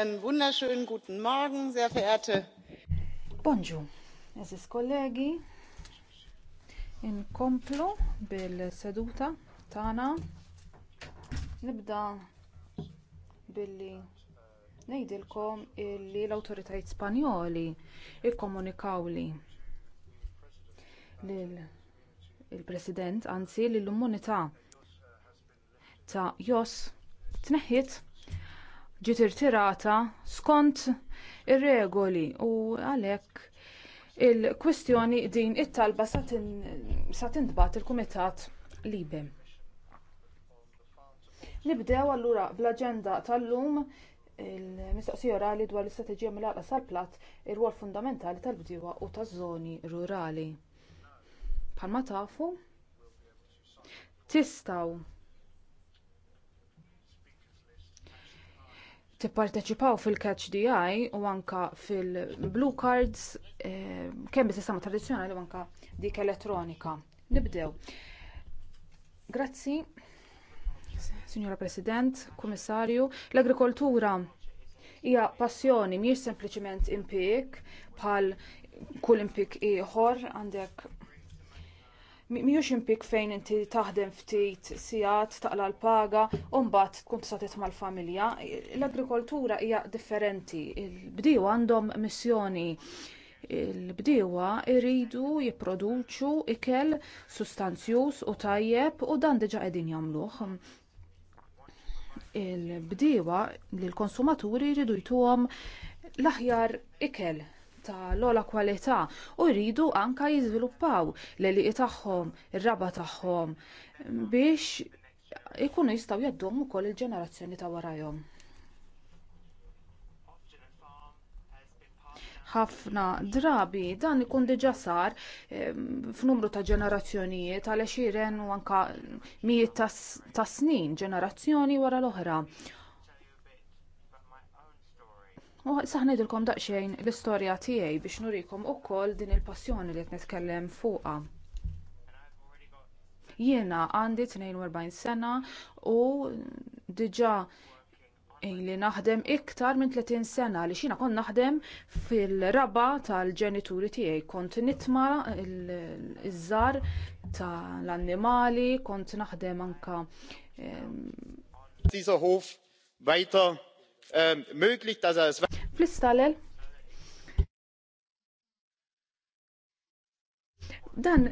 einen wunderschönen guten Morgen, sehr verehrte. kollegi, inkomplu bil-seduta tana. Nibda billi ngħidilkom li l-awtoritajiet Spanjoli li l president anzi lill immunità ta' Jos tneħħiet ġiet irtirata skont ir-regoli u għalhekk il-kwistjoni din it-talba sa tintbagħat il-Kumitat Libe. Nibdew allura bl-aġenda tal-lum il-mistoqsija orali dwar l-istrateġija mill-għaqla sal-platt ir-rwol fundamentali tal-bdiewa u taż-żoni rurali. Bħalma tafu, tistgħu tipparteċipaw fil-catch DI u anka fil-blue cards eh, kemm is sistema tradizzjonali u anka dik elettronika. Nibdew. Grazzi, Signora President, Kummissarju, l-agrikoltura hija passjoni mhijiex sempliċiment impik bħal kull impik ieħor għandek Mijux impik fejn inti taħdem ftit sigħat taqla l-paga u mbagħad tkun tista' titma' familja L-agrikoltura hija differenti. Il-bdiewa għandhom missjoni il-bdiewa iridu jipproduċu ikel sustanzjuż u tajjeb u dan diġà qegħdin jagħmluh. Il-bdiewa lill konsumaturi jridu jtuhom l-aħjar ikel ta' l-ola kwalità u jridu anka jiżviluppaw l-eliqi tagħhom, ir-raba tagħhom biex ikunu jistgħu jaddum ukoll il-ġenerazzjoni ta' warahom. ħafna drabi dan ikun diġà sar f'numru ta' ġenerazzjonijiet għal xiren u anka mijiet ta' snin ġenerazzjoni wara l-oħra. U saħnidilkom daqsxejn l-istorja tiegħi biex nurikom ukoll din il-passjoni li qed nitkellem fuqha. Jiena għandi 42 sena u diġà li naħdem iktar minn 30 sena li xina kon naħdem fil-raba tal-ġenituri tiegħi. Kont nitma iż-żar tal-annimali, kont naħdem anka. Tisa Hof weiter Ähm, möglich, dass er es. fl Dan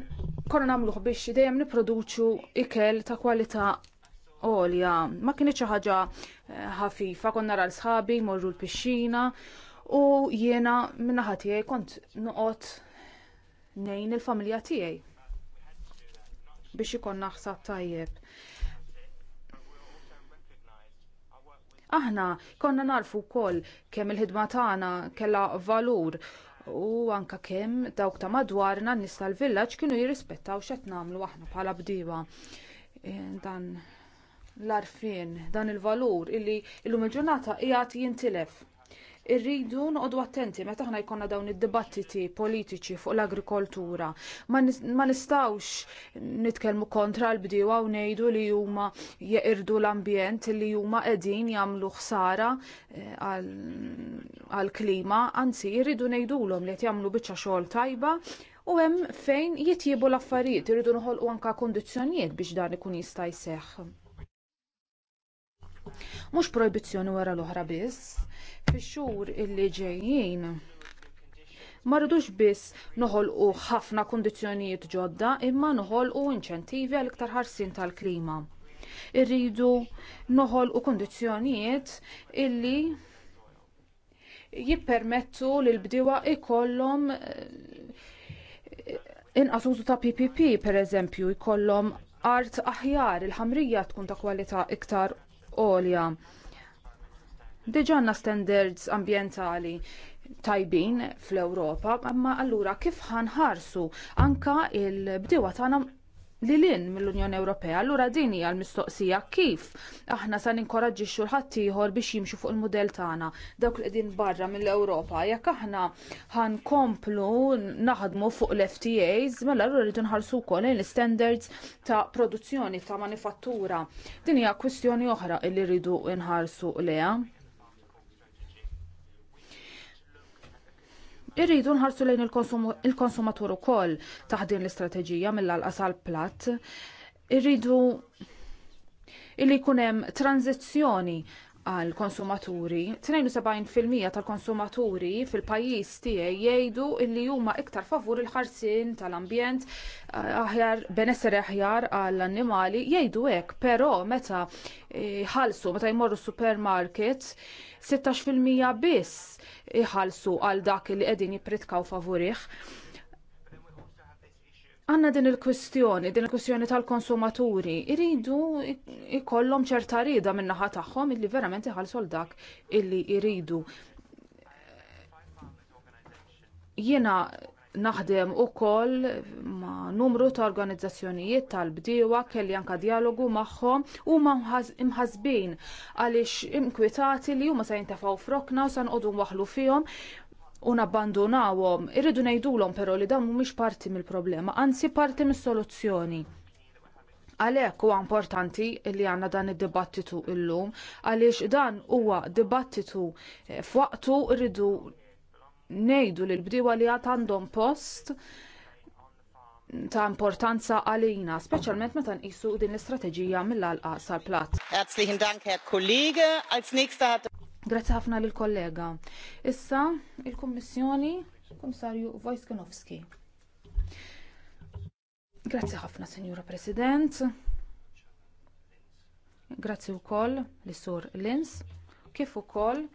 konna namluħ biex dejjem niproduċu ikel ta' kwalità olja. Ma kienieċ ħaġa eh, ħafifa, konna nara l-sħabi, morru l-pixxina u jiena minnaħa tiegħi kont noqgħod nejn il-familja tiegħi biex ikon naħsab tajjeb. Aħna konna narfu wkoll kemm il-ħidma tagħna kellha valur u anke kemm dawk ta' madwarna n-nies tal-villaġġ kienu jirrispettaw x'qed nagħmlu aħna bħala bdiewa. E, dan l-arfin, dan il-valur illi illum il-ġurnata qiegħed jintilef irridu noqogħdu attenti meta aħna jkollna dawn id-dibattiti politiċi fuq l-agrikoltura. Ma nistgħux nitkellmu kontra l-bdiewa u ngħidu li huma jeqirdu l-ambjent li huma qegħdin jagħmlu ħsara eh, għall-klima, anzi jridu ngħidulhom li qed jagħmlu biċċa xogħol tajba u hemm fejn jitjiebu l-affarijiet, irridu noħolqu anke kundizzjonijiet biex dan ikun jista' jseħħ. Mhux projbizzjoni wara l-oħra biss, fix-xhur illi ġejjin ma rridux biss noħolqu ħafna kundizzjonijiet ġodda imma noħolqu inċentivi għal iktar ħarsien tal-klima. Irridu noħolqu kundizzjonijiet illi jippermettu lill l-bdiwa ikollhom eh, inqas użu ta' PPP pereżempju jkollhom art aħjar il-ħamrija tkun ta' kwalità iktar għolja. Deġanna għandna standards ambjentali tajbin fl-Ewropa, imma allura kif ħanħarsu anka il bdewa tagħna li lin mill-Unjoni Ewropea, allura din hija l-mistoqsija kif aħna sa ninkoraġġi xulħat ieħor biex jimxu fuq il-mudell tagħna dawk li qegħdin barra mill-Ewropa. Jekk aħna ħankomplu naħdmu fuq l-FTAs, mela allura rridu nħarsu wkoll l-standards ta' produzzjoni ta' manifattura. Din hija kwistjoni oħra li rridu nħarsu leha. Irridu nħarsu lejn il-konsumatur ukoll taħdin l-istrateġija mill-alqas għal platt. Irridu illi kunem tranzizjoni għal konsumaturi. 72% tal-konsumaturi fil-pajis tiegħi jgħidu li huma iktar favur il-ħarsin tal-ambjent aħjar benessere aħjar għall annimali jgħidu hekk, però meta eh, ħalsu meta jmorru supermarket 16% biss iħalsu għal dak li qegħdin jipritkaw favurih. Għanna din il-kwistjoni, din il-kwistjoni tal-konsumaturi, iridu ikollom ċerta rida min-naħa tagħhom illi verament iħallsu għal dak illi iridu. Jiena naħdem koll ma' numru ta' organizzazzjonijiet tal-bdiewa kelli anka dialogu magħhom huma imħazbin għaliex imkwitati li huma se jintefgħu frokna u se nqogħdu waħlu fihom u nabbandunawhom. Irridu ngħidulhom però li dan mhumiex parti mill-problema, anzi parti mis-soluzzjoni. Għalhekk huwa importanti li għandna dan id-dibattitu illum, għaliex dan huwa dibattitu eh, f'waqtu rridu nejdu li l-bdiwa li għat għandhom post ta' importanza għalina, speċjalment meta nqisu din l-istrateġija mill-alqa sal-plat. Herzlichen Dank, Herr Kollege. Als nächster hat Grazzi ħafna lil kollega. Issa il-Kummissjoni Kommissarju Wojskinowski. Grazzi ħafna, Signora President. Grazzi wkoll li sur Lins, kif ukoll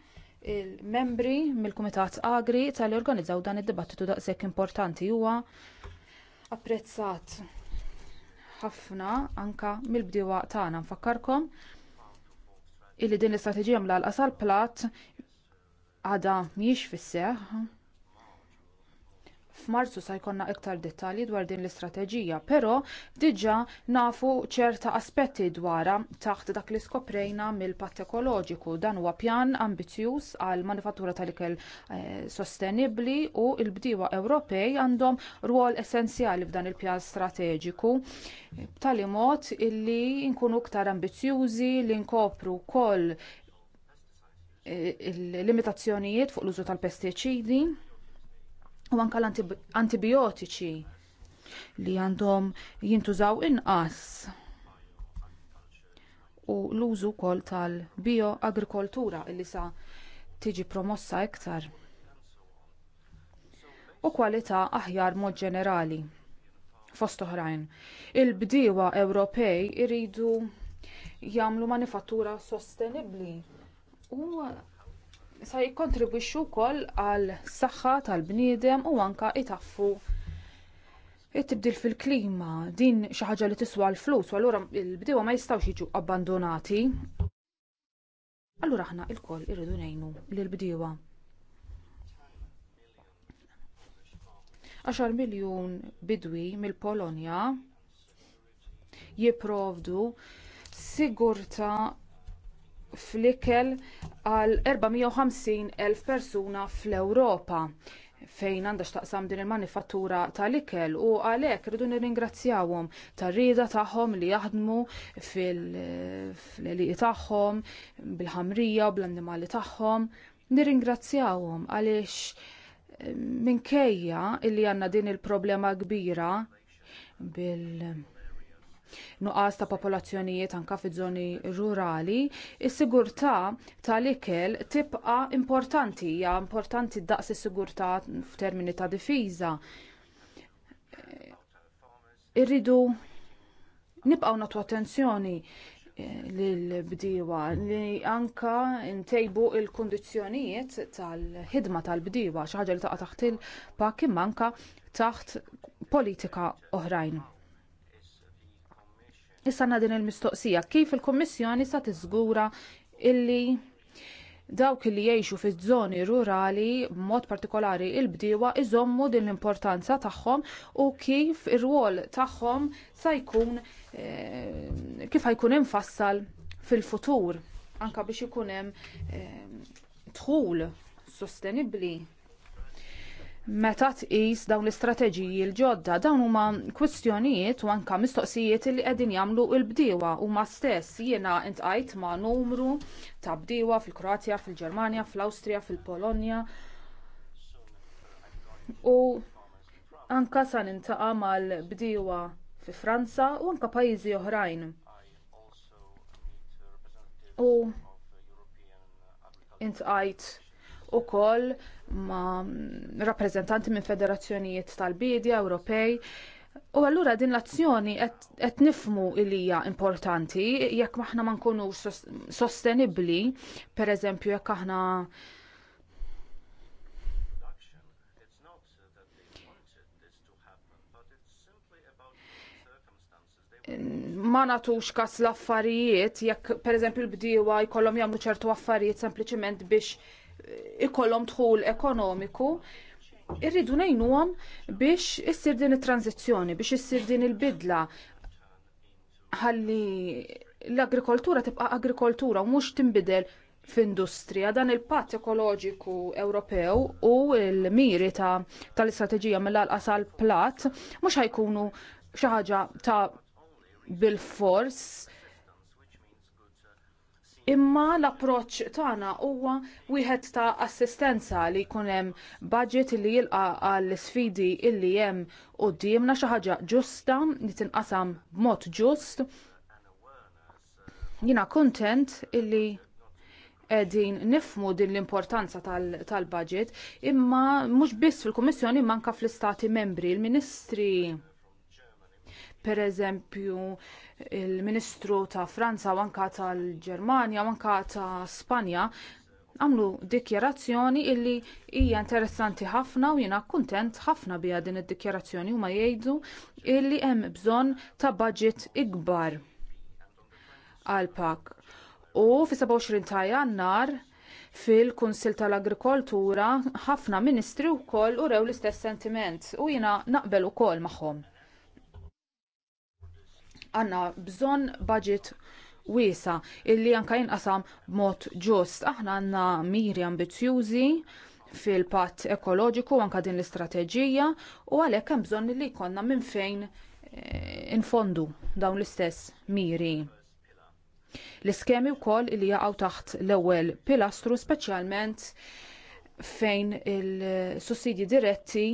il-membri mill-Kumitat Agri tal-li organizzaw dan id-dibattitu daqshekk importanti huwa apprezzat ħafna anka mill-bdiewa tagħna nfakkarkom illi din l-istrateġija mla l-qasal plat għada miex fis-seħħ F'Marzu se jkollna iktar dettalji dwar din l-istrateġija, però diġà nafu ċerta aspetti dwarha taħt dak li skoprejna mill-patt ekoloġiku. Dan huwa pjan ambizjuż għal manifattura tal-ikel eh, sostenibbli u l-bdiewa Ewropej għandhom rwol essenzjali f'dan il-pjan strateġiku b'tali mod illi nkunu iktar ambizjużi li nkopru wkoll eh, il-limitazzjonijiet fuq l-użu tal-pestiċidi u anka l-antibiotiċi li għandhom jintużaw inqas u l-użu wkoll tal-bioagrikoltura li sa tiġi promossa iktar u kwalità aħjar mod ġenerali fost oħrajn. il bdiwa Ewropej iridu jagħmlu manifattura sostenibbli u sa jikkontribwixxu wkoll għal saħħa tal-bniedem u anke itaffu it-tibdil fil-klima din xi ħaġa li tiswa l-flus u allura l-bdiewa ma jistgħux jiġu abbandonati. Allura aħna lkoll irridu ngħinu lill-bdiewa. 10 miljun bidwi mill-Polonja jipprovdu sigurtà fl-ikel għal 450.000 persuna fl-Ewropa fejn għandha x'taqsam din il-manifattura tal-ikel u għalhekk rridu nirringrazzjawhom tar-rieda tagħhom li jaħdmu fil-liqi tagħhom bil-ħamrija u bl-annimali tagħhom. Nirringrazzjawhom għaliex eh, minkejja illi għandna din il-problema kbira bil- nuqqas ta' popolazzjonijiet anka fi żoni rurali, is-sigurtà tal-ikel tibqa' importanti, hija importanti daqs is-sigurtà f'termini ta' difiża. Irridu nibqgħu nagħtu attenzjoni eh, lill-bdiewa li anka ntejbu l kundizzjonijiet tal-ħidma tal-bdiewa xi ħaġa li taqa' taħt il-pak imma taħt politika oħrajn. Issa din il-mistoqsija kif il-Kummissjoni sa tiżgura illi dawk li jgħixu fiż-żoni rurali b'mod partikolari il bdiwa iżommu din l-importanza tagħhom u kif ir-rwol tagħhom sa jkun e, kif ħajkun infassal fil-futur anke biex ikun hemm e, eh, dħul sostenibbli meta tqis dawn l-istrateġiji l-ġodda dawn huma kwistjonijiet u anke mistoqsijiet li qegħdin jagħmlu l-bdiewa huma stess jiena intqajt ma' numru ta' bdiewa fil-Kroatja, fil-Ġermanja, fl-Awstrija, fil-Polonja. U anka sa nintaqa' mal-bdiewa fi Franza u anke pajjiżi oħrajn. U intqajt koll ma' rappreżentanti minn federazzjonijiet tal-bidja Ewropej. U allura din l-azzjoni qed nifmu ilija importanti jekk maħna ma nkunu sostenibbli, per eżempju jekk aħna ma natux kas l-affarijiet, jekk per eżempju l-bdiewa jkollhom jagħmlu ċertu affarijiet sempliċement biex ikollhom tħul ekonomiku, irridu ngħinuhom biex issir din it-tranzizzjoni, biex issir din il-bidla ħalli l-agrikoltura tibqa' agrikoltura u mhux tinbidel f'industrija dan il-patt ekoloġiku Ewropew u l-miri tal-istrateġija mill-alqas għal plat mhux ħajkunu xi ħaġa ta' bil-fors imma l-approċċ tagħna huwa wieħed ta' assistenza li jkun hemm budget li jilqa għall isfidi illi hemm qudiemna xi ħaġa ġusta li tinqasam b'mod ġust. Jiena kuntent illi qegħdin nifmu din l-importanza tal-budget imma mhux biss fil-Kummissjoni manka fl-Istati Membri, il-Ministri pereżempju il-Ministru ta' Franza u tal-Ġermanja u ta' Spanja għamlu dikjarazzjoni illi hija interessanti ħafna u jiena kuntent ħafna biha din id-dikjarazzjoni huma jgħidu illi hemm bżonn ta' budget ikbar għal pak. U fi 27 ta' jannar fil-Kunsil tal-Agrikoltura ħafna ministri wkoll urew l-istess sentiment u jiena naqbel ukoll magħhom għanna bżonn budget wiesa illi anka jinqasam b'mod ġust. Aħna għandna miri ambizzjużi fil-patt ekoloġiku anke din l-istrateġija u għalhekk hemm bżonn li jkollna minn fejn eh, infondu dawn l-istess miri. L-iskemi wkoll li jaqgħu taħt l-ewwel pilastru speċjalment fejn il-sussidji diretti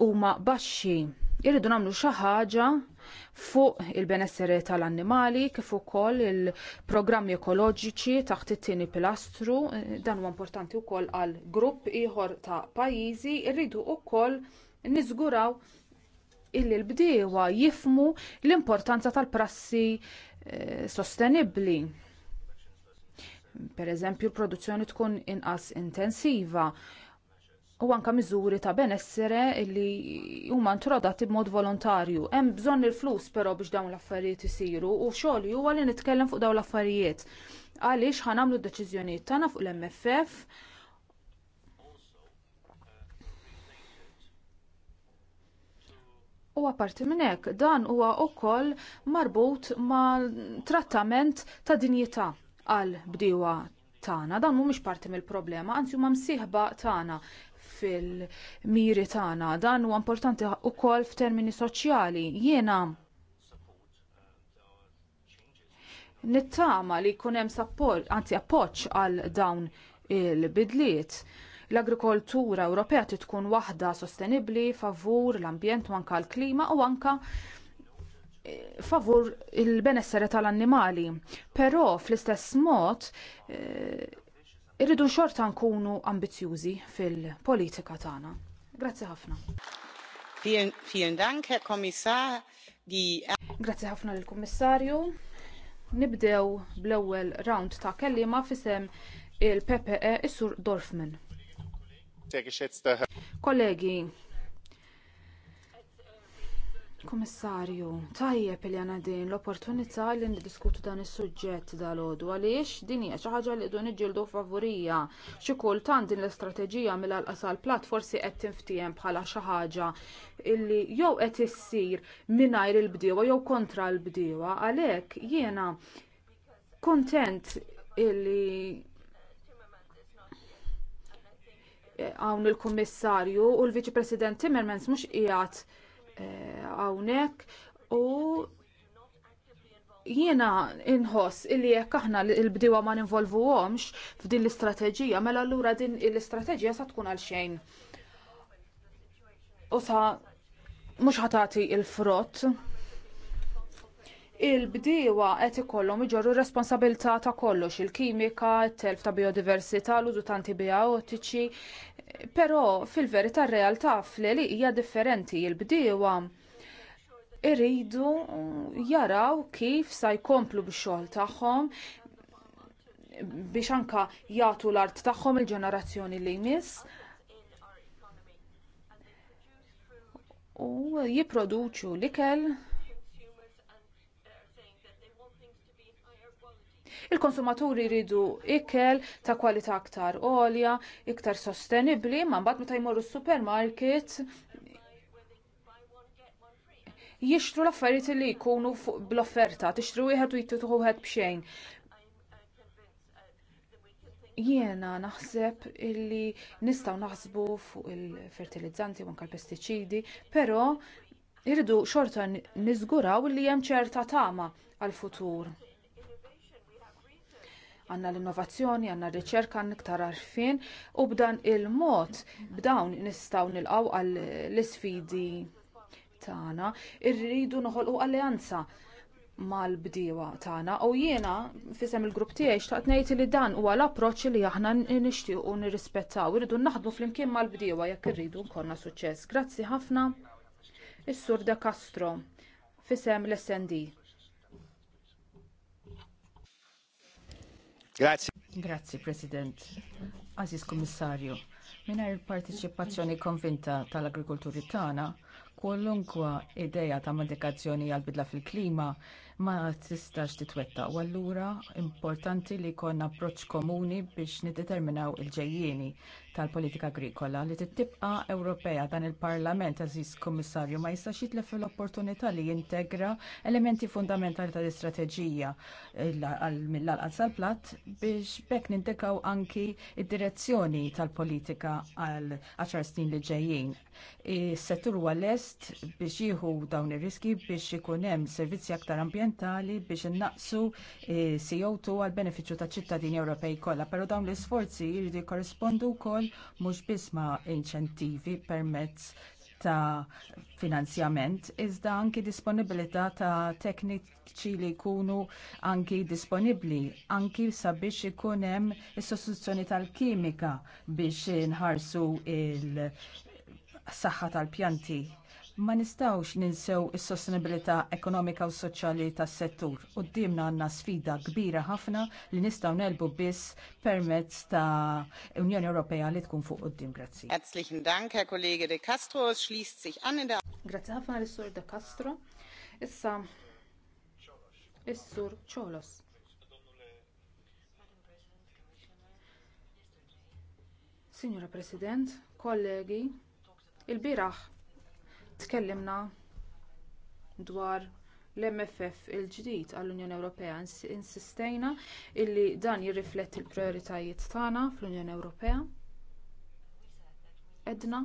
huma baxxi. Irridu nagħmlu xi ħaġa fuq il-benessere tal-annimali kif ukoll il-programmi ekoloġiċi taħt it-tieni pilastru dan huwa importanti wkoll għal grupp ieħor ta' pajjiżi rridu wkoll niżguraw illi l-bdiewa jifmu l-importanza tal-prassi eh, sostenibbli per eżempju l-produzzjoni tkun inqas intensiva u anka miżuri ta' benessere li huma introdotti b'mod volontarju. Hemm bżonn il-flus però biex dawn l-affarijiet isiru u xogħol huwa li nitkellem fuq dawn l-affarijiet. Għaliex ħanamlu d-deċiżjonijiet tagħna fuq l-MFF U apparti minn hekk, dan huwa wkoll marbut ma' trattament ta' dinjità għal bdiewa tagħna, dan mhumiex parti mill-problema, anzi huma msieħba tagħna fil-miri tagħna. Dan huwa importanti wkoll f'termini soċjali. Jiena nittama li jkun hemm anzi appoġġ għal dawn il-bidliet. L-agrikoltura Ewropea tkun waħda sostenibbli favur l-ambjent u anke l-klima u anke eh, favur il-benessere tal-annimali. Però fl-istess mod eh, irridu xorta nkunu ambizjużi fil-politika tagħna. Grazzi ħafna. Vielen Dank, Herr Kommissar. Grazzi ħafna lill kummissarju Nibdew bl-ewwel round ta' kelliema fisem il-PPE is-Sur Dorfman. Kollegi, Kummissarju, tajjeb li għana din l-opportunità li niddiskutu dan is-suġġett dal-għodu għaliex din hija xi ħaġa li dun niġġieldu favorija. Xi kultant din l-istrateġija mill-alqasal platt forsi qed tinftiem bħala xi ħaġa illi jew qed issir mingħajr il-bdiewa jew kontra l-bdiewa għalhekk jiena kuntent illi hawn il-Kummissarju u l-Viċi President Timmermans mhux qiegħed hawnhekk u jiena inħoss illi jekk aħna l bdiwa ma għomx f'din l-istrateġija, mela allura din l-istrateġija sa tkun għal xejn. U sa mhux ħatati il-frott. il bdiwa qed ikollhom iġorru responsabilità ta' kollox, il-kimika, t telf ta' biodiversità, l-użu ta' antibiotiċi, Però fil-verità r-realtà fl-li hija differenti il-bdiewa irridu uh, jaraw kif sa jkomplu bix-xogħol tagħhom biex anka jagħtu l-art tagħhom il-ġenerazzjoni li jmiss u jipproduċu l-ikel Il-konsumaturi jridu ikel ta' kwalità aktar olja, iktar sostenibbli, ma mbagħad meta jmorru s-supermarket jixtru l-affarijiet li jkunu bl-offerta, tixtru wieħed u jittu wieħed b'xejn jiena naħseb illi nistaw naħsbu fuq il-fertilizzanti u anke l-pestiċidi, però irridu xorta niżguraw li hemm ċerta tama għal futur għandna l-innovazzjoni, għandna r-riċerka, iktar arfin u b'dan il-mod b'dawn nistgħu nilqgħu għall-isfidi tagħna, irridu noħolqu alleanza mal bdiwa tagħna u jiena fisem il-grupp tiegħi xtaqt ngħid li dan huwa l-approċċ li aħna nixtiequ nirrispettaw, irridu naħdmu flimkien mal-bdiewa jekk irridu nkollna suċċess. Grazzi ħafna. Is-Sur De Castro fisem l-SND. Grazie. Grazie, President. Aziz Kommissarju, minna il participazzjoni konvinta tal-agrikolturi tagħna, kwalunkwa ideja ta' mandikazzjoni għal bidla fil-klima ma tistax titwetta. U allura importanti li jkollna approċċ komuni biex niddeterminaw il-ġejjieni tal-politika agrikola li tittibqa' Ewropea dan il-Parlament għaziz Kummissarju ma jistax jitlef l-opportunità li jintegra elementi fundamentali tal-istrateġija mill-alqa sal-platt biex bekk nindikaw anki id-direzzjoni tal-politika għal 10 snin li ġejjin. Is-settur huwa lest biex jieħu dawn ir-riski biex ikun hemm servizzi aktar ambjentali biex innaqsu eh, CO2 għall benefiċċju ta' ċittadini Ewropej kollha, però dawn l-isforzi jridu jkorrispondu wkoll bżonn mhux biss ma' inċentivi permezz ta' finanzjament, iżda anki disponibilità ta' tekniċi li jkunu anki disponibbli, anki sabiex ikun hemm is-sostituzzjoni tal-kimika biex inħarsu il-saħħa tal-pjanti Ma nistawx ninsew is-sostenibilità ekonomika u soċjali tas-settur. Quddiemna għandna sfida kbira ħafna li nistgħu nelbu biss permezz ta' Unjoni Ewropea li tkun fuq quddiem. Grazzi. Herzlichen Dank, Herr Kollege De Castro, es schließt sich an in der Grazzi ħafna lis sur De Castro. Issa is-sur Cholos. Signora President, kollegi, il-biraħ tkellimna dwar l-MFF il-ġdid għall-Unjoni Ewropea insistejna illi dan jirrifletti l-prijoritajiet tagħna fl-Unjoni Ewropea. Edna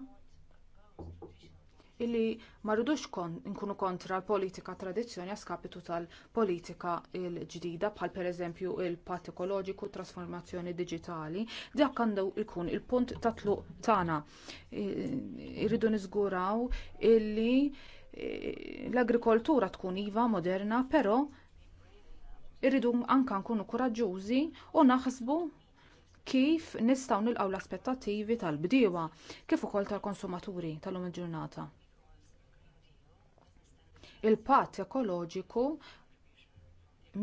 illi ma rridux nkunu kontra l-politika tradizzjoni għaskapitu tal-politika l-ġdida bħal pereżempju il-patt ekoloġiku, trasformazzjoni diġitali, dak għandu jkun il-punt ta' tluq tagħna. Irridu niżguraw illi e, l-agrikoltura tkun iva moderna, però irridu anke nkunu kuraġġużi u naħsbu kif nistgħu nilqgħu l-aspettattivi tal-bdiewa kif ukoll tal-konsumaturi tal-lum il-ġurnata il-patt ekoloġiku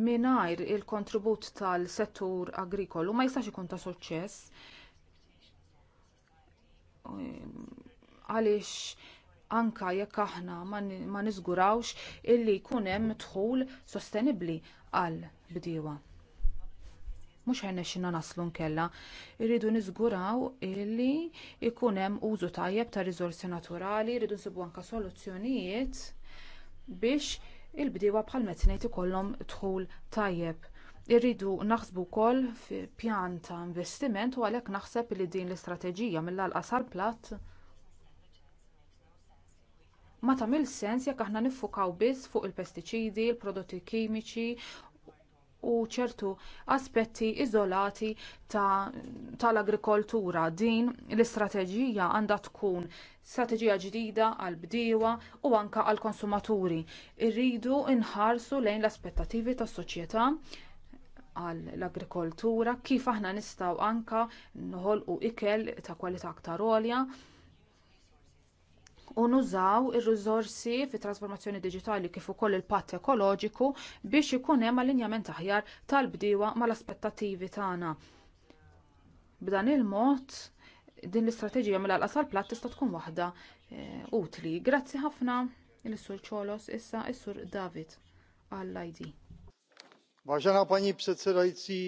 mingħajr il-kontribut tal-settur agrikolu ma jistax ikun ta' suċċess għaliex anke jekk aħna ma niżgurawx illi jkun hemm dħul sostenibbli għal bdiewa. Mhux ħajna xina naslu nkella, irridu niżguraw illi jkun hemm użu tajjeb ta' riżorsi naturali, irridu nsibu anke soluzzjonijiet biex il-bdiewa bħal ngħid ikollhom dħul tajjeb. Irridu naħsbu wkoll fi pjan ta' investiment u għalhekk naħseb li din l-istrateġija mill-alqas għall-platt ma tagħmilx sens jekk aħna niffukaw biss fuq il-pestiċidi, il-prodotti kimiċi u ċertu aspetti iżolati tal-agrikoltura. Ta Din l-istrateġija għandha tkun strateġija ġdida għall bdiewa u anke għall konsumaturi. Irridu nħarsu lejn l-aspettattivi tas-soċjetà għall agrikoltura kif aħna nistgħu anke noħolqu ikel ta' kwalità aktar għolja u nużaw ir-riżorsi fit trasformazzjoni diġitali kif ukoll il-patt ekoloġiku biex ikun hemm allinjament aħjar tal-bdiewa mal-aspettattivi tagħna. B'dan il-mod din l-istrateġija mill-alqas għall-platt tista' tkun waħda eh, utli. Grazzi ħafna il-Sur Ċolos issa is-Sur David għall-ID. Vaġena pani Psetzerajzi,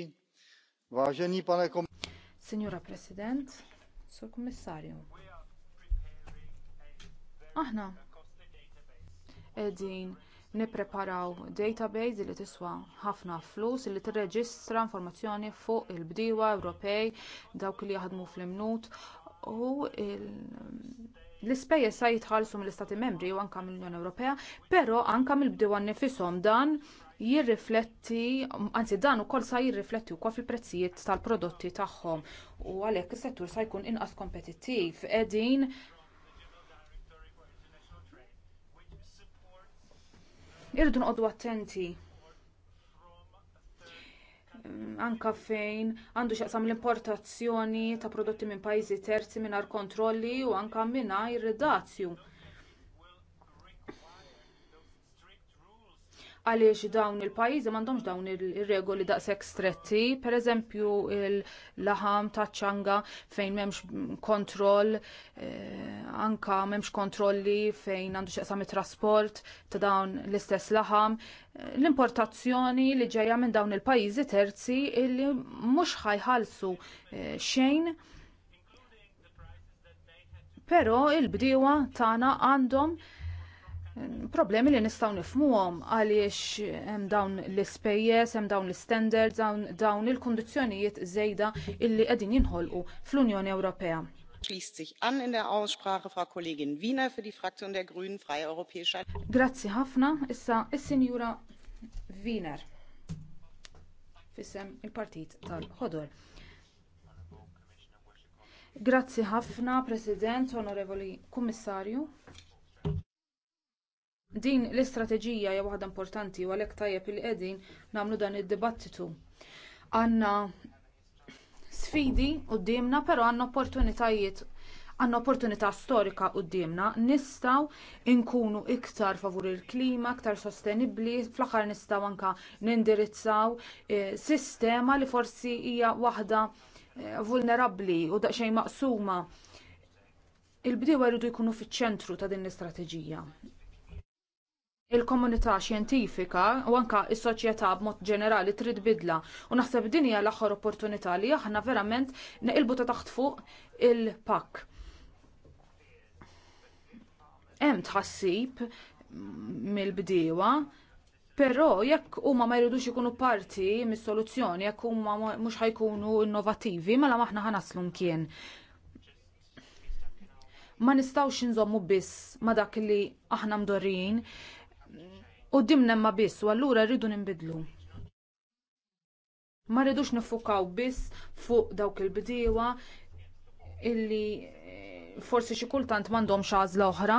vaġeni pane Signora President, Sur Kummissarju. Aħna qegħdin nippreparaw database li tiswa ħafna flus li tirreġistra informazzjoni fuq il-bdiewa Ewropej dawk li jaħdmu fl-imnut u l-ispejjeż sa jitħallsu mill-Istati Membri u anke mill-Unjoni Ewropea, però anke mill-bdiewa nifisom dan jirrifletti, anzi dan ukoll sa jirrifletti wkoll fil-prezzijiet tal-prodotti tagħhom u għalhekk is-settur sa jkun inqas kompetittiv qegħdin Irridu nqodu attenti mm, anka fejn għandu xaqsam l-importazzjoni ta' prodotti minn pajjiżi terzi mingħajr kontrolli u anka mingħajr dazju għaliex dawn il-pajjiżi m'għandhomx dawn ir-regoli daqshekk stretti, pereżempju il-laħam ta' ċanga fejn m'hemmx kontroll, eh, anka m'hemmx kontrolli fejn għandu x'qsam it-trasport ta' dawn l-istess laħam. L-importazzjoni li ġejja minn dawn il-pajjiżi terzi illi mhux ħajħallsu eh, xejn Però il-bdiewa tagħna għandhom problemi li nistaw nifhmuhom għaliex hemm dawn l-ispejjeż, hemm dawn l-standards, dawn il-kundizzjonijiet żejda illi qegħdin jinħolqu fl-Unjoni Ewropea. Schließt sich an in der Aussprache Frau Kollegin Wiener für die Fraktion der Grünen Freie Europäische. Grazzi ħafna, issa is signora Wiener fissem il-Partit tal hodol Grazie ħafna, President, Onorevoli Kummissarju. Din l-istrateġija hija waħda importanti u għalhekk tajjeb li qegħdin nagħmlu dan id-dibattitu. Għandna sfidi qudiemna, però għandna opportunitajiet għandna opportunità storika quddiemna, nistgħu nkunu iktar favur il-klima, iktar sostenibbli, fl-aħħar nistgħu anke nindirizzaw eh, sistema li forsi hija waħda eh, vulnerabbli u daqsxejn maqsuma il-bdiewa jridu jkunu fiċ-ċentru ta' din l-istrateġija il-komunità xjentifika u anke s soċjetà b'mod ġenerali trid bidla u naħseb din hija l-aħħar opportunità li aħna verament neqilbu ta' taħt fuq il-pakk. Hemm tħassib mill-bdiewa Però jekk huma ma jridux ikunu parti mis-soluzzjoni, jekk huma mhux ħajkunu innovattivi, mela maħna ħanaslu mkien. Ma nistgħux inżommu biss ma dak li aħna mdorrin, u ma biss u allura rridu nimbidlu. Ma rridux nifukaw biss fuq dawk il-bdiewa illi eh, forsi xi kultant m'għandhom xażla oħra,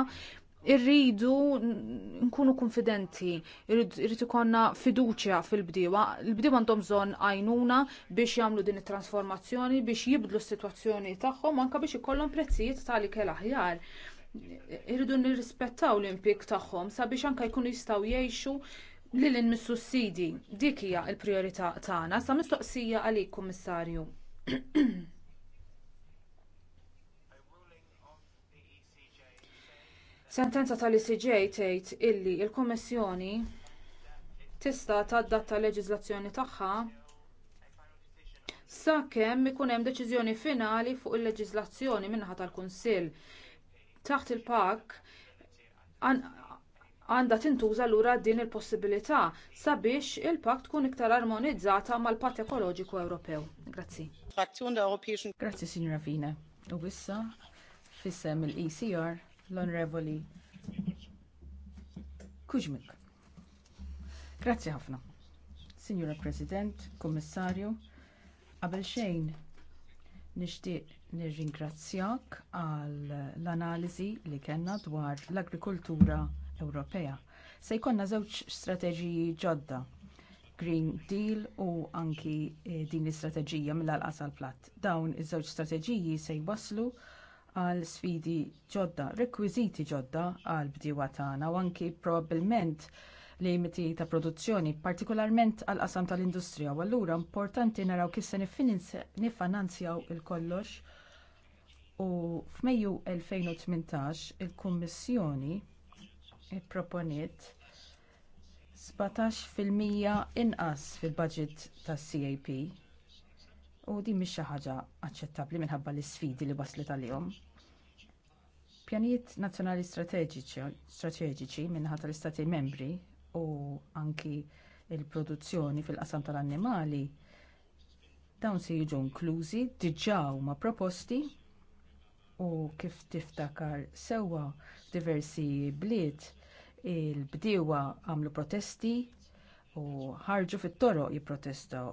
irridu nkunu konfidenti, irridu konna fiduċja fil bdiwa l bdiwa għandhom bżonn għajnuna biex jagħmlu din it-transformazzjoni, biex jibdlu s-sitwazzjoni tagħhom anke biex ikollhom prezzijiet tal-ikel aħjar irridu nirrispettaw l-impik tagħhom sabiex anke jkunu jistgħu jgħixu lil mis sussidi Dik hija l-prijorità tagħna sa mistoqsija għalik kummissarju. Sentenza tal-ICJ tgħid illi l kummissjoni tista' tadatta l-leġiżlazzjoni tagħha sakemm ikun hemm deċiżjoni finali fuq il-leġiżlazzjoni min tal-Kunsill taħt il-pak għandha tintuża lura din il-possibilità sabiex il-pak tkun iktar armonizzata mal-patt ekoloġiku Ewropew. Grazzi. Grazzi, Signora Vina. U issa fissem il-ECR l-Onrevoli Kuġmik. Grazzi ħafna. Signora President, Kommissarju, qabel xejn nixtieq nirringrazzjak għal l-analiżi li kellna dwar l-agrikoltura Ewropea. Se jkollna żewġ strateġiji ġodda, Green Deal u anki eh, din l-istrateġija mill-alqas għall platt. Dawn iż-żewġ strateġiji se jwasslu għal sfidi ġodda, rekwiżiti ġodda għal bdiewa tagħna u anki probabbilment limiti ta' produzzjoni, partikolarment għal qasam tal-industrija, u allura importanti naraw kif se nifinanzjaw il-kollox U f'Mejju 2018 il-Kummissjoni ipproponiet 17% inqas fil-budget tas-CAP u din mhix xi ħaġa aċċettabbli minħabba l-isfidi li waslet għalihom. Pjanijiet nazzjonali strateġiċi minħata l-Istati membri u anki l produzzjoni fil-qasam tal-annimali dawn se jiġu inklużi diġà huma proposti u kif tiftakar sewwa diversi bliet il-bdiewa għamlu protesti u ħarġu fit-toroq jipprotestaw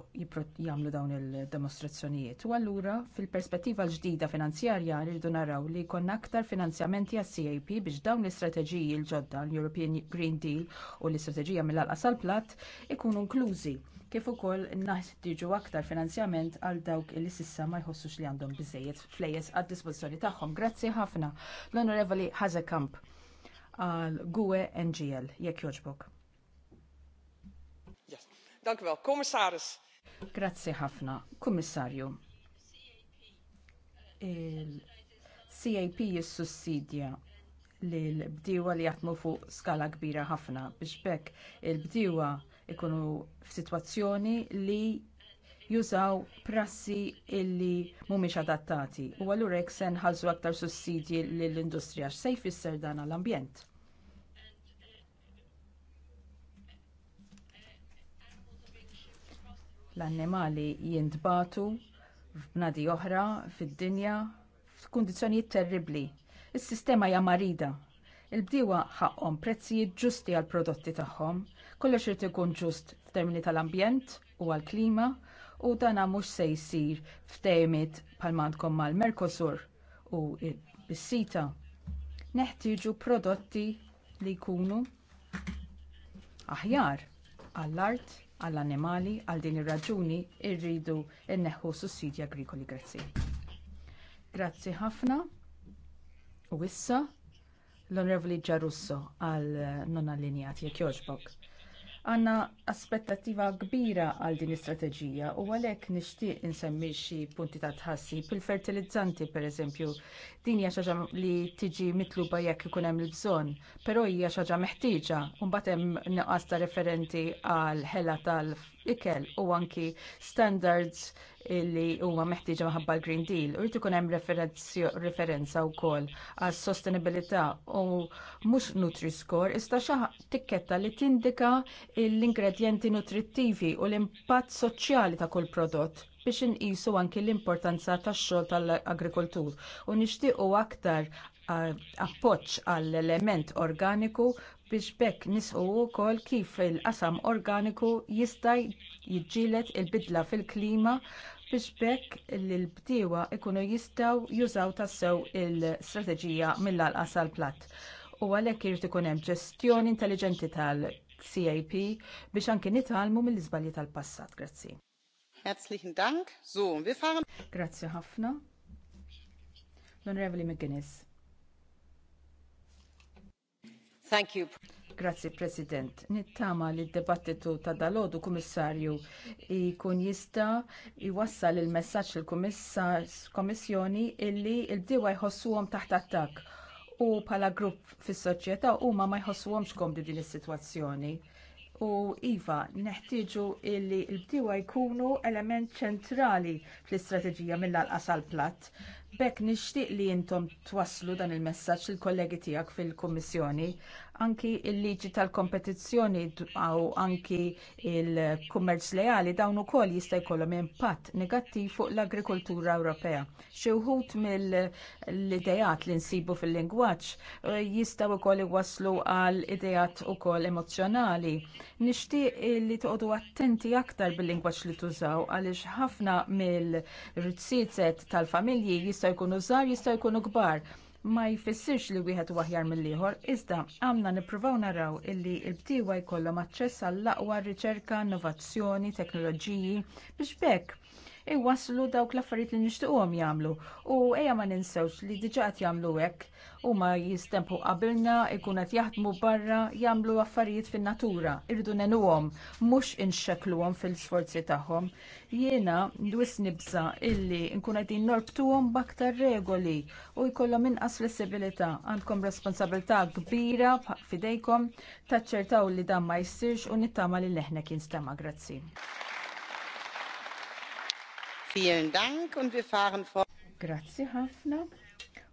jagħmlu dawn il dimostrazzjonijiet U allura fil-perspettiva l-ġdida finanzjarja rridu naraw li jkollna aktar finanzjamenti għas CAP biex dawn l-istrateġiji l-ġodda l-European Green Deal u l-istrateġija mill-alqas għall platt ikunu inklużi kif ukoll naħtiġu aktar finanzjament għal dawk li sissa ma jħossux li għandhom biżżejjed flejjes għad dispożizzjoni tagħhom. Grazzi ħafna l-Onorevoli Hazekamp għal GUE NGL jekk jogħġbok. Yes. Dank wel, commissaris. Grazzi ħafna, kummissarju. Il-CAP jissussidja l bdiewa li jaħdmu fuq skala kbira ħafna biex bekk il bdiwa ikunu f'sitwazzjoni li jużaw prassi illi mhumiex adattati u allura hekk se nħallsu aktar sussidji l industrija x'se jfisser dan għall-ambjent. L-annimali jintbatu f'bnadi oħra fid-dinja f'kundizzjonijiet terribbli. Is-sistema hija marida. Il-bdiewa ħaqhom prezzijiet ġusti għall prodotti tagħhom Kollox irid ikun ġust f'termini tal-ambjent u għall-klima u dana mhux se jsir f'temiet għandkom mal-Mercosur u bis-sita. Neħtieġu prodotti li jkunu aħjar għall-art, għall-annimali, għal din ir-raġuni rridu nneħħu sussidji agrikoli grazzi. Grazzi ħafna. U issa l-Onorevoli Ġarusso għal nonna linjati jekk jogħġbok għandna aspettattiva kbira għal din l-istrateġija u għalhekk nixtieq insemmi xi punti ta' tħassib il-fertilizzanti pereżempju. Din hija xi ħaġa li tiġi mitluba jekk ikun hemm il-bżonn, però hija xi ħaġa meħtieġa u mbagħad hemm nuqqas ta' referenti għal ħela tal-ikel u anki standards li huma meħtieġa maħabba l-Green Deal u jrid ikun hemm referenza wkoll għas sostenibilità u mhux Nutri-Score iżda xi tikketta li tindika l-ingredjenti nutrittivi u l-impatt soċjali ta' kull prodott biex inqisu anki l-importanza tax-xogħol tal-agrikoltur u nixtiequ aktar appoġġ għall-element organiku biex bekk nisqu wkoll kif il-qasam organiku jista' jiġġieled il-bidla fil-klima biex bekk li l-bdiewa ikunu jistgħu jużaw tassew il-strateġija mill-alqas għall platt U għalhekk irid ikun hemm ġestjoni intelligenti tal-CAP biex anki nitalmu mill-iżbalji tal-passat. Grazzi. Herzlichen Dank. So, wir fahren. Grazzi ħafna. L-Onorevoli McGuinness. Thank you. Grazzi President. Nittama li d-debattitu ta' dalodu kummissarju jkun jista jwassal il-messaġġ il-Kummissjoni illi l-bdiewa jħossuhom taħt attak. u bħala grupp fis-soċjetà huma ma xkom di din is-sitwazzjoni. U Iva, neħtieġu illi l-bdiewa jkunu element ċentrali fl-istrateġija mill-alqas għall platt Bek nixtieq li intom twaslu dan il-messaġġ lill kollegi tiegħek fil-Kummissjoni anki il-liġi tal-kompetizzjoni u anki il-kummerċ leali dawn ukoll jista' jkollhom impatt negattiv fuq l-agrikoltura Ewropea. Xi wħud mill-idejat li nsibu fil-lingwaġġ eh, jistgħu wkoll iwasslu għal idejat ukoll emozzjonali. Nixtieq li toqgħodu attenti aktar bil-lingwaġġ li tużaw għaliex ħafna mill-rizzizet tal-familji jistgħu jkunu żgħar jistgħu jkunu kbar ma jfissirx li wieħed waħjar mill-ieħor, iżda għandna nippruvaw naraw illi l btiewa jkollhom aċċess għall aqwa riċerka, innovazzjoni, teknoloġiji biex bekk iwaslu dawk l-affarijiet li nixtiequhom jagħmlu. U ejja ma ninsewx li diġà qed jagħmlu hekk huma jistempu qabilna, ikun qed jaħdmu barra, jagħmlu affarijiet fin-natura. Irridu nenuhom mhux inxekluhom fil-sforzi tagħhom. Jiena dwis nibża illi nkun qegħdin norbtuhom b'aktar regoli u jkollhom inqas flessibilità. Għandkom responsabilità kbira fidejkom taċċertaw li dan ma jsirx u nittama li leħnek jinstema' grazzi. Vielen Dank und wir fahren vor. Grazzi ħafna.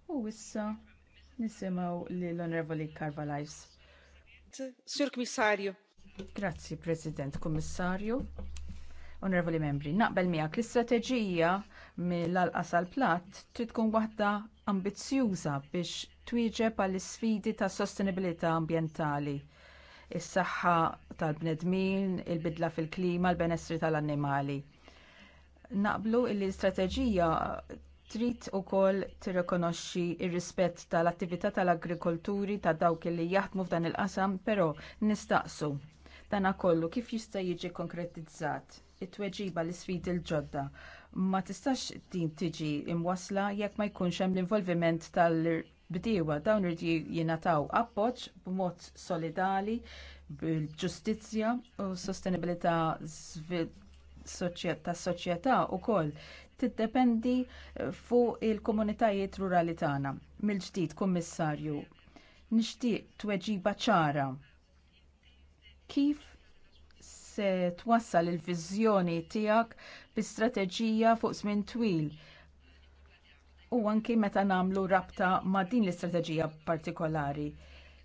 U issa nisimgħu lill onorevoli Carvalajs. Sur Kummissarju. Grazzi President Kummissarju. Onorevoli membri, naqbel miegħek l-istrateġija mill-alqas għal platt trid tkun waħda ambizzjuża biex twieġeb għall isfidi ta' sostenibilità ambjentali is-saħħa tal-bnedmin, il-bidla fil-klima, l-benessri tal-annimali naqblu li l-istrateġija trid ukoll tirrikonoxxi r rispett tal-attività tal-agrikolturi ta' dawk li jaħdmu f'dan il-qasam, però nistaqsu dan kollu kif jista' jiġi konkretizzat it-tweġiba l sfidi l-ġodda. Ma tistax din tiġi mwassla jekk ma jkunx hemm l-involviment tal-bdiewa dawn irdi jingħataw appoġġ b'mod solidali bil-ġustizzja u s sostenibilità tas-soċjetà wkoll tiddependi eh, fuq il-komunitajiet rurali tagħna. Mill-ġdid, Kummissarju, nixtieq tweġiba ċara. Kif se twassal il-viżjoni tiegħek bi strateġija fuq żmien twil? U anki meta nagħmlu rabta ma' din l-istrateġija partikolari.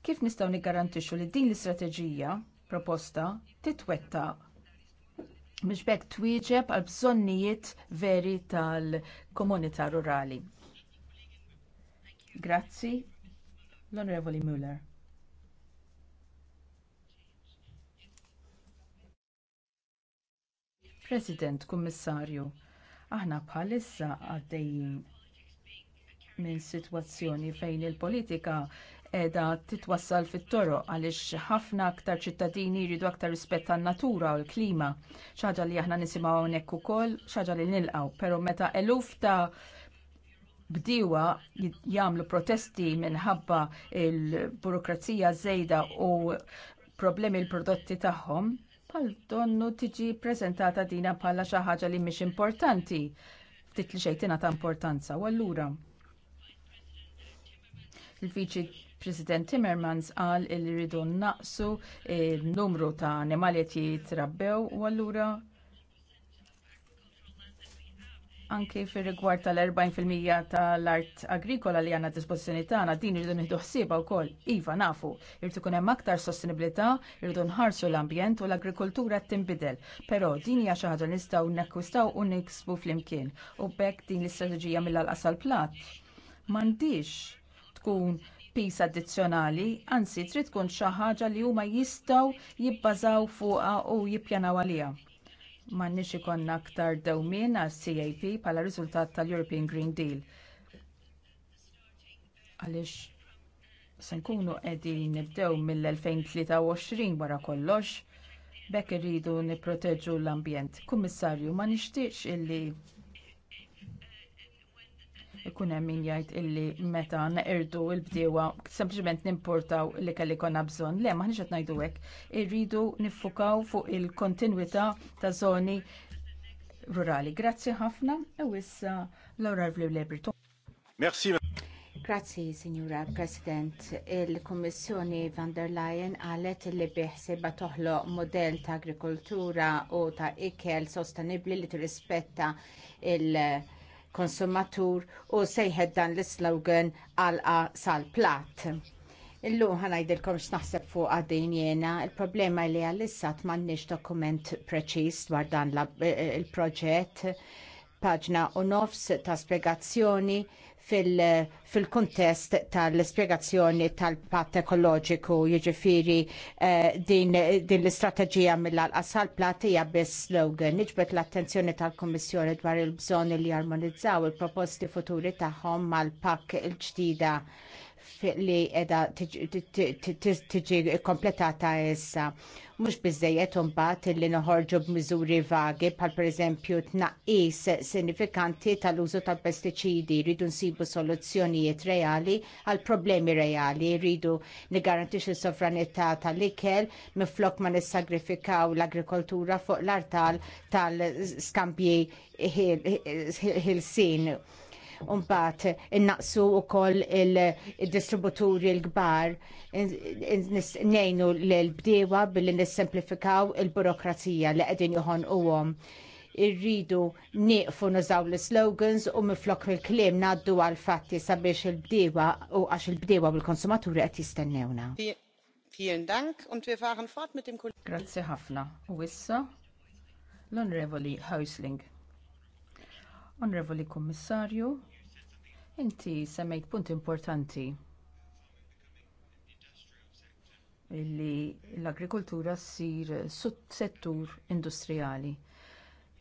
Kif nistgħu niggarantixxu li din l-istrateġija proposta titwettaq biex bekk twieġeb għal bżonnijiet veri tal-komunità rurali. Grazzi, l-Onorevoli Muller. President, Kummissarju, aħna bħalissa għaddejjin minn sitwazzjoni fejn il-politika edha titwassal fit-toroq għaliex ħafna aktar ċittadini jridu aktar rispett għan natura u l-klima. ċaġa li aħna nisimgħu hawnhekk ukoll, ċaġa li nilqgħu, però meta eluf ta' bdiewa jagħmlu protesti minħabba l burokrazija żejda u problemi l-prodotti tagħhom, bħal donnu tiġi ppreżentata dina bħala xi ħaġa li mhix importanti. Ftit li xejtina ta' importanza. U allura il President Timmermans qal li rridu naqsu il-numru ta' animali jitrabbew u allura anke fir rigward tal-40% tal-art agrikola li għandna dispożizzjoni tagħna din irridu nieħdu ħsieba wkoll. Iva nafu, irid ikun hemm aktar sostenibilità, irridu nħarsu l-ambjent u l-agrikoltura tinbidel. Però din hija xi ħaġa nistgħu nakkwistaw u niksbu flimkien. U bekk din l-istrateġija mill-alqas għall-platt m'għandix tkun pis addizzjonali, anzi trid tkun xi ħaġa li huma jistgħu jibbażaw fuqha u jippjanaw għaliha. M'għandniex ikollna aktar dewmien għas CAP bħala riżultat tal-European Green Deal. Għaliex se nkunu qegħdin nibdew mill-2023 wara kollox, bekk irridu nipproteġu l-ambjent. Kummissarju, ma nixtieqx illi ikun hemm min jgħid illi meta neqirdu l-bdiewa sempliċement nimportaw li kelli konna bżonn. Le ħniex qed ngħidu hekk. Irridu niffukaw fuq il-kontinwità ta' żoni rurali. Grazzi ħafna u issa Laura Vliblebrito. Merci. Grazzi, Signora President. Il-Kommissjoni van der Leyen għalet li biħseba toħloq modell ta' agrikoltura u ta' ikel sostenibli li tirrispetta il- konsumatur u sejħed dan l-slogan għalqa sal-plat. Illum ħanajdilkom x'naħseb fuq għaddin jena, il-problema li għalissa tmannix dokument preċis dwar dan eh, eh, il-proġett, paġna u nofs ta' spiegazzjoni fil-kontest fil tal-spiegazzjoni tal-patt ekoloġiku jiġifieri eh, din, din l-istrateġija mill-alqas għal-plat hija biss slogan. Iġbet l-attenzjoni tal-Kummissjoni dwar il-bżonn li jarmonizzaw il-proposti futuri tagħhom mal pak il-ġdida li edha tiġi kompletata issa mhux biżejjed imbagħad illi noħorġu b'miżuri vagi bħal pereżempju tnaqqis sinifikanti tal-użu tal-pestiċidi, rridu nsibu soluzzjonijiet reali għal problemi reali, rridu nigarantix is-sovranità tal-ikel minflok ma nissagrifikaw l-agrikoltura fuq l-artal tal skambji ħilsin. Hil Umbat, innaqsu u koll il-distributuri l-gbar, nejnu l-bdewa billi nissemplifikaw il-burokrazija li għedin juħon u għom. Irridu nieqfu nużaw l-slogans u miflok mill-klim naddu għal-fatti sabiex il-bdewa u għax il-bdewa bil-konsumaturi għed jistennewna. Vielen Dank und wir fahren fort mit dem Kollegen. Grazie ħafna. U l'onrevoli l Häusling. Onorevoli Kummissarju, inti semmejt punt importanti li l-agrikoltura sir settur industrijali.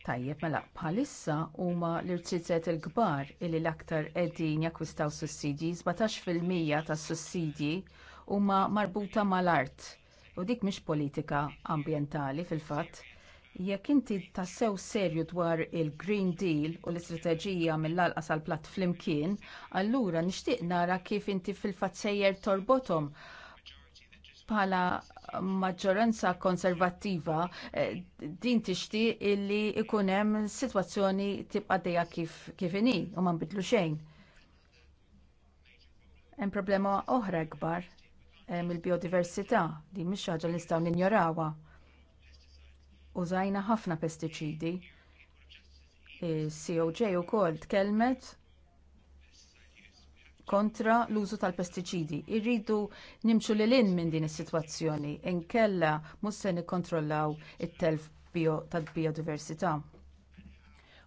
Tajjeb mela bħalissa huma l-irċiżet il-kbar illi l-aktar qegħdin jakkwistaw sussidji, 17% tas-sussidji huma marbuta mal-art u dik mhix politika ambjentali fil-fatt Jekk inti tassew serju dwar il-Green Deal u l-istrateġija mill-alqas għal platt flimkien, allura nixtieq nara kif inti fil-fatt sejjer torbothom bħala maġġoranza konservattiva eh, din tixtieq illi ikun hemm sitwazzjoni tibqa' dejja kif kif inhi u ma nbiddlu xejn. Hemm problema oħra kbar mill biodiversità li mhix ħaġa li nistgħu ninjorawha użajna ħafna pestiċidi. Il-COJ ukoll tkellmet kontra l-użu tal-pestiċidi. Irridu nimxu lil lin minn din is-sitwazzjoni, inkella mhux se nikkontrollaw it-telf tal-biodiversità.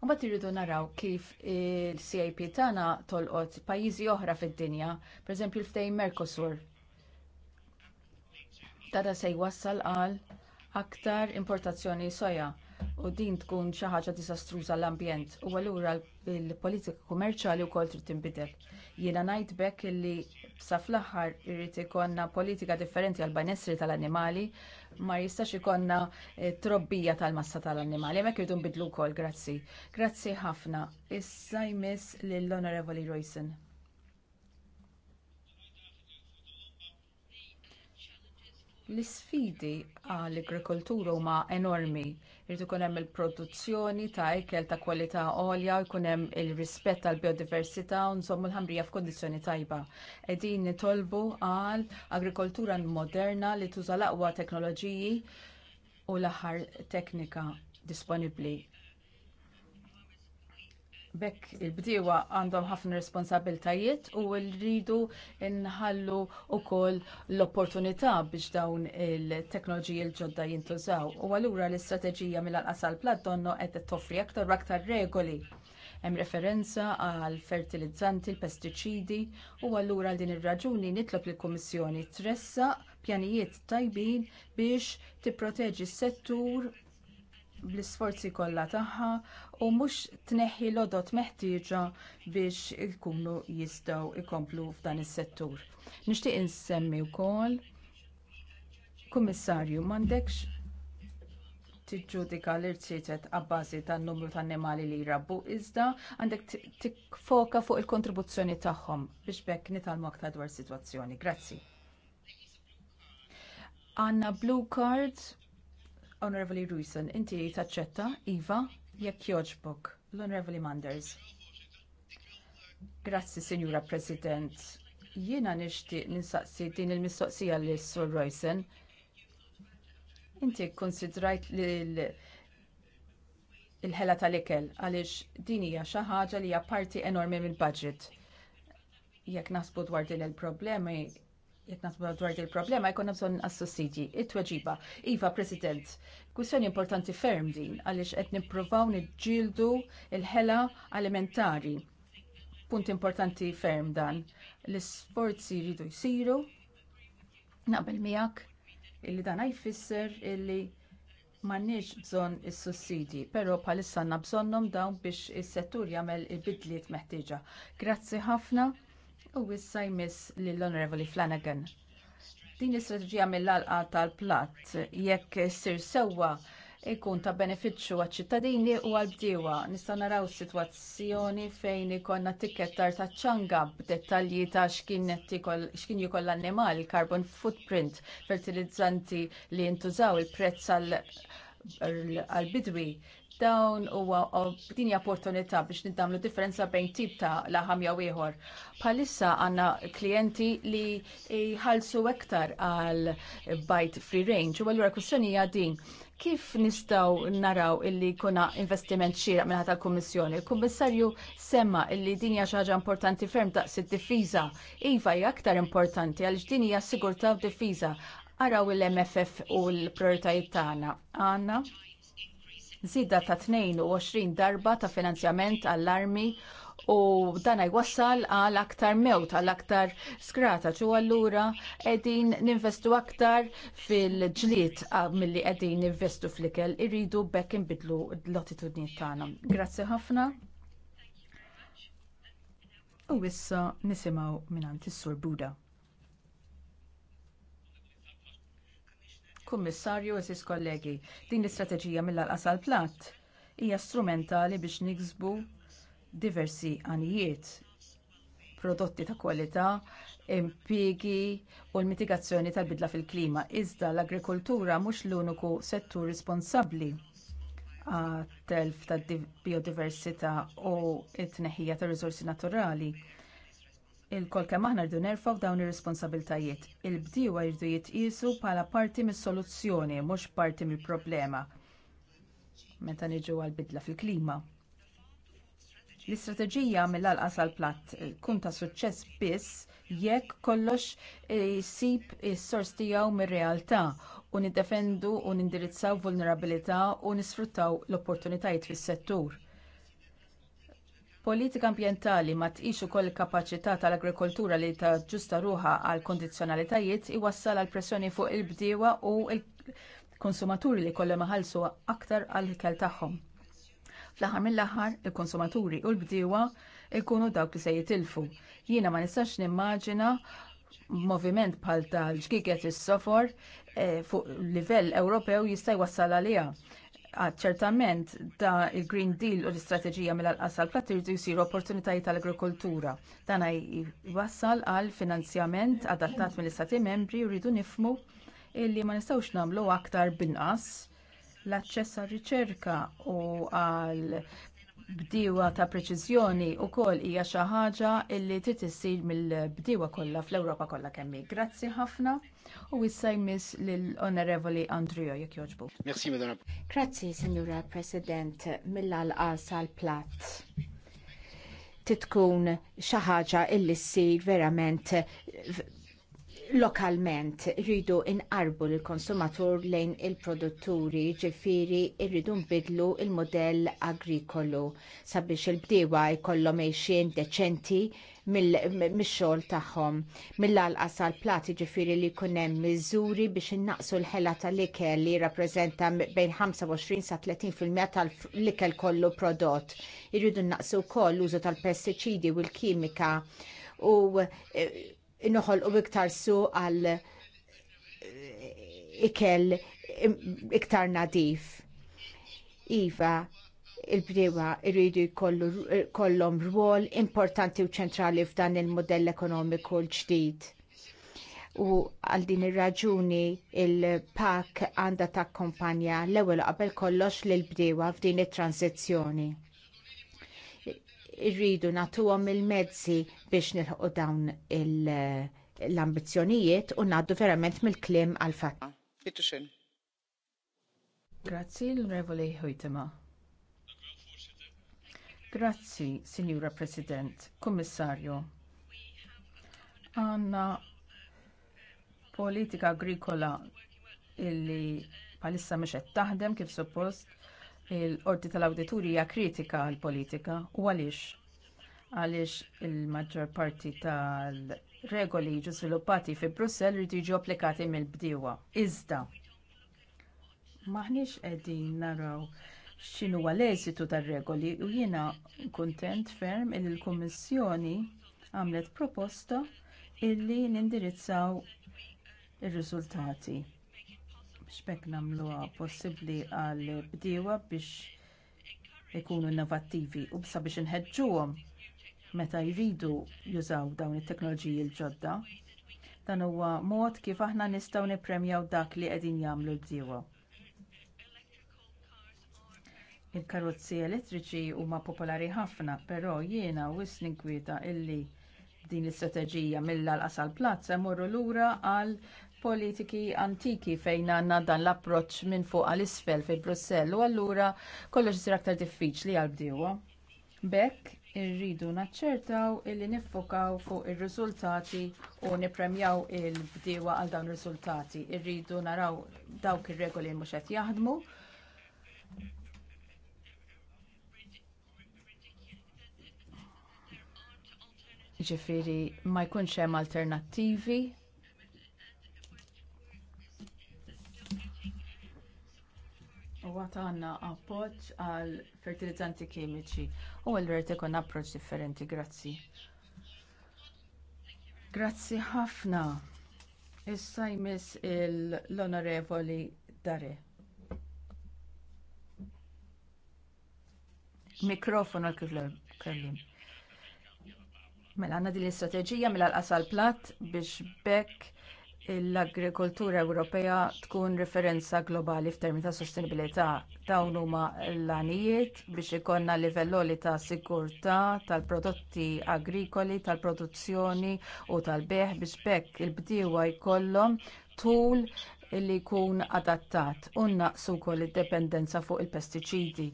U bat irridu naraw kif il-CIP tagħna tolqot pajjiżi oħra fid-dinja, pereżempju l-ftejn Mercosur. Tada se jwassal għal aktar importazzjoni soja u din tkun xi ħaġa diżastruża l-ambjent u allura l-politika kummerċjali wkoll trid tinbidel. Jiena ngħid bekk illi sa fl-aħħar irid ikollna politika differenti għall benessri tal-annimali ma jistax ikollna eh, trobbija tal-massa tal-annimali. Hemmhekk irid nbidlu wkoll, grazzi. Grazzi ħafna. Issa jmiss lill-Onorevoli Roysen. L-isfidi għall-agrikoltura huma enormi. Irid ikun hemm il-produzzjoni ta' ikel ta' kwalità għolja, jkun hemm il-rispett tal biodiversità u nżommu l-ħamrija f'kundizzjoni tajba. Qegħdin nitolbu għal agrikoltura moderna li tuża l-aqwa teknoloġiji u l-aħħar teknika disponibbli bekk il-bdiewa għandhom ħafna responsabiltajiet u rridu nħallu wkoll l-opportunità biex dawn il-teknoloġiji l-ġodda jintużaw. U allura l-istrateġija mill-anqasal plat donno qed toffri aktar aktar regoli. Hemm referenza għal fertilizzanti, l-pestiċidi u allura għal din ir-raġuni nitlob lill-Kummissjoni tressaq pjanijiet tajbin biex tipproteġi s-settur bl-isforzi kollha tagħha u mhux tneħħi l-odot meħtieġa biex ikunu jistgħu jkomplu f'dan is-settur. Nixtieq insemmi wkoll Kummissarju m'għandekx tiġġudika l-irċietet għabbażi tan-numru ta' annimali li jrabbu iżda għandek tikfoka fuq il-kontribuzzjoni tagħhom biex bekk nitalmu aktar dwar sitwazzjoni. Grazzi. Għanna blue card Honorable Ruisen, inti taċċetta, Iva, jekk joġbok, l honorable Manders. Grazzi, Signora President. Jiena nixtieq ninsaqsi din il-mistoqsija li Sur Roysen. Inti konsidrajt li il-ħela tal-ikel għaliex din hija xi ħaġa li hija parti enormi mill-budget. Jekk naħsbu dwar din il-problemi, jitnasbu dwar il-problema, jkun bżon għas-sussidji. It-tweġiba. Iva, President, kwistjoni importanti ferm din, għalix qed nippruvaw niġġieldu il-ħela alimentari. Punt importanti ferm dan. L-isforzi jridu jsiru, naqbel miegħek illi dan jfisser illi M'għandniex bżonn is-sussidji, però bħalissa għandna bżonnhom dawn biex is-settur jagħmel il-bidliet meħtieġa. Grazzi ħafna. U issa jmiss lill-Onorevoli Flanagan. Din l-istrateġija mill-alqa tal-platt jekk sir sewwa ikun ta' benefiċċju għal ċittadini u għal-bdiewa. Nista' naraw sitwazzjoni fejn ikonna tikketar ta' ċanga b'dettalji ta' x'kien jkoll annimal, carbon footprint, fertilizzanti li jintużaw il-prezz għal bidwi dawn huwa din hija opportunità biex nidamlu differenza bejn tip ta' laħam jew ieħor. Bħalissa għandna klijenti li jħallsu ektar għal bajt free range u allura kwestjoni hija din kif nistaw naraw illi kuna investiment xira minna tal kummissjoni il kummissarju semma illi din hija xaġa importanti ferm daqs id-difiża. Iva hija aktar importanti għal din hija sigurtà u difiża. Araw il-MFF u l-prioritajiet tagħna. Anna. Zidda ta' 22 darba ta' finanzjament għall-armi u dan jwassal għal aktar mewt, għal aktar skrata, ċu allura edin ninvestu aktar fil-ġliet ah, mill-li edin ninvestu fl-ikel, irridu bekk inbidlu l-attitudni tagħna. Grazzi ħafna. U issa nisimaw minn is-Sur Buda. kummissarju Sis kollegi. Din l-istrateġija mill-alqasal plat hija strumentali biex niksbu diversi għanijiet prodotti ta' kwalità, impjiegi u l-mitigazzjoni tal-bidla fil-klima. Iżda l-agrikoltura mhux l-uniku settur responsabbli għat-telf tad biodiversità u t tneħħija tar riżorsi naturali. Il-kol kemm aħna rridu nerfgħu dawn ir-responsabiltajiet. Il-bdiewa jridu jitqisu bħala parti mis-soluzzjoni mhux parti mill-problema. Meta niġu għall bidla fil-klima. L-istrateġija mill-alqas għal platt kun ta' suċċess biss jekk kollox jsib is-sors tiegħu mir-realtà u niddefendu u nindirizzaw vulnerabilità u nisfruttaw l-opportunitajiet fis-settur Politika ambjentali ma tqix ukoll il-kapaċità tal-agrikoltura li ta' ġusta ruħa għal kondizzjonalitajiet iwassal għal pressjoni fuq il-bdiewa u l-konsumaturi li kollha maħallsu aktar għal ikel tagħhom. Fl-aħħar mill-aħħar, il-konsumaturi u l-bdiewa ikunu dawk li se jitilfu. Jiena ma nistax nimmaġina moviment bħal tal ġgiget is-sofor eh, fuq livell Ewropew jista' jwassal għaliha għad ċertament da il-Green Deal u l-istrateġija mill-qasal platt irdu jisiru opportunitajiet tal-agrikoltura. Dan jwassal għal finanzjament adattat mill-istati membri u rridu nifmu illi ma nistawx namlu aktar binqas l-aċċess għal riċerka u għal bdiwa ta' preċiżjoni wkoll hija xi ħaġa li trid issir mill bdiwa kollha fl-Ewropa kollha kemm. Grazzi ħafna. U issa jmiss l-Onorevoli Andrio jek joġbu. Merci, Madonna. Grazzi, Signora President, mill-alqa l plat titkun xi ħaġa s-sir verament lokalment rridu inqarbu lill konsumatur lejn il-produtturi ġifiri rridu nbidlu l modell agrikolu sabiex il-bdiewa jkollhom għejxien deċenti mix-xogħol tagħhom. Mill-alqas għall plati ġifiri li jkun hemm miżuri biex innaqsu l-ħela tal-ikel li jirrappreżenta bejn 25 sa 30% tal-ikel kollu prodott. Irridu naqsu wkoll l-użu tal-pestiċidi u l-kimika u eh, noħol u iktar su għal eh, ikel iktar nadif. Iva, il-bdewa irridu jkollhom eh, rwol importanti u ċentrali f'dan il-modell ekonomiku l-ġdid. U għal din ir-raġuni il-pak għandha takkompanja l-ewwel qabel kollox lil bdewa f'din it transizzjoni irridu nagħtuhom il-mezzi biex nilħu dawn l-ambizzjonijiet u ngħaddu verament mill-klim għal fat ah, Grazzi l-Revoli Hojtema. Grazzi, Signora President, Kommissarju. Għanna politika agrikola illi palissa meċet qed taħdem kif suppost il-qorti tal-awdituri hija kritika għall politika u għaliex għaliex il-maġġor parti tal-regoli jiġu sviluppati fi Brussell rridu jiġu applikati mill-bdiewa. Iżda, maħniex qegħdin naraw x'inhu l-eżitu tar-regoli u jiena kuntent ferm li l-Kummissjoni għamlet proposta illi nindirizzaw ir-riżultati xbek nagħmluha possibbli għal bdiewa biex ikunu innovattivi u bsa biex inħeġġuhom meta jridu jużaw dawn it-teknoloġiji l-ġodda. Dan huwa mod kif aħna nistgħu nippremjaw dak li qegħdin jagħmlu bdiewa Il-karozzi elettriċi huma popolari ħafna, però jiena wis ninkwieta illi din l-istrateġija mill-alqas għall plazza morru lura għal politiki antiki fejn għandna dan l approċċ minn fuq għal isfel fejn Brussell u allura kollox isir aktar diffiċli għal bdiewa. Bekk irridu naċċertaw illi niffokaw fuq ir-riżultati u nippremjaw il-bdiewa għal dawn ir-riżultati. Irridu naraw dawk ir-regoli mhux qed jaħdmu. Ġifieri ma jkunx hemm alternattivi għata għanna appoġġ għal fertilizzanti kimiċi u għal-vert ikun approċ differenti, grazzi. Grazzi ħafna. Issa jmiss l-onorevoli Dare. Mikrofon għal kellim. Mela għandna din l-istrateġija mela l-qasal plat biex bekk l-agrikoltura Ewropea tkun referenza globali f'termi ta' sostenibilità. Dawn huma l-għanijiet biex ikonna livelloli ta' sikurtà tal-prodotti agrikoli, tal-produzzjoni u tal-beħ biex bekk il-bdiewa jkollhom tul li jkun adattat u naqsu wkoll id-dependenza fuq il-pestiċidi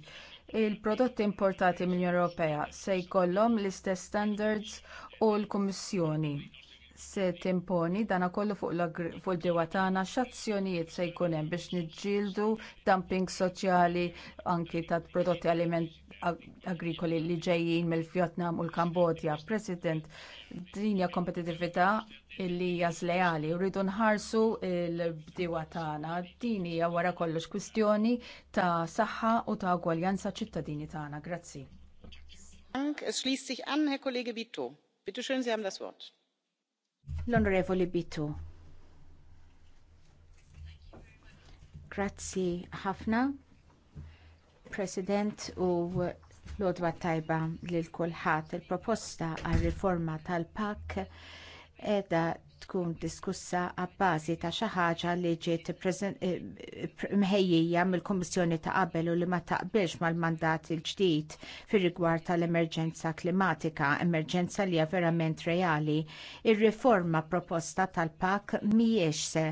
il-prodotti importati mill-Ewropea se jkollhom l-istess standards u l-Kummissjoni se timponi dana kollu fuq il-ġewa tagħna x'azzjonijiet se jkun hemm biex niġġieldu dumping soċjali anki ta' prodotti aliment agrikoli li ġejjin mill-Vjetnam u l-Kambodja. President, din hija kompetitività li hija żlejali rridu nħarsu l bdiwa tagħna. Din hija wara kollox kwistjoni ta' saħħa u ta' ugwaljanza ċittadini tagħna. Grazzi. Dank, es schließt sich an, Herr Kollege Bitte schön, Sie haben das Wort. L-Onorevoli Bitu. Grazzi ħafna, President u l-odwa tajba lil kulħadd il-proposta għal reforma tal-PAK edha tkun diskussa għabbażi ta' xi ħaġa li ġiet eh, mħejjija mill-Kummissjoni ta' qabel u li ma taqbilx mal-mandat il-ġdid fir-rigward tal-emerġenza klimatika, emerġenza li hija verament reali, ir-riforma proposta tal-PAK mhijiex se,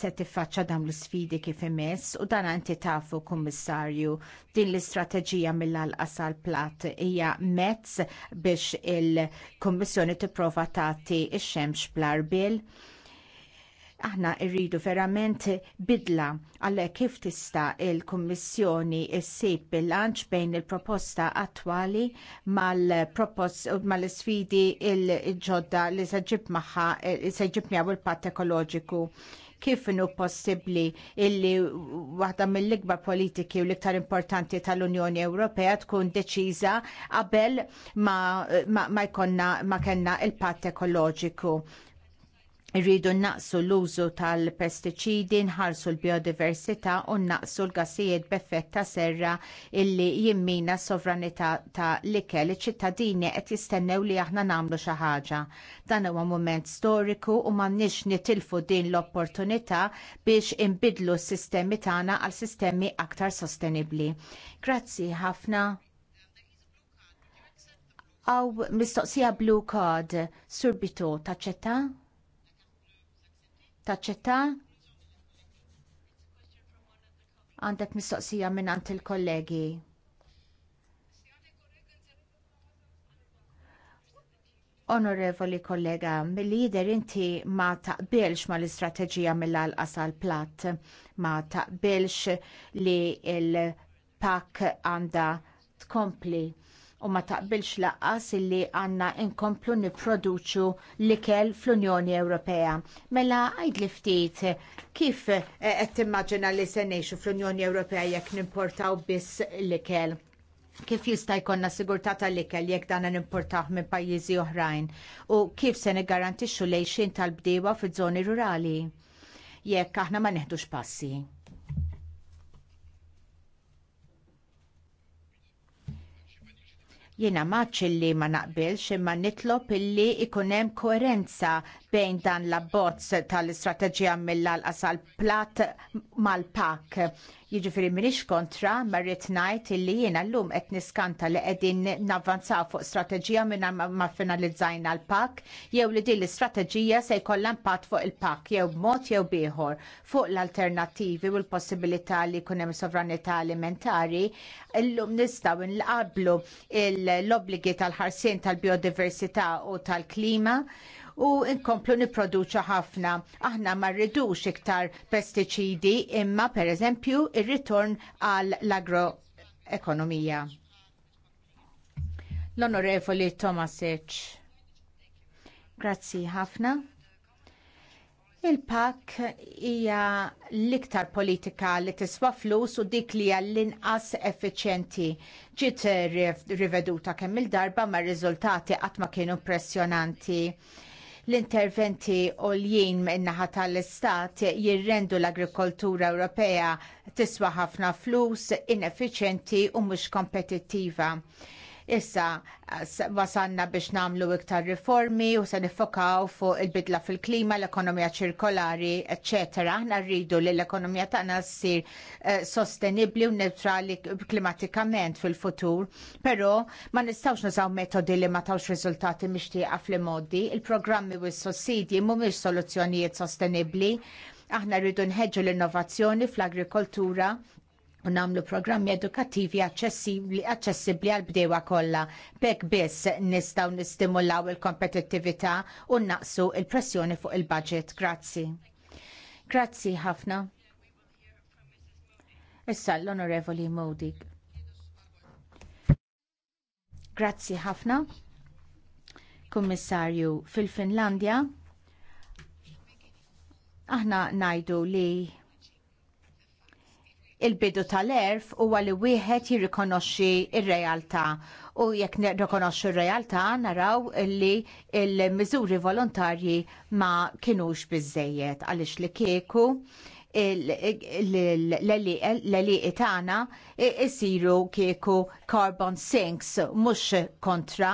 se tiffaċċa dawn l-sfidi kif imess u dan inti tafu kummissarju din l-istrateġija mill-alqas għal platt hija mezz biex il-Kummissjoni tipprova tagħti x-xemx bl-arb qabel aħna rridu verament bidla għalhekk kif tista il-Kummissjoni ssib bilanċ bejn il-proposta attwali mal isfidi il-ġodda li se ġib magħha se ġib miegħu il-patt ekoloġiku kif inhu possibbli illi waħda mill-ikbar politiki u l-iktar importanti tal-Unjoni Ewropea tkun deċiża qabel ma, ma, ma, jkonna ma kellna il-patt ekoloġiku Irridu naqsu l-użu tal-pestiċidi, nħarsu l-biodiversità u naqsu l-gassijiet b'effett ta' serra illi jimmina s sovranità ta' l-ikel iċ-ċittadini qed jistennew li aħna nagħmlu xi ħaġa. Dan huwa mument storiku u m'għandniex nitilfu din l-opportunità biex inbidlu s-sistemi tagħna għal sistemi aktar sostenibbli. Grazzi ħafna għaw mistoqsija blue card surbitu taċċetta? taċċetta? Għandek mistoqsija minn għand il-kollegi. Onorevoli kollega, mill-lider inti ma taqbilx ma l-istrateġija mill-alqas għal-platt, ma taqbilx li il-pak għanda tkompli u ma taqbilx laqqas illi għanna inkomplu niproduċu l-ikel fl-Unjoni Ewropea. Mela għajd li ftit kif eh, qed timmaġina li se ngħixu fl-Unjoni Ewropea jekk nimportaw biss l-ikel? Kif jista' jkollna sigurtà tal-ikel jekk dan nimportaħ minn pajjiżi oħrajn? U kif se niggarantixxu lejxin tal-bdiewa fiż-żoni rurali? Jekk aħna ma neħdux passi. Jiena maċ illi ma naqbilx imma nitlob illi ikun hemm koerenza bejn dan l-abbozz tal-istrateġija mill-alqas għal plat mal-pak Jiġifieri m'iniex kontra ma rrid ngħid illi jien llum qed niskanta li qegħdin navvanzaw fuq strateġija minn ma finalizzajna l-pak jew li din l-istrateġija se jkollha impatt fuq il-pak jew b'mod jew bieħor fuq l-alternattivi u l-possibilità li jkun hemm sovranità alimentari illum nistgħu nqablu l-obbligi tal-ħarsien tal-biodiversità u tal-klima u nkomplu niproduċa ħafna. Aħna ma rridux iktar pestiċidi imma pereżempju ir-ritorn għall agroekonomija. L-Onorevoli Tomasic. Grazzi ħafna. Il-pak hija l-iktar politika li tiswa flus u dik li hija l-inqas effiċjenti. Ġiet riveduta kemm il-darba ma' riżultati qatt ma kienu impressjonanti. L-interventi għoljien minnaħa tal-Istat jirrendu l-agrikoltura Ewropea tiswa ħafna flus, ineffiċenti u mhux kompetittiva. Issa wasanna biex namlu iktar riformi u se nifokaw fuq il-bidla fil-klima, l-ekonomija ċirkolari, etc. Aħna rridu li l-ekonomija tagħna ssir sostenibbli eh, sostenibli u neutrali klimatikament fil-futur, però ma nistgħux nużaw metodi li ma tawx riżultati mixtieqa fl-modi, il-programmi u s-sussidji mhumiex soluzzjonijiet sostenibbli aħna rridu nħeġġu l-innovazzjoni fl-agrikoltura u namlu programmi edukattivi aċċessibbli għal bdewa kollha. B'hekk biss nistgħu nistimulaw il-kompetittività u naqsu l pressjoni fuq il-budget. Grazzi. Grazzi ħafna. Issa l-Onorevoli Modi. Grazzi ħafna. Kummissarju fil-Finlandja. Aħna najdu li Il-bidu tal-erf huwa li wieħed jirrikonoxxi r-realtà u jekk nirrikonoxxu r-realtà naraw li l-miżuri volontarji ma kinux biżejjed għaliex li kieku l-eliqi tagħna jsiru kieku carbon sinks mhux kontra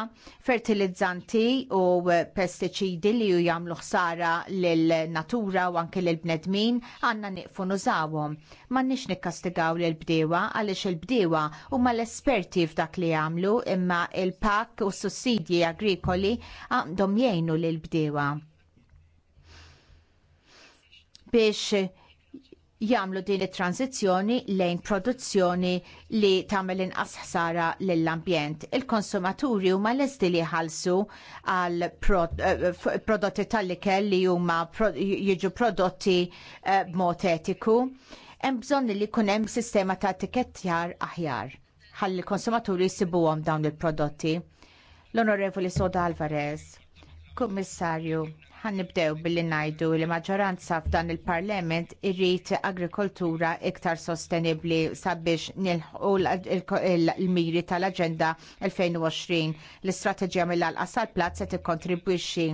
fertilizzanti u pestiċidi li ju jagħmlu ħsara lill-natura u anke lill-bnedmin għandna nieqfu nużawhom. M'għandniex nikkastigaw lill bdewa għaliex il bdewa huma l-esperti f'dak li jagħmlu imma il-pak u s-sussidji agrikoli għandhom jgħinu lill bdewa biex Jamlu din it-tranzizzjoni lejn produzzjoni li tagħmel inqas ħsara lill-ambjent. Il-konsumaturi huma lesti li jħallsu għal eh, prodotti tal-ikel li huma jiġu prodotti eh, b'mod etiku. Hemm bżonn li jkun hemm sistema ta' etikettjar aħjar ħalli l-konsumaturi jsibuhom dawn il-prodotti. L-Onorevoli Soda Alvarez, Kummissarju, nibdew billi ngħidu li maġġoranza f'dan il-parlament irrit agrikoltura iktar sostenibbli sabiex nilħqu l-miri tal-Aġenda 2020. L-istrateġija mill-alqas qasal platt se tikkontribwixxi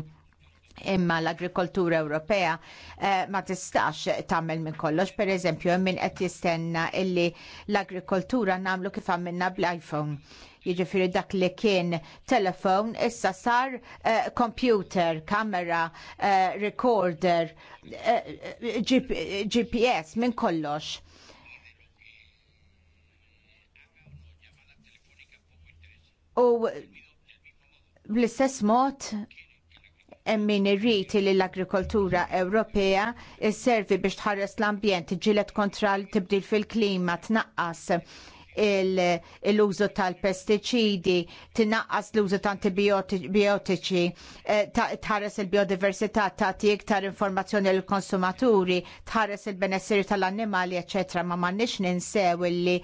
imma l-agrikoltura Ewropea eh, ma tistax tagħmel minn kollox, pereżempju eżempju, min qed jistenna illi l-agrikoltura nagħmlu kif għamilna bl-iPhone jiġifieri dak li kien telefon issa sar eh, computer, kamera, eh, recorder, eh, GPS minn kollox. U bl-istess mod min irriti li l-agrikoltura Ewropea s-servi biex tħares l-ambjent, ġilet kontra l-tibdil fil-klima, tnaqqas l-użu tal-pestiċidi, tinaqqas l-użu ta' antibiotiċi, eh, tħares il-biodiversità, tagħti iktar informazzjoni l konsumaturi tħares il-benessiri tal-annimali, ecc. Ma m'għandniex ninsew illi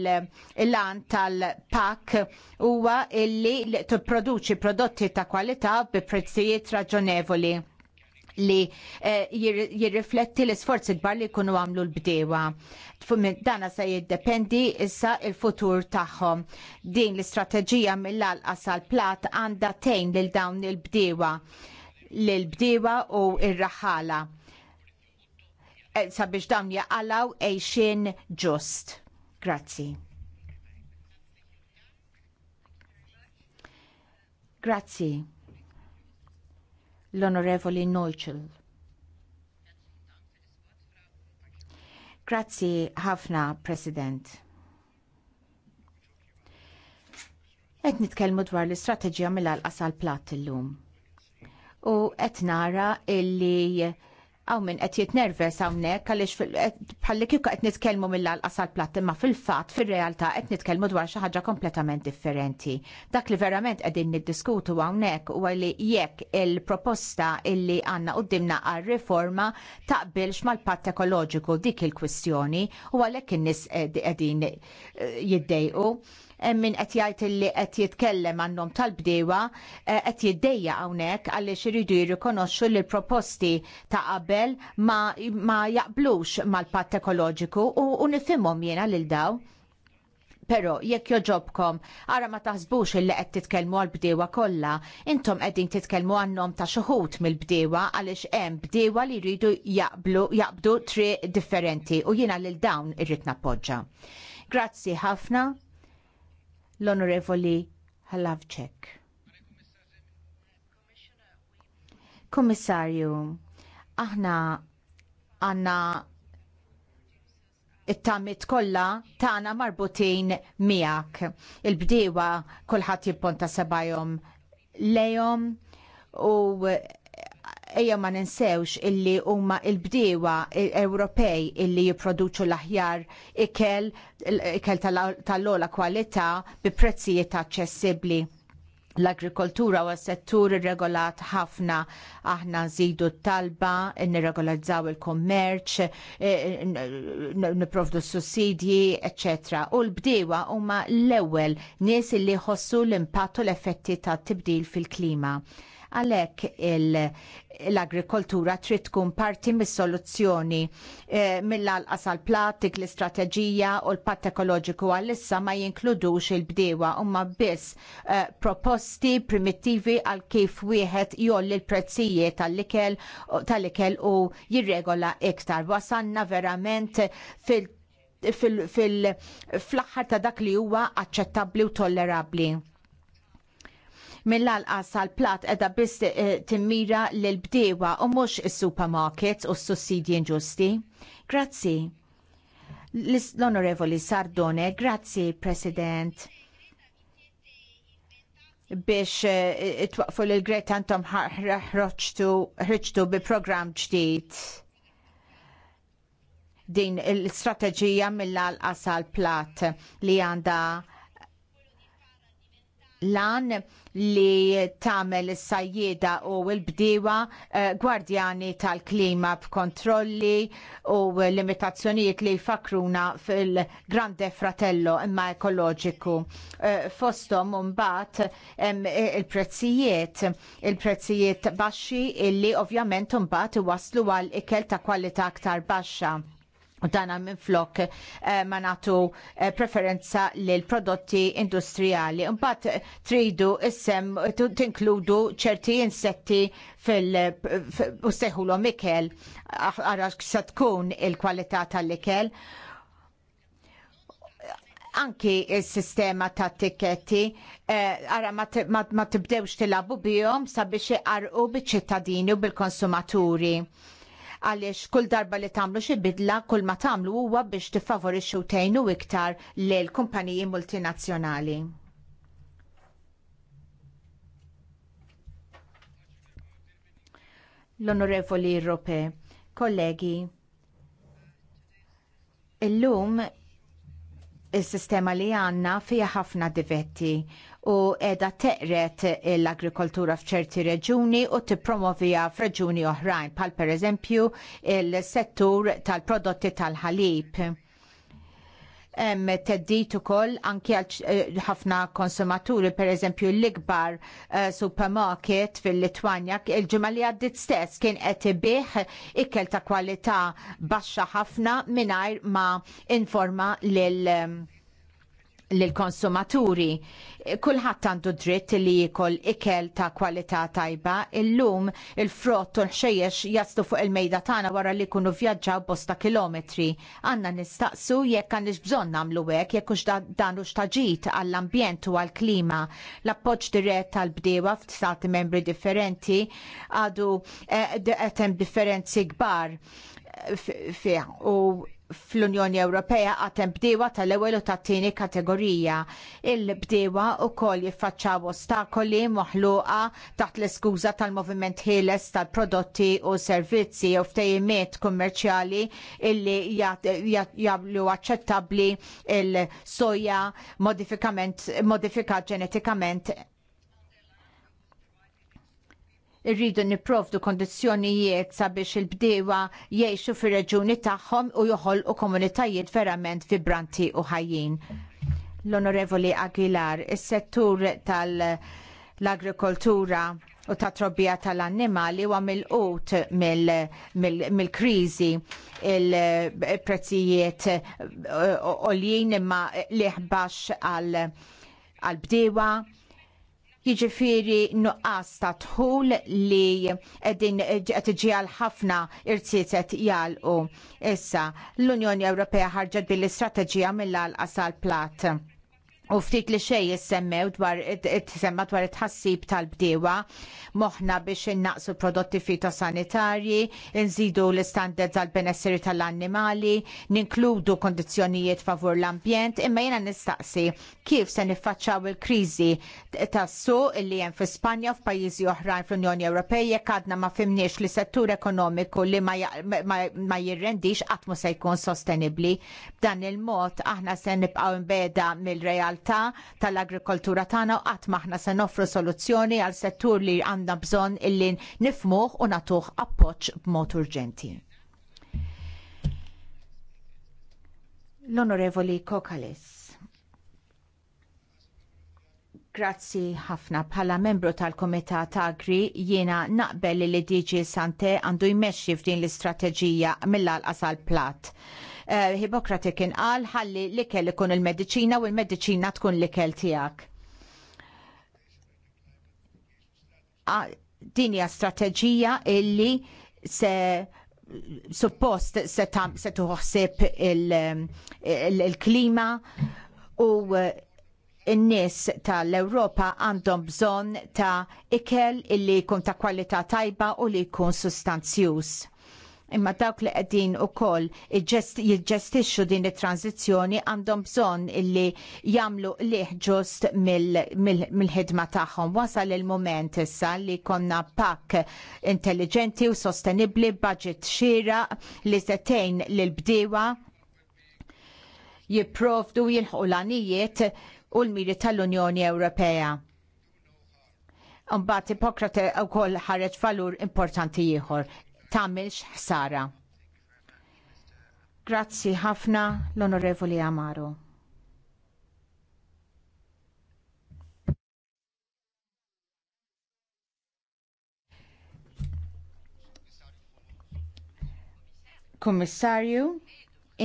l an tal-pak huwa illi tipproduċi prodotti ta' kwalità bi prezzijiet raġonevoli li eh, jirrifletti l-isforzi kbar li jkunu għamlu l-bdewa. Dana se jiddependi issa il-futur tagħhom. Din l-istrateġija mill-alqas għal-plat għandha tejn lil dawn il-bdewa l-bdewa u ir-raħala e, sabiex dawn jaqalaw għejxin ġust. Grazzi. Grazzi l-Onorevoli Neuchel. Grazzi ħafna, President. Et nitkellmu dwar l-istrateġija mill-alqas għal-platt illum. U et nara illi għaw minn qed jitnervers hawnhekk għaliex bħalli kif qed nitkellmu mill-alqas għall-platt imma fil-fatt fir-realtà qed nitkellmu dwar xi ħaġa kompletament differenti. Dak li verament qegħdin niddiskutu hawnhekk huwa li jekk il-proposta illi għandna qudiemna għar-riforma taqbilx mal-patt ekoloġiku dik il-kwistjoni u għalhekk in-nies qegħdin eh, jiddejqu min qed jgħid li qed jitkellem għandhom tal-bdewa eh, qed jiddejja hawnhekk għaliex iridu jirrikonoxxu li l-proposti ta' qabel ma, jaqblux mal-patt ekoloġiku u, nifhimhom jiena lil daw. Pero jekk joġobkom, ara ma taħsbux illi qed titkellmu għal bdewa kollha, intom qegħdin titkellmu għannom ta' xuħut mill-bdewa għaliex hemm bdewa li jridu jaqblu jaqbdu tri differenti u jiena lil dawn irrid nappoġġa. Grazzi ħafna l-Onorevoli Halavcek. Kommissarju, aħna għanna it-tamit kollha tagħna marbutin miak. il bdiwa kulħadd jibbonta sebajhom lejhom u ejja ma ninsewx illi huma l-bdiewa Ewropej illi jipproduċu l-aħjar ikel, ikel tal-ola kwalità bi prezzijiet aċċessibbli. L-agrikoltura u s-settur irregolat ħafna aħna nżidu t-talba, nirregolizzaw il-kommerċ, niprovdu s-sussidji, etc. U l-bdiewa huma l-ewwel nies illi jħossu l-impattu l-effetti tat tibdil fil-klima Għalhekk l-agrikoltura trid tkun parti mis-soluzzjoni eh, mill-alqas għal platik l-istrateġija u l-patt ekoloġiku għalissa ma jinkludux il-bdewa huma biss eh, proposti primittivi għal kif wieħed jolli l-prezzijiet tal-ikel tal u jirregola iktar. Wasanna verament fil fil ta' dak li huwa aċċettabbli u tollerabbli mill-alqas għal-plat edha biss eh, timmira l-bdewa u mux il supermarket u s-sussidji inġusti. Grazzi. L-Onorevoli Sardone, grazzi President biex eh, it-waqfu l-Gret għantom ħroċtu bi program ġdijt din l-strategija mill-għal plat li għanda lan li tagħmel is-sajjieda u l-bdiewa eh, gwardjani tal-klima b'kontrolli u limitazzjonijiet li jfakruna fil-Grande Fratello imma ekoloġiku. Eh, Fostom mbagħad eh, il-prezzijiet, il-prezzijiet baxxi illi ovvjament mbagħad iwasslu għal ikel ta' kwalità aktar baxxa U dana minn flok eh, ma natu eh, preferenza lil prodotti industrijali. Mbagħad tridu issem tinkludu ċerti insetti fil u seħulhom ikel ah, ara se tkun il-kwalità tal-ikel. Anki il-sistema ta' tiketti eh, ma, ma, ma tibdewx tilabu bijom sabiex iqarqu biċ-ċittadini u bil-konsumaturi. bil konsumaturi għaliex kull darba li tagħmlu xi bidla kull ma tagħmlu huwa biex tiffavorixxu tgħinu iktar lil kumpaniji multinazzjonali. L-Onorevoli Rope, kollegi, illum is-sistema li għandna fiha ħafna divetti u edha teqret l-agrikoltura f'ċerti reġuni u tippromovija f'reġuni oħrajn, bħal pereżempju il settur tal-prodotti tal-ħalib. Hemm teddit ukoll anke għal eh, ħafna konsumaturi, pereżempju l-ikbar eh, supermarket fil-Litwanja il-ġimgħa li għaddit stess kien qed ibih ikel ta' kwalità baxxa ħafna mingħajr ma informa lil l-konsumaturi. Kulħadd għandu dritt li jikol ikel ta' kwalità tajba, illum il-frott u l xejjex jaslu fuq il-mejda tagħna wara li jkunu vjaġġaw bosta kilometri. Għandna nistaqsu jekk għandix bżonn nagħmlu hekk jekk hux dan hux taġit għall-ambjent u għall-klima. L-appoġġ dirett tal-bdiewa f'stati membri differenti għadu qed eh, hemm differenzi kbar fih u fl-Unjoni Ewropea għatem bdewa tal-ewwel u tat-tieni kategorija. Il-bdewa wkoll jiffaċċaw ostakoli moħluqa taħt l-iskuża tal-moviment ħieles tal-prodotti u servizzi u ftejimiet kummerċjali illi jagħmlu aċċettabbli il-soja modifikament modifikat ġenetikament irridu nipprovdu kondizzjonijiet sabiex il-bdewa jgħixu fir-reġuni tagħhom u joħolqu komunitajiet verament vibranti u ħajjin. L-Onorevoli Aguilar, is-settur tal-agrikoltura u ta' trobbija tal-annimali huwa għamil ut mill-kriżi il-prezzijiet uh, l-jien imma liħbax għal-bdewa jiġifieri nuqqas ta' tħul li qegħdin qed għal ħafna irtiet qed Issa l-Unjoni Ewropea ħarġet bil-istrateġija mill-alqas għal plat U ftit li xej jissemmew dwar it-semma dwar it-ħassib tal-bdewa moħna biex innaqsu prodotti fitosanitarji, nżidu l-istandard tal-benesseri tal-annimali, ninkludu kondizjonijiet favur l-ambjent, imma jena nistaqsi kif se niffaċċaw il-kriżi tas-su illi hemm fi Spanja u f'pajjiżi oħrajn fl-Unjoni Ewropea jekk għadna ma fimniex li settur ekonomiku li ma jirrendix qatt se jkun sostenibbli. B'dan il-mod aħna se nibqgħu imbeda mill-real realtà tal-agrikoltura tagħna u qatt maħna se noffru soluzzjoni għal settur li għandna bżonn illi nifmuh u nagħtuh appoġġ b'mod urġenti. L-Onorevoli Kokalis. Grazzi ħafna bħala membru tal-Komitat Agri jiena naqbel li DG Sante għandu jmexxi f'din l-istrateġija mill-alqas għal plat Eh, Hippokrati kien qal ħalli l-ikel ikun il-mediċina u l-mediċina tkun l-ikel tiegħek. Din hija strateġija illi se suppost se tuħsib il-klima u in-nies tal-Ewropa għandhom bżonn ta' ikel illi jkun ta' kwalità tajba u li jkun sustanzjuż imma dawk li qegħdin ukoll jiġġestixxu din it-tranzizzjoni għandhom bżonn illi jagħmlu liħ ġust mill-ħidma tagħhom. Wasal il-moment issa li konna pakk intelligenti u sostenibbli budget xira li setejn lil bdiewa jipprovdu jilħqu l-anijiet u l-miri tal-Unjoni Ewropea. Un-bat Ipokrate wkoll ħareġ valur importanti ieħor tamilx ħsara. Grazzi ħafna l-Onorevoli Amaro. Kummissarju,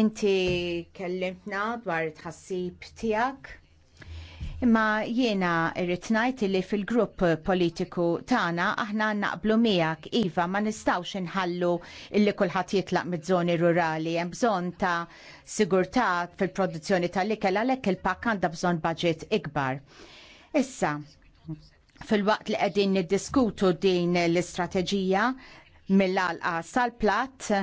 inti kellimtna dwar it-ħassib tiegħek Imma jiena irrid ngħid li fil-grupp politiku tagħna aħna naqblu miegħek iva ma nistgħux inħallu illi kulħadd jitlaq miż-żoni rurali hemm bżonn ta' sigurtà fil-produzzjoni tal-ikel għalhekk il-pakk għandha bżonn budget ikbar. Issa, fil-waqt li qegħdin niddiskutu din l-istrateġija mill għalqa sal-platt,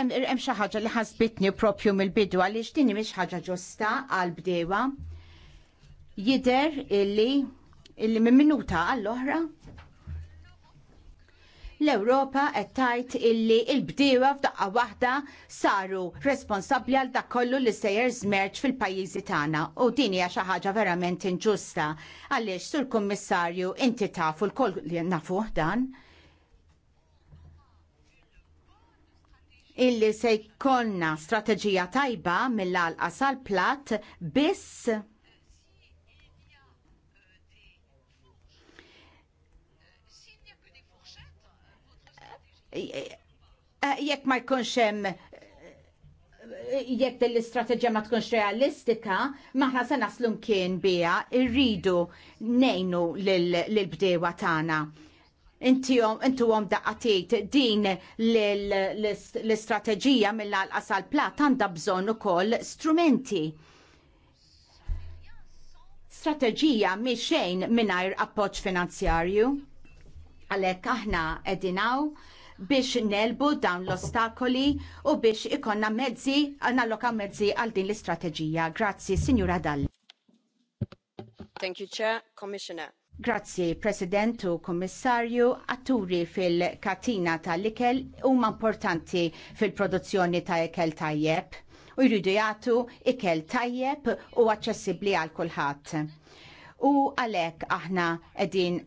hemm xi ħaġa li ħasbitni propju mill-bidu għaliex din mhix ħaġa ġusta għal bdewa. Jider illi illi minn minuta għall-oħra l-Ewropa qed tgħid illi l bdewa f'daqqa waħda saru responsabbli għal dak kollu li sejjer żmerġ fil-pajjiżi tagħna u din hija xi ħaġa verament inġusta għaliex sur kummissarju inti tafu l-koll li nafuh dan illi se jkollna strateġija tajba mill-alqa sal-plat biss eh, eh, jekk ma jkunx hemm eh, jekk din l-istrateġija ma tkunx realistika, maħna se naslu mkien biha irridu nejnu lill-bdewa tagħna intuhom daqatit din l-istrateġija mill-alqas qasal plat għandha bżonn ukoll strumenti. Strateġija mi xejn mingħajr appoġġ finanzjarju. Għalhekk aħna edinaw biex nelbu dawn l-ostakoli u biex ikonna mezzi, nalloka mezzi għal din l-istrateġija. Grazzi, Signora Dalli. Thank you, Chair, Commissioner Grazzi, President u Kommissarju, atturi fil-katina tal-ikel huma importanti fil-produzzjoni ta' ikel tajjeb u jridu jagħtu ikel tajjeb u aċċessibbli għal kulħadd. U għalek aħna edin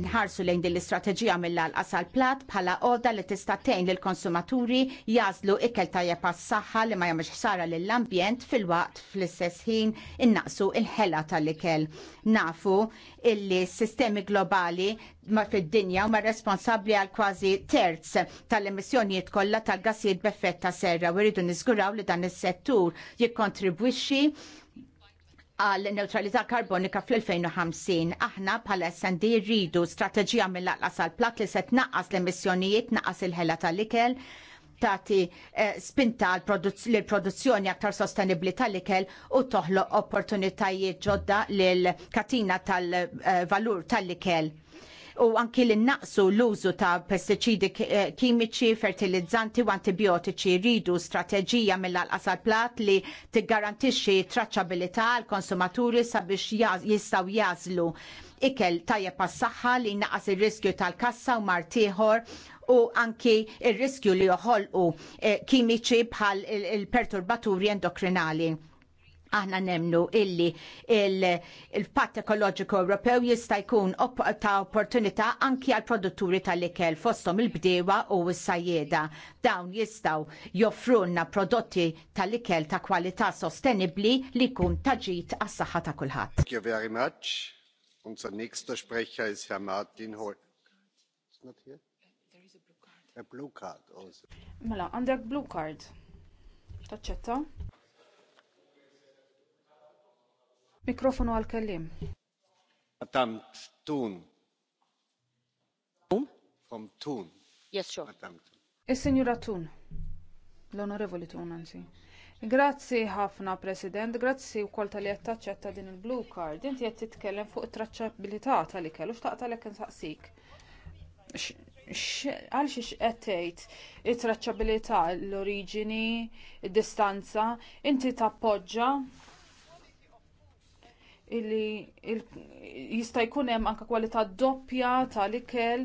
nħarsu lejn din l-istrateġija mill-alqas għal-plat bħala għoda li tista' tgħin lill-konsumaturi jażlu ikel tajjeb għas-saħħa li ma jagħmilx ħsara lill-ambjent fil-waqt fl-istess ħin innaqsu il-ħela tal-ikel. Nafu illi s-sistemi globali ma fid-dinja huma responsabbli għal kważi terz tal-emissjonijiet kollha tal-gassijiet b'effett ta' serra u rridu niżguraw li dan is-settur jikkontribwixxi għal neutralità karbonika fl-2050. Aħna bħal SND rridu strateġija mill laqqas għal plat li se tnaqqas l-emissjonijiet, naqqas il-ħela tal-ikel, tati eh, spinta l-produzzjoni aktar sostenibli tal-ikel u toħloq opportunitajiet ġodda l-katina tal-valur eh, tal-ikel. tal valur tal ikel u anki li naqsu l-użu ta' pestiċidi eh, kimiċi, fertilizzanti u antibiotiċi ridu strateġija mill-alqasal plat li tiggarantixxi traċċabilità għall konsumaturi sabiex jistgħu jazlu ikel tajjeb għas-saħħa li naqas ir-riskju tal-kassa u martiħor u anki ir-riskju li joħolqu eh, kimiċi bħal il-perturbaturi endokrinali aħna nemnu illi il-patt ekoloġiku Ewropew jista' jkun ta' opportunità anki għal produtturi tal-ikel fosthom il-bdewa u s-sajjeda. Dawn jistgħu joffrunna prodotti tal-ikel ta' kwalità sostenibbli li jkun taġit għas saħħa ta' kulħadd. Thank you very much. Unser nächster Sprecher ist Herr Martin Hol. Mela, għandek blue card. Taċċetta? Mikrofonu għal-kellim. Madam Tun. Um? From Tun. Yes, sure. Madam Tun. Is-Sinjura Tun. L-Onorevoli Tun, anzi. Grazzi ħafna, President. Grazzi wkoll tal-li taċċetta din il-Blue Card. Inti qed titkellem fuq it traċċabilità tal-ikel u xtaqt għalhekk insaqsik. Għal xiex qed tgħid it-traċċabilità, l origini id-distanza, inti tappoġġa illi jista' jkun hemm anke kwalità doppja tal-ikel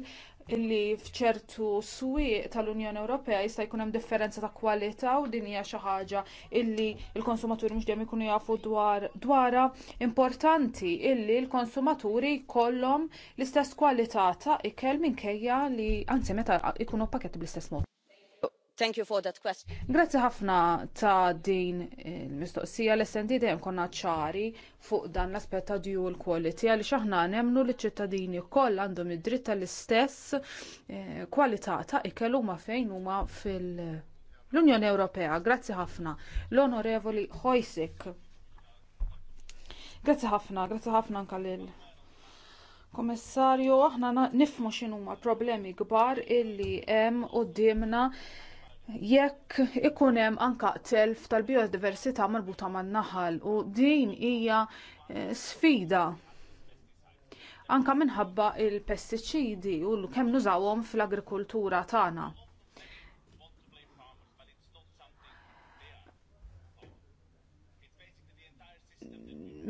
illi fċertu swieq tal-Unjoni Ewropea jista' jkun hemm differenza ta' kwalità u din hija xi ħaġa illi l-konsumaturi mhux dejjem ikunu jafu dwar dwarha importanti illi l-konsumaturi jkollhom l-istess kwalità ta' ikel minkejja li anzi meta jkunu pakketti bl-istess mod. Thank you for that question. Grazzi ħafna ta' din il-mistoqsija l-essendi dejjem konna ċari fuq dan l-aspett ta' dual quality għaliex aħna nemnu li ċittadini koll għandhom id-dritt tal-istess eh, kwalità ta' ikel huma fejn huma fil- unjoni Ewropea. Grazzi ħafna. L-Onorevoli Hojsik. Grazzi ħafna, grazzi ħafna lil Kommissarju, aħna nifmu x'inhuma problemi kbar illi hemm dimna jekk ikun hemm anka telf tal-biodiversità marbuta man-naħal u din hija eh, sfida anka minħabba il-pestiċidi u kemm nużawhom fl-agrikoltura tagħna.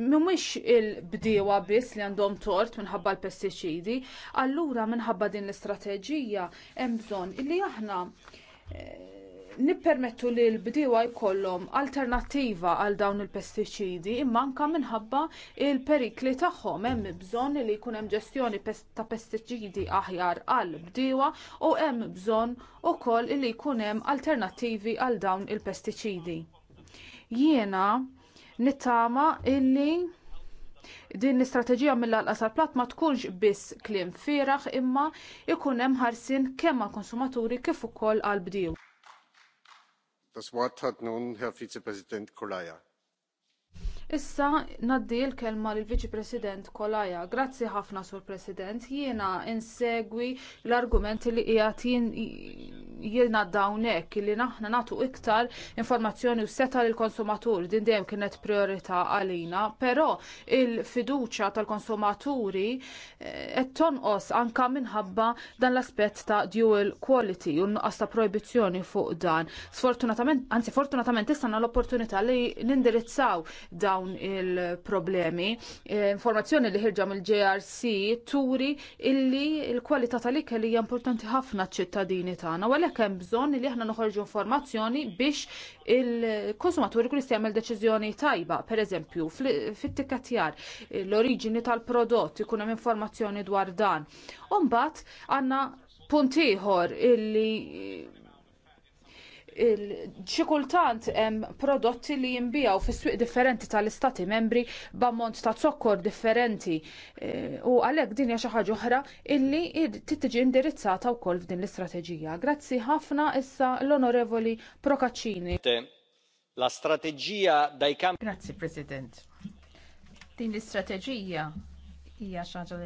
Mhumiex il-bdiewa biss li għandhom tort minħabba l-pestiċidi, allura minħabba din l-istrateġija hemm bżonn illi aħna nippermettu li l-bdiewa jkollhom alternattiva għal dawn il-pestiċidi imma anka minħabba l perikli tagħhom hemm bżonn li jkun hemm ġestjoni ta' pestiċidi aħjar għall bdiewa u hemm bżonn ukoll li jkun hemm alternattivi għal dawn il-pestiċidi. Jiena nittama illi Din l-istrateġija mill-qasar plat ma tkunx biss kliem fieraħ imma ikun hemm ħarsin kemm għall konsumaturi kif ukoll għall bdiew. Das Wort hat nun Herr Vizepräsident Kolaja. Issa ngħaddi l-kelma lill viċi President Kolaja. Grazzi ħafna sur President. Jiena insegwi l-argumenti li qiegħed jiena dawnek li naħna nagħtu iktar informazzjoni u seta lill konsumatur din dejjem kienet priorità għalina, però il-fiduċja tal-konsumaturi eh, qed tonqos anke minħabba dan l-aspett ta' dual quality u nuqqas ta' proibizzjoni fuq dan. Sfortunatament, anzi fortunatament issa l-opportunità li nindirizzaw dawn dawn il-problemi. E, informazzjoni li ħirġa mill-JRC turi illi l-kwalità tal-ikel hija importanti ħafna ċittadini tagħna, u għalhekk hemm bżonn li aħna noħorġu informazzjoni biex il-konsumaturi kull jagħmel deċiżjoni tajba, pereżempju fit-tikkatjar, l-oriġini tal-prodott ikun hemm informazzjoni dwar dan. U mbagħad għandna punt ieħor illi xi kultant hemm prodotti li jinbijaw fis-swieq differenti tal-istati membri b'ammont ta' zokkor differenti eh, u għalhekk din hija xi ħaġa oħra illi tiġi indirizzata wkoll f'din l-istrateġija. Grazzi ħafna issa l-Onorevoli Procaccini. La strategija dai campi. Grazzi President. Din l-istrateġija hija xi ħaġa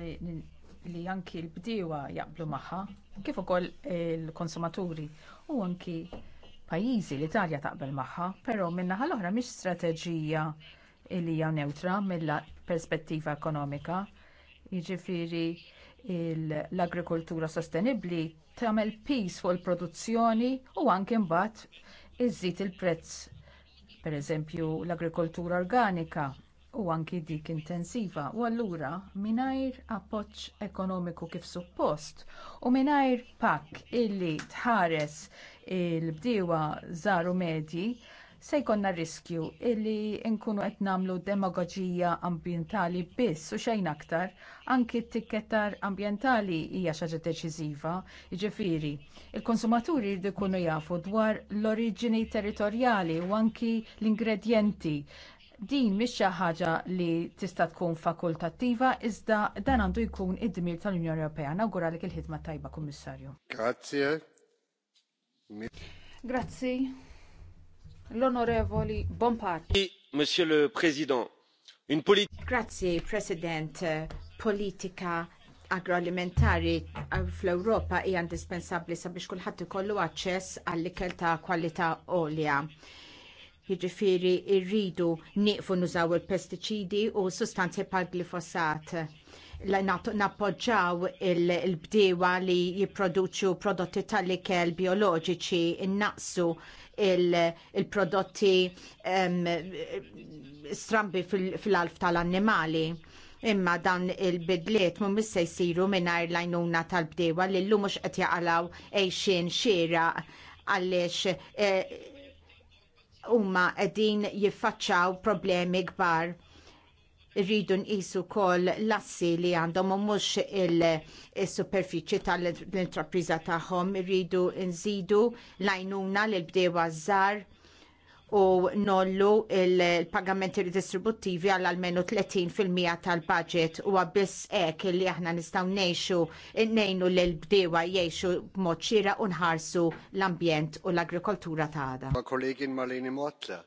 li anki l-bdiewa jaqblu magħha kif ukoll il-konsumaturi u anki pajjiżi l-Italja taqbel magħha, però min-naħa l-oħra mhix strateġija li hija neutra mill-perspettiva ekonomika. Jiġifieri l-agrikoltura sostenibbli tagħmel pis fuq il-produzzjoni u anke mbagħad iżżid il-prezz. Pereżempju l-agrikoltura organika u anki dik intensiva. U allura mingħajr appoġġ ekonomiku kif suppost u mingħajr pakk illi tħares il-bdiewa żaru medji se jkollna riskju illi nkunu qed nagħmlu demagoġija ambjentali biss u xejn aktar, anki t-tikketar ambjentali hija xi ħaġa deċiżiva, jiġifieri il-konsumaturi jridu jkunu jafu dwar l-oriġini territorjali u anki l-ingredjenti Din mhix xi ħaġa li tista' tkun fakultattiva iżda dan għandu jkun id-dmir tal-Unjoni Ewropea. Nawguralek il-ħidma tajba, Kummissarju. Grazie. Grazzi. L-Onorevoli Bompart. Monsieur le Président, une politique. Grazie, President. Politika agroalimentari fl-Europa hija indispensabbli sabiex kulħadd ikollu aċċess għall-ikel ta' kwalità għolja jiġifieri rridu nieqfu nużaw il-pestiċidi u sustanzi bħal glifosat nappoġġaw il-bdewa li jipproduċu prodotti tal-ikel bioloġiċi innaqsu il-prodotti strambi fil-alf tal-annimali imma dan il-bidliet mu missa jsiru mingħajr l-għajnuna tal-bdewa li llum mhux qed jaqalaw għejxin xiera għaliex eh, huma qegħdin jiffaċċjaw problemi kbar irridu nqisu wkoll l-assi li għandhom u mhux il-superfiċi tal-intrapriża tagħhom, irridu nżidu l-għajnuna l bdewa żgħar u nollu il-pagamenti ridistributtivi għal almenu 30% tal-budget u għabbis ek li aħna nistaw nejxu nejnu l bdewa jiexu b'mod xira u nħarsu l-ambjent u l-agrikoltura ta' għada. Ma' kollegin Marlini Mortler.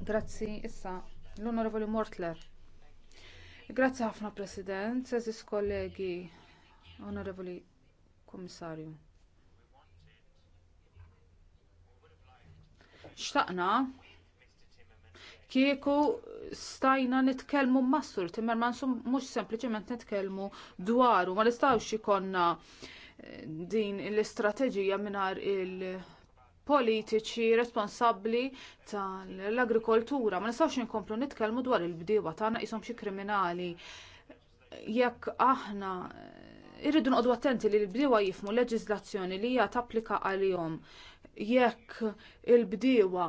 Grazzi, issa, l-onorevoli Mortler. Grazzi ħafna, President, sezis kollegi, onorevoli Komissarju. xtaqna kieku stajna nitkellmu massur Timmermans mhux sempliċement nitkellmu dwaru ma nistgħux ikonna eh, din l-istrateġija mingħajr il-politiċi responsabbli tal-agrikoltura. Ma nistawx nkomplu nitkellmu dwar il-bdiewa tagħna qishom xi kriminali. Jekk aħna eh, irridu noqogħdu attenti li l-bdiewa jifmu leġiżlazzjoni li hija tapplika għalihom jekk il-bdiewa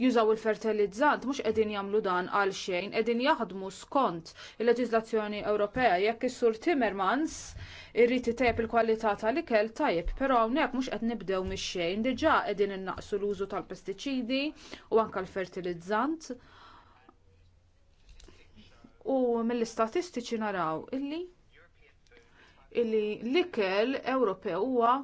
jużaw il-fertilizzant mhux qegħdin jagħmlu dan għal xejn, qegħdin jaħdmu skont il-leġiżlazzjoni Ewropea jekk is-Sur Timmermans irriti itejb il-kwalità tal-ikel tajb, però hawnhekk mhux qed nibdew mis xejn diġà qegħdin innaqsu l-użu tal-pestiċidi u anke l-fertilizzant. U mill-istatistiċi naraw illi illi l-ikel Ewropew huwa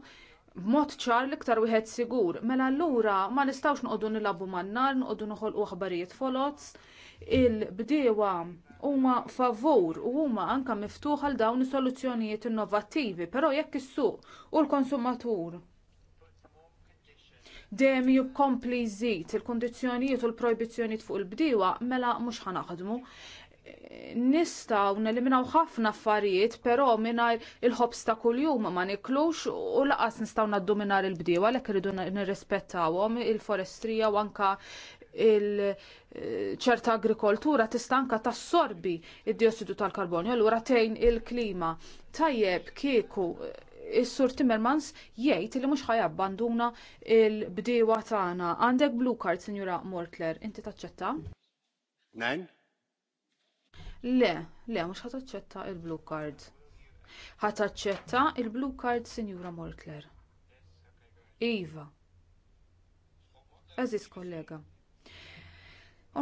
b'mod ċar l-iktar wieħed sigur, mela allura ma nistgħux noqogħdu nilabu man-nar, noqogħdu noħolqu aħbarijiet folots, il-bdiewa huma favur u huma anke miftuħa għal dawn is-soluzzjonijiet innovattivi, però jekk is-suq u l-konsumatur dejjem jikkompli jżid il-kundizzjonijiet u l-projbizzjonijiet fuq il-bdiewa mela mhux ħanaħdmu nistaw neliminaw ħafna affarijiet, però mingħajr il-ħobs ta' kuljum ma niklux u laqas nistgħu naddu il-bdiewa għalhekk irridu nirrispettawhom il-forestrija u anka il-ċerta agrikoltura tista' anka tassorbi id-diossidu tal-karbonju allura tejn il-klima. Tajjeb kieku is-sur Timmermans jgħid li mhux ħajabbanduna l bdiewa tagħna. Għandek blue card, Sinjura Mortler, inti taċċetta? Nein. Le, le, mhux ħataċċetta il blue card. Ħataċċetta il blue card Sinjura Mortler. Iva. Aziz kollega.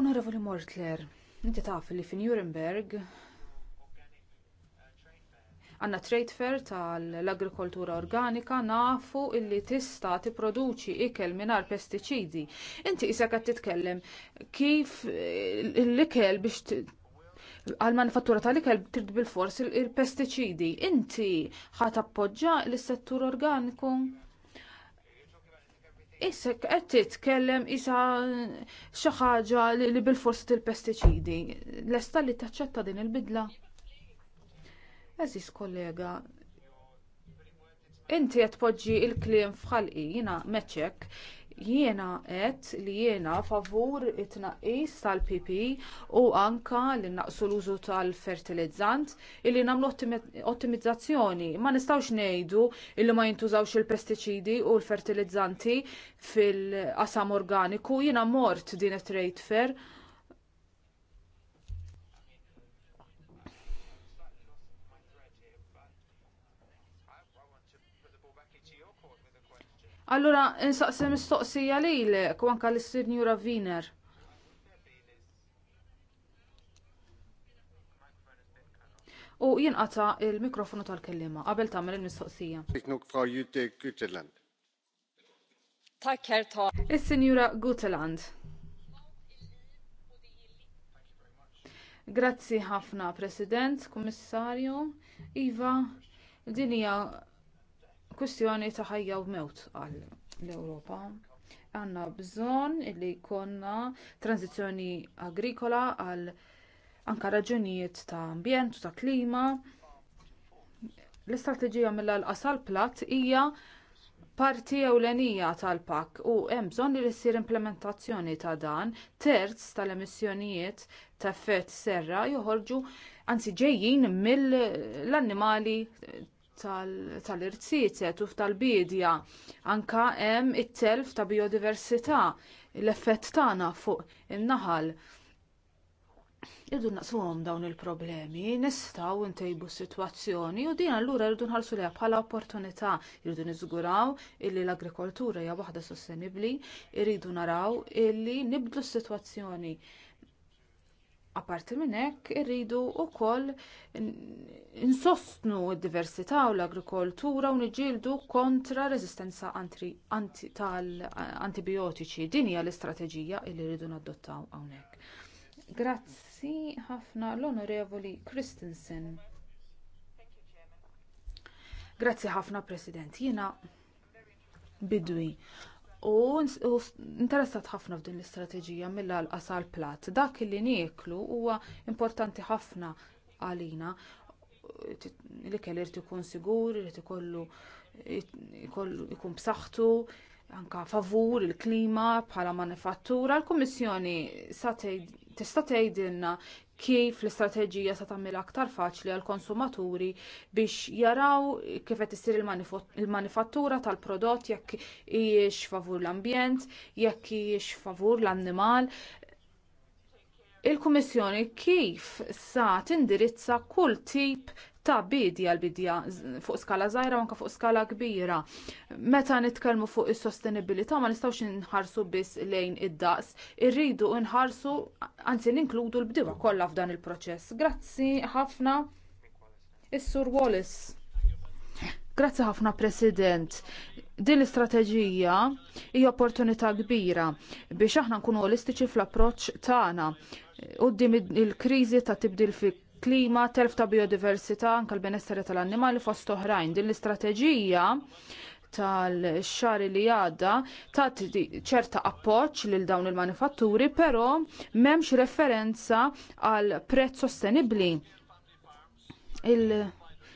Onorevoli Mortler, inti taf li fin Nuremberg għanna trade fair tal-agrikoltura organika nafu illi tista tipproduċi ikel mingħajr pestiċidi. Inti isek qed titkellem kif l-ikel biex għal manifattura tal-ikel trid bil-fors il-pestiċidi. Inti ħat appoġġa l-settur organiku? Issa qed titkellem isa xi ħaġa li bil-fors il-pestiċidi. Lesta li taċċetta din il-bidla? Eżis kollega, inti qed poġġi l kliem f'ħalqi meċek jiena qed li jiena favur it-tnaqqis tal-PP u anka li naqsu l-użu tal-fertilizzant illi nagħmlu ottimizzazzjoni. Ma nistgħux ngħidu illi ma jintużawx il-pestiċidi u l-fertilizzanti fil-qasam organiku jiena mort din it-trade fair Allura, insaqsi mistoqsija lilek u anke lis sinjura Wiener. U jinqata il-mikrofonu tal-kellima qabel tagħmel il-mistoqsija. il sinjura Guteland. Grazzi ħafna, President, Komissarju, Iva, dinija kwistjoni ta' ħajja u mewt għal l-Ewropa għanna bżonn li jkollna tranzizjoni agrikola għal anka raġunijiet ta' ambjent u ta' klima. L-istrateġija mill-qasal platt hija parti ewlenija tal-pak u hemm bżonn li ssir implementazzjoni ta' dan terz tal-emissjonijiet ta' effett serra joħorġu anzi ġejjin mill-annimali tal-irtizet u tal-bidja. Anka hemm it-telf ta' biodiversità, l-effett tagħna fuq in-naħal. Irdu naqsuhom dawn il-problemi, nistgħu ntejbu s-sitwazzjoni u din allura irdu nħallsu liha bħala opportunità, irdu niżguraw illi l-agrikoltura hija waħda sostenibbli, irridu naraw illi nibdlu s-sitwazzjoni Apparti minn hekk irridu wkoll insostnu d-diversità u l-agrikoltura u niġieldu kontra resistenza tal-antibiotiċi. Din hija l-istrateġija li rridu nadottaw hawnhekk. Grazzi ħafna l-Onorevoli Christensen. Grazzi ħafna President. Jiena bidwi u interessat ħafna f'din l-istrateġija mill-alqas għal plat. Dak li nieklu huwa importanti ħafna għalina li kelli irid ikun sigur, irid ikollu ikun b'saħħtu, anke favur il-klima bħala manifattura. L-Kummissjoni sa tgħid tista' tgħidilna kif l-istrateġija se tagħmel aktar faċli għal konsumaturi biex jaraw kif qed issir il-manifattura tal-prodott jekk hijiex favur l-ambjent, jekk hijiex favur l-annimal. Il-Kummissjoni kif sa tindirizza kull tip ta' bidi għal-bidja fuq skala zaħira u anka fuq skala kbira. Meta nitkellmu fuq is-sostenibilità ma nistgħux inħarsu biss lejn id-daqs, irridu nħarsu anzi ninkludu l bdiewa kollha f'dan il-proċess. Grazzi ħafna. Is-Sur Wallace. Grazzi ħafna President. Din l-istrateġija hija opportunità kbira biex aħna nkunu olistiċi fl-approċċ tagħna qudiem il-kriżi ta' tibdil fi klima, telf ta' biodiversità, anke l benessere tal-annimali fost oħrajn. Din l-istrateġija tal-xar li għadda tagħti ċerta appoġġ lil dawn il-manifatturi, però m'hemmx referenza għal prezz sostenibbli.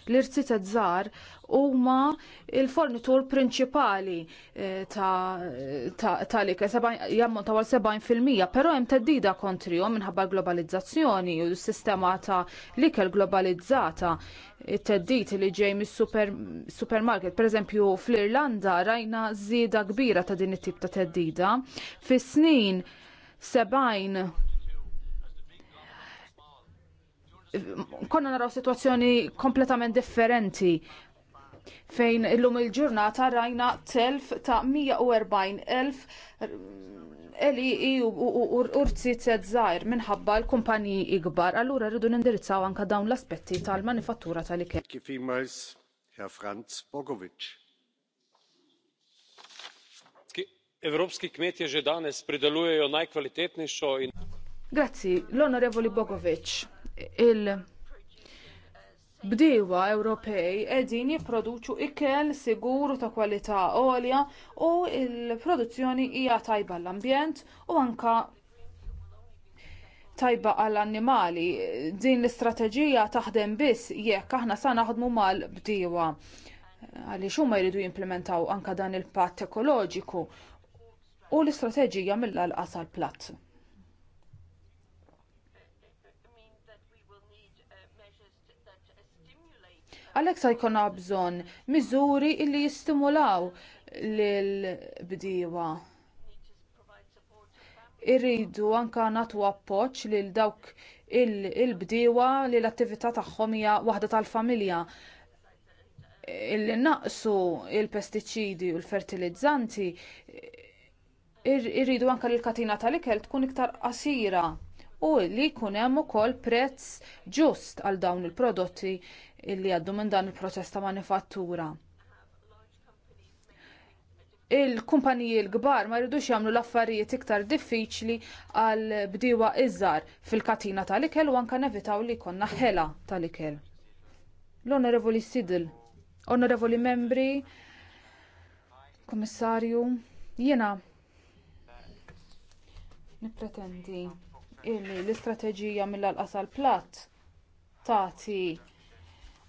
l-irsi ta' żgħar huma il-fornitur prinċipali eh, tal-ikel jammont għal 70% però hemm teddida kontrihom minħabba globalizzazzjoni u s-sistema ta' l-ikel globalizzata it-teddit li ġej mis-supermarket. pereżempju fl-Irlanda rajna żieda kbira ta' din it-tip ta' teddida. Fis-snin 70 konna naraw situazzjoni kompletament differenti fejn illum il-ġurnata rajna telf ta' 140.000 eli u urzi t-zajr minħabba l kumpanji ikbar. Allura rridu nindirizzaw anka dawn l-aspetti tal-manifattura tal-ikel. Kifimajs, Herr Franz Bogovic. Evropski kmetje že danes pridelujejo najkvalitetnejšo in. Grazzi, l-Onorevoli Bogovic. Il B'diwa Ewropej qegħdin jipproduċu ikel sigur ta' kwalità għolja u l-produzzjoni hija tajba l-ambjent u anke tajba għall annimali Din l-istrateġija taħdem biss jekk aħna sa naħdmu mal-bdiewa għaliex huma jridu jimplementaw anke dan il-patt ekoloġiku u l-istrateġija mill-alqas għall-platt. Għalhekk se jkun bżonn miżuri li jistimulaw l-bdiwa. Irridu anka nagħtu appoġġ lil dawk il bdiwa li l-attività tagħhom hija waħda tal-familja illi naqsu il-pestiċidi u l-fertilizzanti irridu anke li l-katina tal-ikel tkun iktar qasira u li jkun hemm ukoll prezz ġust għal dawn il-prodotti illi għaddu minn dan il-proċess ta' manifattura. Il-kumpaniji l-kbar ma rridux jagħmlu l-affarijiet iktar diffiċli għal bdiewa iżgħar fil-katina tal-ikel u anke nevitaw li jkollna ħela tal-ikel. L-Onorevoli Sidil, Onorevoli Membri, Komissarju, jiena nippretendi illi l-istrateġija mill qasal platt tagħti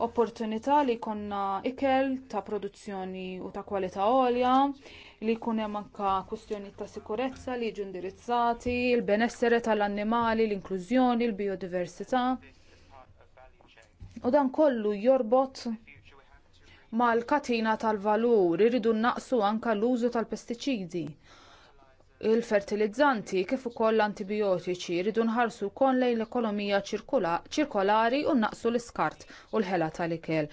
opportunità li jkollna ikel ta' produzzjoni u ta' kwalità għolja, li jkun hemm anke kwistjonijiet ta' sikurezza li jiġu indirizzati, il-benessere tal-annimali, l-inklużjoni, l biodiversità U dan kollu jorbot mal-katina tal-valur, irridu naqsu anke l-użu tal-pestiċidi il-fertilizzanti kif ukoll l-antibiotiċi jridu nħarsu wkoll lejn l-ekonomija ċirkolari u naqsu l-iskart u l-ħela tal-ikel.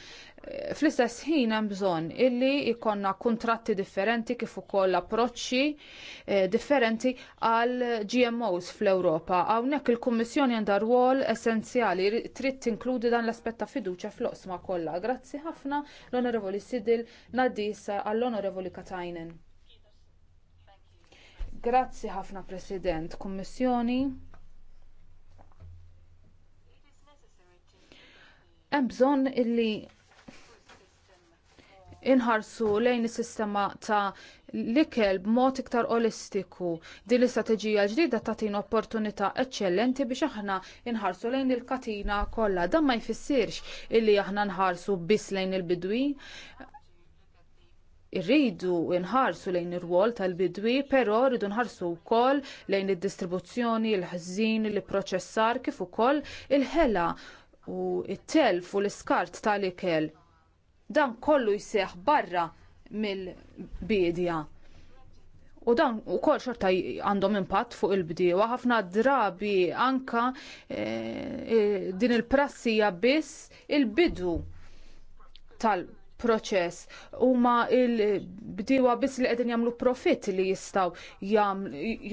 Fl-istess ħin hemm bżonn illi jkollna kuntratti differenti kif ukoll approċċi eh, differenti għal GMOs fl-Ewropa. Hawnhekk il-Kummissjoni għandha rwol essenzjali trid tinkludi dan l-aspett ta' fiduċja fl-oqsma kollha. Grazzi ħafna l-Onorevoli Sidil Nadisa għall-Onorevoli Katajnen. Grazzi ħafna President, Kummissjoni. Hemm bżonn illi inħarsu lejn is-sistema ta' l-ikel b'mod iktar olistiku. Din l-istrateġija ġdida tagħtina opportunità eċċellenti biex aħna inħarsu lejn il-katina kollha. Dan ma jfissirx illi aħna nħarsu biss lejn il-bidwi irridu nħarsu lejn ir-rwol tal-bidwi, però rridu nħarsu wkoll lejn id-distribuzzjoni, il-ħżin, il-proċessar kif ukoll il-ħela u it-telf u l-iskart tal-ikel. Dan kollu jseħ barra mill-bidja. U dan u kol xorta għandhom impatt fuq il-bdiewa, ħafna drabi anka e, din il-prassija biss il-bidu tal proċess. Huma il bdiwa biss li qegħdin jagħmlu profitt li jistgħu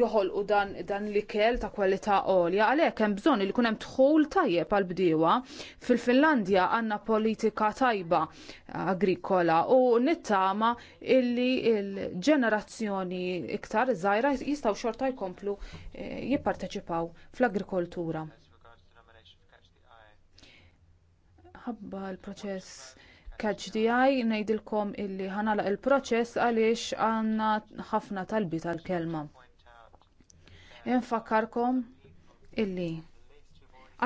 joħolqu dan dan l-ikel ta' kwalità għolja. Għalhekk hemm bżonn li jkun hemm dħul tajjeb għal bdiewa. Fil-Finlandja għandna politika tajba agrikola u nittama illi il-ġenerazzjoni iktar żgħira jistgħu xorta jkomplu eh, jipparteċipaw fl-agrikoltura. ħabba l-proċess KHDI ngħidilkom illi ħanalaq il-proċess għaliex għandna ħafna talbi tal-kelma. Infakkarkom illi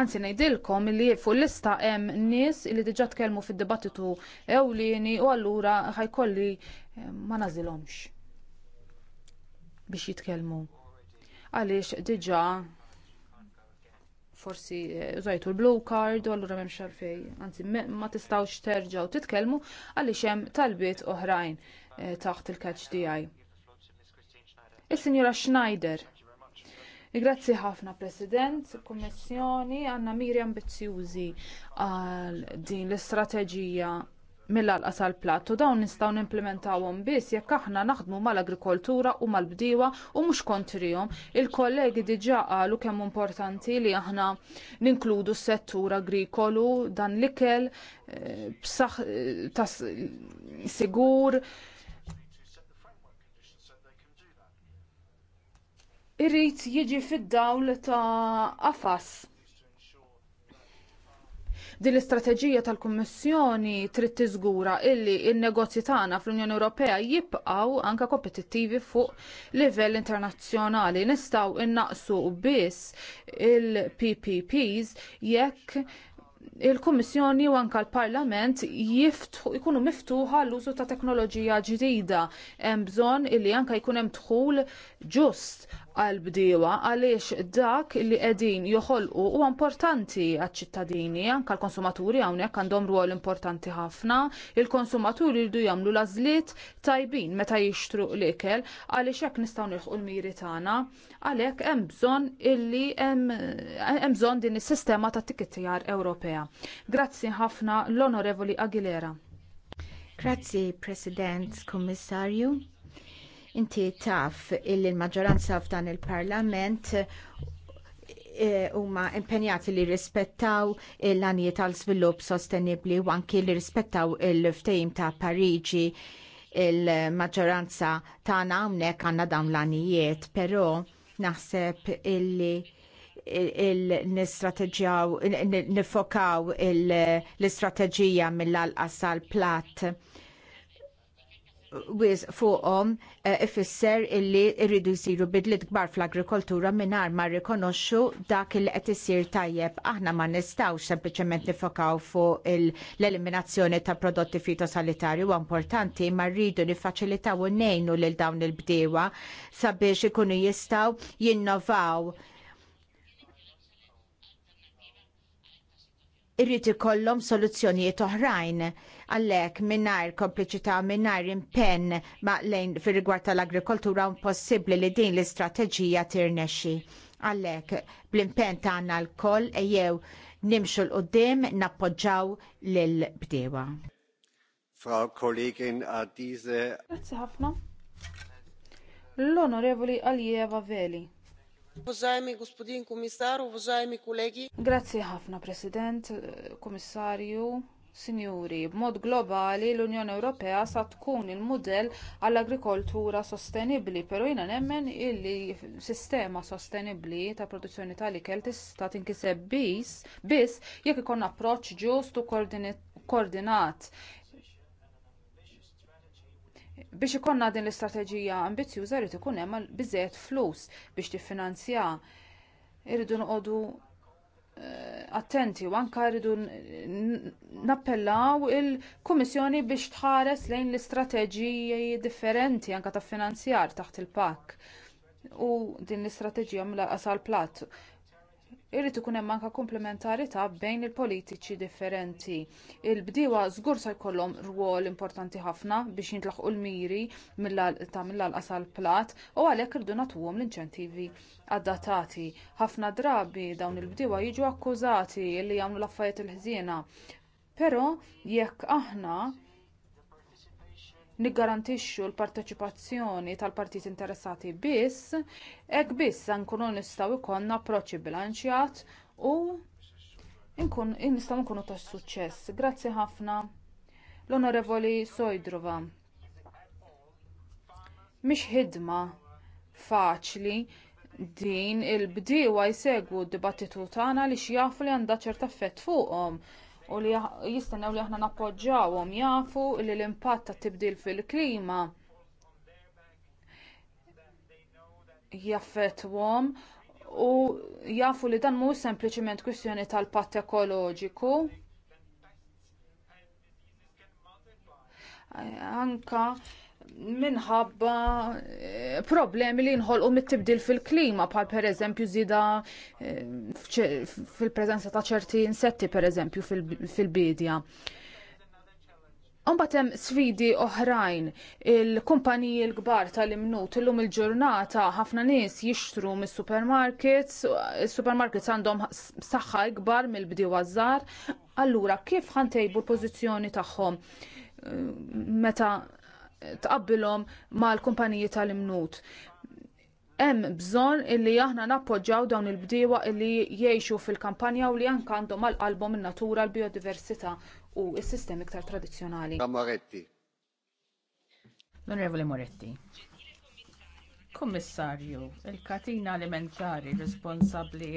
Anzi ngħidilkom illi fuq lista hemm nies li diġa' tkellmu fid-dibattitu ewlieni u allura ħajkolli eh, ma nażilhomx biex jitkellmu. Għaliex diġà forsi eh, użajtu l-blue card u allura memx xarfej, anzi ma tistgħux terġgħu titkellmu għaliex hemm talbiet oħrajn eh, taħt il-catch DI. is signora Schneider. Grazzi ħafna President, Kummissjoni għandna miri ambizzjużi għal din l-istrateġija mill-alqas għal u dawn nistgħu nimplementawhom biss jekk aħna naħdmu mal-agrikoltura u mal-bdiewa u mhux kontrihom. Il-kollegi diġà qalu kemm importanti li aħna ninkludu s-settur agrikolu dan l-ikel eh, b'saħ eh, tas sigur. Irrid jiġi fid-dawl ta' qafas Din l-istrateġija tal-Kummissjoni trid tiżgura illi n-negozji tagħna fl-Unjoni Ewropea jibqgħu anke kompetittivi fuq livell internazzjonali. Nistgħu innaqsu biss il-PPPs jekk il-Kummissjoni u anka l-Parlament ikunu miftuħa l-użu ta' teknoloġija ġdida. Hemm bżonn illi anka jkun hemm dħul ġust għal-bdiewa għaliex dak li qegħdin joħolqu huwa importanti għaċ-ċittadini, anke l-konsumaturi hawnhekk għandhom rwol importanti ħafna. Il-konsumaturi jridu jagħmlu lażliet tajbin meta jixtru l-ikel għaliex hekk nistgħu nilħqu l-miri tagħna. Għalhekk hemm bżonn illi hemm bżonn din is-sistema ta' tikittijar Ewropea. Grazzi ħafna l-Onorevoli Aguilera. Grazzi, President, Commissario. Inti taf illi l-maġġoranza f'dan il-Parlament eh, huma impenjati li rispettaw l-għanijiet tal svilupp sostenibli u anki li rispettaw il-ftejim ta' Pariġi il-maġġoranza tagħna hawnhekk għandna dawn l-għanijiet, però naħseb illi il-nistrateġjaw, nifokaw l-istrateġija mill-alqas għal-plat wiz fuqhom e, ifisser illi rridu jsiru bidliet kbar fl-agrikoltura mingħajr ma rrikonoxxu dak il qed isir tajjeb. Aħna ma nistgħux sempliċement nifokaw fuq l-eliminazzjoni ta' prodotti fitosanitarju u importanti ma rridu niffaċilitaw u nejnu lil dawn il-bdiewa sabiex ikunu jistgħu jinnovaw irrid ikollhom soluzzjonijiet oħrajn għalhekk mingħajr kompliċità mingħajr impenn ma' lejn fir-rigward tal-agrikoltura impossibbli li din l-istrateġija tirnexxi. Għalhekk bl-impenn tagħna lkoll ejjew nimxu l-qudiem nappoġġaw lil bdewa. Frau Kollegin Adise. Grazie ħafna. L-Onorevoli Alieva Veli. Grazie ħafna, President, Komissarju, Sinjuri, b'mod globali l-Unjoni Ewropea sa tkun il mudell għall-agrikoltura sostenibbli, pero jiena nemmen illi sistema sostenibbli ta' produzzjoni tal-ikel tista' tinkiseb biss jekk ikun approċċ ġust u koordinat Biex ikonna din l-istrateġija ambizjuża rrid ikun hemm biżżejjed flus biex tiffinanzja. Irridu noqogħdu eh, attenti u anke rridu nappellaw il-Kummissjoni biex tħares lejn l-istrateġiji differenti anke ta' finanzjar taħt il pak U din l-istrateġija mlaqas għal platt Irrid ikun hemm anke komplementarità bejn il-politiċi differenti. Il-bdiewa żgur se jkollhom rwol importanti ħafna biex jintlaħqu l-miri ta' mill-alqas għall-plat u għalhekk irdu nagħtuhom l-inċentivi adattati. Ħafna drabi dawn il-bdiewa jiġu akkużati li jagħmlu l-affarijiet il-ħżiena. Però jekk aħna niggarantixxu l-parteċipazzjoni tal-partit interessati biss, hekk biss nkunu nistgħu jkollna approċċi bilanċjat u nistgħu nkunu ta' suċċess. Grazzi ħafna l-Onorevoli Sojdrova. Mhix ħidma faċli din il-bdiewa jsegwu d-dibattitu tagħna li xjafu li għandha ċerta effett fuqhom u li jistennew li aħna nappoġġawhom jafu li l-impatt tat-tibdil fil-klima jaffettwhom u jafu li dan mhux sempliċiment kwistjoni tal-patt ekoloġiku. Anka minħabba eh, problemi li nħolqu mit-tibdil fil-klima, bħal per eżempju zida eh, fil-prezenza ta' ċerti insetti per eżempju fil-bidja. hemm sfidi oħrajn, il-kumpaniji l-kbar tal-imnut illum il-ġurnata ħafna nies jixtru mis-supermarkets, il-supermarkets għandhom saħħa ikbar mill-bdiewa żgħar, allura kif ħantejbu l-pożizzjoni tagħhom eh, meta tqabbilhom mal-kumpaniji tal-imnut. Hemm bżonn illi aħna nappoġġjaw dawn il-bdiewa illi jgħixu fil-kampanja u li anke għandhom mal qalbhom in-natura, l-biodiversità u s-sistemi iktar tradizzjonali. Moretti. L-Onorevoli Moretti. Kummissarju, il-katina alimentari responsabbli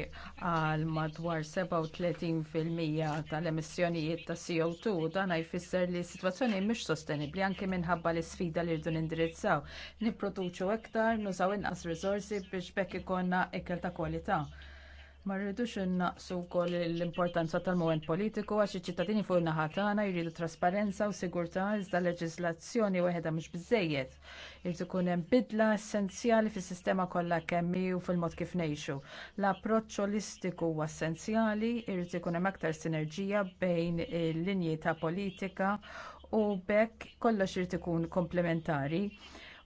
għal madwar 37% tal-emissjonijiet ta' CO2 dan jfisser li s-sitwazzjoni mhix sostenibbli anke minħabba l isfida li rridu nindirizzaw. Nipproduċu iktar, nużaw inqas riżorsi biex bekk ikonna ikel ta' kwalità. Ma rridux innaqsu wkoll l-importanza tal-moment politiku għax iċ-ċittadini fuq il naħa tagħna jridu trasparenza u sigurtà iżda l-leġislazzjoni weħeda mhux biżejjed. Irid ikun hemm bidla essenzjali fis-sistema kollha kemm u fil-mod kif ngħixu. L-approċċ olistiku huwa essenzjali, irid ikun hemm aktar sinerġija bejn il-linji ta' politika u bekk kollox irid ikun komplementari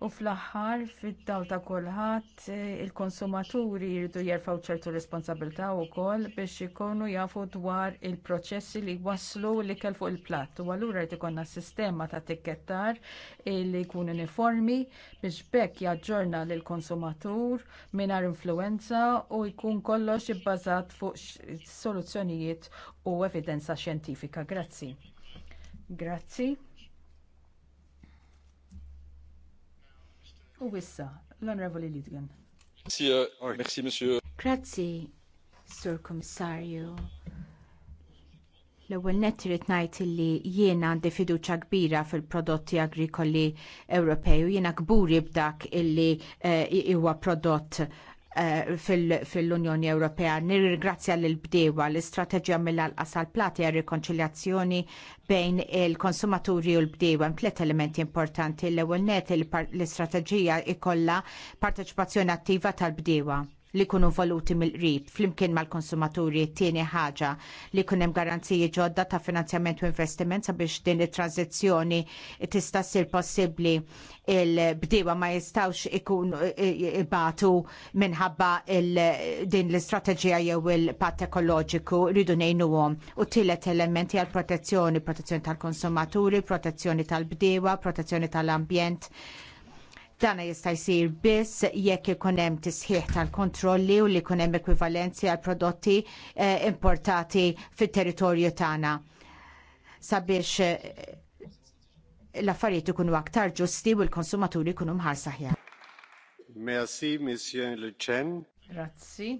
u fl-aħħar fid-daw ta' kulħadd il-konsumaturi jridu jerfgħu ċertu responsabilità wkoll biex ikunu jafu dwar il-proċessi li waslu l-ikel fuq il-platt u allura jrid ikollna sistema ta' tikkettar li jkun uniformi biex bekk jaġġorna lill konsumatur mingħajr influenza u jkun kollox ibbażat fuq soluzzjonijiet u evidenza xjentifika. Grazzi. Grazzi. U issa, l-Onorevoli Lidgen. Merci, euh, Monsieur. Grazzi, Sur Commissario. L-ewwel nett irid ngħid illi jiena għandi fiduċja kbira fil-prodotti agrikoli Ewropej u jiena kburi b'dak illi eh, huwa prodott Eh, fil-Unjoni Ewropea. Nirringrazzja l bdewa l-istrateġija mill-alqas għall plati għal rikonċiljazzjoni bejn il-konsumaturi u l-bdewa. Tlet elementi importanti l-ewwel net l-istrateġija ikolla parteċipazzjoni attiva tal-bdewa li kunu voluti mill-qrib flimkien mal-konsumaturi tieni ħaġa li kunem garanziji ġodda ta' finanzjament u investiment sabiex din it-tranzizzjoni tista' ssir possibbli il-bdiewa ma jistawx ikun ibatu minħabba din l-istrateġija jew il-patt ekoloġiku rridu ngħinuhom u tillet elementi għal protezzjoni, protezzjoni tal-konsumaturi, protezzjoni tal-bdiewa, protezzjoni tal-ambjent. tal konsumaturi protezzjoni tal bdewa protezzjoni tal ambjent Dana jista' jsir biss jekk ikun hemm tisħiħ tal-kontrolli u li jkun hemm ekwivalenzi għal prodotti eh, importati fit-territorju tagħna. Sabiex eh, l-affarijiet ikunu aktar ġusti u l-konsumaturi jkunu mħar ħjar. Merci, Monsieur Le Chen. Grazzi.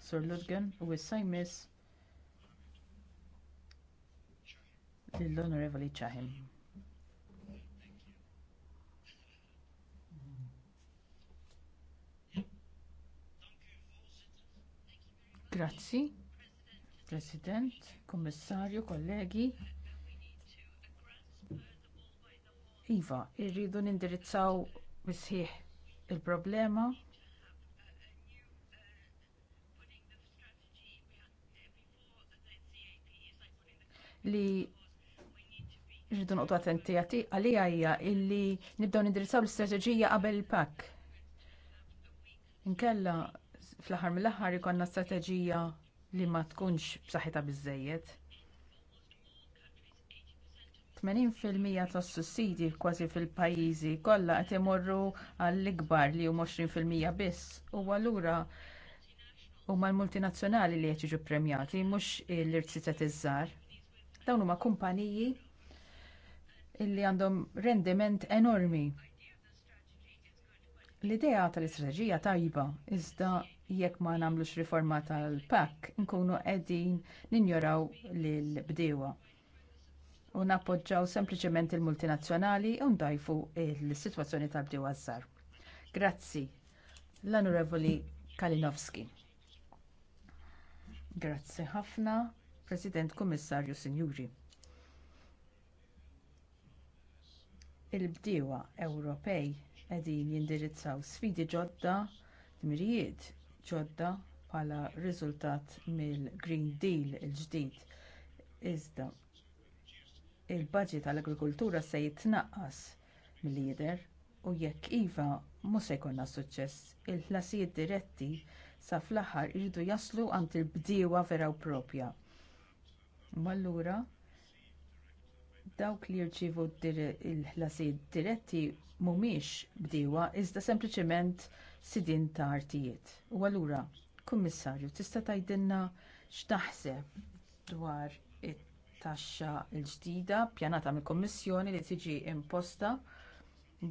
Sur Ludgen, u issa jmiss l-Onorevoli Ċahim. Grazzi, President, Kommissarju, kollegi. Iva, irridu nindirizzaw bisħieħ il-problema li irridu noqtu attenti għati għalija għajja illi nibdaw nindirizzaw l strategija qabel il-pak. Inkella fl-aħħar mill-aħħar ikonna strateġija li ma tkunx b'saħħitha biżżejjed. 80% tas-sussidji kważi fil-pajjiżi kollha qed imorru għall-ikbar li hum 20% biss u allura huma l-multinazzjonali li qed jiġu premjati mhux l-irċitet iż-żgħar. Dawn huma kumpaniji li għandhom rendiment enormi. L-idea tal-istrateġija tajba iżda jekk ma nagħmlux riforma tal-PAK, nkunu qegħdin ninjoraw lil bdiewa u nappoġġaw sempliċement il-multinazzjonali u ndajfu il sitwazzjoni tal-bdiewa żgħar. Grazzi. L-Onorevoli Kalinowski. Grazzi ħafna, President Kummissarju Sinjuri. Il-bdiewa Ewropej qegħdin jindirizzaw sfidi ġodda, dmirijiet ġodda bħala riżultat mill-Green Deal il-ġdid. Iżda il-budget tal-agrikoltura se jitnaqqas mill-lider u jekk iva mhux se jkollna suċċess, il-ħlasijiet diretti sa fl-aħħar iridu jaslu għand il-bdiewa vera u proprja. allura dawk li jirċievu il-ħlasijiet diretti mhumiex bdiewa iżda sempliċement sidin ta' artijiet. U allura, kummissarju, tista' tgħidilna x'taħseb dwar it-taxxa l-ġdida pjanata mill kummissjoni li tiġi imposta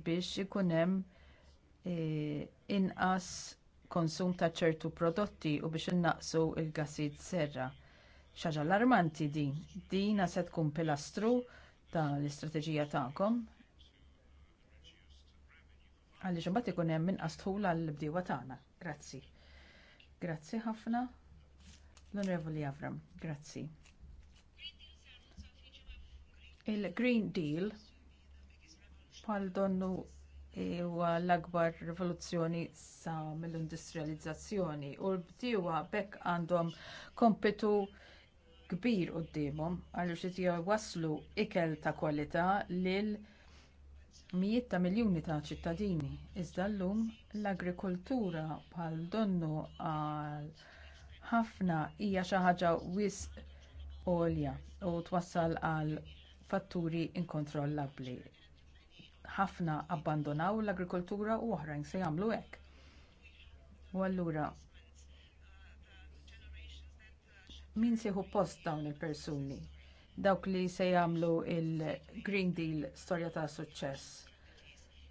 biex ikun hemm e, inqas konsum ta' ċertu prodotti u biex innaqsu l gassijiet serra. Xaġa allarmanti din, din se tkun pilastru tal-istrateġija tagħkom għalli ġumbat ikun hemm minqas tħul għall-bdiewa tagħna. Grazzi. Grazzi ħafna. L-Onorevoli Avram, grazzi. Il-Green Deal pal donnu huwa l-akbar rivoluzzjoni sa mill-industrializzazzjoni u l-bdiewa bekk għandhom kompitu kbir qudiemhom għaliex qed waslu ikel ta' kwalità lil mijiet ta' miljuni ta' ċittadini. Iżda llum l-agrikoltura bħal donnu għal ħafna hija xi ħaġa wisq għolja u twassal għal fatturi inkontrollabbli. Ħafna abbandonaw l-agrikoltura u oħrajn se jagħmlu hekk. U allura min sieħu post dawn il-persuni? dawk li se jagħmlu l green Deal storja ta' suċċess.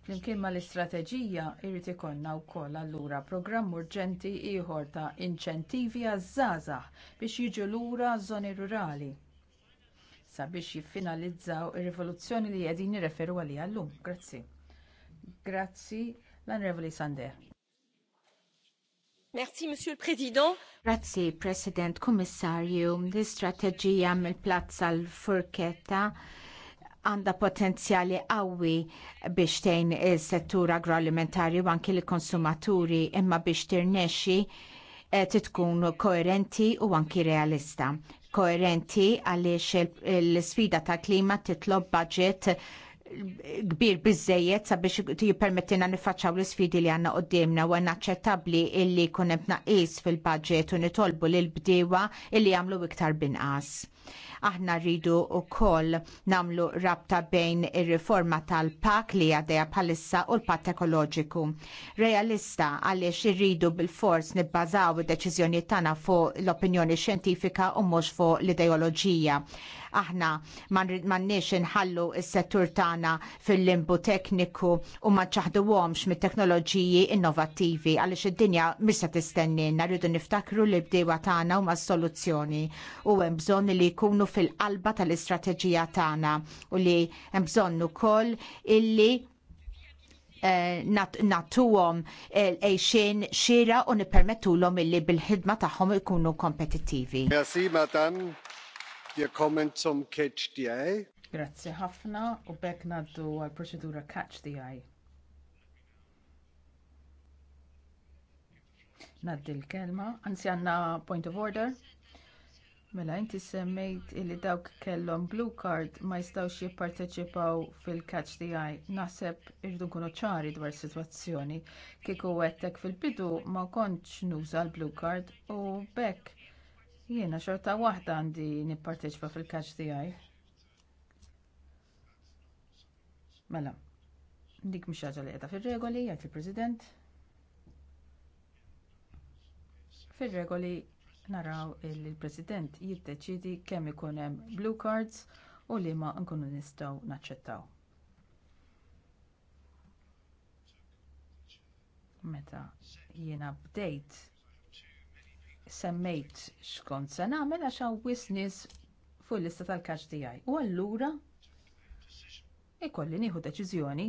Flimkien mal istrateġija jrid ikollna wkoll allura programm urġenti ieħor ta' inċentivi għaż-żgħażagħ biex jiġu lura żoni rurali sabiex jiffinalizzaw ir-rivoluzzjoni li qegħdin nirreferu għaliha llum. Grazzi. Grazzi l-Onorevoli Sander. Merci, Monsieur le Président. Grazie, President, Kommissarju. L-istrateġija mill-plazza l-furketta għanda potenzjali qawwi biex tejn il-settur agroalimentari u anki l-konsumaturi imma biex tirnexxi eh, titkun koerenti u anki realista. Koerenti għaliex l-sfida ta' klima titlob budget kbir biżejjed sabiex jippermettina nifaċċaw l isfidi li għandna qoddimna u inaċċettabbli illi jkun hemm fil-budget u nitolbu l bdewa illi jagħmlu iktar binqas. Aħna rridu wkoll nagħmlu rabta bejn ir-riforma tal-pak li għadeja bħalissa u l-patt ekoloġiku. Realista għaliex irridu bil-fors nibbażaw id-deċiżjonijiet tagħna fuq l-opinjoni xjentifika u mhux fuq l-ideoloġija Aħna m'għandniex inħallu s-settur tagħna fil-limbu tekniku u ma ċaħduhomx mit-teknoloġiji innovattivi għaliex id-dinja mis t tistennilna rridu niftakru li bdewa tagħna huma s-soluzzjoni u hemm bżonn li jkunu fil-qalba tal-istrateġija tagħna u li hemm bżonn ukoll illi eh, natuwom l eh, xira u nipermettu l-om illi bil-ħidma taħħom ikunu kompetittivi. Merci, Matan. Wir Catch the Eye. Grazzi ħafna u bekk naddu għal proċedura Catch the Eye. Naddi l-kelma, anzi għanna point of order. Mela, inti semmejt illi dawk kellhom blue card ma jistawx jipparteċipaw fil-catch the eye. Naħseb irdu nkunu ċari dwar is-sitwazzjoni. Kieku għettek fil-bidu ma kontx nuża l-blue card u bekk Jiena xorta waħda għandi nipparteċipa fil-kaċ tiegħi. Mela, dik mhix ħaġa li qiegħda fir-regoli, għajt il-President. Fir-regoli naraw il-President jiddeċidi kemm ikun hemm blue cards u li ma nkunu nistgħu naċċettaw. Meta jiena bdejt semmejt xkont se nagħmel għax hawn nies fuq il-lista tal-kaċ tiegħi. U allura ikolli nieħu deċiżjoni.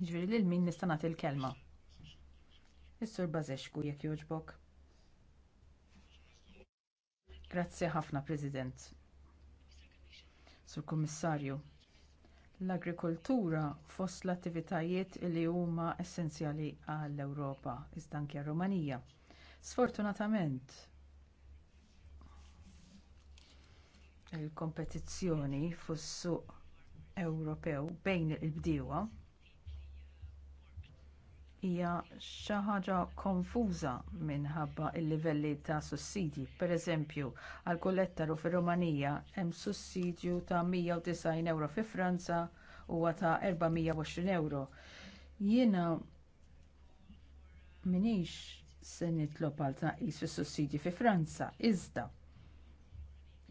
Ġifieri lil min nista' nagħti l-kelma. Is-sur Bażexku jekk jogħġbok. Grazzi ħafna, President. Sur Kummissarju, l-agrikoltura fost l-attivitajiet li huma essenzjali għall-Ewropa, iżda anke Rumanija. Sfortunatament, il-kompetizzjoni fis-suq Ewropew bejn il-bdiewa hija xi ħaġa konfuża minħabba l livelli ta' sussidji. Pereżempju, għal kull ettaru fir-Rumanija hemm sussidju ta' 190 euro fi Franza huwa ta' 420 euro. Jiena minix se nitlob għal tnaqqis fis sussidji fi Franza, iżda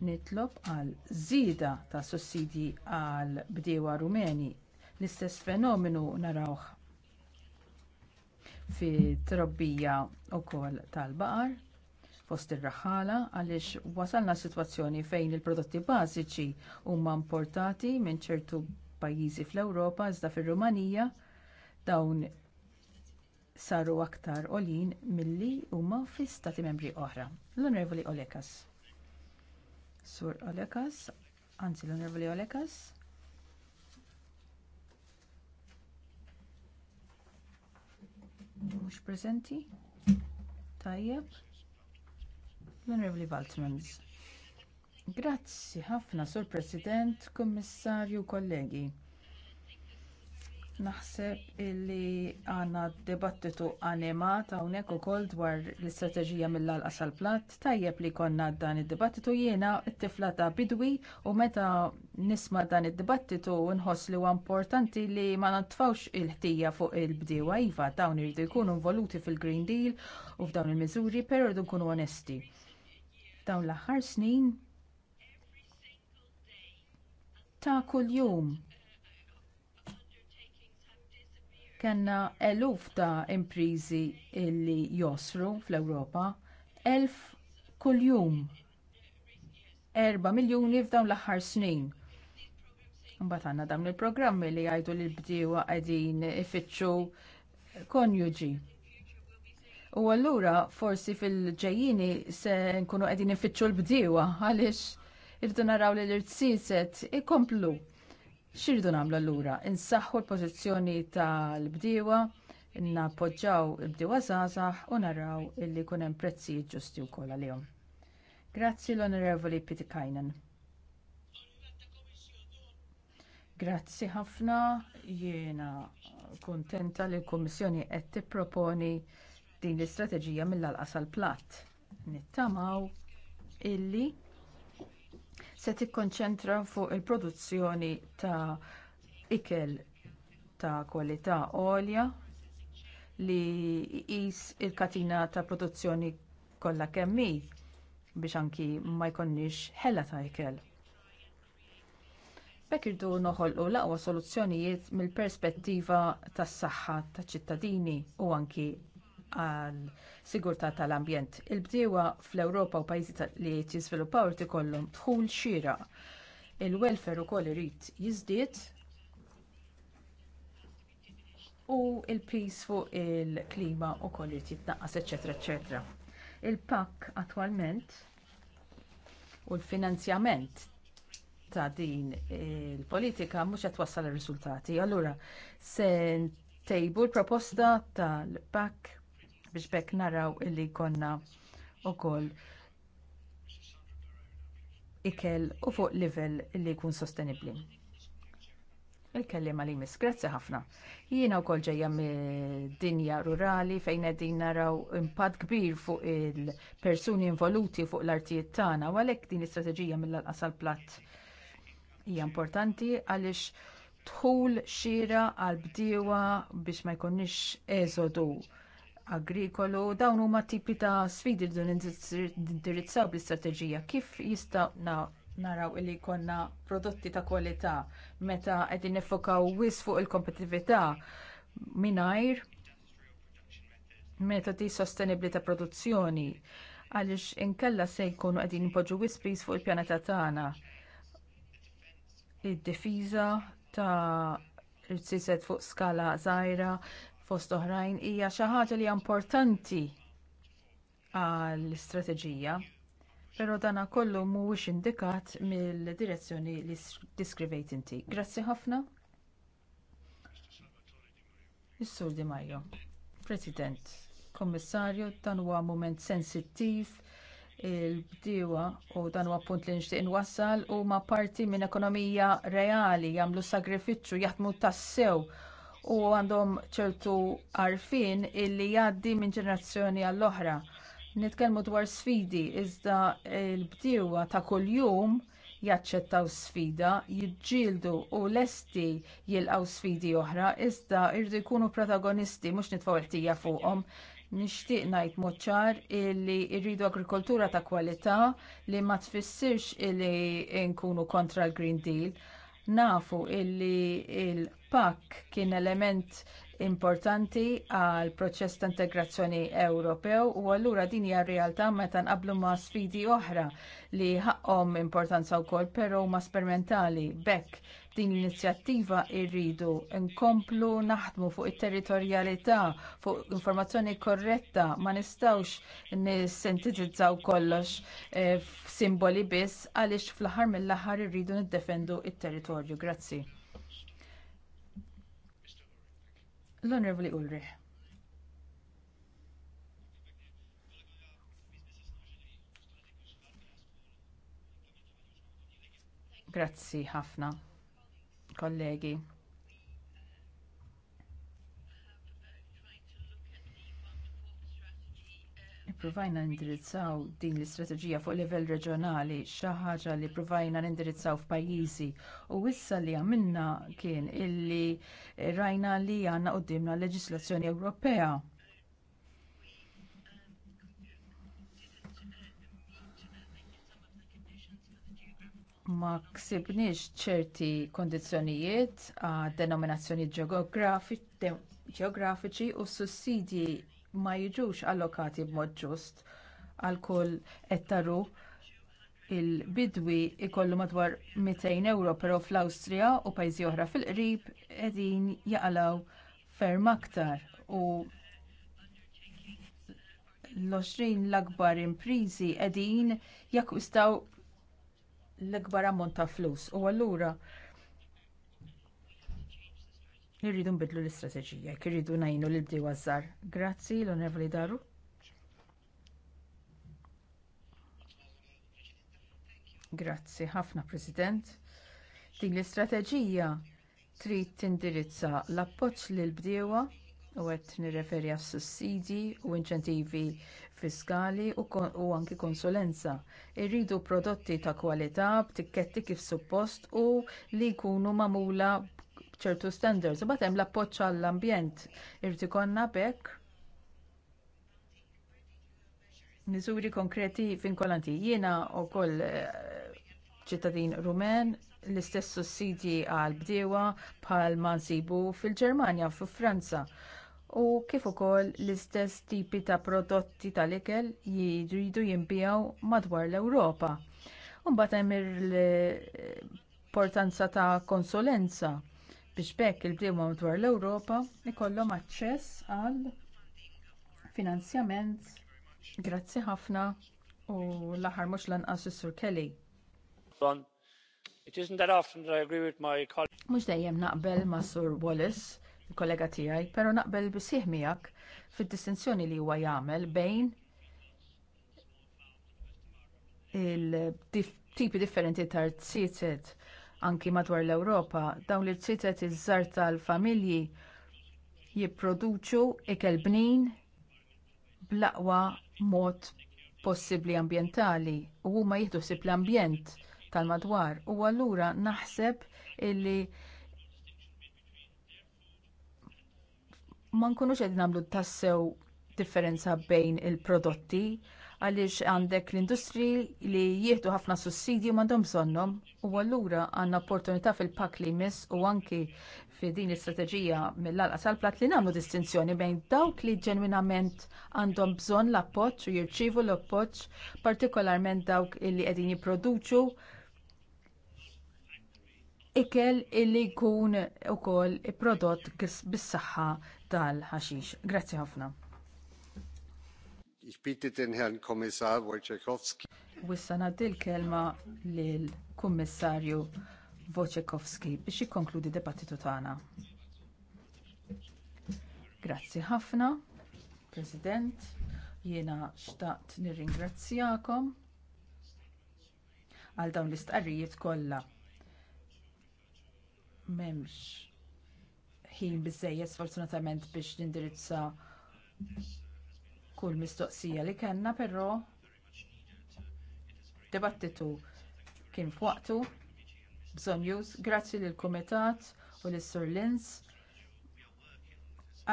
nitlob għal żieda ta' sussidji għal bdiewa rumeni. L-istess fenomenu narawh fi trobbija wkoll tal-baqar fost ir-raħala għaliex wasalna sitwazzjoni fejn il-prodotti bażiċi huma importati minn ċertu pajjiżi fl-Ewropa iżda fir-Rumanija dawn saru aktar olin milli huma fi stati membri oħra. L-Onorevoli Olekas. Sur Olekas, anzi l-Onorevoli Olekas. Mhux preżenti? Tajjeb. L-Onorevoli Valtmans. Grazzi ħafna, Sur President, Kummissarju, kollegi. Naħseb illi għandna dibattitu animat hawnhekk ukoll dwar l-istrateġija mill-alqas għall platt tajjeb li konna dan id-dibattitu jiena t-tifla ta' bidwi u meta nisma' dan id-dibattitu nħoss li huwa importanti li ma nantfawx il-ħtija fuq il-bdiewa iva dawn iridu jkunu involuti fil-Green Deal u f'dawn il-miżuri però rridu nkunu onesti. Dawn l-aħħar snin ta' kuljum Kellna eluf ta' imprizi illi josru fl-Ewropa, elf kuljum, erba miljoni f'dawn l-aħħar snin. Mbagħad għandna dawn il-programmi li jgħidu li bdiewa qegħdin ifittxu konjuġi. U allura forsi fil-ġejjini se nkunu qegħdin ifittxu l-bdiewa għaliex irdu naraw li l-irtsiset ikomplu Xirridu nagħmlu allura? Insaħħu l-pożizzjoni tal-bdiewa, nappoġġaw il-bdiewa żgħażagħ u naraw illi jkun hemm prezzijiet ġusti wkoll għalihom. Grazzi l-Onorevoli Pitikajnen. Grazzi ħafna, jiena kuntenta li l-Kummissjoni qed tipproponi din l-istrateġija mill-alqas għall platt Nittamaw illi se tikkonċentra fuq il-produzzjoni ta' ikel ta' kwalità għolja li jqis il-katina ta' produzzjoni kollha kemm hi biex anki ma jkollniex ħela ta' ikel. Bekk irdu noħolqu l-aqwa soluzzjonijiet mill-perspettiva tas-saħħa taċ ċittadini u anki għal sigurtà tal-ambjent. Il-bdiewa fl-Ewropa u pajjiżi li jiżviluppaw irid ikollhom dħul xieraq. Il-welfare ukoll irid jiżdied u l peace fuq il-klima wkoll irid jitnaqqas, eċetera, eċetera. Il-pakk attwalment u l-finanzjament ta' din il-politika mhux qed wassal ir-riżultati. Allura se tejbu l-proposta tal-PAK biex bekk naraw illi jkollna wkoll ikel u fuq livell li jkun sostenibbli. il kelliema li mis, grazzi ħafna. Jiena wkoll ġejja ġeja dinja rurali fejn din naraw impatt kbir fuq il-persuni involuti fuq l-artijiet tagħna u għalhekk din l-istrateġija mill-lanqas platt hija importanti għaliex tħul xira għal bdiewa biex ma jkunniex eżodu agrikolu, dawn huma tipi ta' sfidi li indirizzaw bl-istrateġija. Kif jista' naraw li jkollna prodotti ta' kwalità meta qegħdin nifokaw wis fuq il-kompetitività mingħajr metodi sostenibbli ta' produzzjoni għaliex inkella se jkunu qegħdin nipoġġu wispris fuq il-pjaneta tagħna. Id-difiża ta' irċiset fuq skala żgħira, fost oħrajn hija xi ħaġa li importanti għall-istrateġija, però dana kollu mhuwiex indikat mill-direzzjoni li diskrivejt inti. Grazzi ħafna. Is-Sur Di Majo, President, Kommissarju, dan huwa mument sensittiv il-bdiewa u dan huwa punt li nixtieq inwassal huma parti minn ekonomija reali jagħmlu sagrifiċċju jaħdmu tassew u għandhom ċertu għarfien illi jgħaddi minn ġenerazzjoni għall-oħra. Nitkellmu dwar sfidi, iżda l-bdiewa ta' kuljum jaċċettaw sfida, jiġġieldu u lesti jilqgħu sfidi oħra, iżda jridu jkunu protagonisti mhux nitfgħu ħtija fuqhom. Nixtieq ngħid mod ċar illi rridu agrikoltura ta' kwalità li ma tfissirx illi nkunu kontra l-Green Deal Nafu illi il-PAK kien element importanti għal proċess ta' integrazzjoni Ewropew u allura din hija realtà meta nqabblu ma' sfidi oħra li ħaqhom importanza wkoll però huma sperimentali. Bekk din l-inizjattiva irridu nkomplu naħdmu fuq it-territorjalità, fuq informazzjoni korretta, ma nistawx nisentitizzaw kollox eh, f'simboli biss għaliex fl-aħħar mill-aħħar irridu niddefendu t territorju Grazzi. L-Onorevoli Ulrich. Grazzi ħafna kollegi. Ippruvajna nindirizzaw din l-istrateġija fuq livell reġjonali xi ħaġa li pprovajna nindirizzaw f'pajjiżi u issa li għamilna kien illi rajna li għandna qudiemna l leġislazzjoni Ewropea ma ksibniex ċerti kondizzjonijiet għad denominazzjoni ġeografiċi u s sussidji ma jiġux allokati b'mod ġust għal kull ettaru il-bidwi ikollu madwar 200 euro però fl-Awstrija u pajjiżi oħra fil-qrib qegħdin jaqalaw ferm aktar u l-20 l-akbar impriżi qegħdin jakkwistaw l-ikbar ammont ta' flus u allura irridu nbidlu l-istrateġija, irridu ngħinu lil bdiewa żgħar. Grazzi l-Onorevoli Daru. Grazzi ħafna President. Din l-istrateġija trid tindirizza l-appoġġ lil bdiewa u qed nirreferi għas sussidji u inċentivi fiskali u anki konsulenza. Irridu prodotti ta' kwalità b'tikketti kif suppost u li jkunu magħmula b'ċertu standards. U hemm l-appoġġ għall-ambjent. Irid ikollna bekk miżuri konkreti vinkolanti. Jiena wkoll eh, ċittadin rumen l-istess sussidji għall bdiewa bħal ma nsibu fil-Ġermanja, u Franza u kif ukoll l-istess tipi ta' prodotti tal-ikel jridu jinbijaw madwar l-Ewropa. Mbagħad hemm l-importanza ta' konsulenza biex bekk il-bdiewa madwar l-Ewropa ikollhom aċċess għal finanzjament. Grazzi ħafna u l-aħħar mhux lanqas is-Sur Kelly. Mhux dejjem naqbel ma' Sur Wallace il-kollega tiegħi, però naqbel bisih miak fid-distinzjoni li huwa jagħmel bejn il-tipi differenti ta' tsitet anki madwar l-Ewropa, dawn li tsitet iż-żar tal-familji jipproduċu ikel bnin bl-aqwa mod possibbli ambjentali u huma jieħdu sib l-ambjent tal-madwar u allura naħseb illi ma nkunux qed nagħmlu tassew differenza bejn il-prodotti għaliex għandek l-industri li jieħdu ħafna sussidju m'għandhom bżonnhom u allura għandna opportunità fil-pak li jmiss u anki fi din l-istrateġija mill-alqa sal-plat li nagħmlu distinzjoni bejn dawk li ġenwinament għandhom bżonn l-appoġġ u jirċievu l-appoġġ partikolarment dawk li qegħdin jipproduċu ikel illi jkun ukoll prodott bis-saħħa tal-ħaxix. Grazzi ħafna. Ich bitte den Herrn Kommissar Wojciechowski. Wissa naddi l-kelma lil kummissarju Wojciechowski biex jikkonkludi debattitu tagħna. Grazzi ħafna, President. Jiena xtaqt nirringrazzjakom għal dawn l-istqarrijiet kollha m'hemmx ħin biżżejjed sfortunatament biex nindirizza kull mistoqsija li kellna, però debattitu kien f'waqtu bżonjus. Grazzi lill kumitat u lis-Sur Linz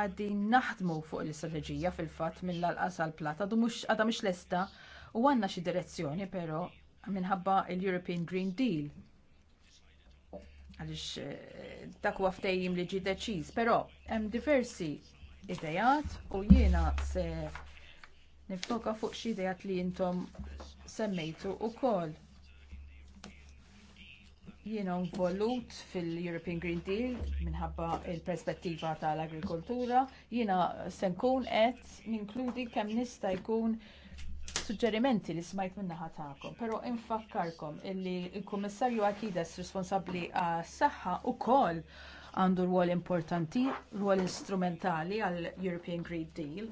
għaddin naħdmu fuq l-istrateġija fil fatt mill-alqas għal-plata, du mux għadha mux lesta u għandna xi direzzjoni, però minħabba l european Green Deal għaliex eh, dak huwa ftehim li ġi deċiż, però hemm diversi idejat u jiena se nifoka fuq xi idejat li intom semmejtu wkoll. Jiena involut fil-European Green Deal minħabba l perspettiva tal-agrikoltura, jiena se nkun qed ninkludi kemm nista' jkun suġġerimenti li smajt min-naħa tagħkom, però infakkarkom illi il-Kummissarju Akidas responsabbli għas-saħħa wkoll għandu rwol importanti, rwol instrumentali għall European Green Deal.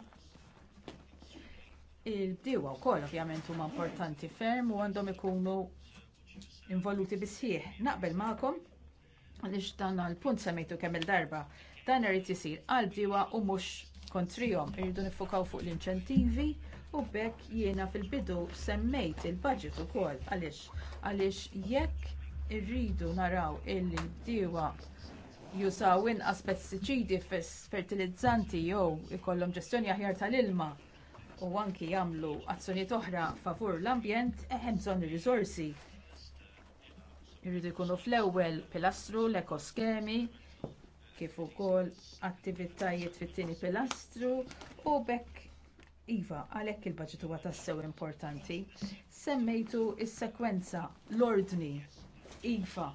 Il-diwa wkoll ovvjament huma importanti ferm u għandhom ikunu involuti bisħieħ. Naqbel magħkom għaliex dan għal-punt semmejtu kemm il-darba. Dan irid isir għal-diwa u mhux kontrihom irridu nifukaw fuq l-inċentivi u bekk jiena fil-bidu semmejt il-budget ukoll għaliex għaliex jekk irridu naraw il-bdiewa jusaw inqas pestiċidi fertilizzanti jew ikollhom ġestjoni aħjar tal-ilma u anki jagħmlu azzjonijiet oħra favur l-ambjent eh, hemm bżonn ir-riżorsi. Irridu jkunu fl-ewwel pilastru l-ekoskemi kif ukoll attivitajiet fit-tieni pilastru u bekk Iva, għalhekk il-budget huwa tassew importanti. Semmejtu s sekwenza l-ordni. Iva,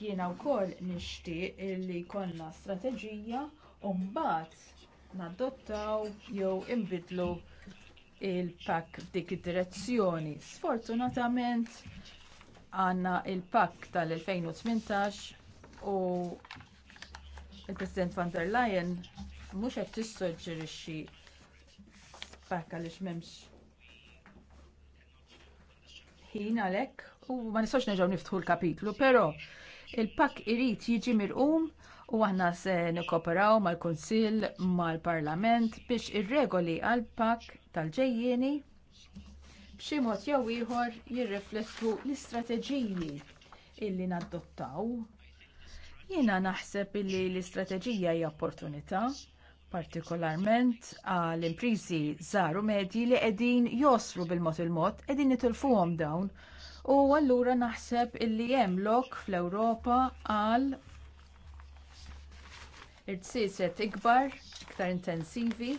jiena wkoll nixtieq li jkollna strateġija u mbagħad nadottaw jew inbidlu il-pak f'dik id-direzzjoni. Sfortunatament għandna il-pak tal-2018 u l president van der Leyen mhux qed tissuġġerixxi hekk għaliex memx Hien għalhekk u ma nistgħux neġaw niftħu l-kapitlu, però il irrit irid jiġi qum u aħna se nikkoperaw mal-Kunsill mal-Parlament biex ir-regoli għall pakk tal-ġejjieni b'xi mod jew ieħor jirriflettu l-istrateġiji illi nadottaw. Jiena naħseb illi l-istrateġija hija opportunità partikolarment għal imprizi żaru medji li qegħdin josru bil-mod il-mod, qegħdin nitilfuhom dawn. U allura naħseb illi hemm lok fl-Ewropa għal irtsiset ikbar, iktar intensivi.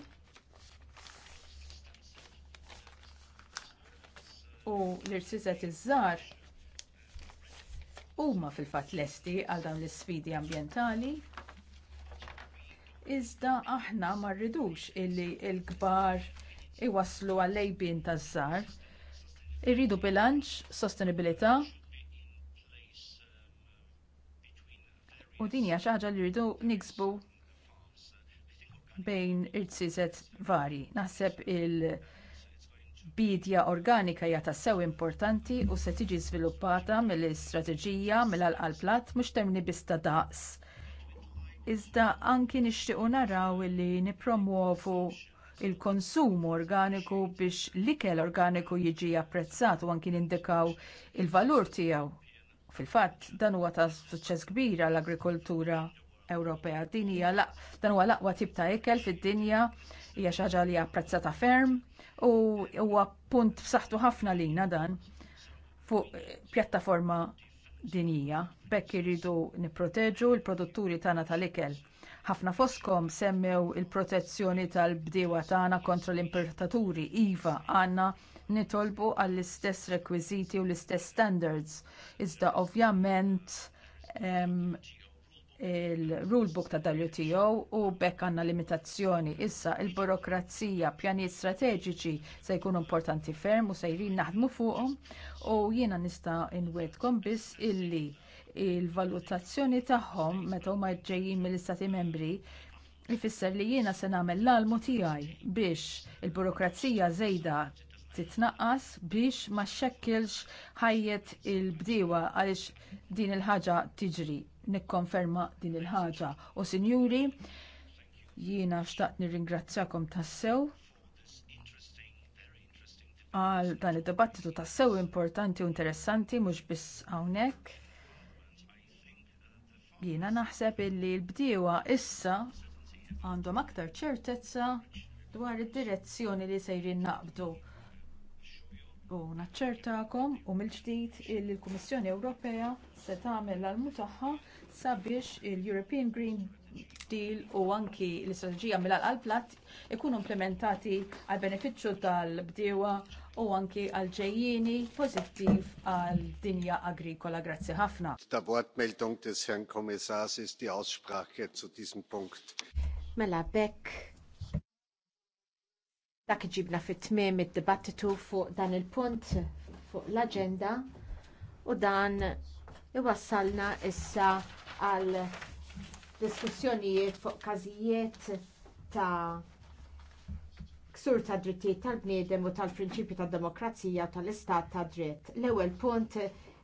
U l-irtsiset iż-żar huma fil-fatt lesti għal dawn l-isfidi ambjentali Iżda aħna ma rridux illi l-kbar iwasslu għal-lejbin taż-żar. Irridu bilanċ, sostenibilità, u din hija xi ħaġa li rridu niksbu bejn irtsizet varji. Naħseb il-bidja organika hija tassew importanti u se tiġi żviluppata mill-istrateġija mill-alqal platt mhux termini biss ta' daqs iżda anki nixtiequ naraw li nippromuovu l konsum organiku biex l-ikel organiku jiġi apprezzat u anki nindikaw il-valur tiegħu. Fil-fatt dan huwa ta' suċċess kbir għall agrikoltura Ewropea. Din hija dan huwa l-aqwa tip ta' ikel fid-dinja hija xi ħaġa li apprezzata ferm u huwa punt b'saħħtu ħafna lina dan fuq pjattaforma dinija Bekk iridu nipproteġu l-produtturi tagħna tal-ikel. Ħafna foskom semmew il-protezzjoni tal-bdiewa tagħna kontra l-importaturi iva għandna nitolbu għall-istess rekwiżiti u l-istess standards. Iżda ovvjament il-rulebook ta' WTO u bekk għandna limitazzjoni. Issa il-burokrazija, pjani strateġiċi se jkunu importanti ferm u se jrin naħdmu fuqhom u jiena nista' inwedkom biss illi il-valutazzjoni tagħhom meta huma ġejjin mill-Istati Membri ifisser li jiena se nagħmel l-almu tiegħi biex il-burokrazija żejda titnaqqas biex ma xekkilx ħajjet il-bdiewa għaliex din il-ħaġa tiġri. Nikkonferma din il-ħaġa. U sinjuri, jiena xtaqt nirringrazzjakom tassew għal dan id-dibattitu tassew importanti u interessanti mhux biss hawnhekk Jiena naħseb illi l-bdiewa issa għandhom aktar ċertezza dwar id-direzzjoni li sejrin naqbdu. U naċċertakom u mill-ġdid l kummissjoni Ewropea se tagħmel l-almu tagħha sabiex il-European Green Deal u anki l-istrateġija mill-alqal platt ikunu implementati għall benefiċċju tal-bdiewa u anki għal ġejjini pożittiv għal dinja agrikola. Grazzi ħafna. Ta' Wortmeldung des Herrn Kommissars ist die Aussprache zu diesem Punkt. Mela Beck dak ġibna fit tmiem id-dibattitu fuq dan il-punt fuq l agenda u dan iwassalna issa għal diskussjonijiet fuq każijiet ta' ksur ta' drittijiet tal-bniedem u tal-prinċipju tad demokrazija u tal-istat ta' dritt. L-ewwel punt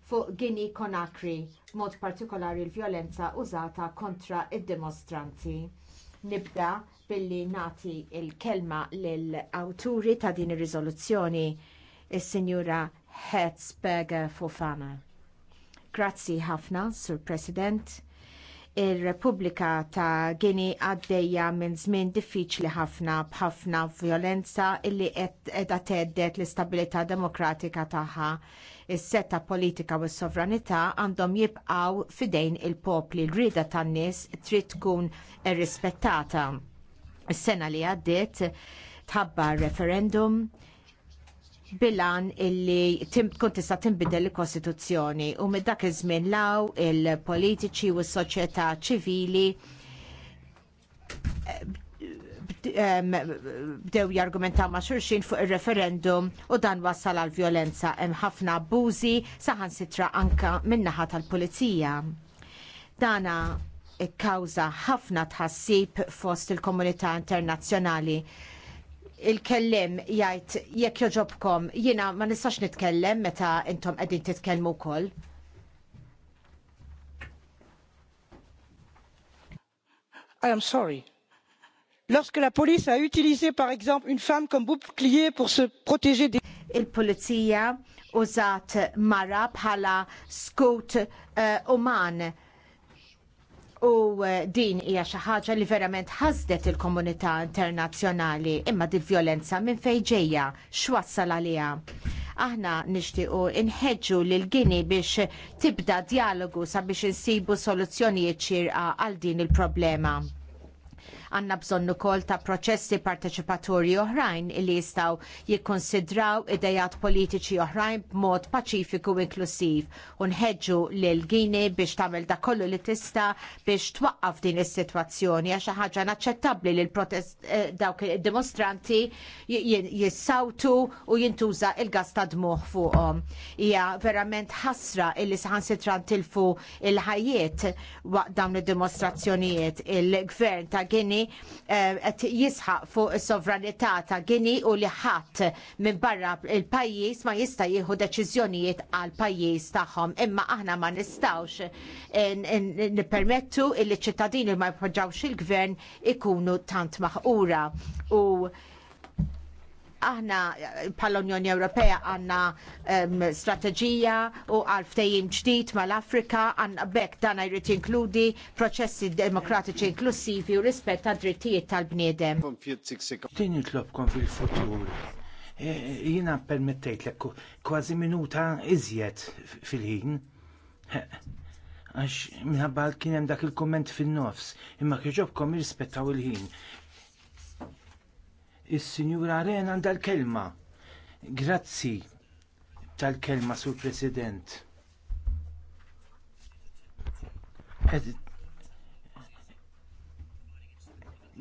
fuq Gini Konakri, mod partikolari l-vjolenza użata kontra id-dimostranti. Nibda billi nati il-kelma lill-awturi ta' din ir-riżoluzzjoni, is-Sinjura Hetzberger Fofana. Grazzi ħafna, Sur President il repubblika ta' Gini għaddejja minn żmien diffiċli ħafna b'ħafna vjolenza illi edha teddet l-istabilità demokratika tagħha. Is-setta politika u s-sovranità għandhom jibqgħu fidejn il-popli l-rieda tan-nies trid tkun irrispettata. Is-sena li għaddiet tħabbar referendum bilan illi tkun tista' tinbidel il-Kostituzzjoni u mid dak iż-żmien law il-politiċi u s-soċjetà ċivili bdew jargumentaw ma' xulxin fuq ir referendum u dan wassal għal violenza hemm ħafna abbużi saħansitra anka min-naħa tal-pulizija. Dana kkawża ħafna tħassib fost il-komunità internazzjonali il-kellim jgħid jekk joġobkom jiena ma nistax nitkellem meta intom għedin titkellmu wkoll. I am sorry. Lorsque la police a utilisé par exemple une femme comme bouclier pour se protéger des il polizia użat mara bħala skut uh, U eh, din hija xi ħaġa li verament ħasdet il-komunità internazzjonali imma dil-vjolenza minn fejn ġejja x'wassal għaliha. Aħna nixtiequ inħeġġu lil Gini biex tibda dialogu sabiex insibu soluzzjonijiet ċirqa għal din il-problema. Għanna bżonn ukoll ta' proċessi parteċipatorji oħrajn li jistgħu jikkonsidraw idejat politiċi oħrajn b'mod paċifiku inklusiv u nħeġġu lil Gini biex tagħmel dak kollu li tista' biex twaqqaf din is-sitwazzjoni għax xi ħaġa naċċettabbli li l-protest eh, dawk id-dimostranti jissawtu u jintuża il-gas ta' dmuħ fuqhom. Hija verament ħasra illi saħan sitran tilfu il-ħajiet waqt dawn id-dimostrazzjonijiet. Il-gvern ta' Gini Ewropjani għet eh, jisħaq fuq is-sovranità ta' Gini u li ħadd minn barra il-pajjiż ma jista' jieħu deċiżjonijiet għal pajjiż tagħhom. Imma aħna ma nistgħux eh, nippermettu li ċittadini ma jpoġġawx il-gvern ikunu tant maħqura u aħna eh, pal-Unjoni Ewropea għanna um, strategija u għal-ftejim ġdid mal-Afrika għanna bekk dan jrid inkludi proċessi demokratiċi inklusivi u rispett ta' drittijiet tal-bniedem. Tin nitlobkom fil-futur. Eh, eh, jina permettejt l kważi minuta iżjed fil-ħin. Għax minħabba kien hemm dak il-komment fin-nofs, imma kieġobkom jirrispettaw il-ħin. Is-Sinjura Arena għandha l-kelma. Grazzi tal-kelma sur President.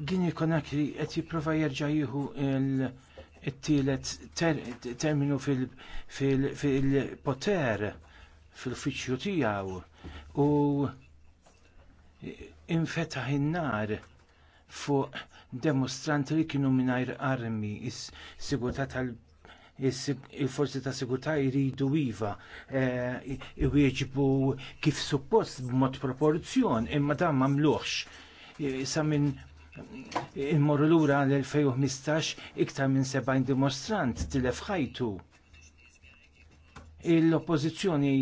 Gini li qed jipprova jerġa' jieħu il-tielet terminu fil-poter fil-uffiċċju tiegħu u infetaħ in-nar fuq demostranti li kienu mingħajr armi is tal il-forzi ta' sigurtà jridu iva eh, iwieġbu kif suppost b'mod proporzjon imma dan m'għamluhx eh, sa minn eh, immorru lura l-2015 iktar minn 70 dimostrant tilef ħajtu l-oppozizjoni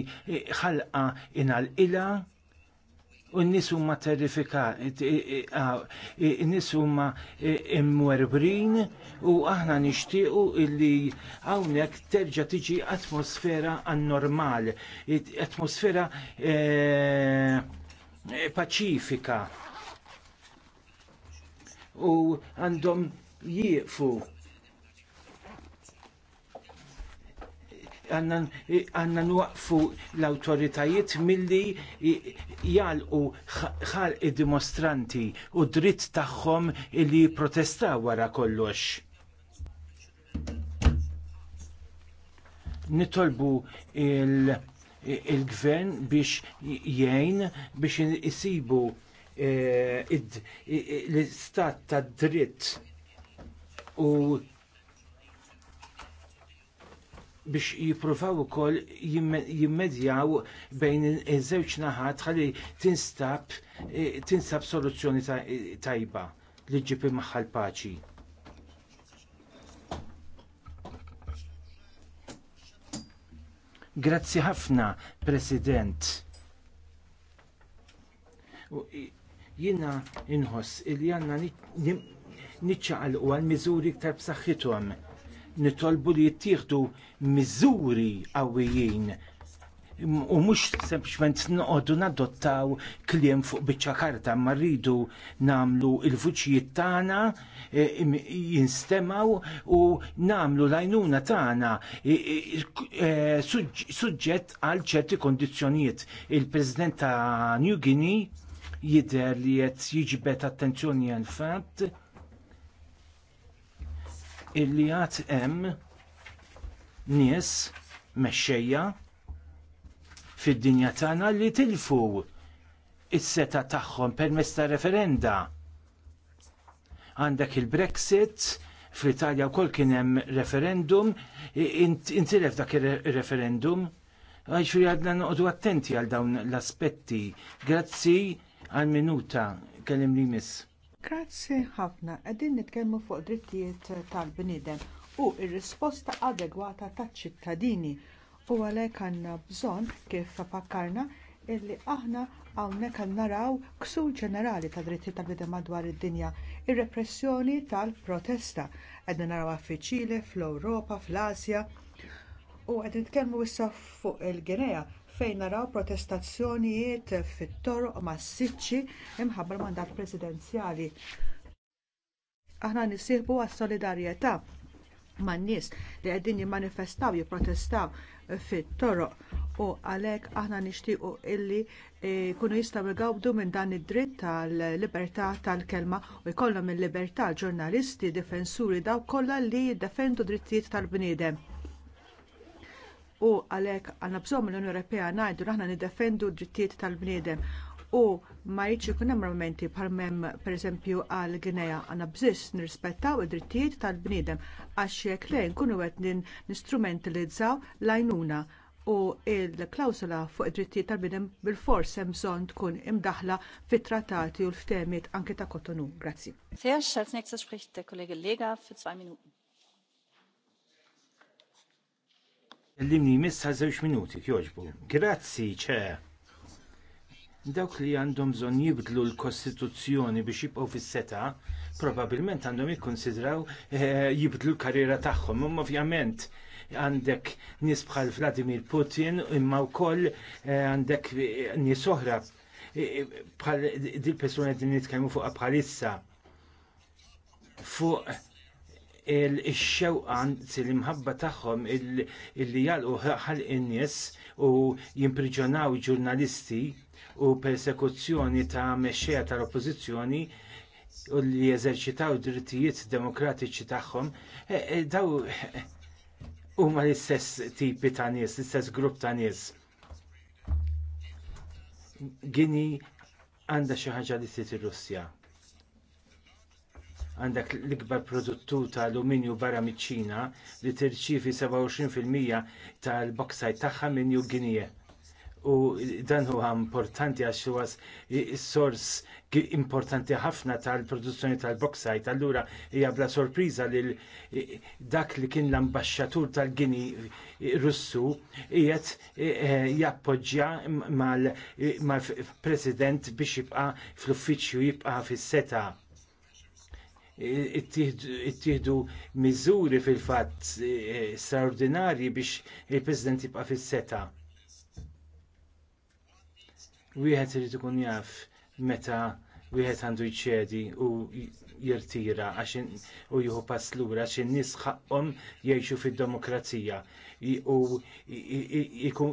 ħalqa inal ila u n-nis huma terrifika n-nis huma imwerbrin u aħna nixtiequ illi hawnhekk terġa' tiġi atmosfera annormal, atmosfera eh, paċifika u għandhom jiefu. għanna nwaqfu l-autoritajiet milli jgħalqu xalq id-dimostranti u dritt tagħhom li jipprotestaw wara kollox. Nitolbu il- il-gvern biex jgħin biex jisibu eh, l-istat ta' dritt u biex jippruvaw ukoll jimmedjaw bejn iż-żewġ naħat ħalli tinstab e, tinstab soluzzjoni tajba li ġib magħha l-paċi. Grazzi ħafna, President. Jina inħoss il għanna nitċaqal u għal miżuri ktar b'saħħithom. Nitolbu li jittieħdu miżuri qawwijin u mhux sempliċement noqogħdu nadottaw kliem fuq bicċa karta ma rridu nagħmlu l-vuċijiet tagħna e, jinstemaw u nagħmlu l-għajnuna tagħna e, e, suġġett għal ċerti kondizzjonijiet. Il-President ta' New Guinea jidher li qed jiġbed attenzjoni għal fatt illi għat hemm nies mexxejja fid-dinja tagħna li tilfu is-seta tagħhom permezz ta' referenda. Għandek il-Brexit, fl-Italja wkoll kien hemm referendum, intilef dak ir-referendum. Għaxri għadna noqdu attenti għal dawn l-aspetti. Grazzi għal minuta kellim li miss. Grazzi ħafna. Għedin nitkellmu fuq drittijiet tal-bnidem u r risposta adegwata taċ-ċittadini u għalhekk għandna bżonn kif fakkarna illi aħna hawnhekk għal naraw ksur ġenerali ta' dritti tal-bidem madwar id-dinja, ir-repressjoni tal-protesta. Qegħdin naraw fiċile, fl-Ewropa, fl-Asja. U qegħdin nitkellmu issa fuq il-Ginea fejn naraw protestazzjonijiet fit-toroq massiċċi imħabba mandat presidenzjali. Aħna nisibu għas-solidarjetà man nies li qegħdin jimmanifestaw jipprotestaw eh, fit-toroq u għalhekk aħna nixtiequ illi jkunu eh, jistgħu jgawdu minn dan id-dritt tal-libertà tal-kelma u jkollhom il-libertà ġurnalisti, difensuri daw kollha li jiddefendu drittijiet tal-bniedem. U għalhekk għandna bżonn l-Unjoni Ewropea ngħidu aħna niddefendu d-drittijiet tal-bniedem u ma jridx ikun hemm armamenti bħal m'hemm pereżempju għal Ginea għandna bżiss nirrispettaw id-drittijiet tal-bniedem għax jekk le nkunu qed nistrumentalizzaw l-għajnuna u l klawsula fuq id-drittijiet tal-bniedem bilfors hemm bżonn tkun imdaħla fit-trattati u l-ftehmiet anke ta' Cotonou. Grazzi. Kellimni miss ħa żewġ minuti kjoġbu. Grazzi ċe dawk li għandhom bżonn jibdlu l-Kostituzzjoni biex jibqgħu fis-seta, probabbilment għandhom jikkonsidraw eh, jibdlu l-karriera tagħhom. Imma ovvjament għandek nies bħal Vladimir Putin imma wkoll eh, għandek eh, nies oħra bħal dil persuna li nitkellmu fuq bħalissa fuq il-xewqan il-imħabba tagħhom illi jalqu ħalq in-nies u jimpriġjonaw ġurnalisti u persekuzzjoni ta' mexxejja tal-oppożizzjoni u li jeżerċitaw drittijiet demokratiċi tagħhom, e, e, daw huma l-istess tipi ta' nies, l-istess grupp ta' nies. Gini għandha xi ħaġa li tit ir-Russja. Għandek l-ikbar produttur ta' alluminju barra miċ-Ċina li tirċievi 27% tal-boksajt tagħha minn New Guinea u dan huwa importanti għax huwa sors importanti ħafna tal-produzzjoni tal-boksajt. Allura hija bla sorpriża li dak li kien l-ambasċatur tal-Gini Russu qiegħed e- e- jappoġġja mal-President biex jibqa' fl-uffiċċju jibqa' fis-seta' ittieħdu miżuri fil-fatt e- straordinarji biex il-President jibqa' fis-seta' wieħed irid ikun jaf meta wieħed għandu jċedi u jirtira u jieħu pass lura għax in-nies ħaqhom jgħixu fid-demokrazija u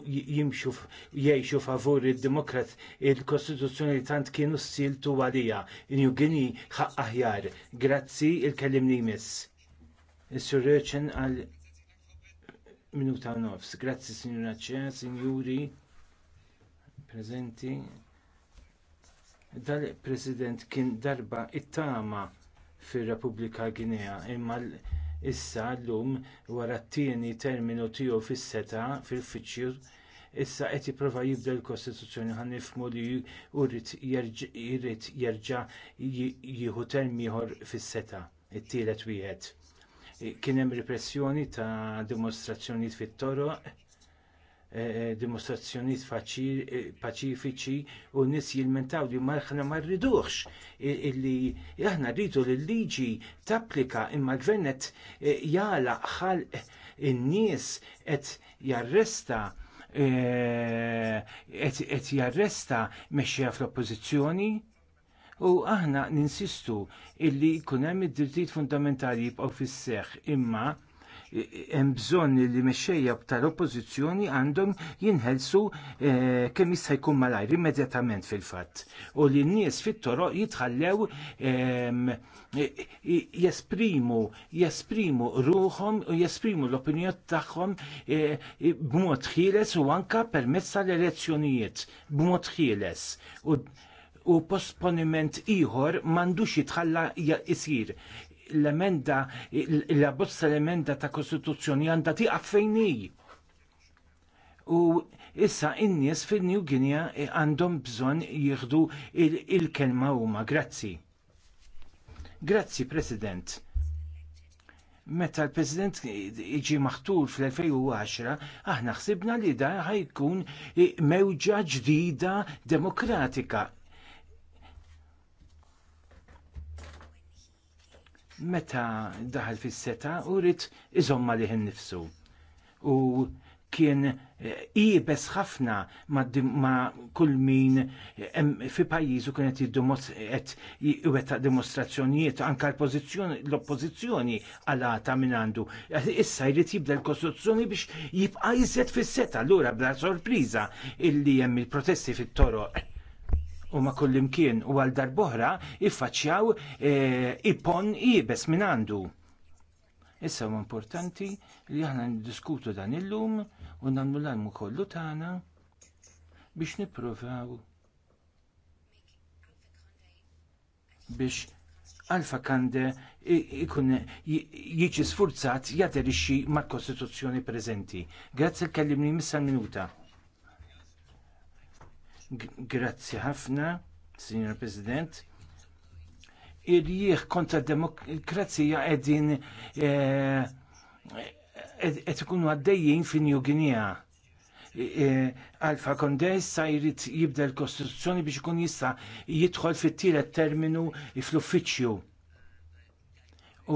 jimxu jgħixu favur id-demokrat il-Kostituzzjoni tant kienu ssiltu għalija. New Guinea ħaq aħjar. Grazzi il-kellimni miss. Is-Sur għal minuta nofs. Grazzi, Signora Ċe, signori preżenti dal-President kien darba it-tama fir-Repubblika Ginea imma issa llum wara t-tieni terminu tiegħu fis-seta fil-fiċċju issa qed jipprova jibda l-Kostituzzjoni ħan nifhmu li jrid jerġa' jieħu term ieħor fis-seta it-tielet wieħed. Kien hemm repressjoni ta' dimostrazzjonijiet fit-toroq Eh, eh, dimostrazzjonijiet eh, paċifiċi u nis jilmentaw li marħna ma rridux illi aħna rridu li l-liġi tapplika imma l-gvernet jala xal n nies qed jarresta qed jarresta mexxija fl-oppożizzjoni u aħna ninsistu illi jkun hemm id-drittijiet fundamentali jibqgħu fis imma hemm bżonn li mexxejja tal-oppożizzjoni għandhom jinħelsu eh, kemm jista' jkun malajr immedjatament fil-fatt u li n-nies fit-toroq jitħallew ehm, jesprimu jesprimu ruhom u jesprimu l opinjon tagħhom eh, b'mod ħieles u anke permezz tal-elezzjonijiet b'mod ħieles u postponiment ieħor m'għandux jitħalla jisir l-emenda, l abbozza l-emenda ta' Kostituzzjoni għandha ti fejni. U issa in-nies fil-New Guinea għandhom bżonn jieħdu il-kelma il huma. Grazzi. Grazzi, President meta l-President iġi maħtur fl-2010, aħna ħsibna li da ħajkun mewġa ġdida demokratika. meta daħal fis-seta u rrit iżomma liħ nifsu. U kien eh, ibes ħafna ma, kull min fi pajizu kienet jidwetta dimostrazzjonijiet anka l-oppozizjoni għalata minn għandu. Issa jrid jibda l-kostruzzjoni biex jibqa' jizet fis-seta allura bla sorpriża illi hemm il-protesti fit-toroq u ma kullimkien u għal darboħra iffaċċjaw eh, ipon ibes minn għandu. Issa huwa importanti li aħna niddiskutu dan illum u nagħmlu l-almu kollu tagħna biex nippruvaw biex Alfa Kande ikun jiġi sfurzat jaderixxi mal-Kostituzzjoni preżenti. Grazzi l-kellimni missa minuta. Grazzi ħafna, Signor President. Ir-jieħ kontra demokrazija edin qed eh, ikunu għaddejjin fin New Guinea. Eh, Alfa Condé sa jrid jibda l-Kostituzzjoni biex ikun jista' jidħol fit-tielet terminu fl-uffiċċju.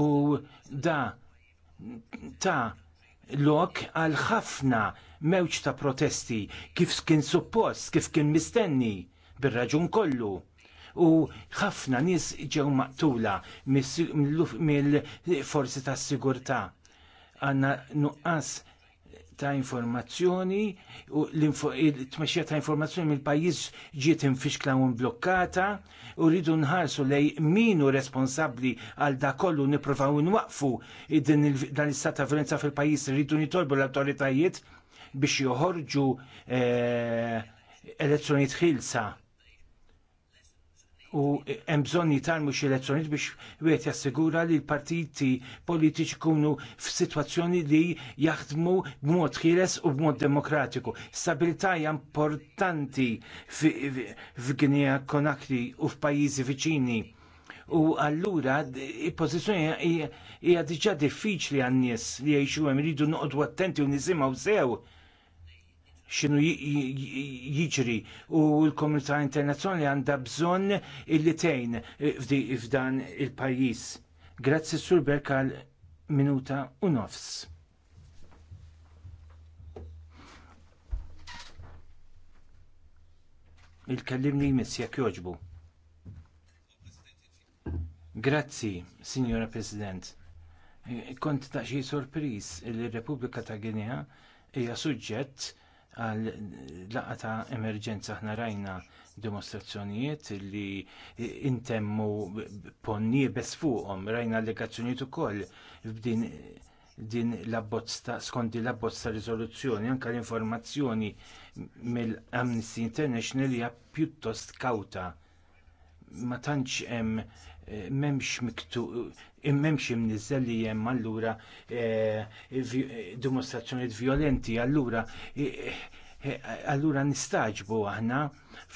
U da ta' lok għal ħafna mewċ ta' protesti kif kien suppost, kif kien mistenni bir-raġun kollu. U ħafna nies ġew maqtula mill-forzi ta' sigurtà. Għanna nuqqas ta' informazzjoni u l-tmexxija ta' informazzjoni mill-pajjiż ġiet infixkla u mblokkata u rridu nħarsu lej min hu responsabbli għal da kollu nippruvaw nwaqfu dan l-istat ta' violenza fil-pajjiż rridu nitolbu l-awtoritajiet biex joħorġu eh, elezzjonijiet ħilsa u hemm bżonn jitalmu xi elezzjonijiet biex wieħed jassigura li l-partiti politiċi jkunu f'sitwazzjoni li jaħdmu b'mod ħieles u b'mod demokratiku. Stabilità hija importanti f'Gnija Konakri u f'pajjiżi viċini. U allura il-pożizzjoni hija diġà diffiċli għan-nies li jgħixu hemm iridu noqogħdu attenti u nisimgħu sew xinu jiġri u l-komunità internazzjonali għandha bżonn illi tgħin eh, f'dan il-pajjiż. Grazzi Sur Berkal minuta u nofs. il-kellimni jmiss jekk jogħġbu. Grazzi, Signora President. Eh, kont ta' xi sorpriż li r-Repubblika ta' Ginea hija suġġett għal laqa ta' emerġenza aħna rajna dimostrazzjonijiet li intemmu ponni bes fuqhom, rajna allegazzjonijiet ukoll f'din din l-abbozz ta' skondi l-abbozz ta' riżoluzzjoni, anke l-informazzjoni mill-Amnesty International hija pjuttost kawta. Ma tantx hemm memx miktu, memx imnizzel li jem allura eh, dimostrazzjoniet violenti, allura eh, eh, allura nistaġbu aħna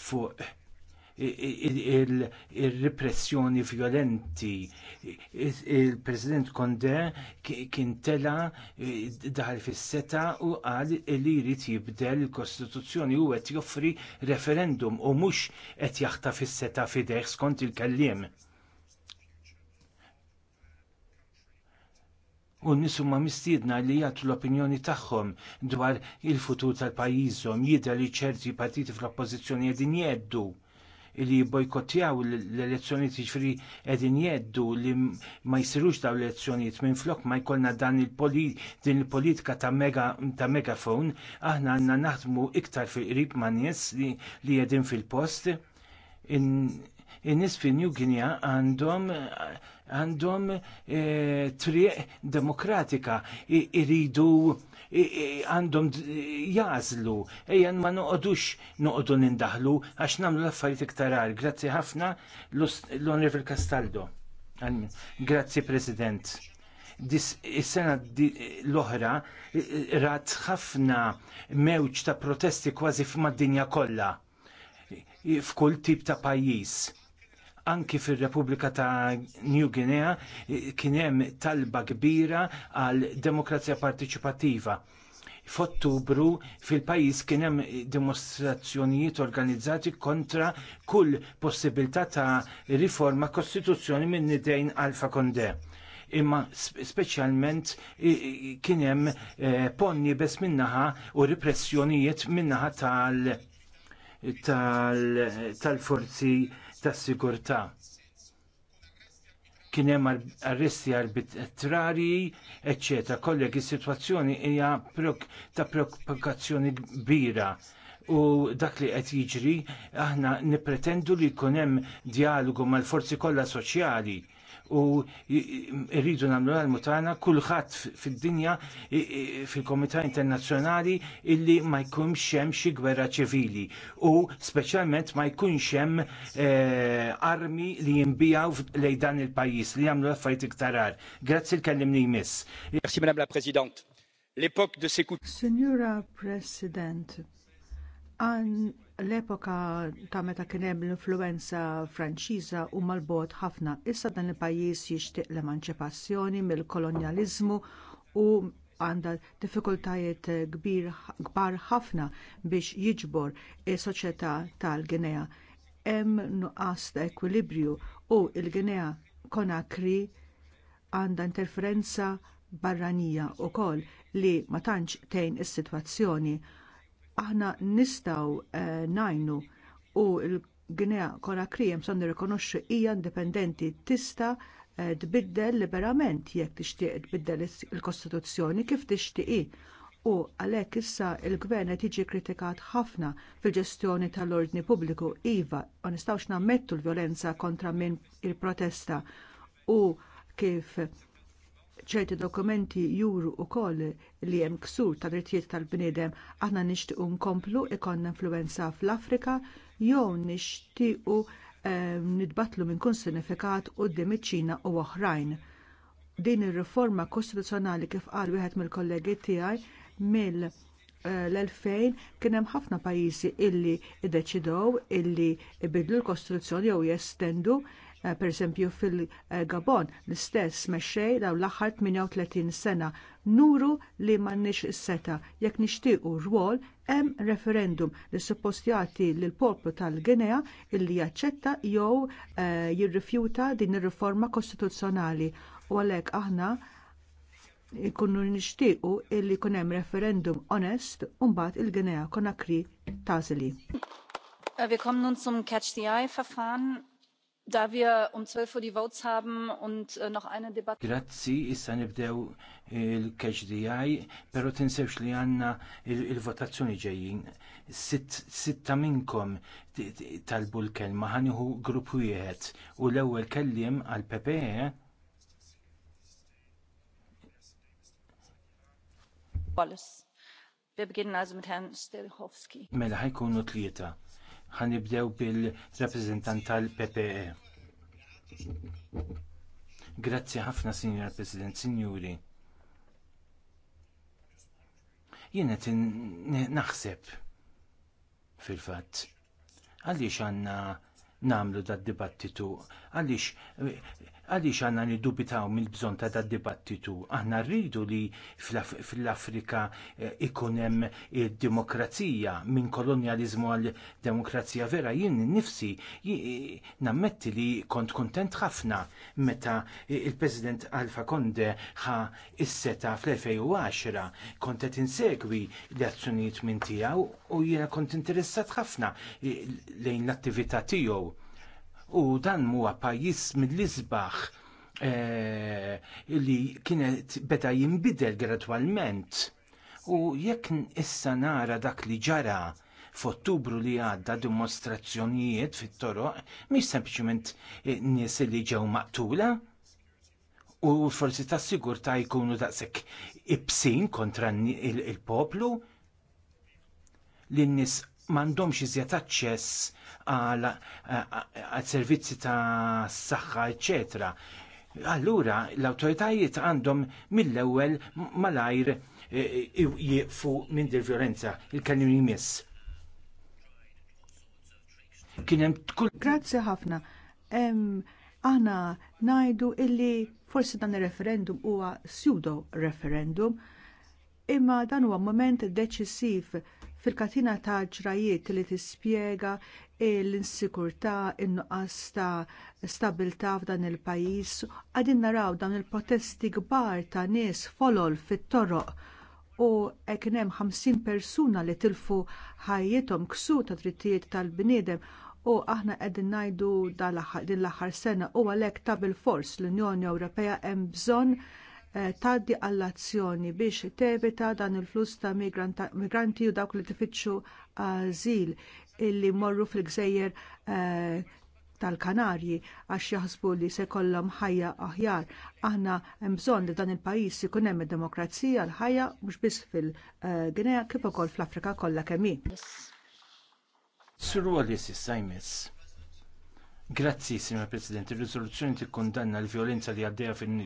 fuq il-repressjoni violenti. Il-President Konde kien tela daħal fis-seta u qal li jrid jibdel il-Kostituzzjoni u qed joffri referendum u mhux qed jaħta fis-seta fideh skont il-kelliem. u nisu ma mistiedna li jgħatu l-opinjoni tagħhom dwar il-futur tal-pajjiżhom jidher li ċerti partiti fl-oppożizzjoni qegħdin jeddu li bojkottjaw l-elezzjonijiet jiġifieri qegħdin jeddu li ma jsirux dawn l-elezzjonijiet minflok ma jkollna dan din il-politika ta' mega ta' megafon aħna għandna naħdmu iktar fil-qrib ma' nies li qegħdin fil-post in-nies fi New Guinea għandhom għandhom eh, triq demokratika iridu għandhom jazlu ejjan ma noqodux noqodu nindaħlu għax namlu l-affarijiet iktar għal. Grazzi ħafna l onrevel Castaldo. Grazzi President. Is-sena l-oħra eh, eh, rat ħafna mewġ ta' protesti kważi f'mad-dinja kollha f'kull tip ta' pajjiż anki fir-Repubblika ta' New Guinea kien hemm talba kbira għal demokrazija parteċipattiva. F'Ottubru fil-pajjiż kien hemm dimostrazzjonijiet organizzati kontra kull possibilità ta' riforma kostituzzjoni minn idejn Alfa Condé imma specialment kien hemm eh, ponni bes minnaħa u ripressjonijiet minnaħa tal tal tal-forzi tas-sigurtà. Kien hemm arresti arbitrarji, eċċetera. Kolleg, is-sitwazzjoni hija ta' preokkupazzjoni kbira u dak li qed jiġri aħna nippretendu li jkun hemm dijalogu mal-forzi kollha soċjali u rridu nagħmlu għal mutana kulħadd fil dinja fil-Komunità Internazzjonali illi ma jkunx hemm xi gwerra ċivili u speċjalment ma jkunx hemm eh, armi li jinbijaw lejn dan il-pajjiż li jagħmlu għaffajt iktar għar. Grazzi l-kellimni jmiss. Grazzi, Madam la L'epoque de ces coups. Signora President, l-epoka ta' meta kien hemm l-influenza Franċiża huma l-bogħod ħafna. Issa dan il-pajjiż jixtieq l-emanċipazzjoni mill-kolonjaliżmu u għandha diffikultajiet kbar ħafna biex jiġbor is-soċjetà tal-Ginea. Hemm nuqqas ta' ekwilibrju u l-Ginea Konakri għandha interferenza barranija wkoll li ma tantx tgħin is-sitwazzjoni aħna nistgħu eh, najnu u l-Gnea Krijem sa' nirrikonoxxu hija indipendenti tista eh, tbiddel liberament jekk tixtieq tbiddel il-Kostituzzjoni kif tixtieq. u għalhekk issa l gvern qed jiġi kritikat ħafna fil-ġestjoni tal-ordni pubbliku iva ma nistgħux nammettu l-vjolenza kontra min il-protesta u kif ċerti dokumenti juru wkoll li hemm ksur ta' drittijiet tal-bniedem aħna nixtiequ nkomplu ikonna influwenza fl-Afrika jew nixtiequ eh, nitbatlu minn kun sinifikat quddiem iċ-Ċina u oħrajn. Din ir-riforma kostituzzjonali kif qal wieħed mill-kollegi tiegħi mill eh, l-2000 kien hemm ħafna pajjiżi illi iddeċidew illi jbidlu l-kostruzzjoni jew jestendu Eh, pereżempju fil-Gabon eh, l-istess mexxej dawn l-aħħar 38 sena nuru li m'għandniex is-seta jekk nixtiequ rwol hemm referendum li suppost jagħti lill poplu tal-Ginea illi jaċċetta jew eh, jirrifjuta din ir-riforma kostituzzjonali u għalhekk aħna ikunnu nixtiequ illi jkun hemm referendum onest u mbagħad il-Ginea Konakri tażli. Wir kommen nun zum Catch the Eye Verfahren um Votes äh, Grazzi, issa nibdew il-KHDI, pero tinsewx li għanna il-votazzjoni ġejjin. Sitta sit minnkom talbu l-kelma ħaniħu grupp wieħed u l-ewwel kellim għal PPE Mela ħajkunu tlieta ħanibdew bil rappreżentant tal-PPE. Grazzi ħafna, Signor President, Signori. Jiena naħseb fil-fatt għaliex għandna nagħmlu dad dibattitu għaliex eh, Għaliex għandna niddubitaw mill-bżonn ta' dad dibattitu aħna rridu li fl-Afrika eh, ikun hemm id-demokrazija eh, minn kolonjaliżmu għal demokrazija vera jien nifsi eh, nammetti li kont kuntent ħafna meta il-President Alfa Konde ħa is-seta fl-2010 kont qed insegwi l-azzjonijiet minn tiegħu u jiena kont interessat ħafna lejn l-attività tiegħu u dan huwa pajjiż mill-isbaħ eh, li kienet beda jinbidel gradwalment. U jekk issa nara dak li ġara f'Ottubru li għadda dimostrazzjonijiet fit-toroq, mhix sempliċement eh, nies li ġew maqtula, u forsi forzi ta' sigurtà jkunu daqshekk ibsin kontra il-poplu, l-nies m'għandhomx iżjed aċċess għal servizzi ta' saħħa, eċetera. Allura l-awtoritajiet għandhom mill-ewwel malajr e, e, jieqfu minn dir violenza il-kanjun jmiss. Kien hemm kull Grazzi ħafna. Aħna ngħidu illi forsi dan ir-referendum huwa pseudo referendum imma dan huwa moment deċisiv fil-katina ta' ġrajiet li tispjega l-insikurtà in-nuqqas ta' stabilità f'dan il-pajjiż għadin naraw dawn il-protesti kbar ta' nies folol fit-toroq u hekk hemm 50 persuna li tilfu ħajjithom ksu ta' drittijiet tal-bniedem u aħna qegħdin ngħidu din l-aħħar sena u għalhekk ta' bilfors l-Unjoni Ewropea hemm bżonn Eh, tgħaddi għall-azzjoni biex tevita dan il-flus ta' migranti u dawk li tifittxu għażil illi morru fil-gżejjer eh, tal-Kanarji għax jaħsbu li se jkollhom ħajja aħjar. Aħna hemm bżonn li dan il-pajjiż ikun hemm id-demokrazija l-ħajja mhux biss fil-Ginea kif ukoll fl-Afrika kollha kemm hi. Suru għal jissi sajmis. Grazzi, Signor President. Il-rizoluzzjoni tikkondanna l-violenza li għaddeja fin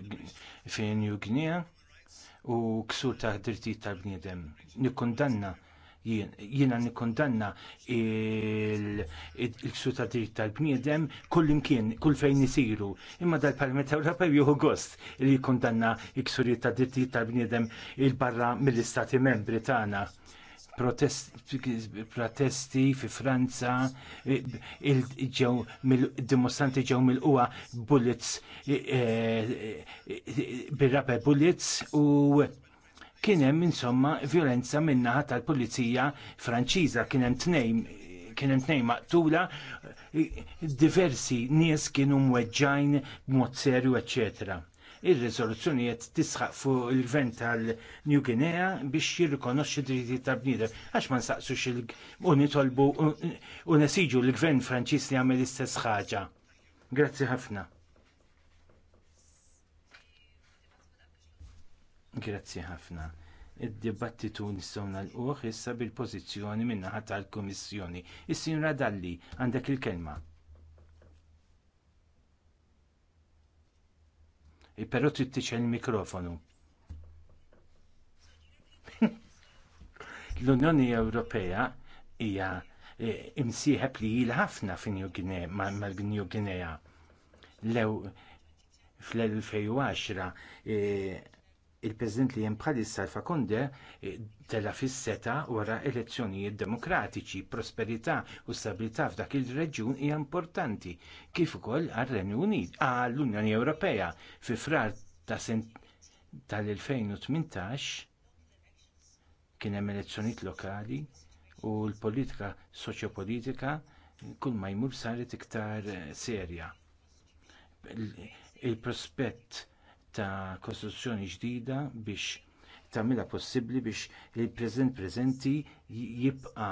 New Guinea u ksur ta' drittijiet tal-bniedem. Nikkondanna jiena nikkondanna il-ksur ta' dritt tal-bniedem kull imkien, kull fejn isiru. Imma dal-Parlament Ewropew jieħu gost li jikkondanna il-ksurijiet ta' drittijiet tal-bniedem il-barra mill-Istati membri tagħna protesti fi Franza ġew dimostranti ġew mill-qwa bullets e- e- bir rapper bullets u kien hemm insomma violenza min-naħa tal-Pulizija Franċiża kienem t tnejn kien hemm tnejn maqtula diversi nies kienu mweġġajn b'mod serju eċċetera ir-riżoluzzjonijiet tisħaq fuq il-gvern tal-New Guinea biex jirrikonoxxi dritti tal bnidem għax ma nsaqsux u nitolbu u nesiġu l-gvern Franċiż li jagħmel istess ħaġa. Grazzi ħafna. Grazzi ħafna id-dibattitu nistgħu nagħlquh issa bil-pożizzjoni min-naħa tal-Kummissjoni. Is-Sinra Dalli għandek il-kelma. E però tittiċ il-mikrofonu. L-Unjoni Ewropea hija eh, imsieħeb li jil ħafna mal new Guinea Lew fl-2010 eh, il-President li jem bħalissa l-Fakonde tela eh, fis-seta wara elezzjonijiet demokratiċi, prosperità u stabilità f'dak il-reġjun hija importanti kif ukoll renju Unit għall-Unjoni Ewropea fi frar ta' tal-2018 kien hemm elezzjonijiet lokali u l-politika soċjopolitika kull ma jmur saret iktar eh, serja. Il-prospett ta' kostruzzjoni ġdida biex tagħmilha possibbli biex il-preżent preżenti jibqa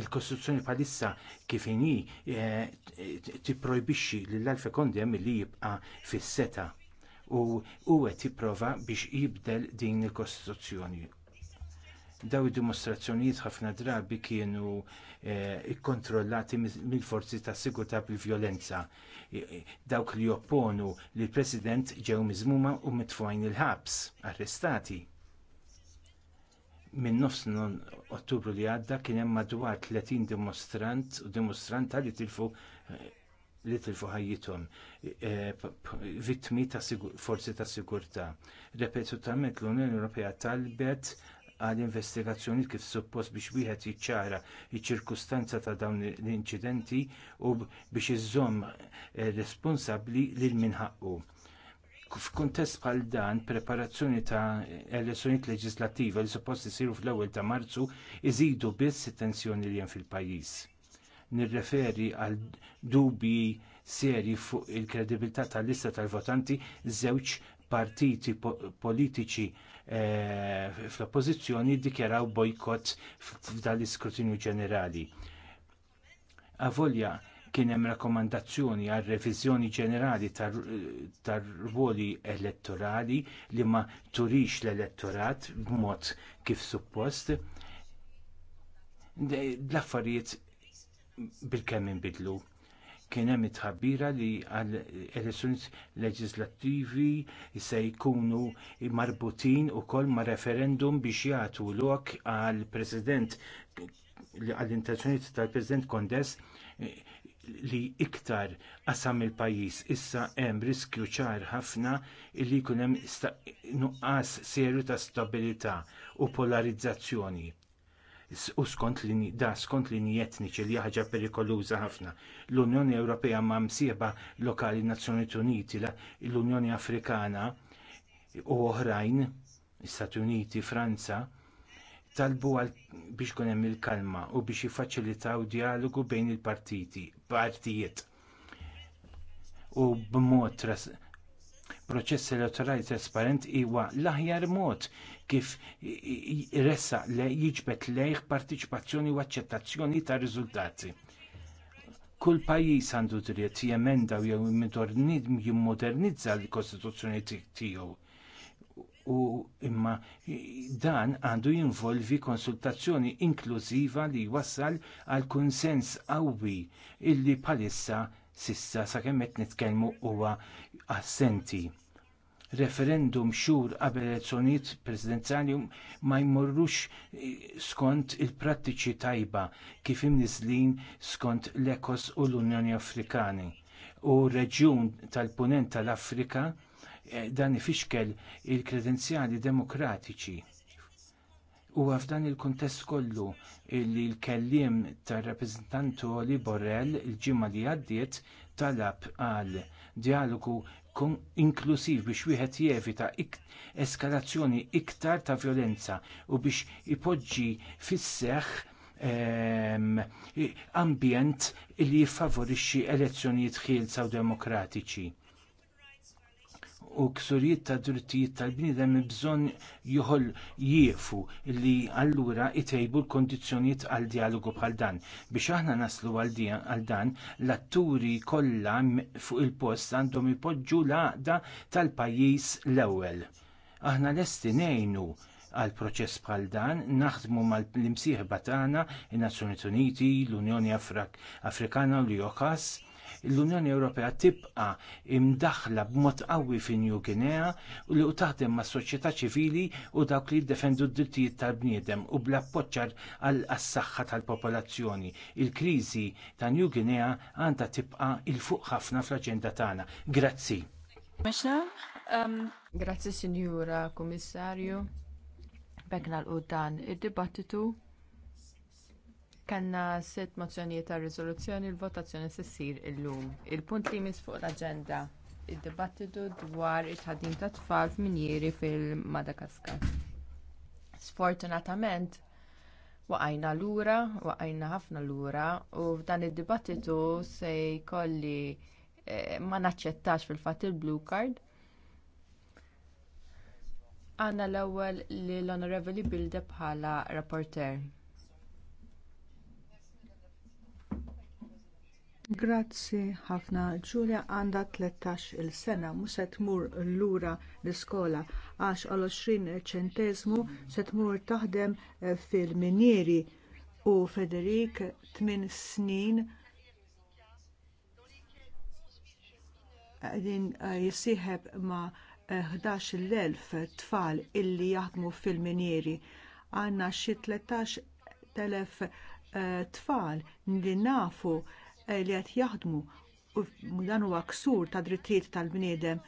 il-kostruzzjoni bħalissa kif inhi eh, tipprojbixxi lill alfa kondem li jibqa fis-seta u huwa tipprova biex jibdel din il-kostruzzjoni Daw id-dimostrazzjonijiet ħafna drabi kienu eh, ikkontrollati mill-forzi ta' sigurtà bil-vjolenza. Dawk li opponu li l-President ġew miżmuma u mitfajn il-ħabs, arrestati. Min nofs ottubru li għadda kien hemm madwar 30 dimostrant u dimostranta li tilfu eh, li tilfu ħajjithom eh, vittmi ta' forzi ta' sigurtà. Repetutament l-Unjoni Ewropea talbet għal investigazzjoni kif suppost biex wieħed jiċċara iċ-ċirkustanza ta' dawn l-inċidenti u biex iżomm eh, responsabbli lil minħaqqu. F'kuntest bħal dan, preparazzjoni ta' elezzjonijiet leġislattiva li suppost isiru fl-ewwel ta' Marzu iżidu biss it-tensjoni li hemm fil-pajjiż. Nirreferi għal dubji serji fuq il-kredibilità tal-lista tal-votanti żewġ partiti politiċi Eh, fl-oppożizzjoni dikjaraw bojkott f'dan iskrutinju ġenerali. Avolja kien hemm rakkomandazzjoni għal reviżjoni ġenerali tar-ruoli elettorali li ma turix l-elettorat b'mod kif suppost. L-affarijiet bil-kemm inbidlu kien hemm itħabbira li għal elezzjoni leġislattivi se jkunu marbutin ukoll ma' referendum biex jagħtu lok għall president għall intenzjonijiet tal-President Kondess eh, li iktar qasam il-pajjiż issa hemm riskju ċar ħafna li jkun hemm nuqqas serju ta' stabilità u polarizzazzjoni u skont li da skont li etniċi li ħaġa perikoluża ħafna. L-Unjoni Ewropea ma' msieba lokali Nazzjonijiet Uniti, l-Unjoni Afrikana u oħrajn, Stati Uniti, Franza, talbu għal biex kunem hemm il-kalma u biex jiffaċilitaw dijalogu bejn il-partiti, partijiet. U b'mod Proċess elettorali trasparent huwa l-aħjar mod kif ressa le jiġbet lejh partiċipazzjoni u aċċettazzjoni tar riżultati kull pajjiż għandu dritt jemenda jew jimmodernizza l-Kostituzzjoni tiegħu. U imma dan għandu jinvolvi konsultazzjoni inklużiva li jwassal għal kunsens qawwi illi bħalissa sissa sakemm qed nitkellmu huwa assenti. Referendum xhur qabel elezzjonijiet presidenzjali ma jmorrux eh, skont il-prattiċi tajba kif imniżlin skont l-Ekos u l-Unjoni Afrikani. U r reġjun tal-Punent tal-Afrika eh, dan ifixkel il-kredenzjali demokratiċi U f'dan il-kuntest kollu li l-kellim tar rappresentantu li Borrell il-ġimma li għaddiet talab għal dialogu inklusiv biex wieħed jevita eskalazzjoni iktar ta' violenza u biex ipoġġi fis-seħħ ehm, ambjent li jiffavorixxi elezzjonijiet ħielsa u demokratiċi u ksurijiet ta' drittijiet tal-bniedem bżonn joħol jiefu li allura itejbu l kundizzjonijiet għal dialogu bħal dan. Biex aħna naslu għal dan, l-atturi kollha fuq il-post għandhom ipoġġu l-għaqda tal-pajjiż l-ewwel. Aħna lesti ngħinu għal proċess bħal dan, naħdmu mal-imsieħba tagħna, in-Nazzjonijiet Uniti, l-Unjoni Afrikana u l l-Unjoni Ewropea tibqa imdaħla b'mod qawwi fi New Guinea u li taħdem mas soċjetà ċivili u dawk li jiddefendu d-drittijiet tal-bniedem u bla appoċċar għall-assaħħa tal-popolazzjoni. Il-kriżi ta' New Guinea għandha tibqa il-fuq ħafna fl-aġenda tagħna. Grazzi. Um, Grazzi Sinjura Kummissarju. Bekna l qudan id-dibattitu Kanna sitt mozzjonijiet ta' riżoluzzjoni l-votazzjoni s-sir illum. Il-punt li jmiss fuq l aġenda id dibattitu dwar it-ħadim ta' tfal f'minjieri fil-Madagaskar. Sfortunatament, waqajna lura, waqajna ħafna lura, u f'dan id-dibattitu se jkolli eh, ma naċċettax fil-fatt il-blue card. Għanna l-ewwel li l-Onorevoli Bilde bħala rapporter. Grazzi ħafna Ġulia għandha 13 il sena mhux se tmur lura l-iskola għax għal 20 ċentesmu se tmur taħdem eh, fil-minieri u Federik 8 snin din eh, jisieħeb ma 11.000 eh, tfal illi jaħdmu fil-minieri Għanna xi 13.000 tfal li nafu Eh, li qed jaħdmu u dan huwa ksur ta' drittijiet tal-bniedem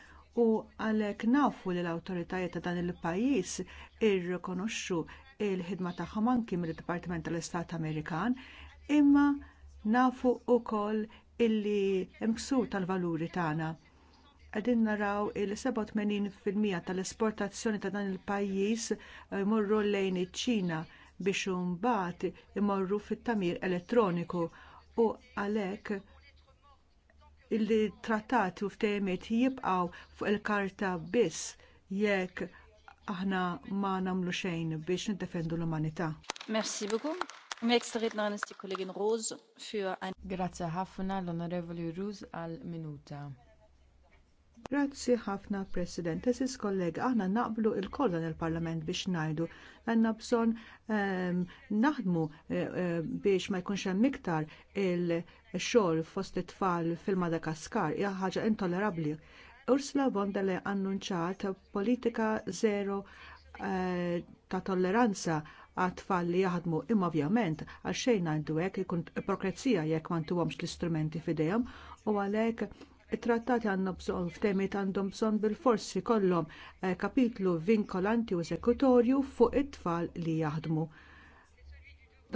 u għalhekk nafu li l-awtoritajiet ta' dan il-pajjiż irrikonoxxu l ħidma tagħhom anki mill-Dipartiment tal-Istat Amerikan, imma nafu wkoll illi hemm ksur tal-valuri tagħna għedin naraw il-87% tal-esportazzjoni ta' dan il pajjiż eh, jmorru lejn iċ-Ċina biex imbagħad imorru fit-tamir elettroniku u għalhekk illi trattati u ftehimiet jibqgħu fuq il-karta biss jekk aħna ma nagħmlu xejn biex niddefendu l-umanità. Merci beaucoup. Grazie ħafna l-Onorevoli Ruz għal minuta. Grazzi ħafna, President. Esis kollega, aħna naqblu il kolla nel parlament biex najdu. Għanna bżon um, ehm, naħdmu uh, biex ma jkunx hemm iktar il-xogħol fost it-tfal fil-Madagaskar hija ħaġa intollerabbli. Ursula von der Leyen annunċat politika zero uh, ta' tolleranza għat-tfal li jaħdmu imma ovvjament għal xejn għandu hekk ikun ipokrezija jekk ma l-istrumenti f'idejhom u għalhekk it-trattati għandna bżonn f'temi għandhom bżonn bil-forsi kollhom eh, kapitlu vinkolanti u eżekutorju fuq it-tfal li jaħdmu.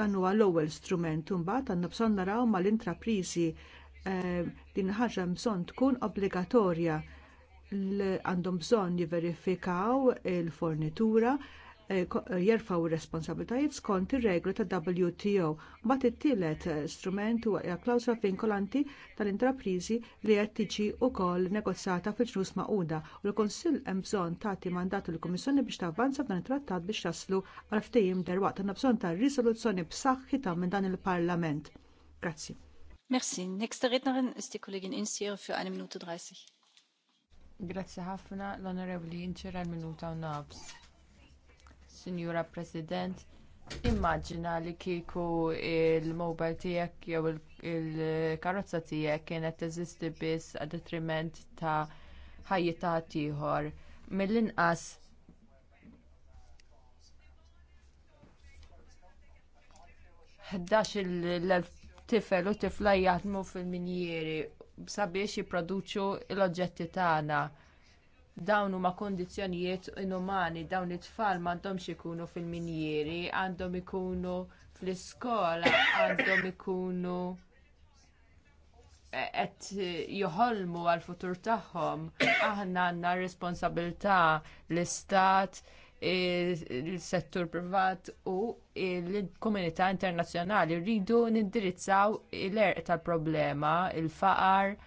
Dan huwa l-ewwel strument u mbagħad għandna bżonn naraw mal-intrapriżi eh, din ħaġa bżonn tkun obbligatorja għandhom bżonn jiverifikaw il-fornitura Eh, eh, jerfaw responsabiltajiet skont ir-reglu ta' WTO. Mbagħad it-tielet eh, strument huwa klawsla vinkolanti tal-intrapriżi li qed tiġi wkoll negozjata fil-ġnus maquda u l-Kunsill hemm bżonn tagħti mandat lill-Kummissjoni biex tavvanza f'dan it-trattat biex taslu għal ftehim derwaqt għandna bżonn ta' risoluzzjoni b'saħħitha minn dan il-Parlament. Grazzi. Merci. Nächste Rednerin ist die Kollegin Instier für 1 Minute 30. Grazzi ħafna l-Onorevoli Inċira l-Minuta u Nabs. Sinjura President, immaġina li kieku il-mobile tiegħek jew il-karozza tiegħek kienet teżisti biss għad detriment ta' ħajjita ta' ieħor. Mill-inqas ħdax il tifel u tifla jaħdmu fil-minjieri sabiex jipproduċu l-oġġetti tagħna dawn huma kundizzjonijiet inumani, dawn it-tfal m'għandhomx ikunu fil-minjieri, għandhom ikunu fl-iskola, għandhom ikunu qed joħolmu għal futur tagħhom. Aħna għandna responsabilità l-istat, il-settur privat u l-komunità internazzjonali rridu nindirizzaw l-erq tal-problema, il-faqar,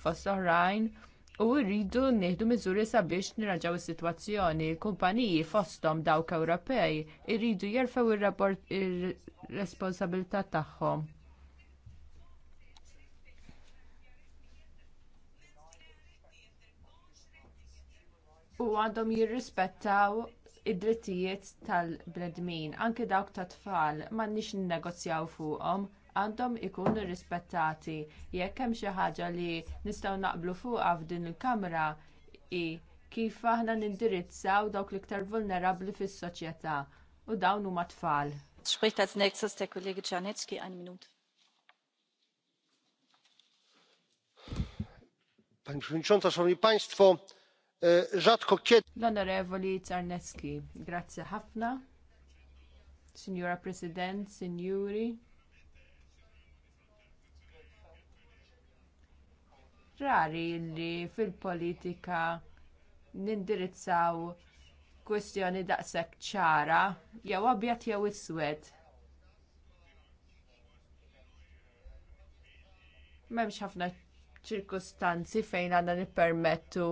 fost oħrajn u rridu nieħdu miżuri sabiex nirraġaw is-sitwazzjoni. Kumpaniji fosthom dawk Ewropej irridu jerfgħu ir-responsabilità tagħhom. U għandhom jirrispettaw id-drittijiet tal-bnedmin, anke dawk tat tfal, m'għandniex nnegozjaw fuqhom għandhom ikunu rispettati. Jekk hemm xi ħaġa li nistgħu naqblu fuqha f'din il-Kamra i kif aħna nindirizzaw dawk l-iktar vulnerabbli fis-soċjetà u dawn huma tfal. Spricht als nächstes der Kollege Czarnecki, eine Minute. Pani Przewodnicząca, Szanowni Państwo, e, rzadko kiedy... Czarnecki, grazie ħafna. Signora President, signori. rari li fil-politika nindirizzaw kwestjoni daqshekk ċara jew abjad jew iswed. M'hemmx ħafna ċirkustanzi fejn għandna nippermettu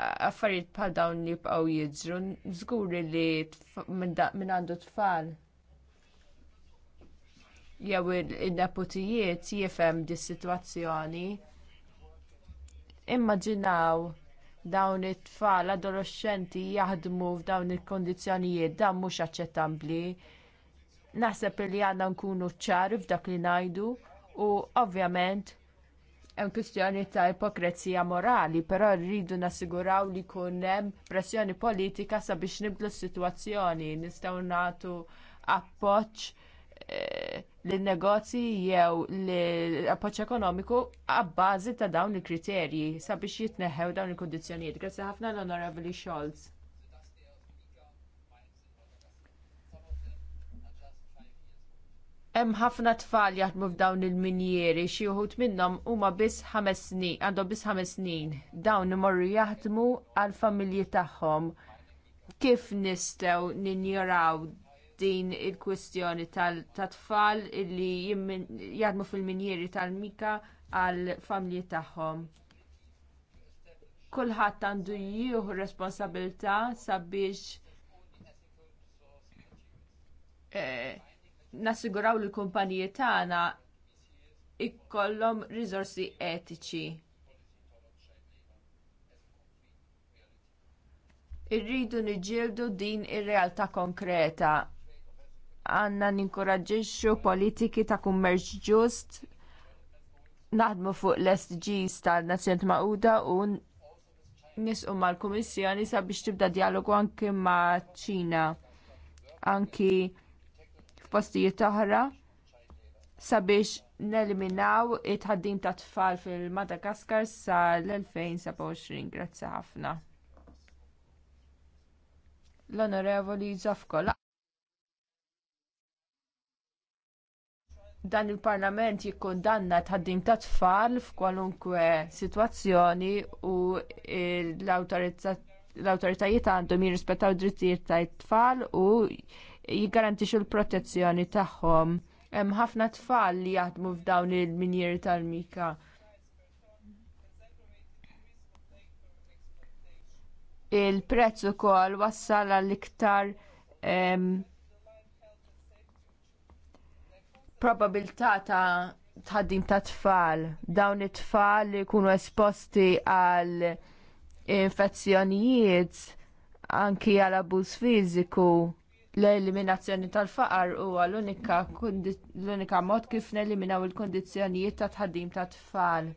affarijiet bħal dawn li jibqgħu jiġru, żgur li minn għandu tfal. Jew il-deputijiet jifhem dis-sitwazzjoni. Immaġinaw dawn it-tfal adolescenti jaħdmu f'dawn il-kondizzjonijiet dan mhux aċċettabbli. Naħseb li għandna nkunu ċari f'dak li ngħidu u ovvjament hemm kwistjoni ta' ipokrezija morali, però rridu nassiguraw li jkun hemm pressjoni politika sabiex nibdlu s-sitwazzjoni, nistgħu nagħtu appoġġ eh, l-negozji jew l-appoċ ekonomiku għabbażi ta' dawn il-kriterji sabiex jitneħħew dawn il-kondizjonijiet. Grazie ħafna l-Onorevoli Scholz. Hemm ħafna tfal jaħdmu f'dawn il-minjeri xi wħud minnhom huma biss ħames snin, għandhom biss ħames snin. Dawn imorru jaħdmu għall familji tagħhom. Kif nistgħu ninjoraw din il kwestjoni tal-tfal illi jadmu fil-minjeri tal-mika għal familji tagħhom. Kulħadd għandu jieħu responsabilità sabiex e, nassiguraw li l-kumpaniji tagħna ikollhom riżorsi etiċi. Irridu niġildu din ir-realtà konkreta għanna ninkoraġġixxu politiki ta' kummerċ ġust, naħdmu fuq l-SDGs tal-Nazzjonijiet Magħquda u nisqu mal-Kummissjoni sabiex tibda dialogu anki ma' Ċina anki f'postijiet oħra sabiex neliminaw it-ħaddim ta' tfal fil-Madagaskar sal-2027. Grazzi ħafna. L-Onorevoli Zafkola. dan il-parlament jikkondanna tħaddim ta' tfal f'kwalunkwe sitwazzjoni u l-awtoritajiet għandhom jirrispettaw drittijiet ta' tfal u jiggarantixxu l-protezzjoni tagħhom. Hemm ħafna tfal li jaħdmu f'dawn il-minjeri tal-mika. Il-prezz ukoll wassal għall-iktar ehm, probabilità ta' tħaddim ta' tfal, dawn it-tfal li jkunu esposti għal infezzjonijiet, anki għal abuż fiżiku, l-eliminazzjoni tal-faqar huwa l-unika mod kif neliminaw il kundizzjonijiet ta' tħaddim ta' tfal.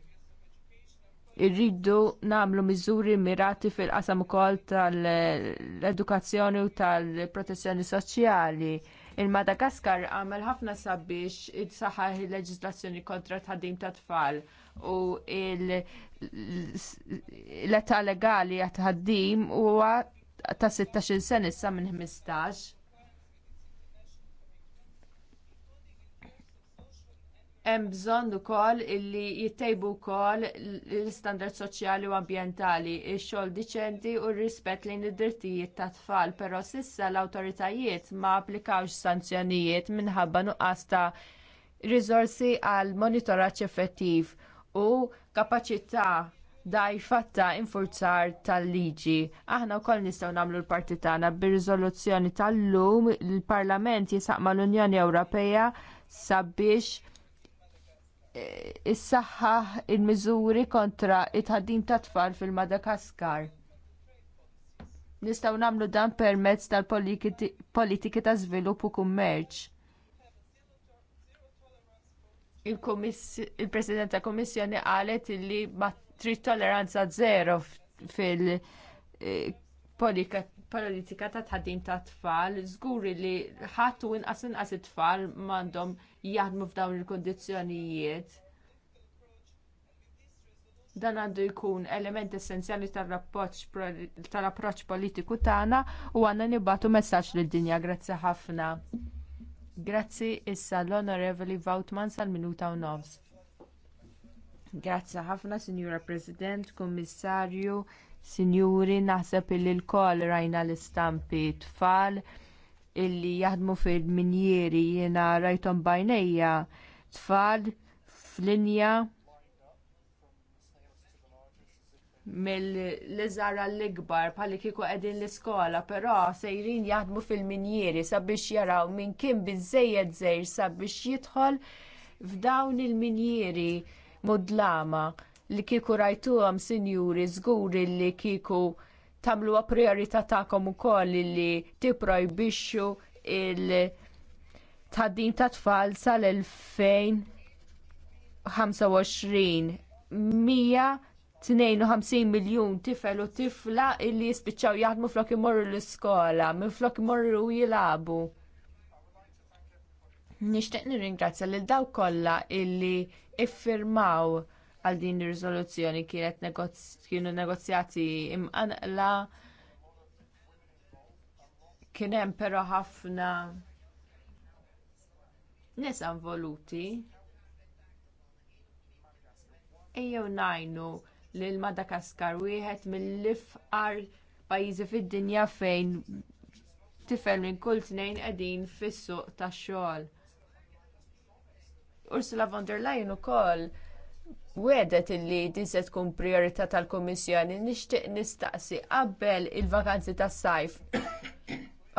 Irridu nagħmlu miżuri mirati fil-qasam ukoll tal-edukazzjoni u tal-protezzjoni soċjali Il-Madagaskar għamel ħafna sabiex id-saħħaħ il-leġislazzjoni kontra tħaddim ta' tfal u l-età legali għat tħaddim huwa ta' 16 sen issa minn 15 hemm bżonn ukoll illi jittejbu wkoll l-istandard soċjali u ambjentali, ix-xogħol diċenti u r-rispett lejn id-drittijiet tat-tfal, però s'issa l-awtoritajiet ma applikawx sanzjonijiet minħabba nuqqas ta' riżorsi għal monitoraġġ effettiv u kapaċità dajfa ta' infurzar tal-liġi. Aħna wkoll nistgħu nagħmlu l-parti tagħna bir-riżoluzzjoni tal-lum il-Parlament jisaq mal-Unjoni Ewropea sabiex Is-saħħa il-miżuri kontra it-ħaddim ta' tfal fil-Madagaskar. Nistgħu nagħmlu dan permezz tal-politiki ta' żvilupp u kummerċ. Il-President tal Kummissjoni qalet li ma trid tolleranza zero fil-politika eh, politika ta' tħaddim ta' tfal, żguri li ħadd u inqas inqas it-tfal m'għandhom jaħdmu f'dawn il kondizjonijiet Dan għandu jkun element essenzjali tal-approċċ politiku tagħna u għandna nibatu messaġġ lid-dinja. Grazzi ħafna. Grazzi issa l-Onorevoli Vautman sal-minuta u nofs. Grazzi ħafna, Signora President, Kummissarju, Sinjuri, naħseb illi l-koll rajna l-istampi tfal illi jaħdmu fil-minjeri jiena rajtom bajnejja tfal f'linja mill lizara l-ikbar pali kieku qegħdin l-iskola, però sejrin jaħdmu fil-minjeri sabiex jaraw minn kien bizzejed żejr sabiex jidħol f'dawn il-minjeri mudlama li kieku rajtuhom sinjuri żguri li kieku tagħmluha priorità tagħkom ukoll li tipprojbixxu il tħaddin ta' tfal sal-2025 152 miljun tifel u tifla illi jispiċċaw jaħdmu flok imorru l-iskola, minn flok imorru jilabu. Nixtieq nirringrazzja lil dawk kollha illi iffirmaw għal din ir-riżoluzzjoni kienet kienu negozjati imqanqla kien hemm però ħafna nies involuti. Ejjew ngħinu lil Madagaskar wieħed mill-ifqar pajjiżi fid-dinja fejn tifel minn kull tnejn qegħdin fis-suq tax-xogħol. Ursula von der Leyen ukoll wedet illi din se tkun priorità tal-Kummissjoni nixtieq nistaqsi qabel il-vakanzi tas-sajf.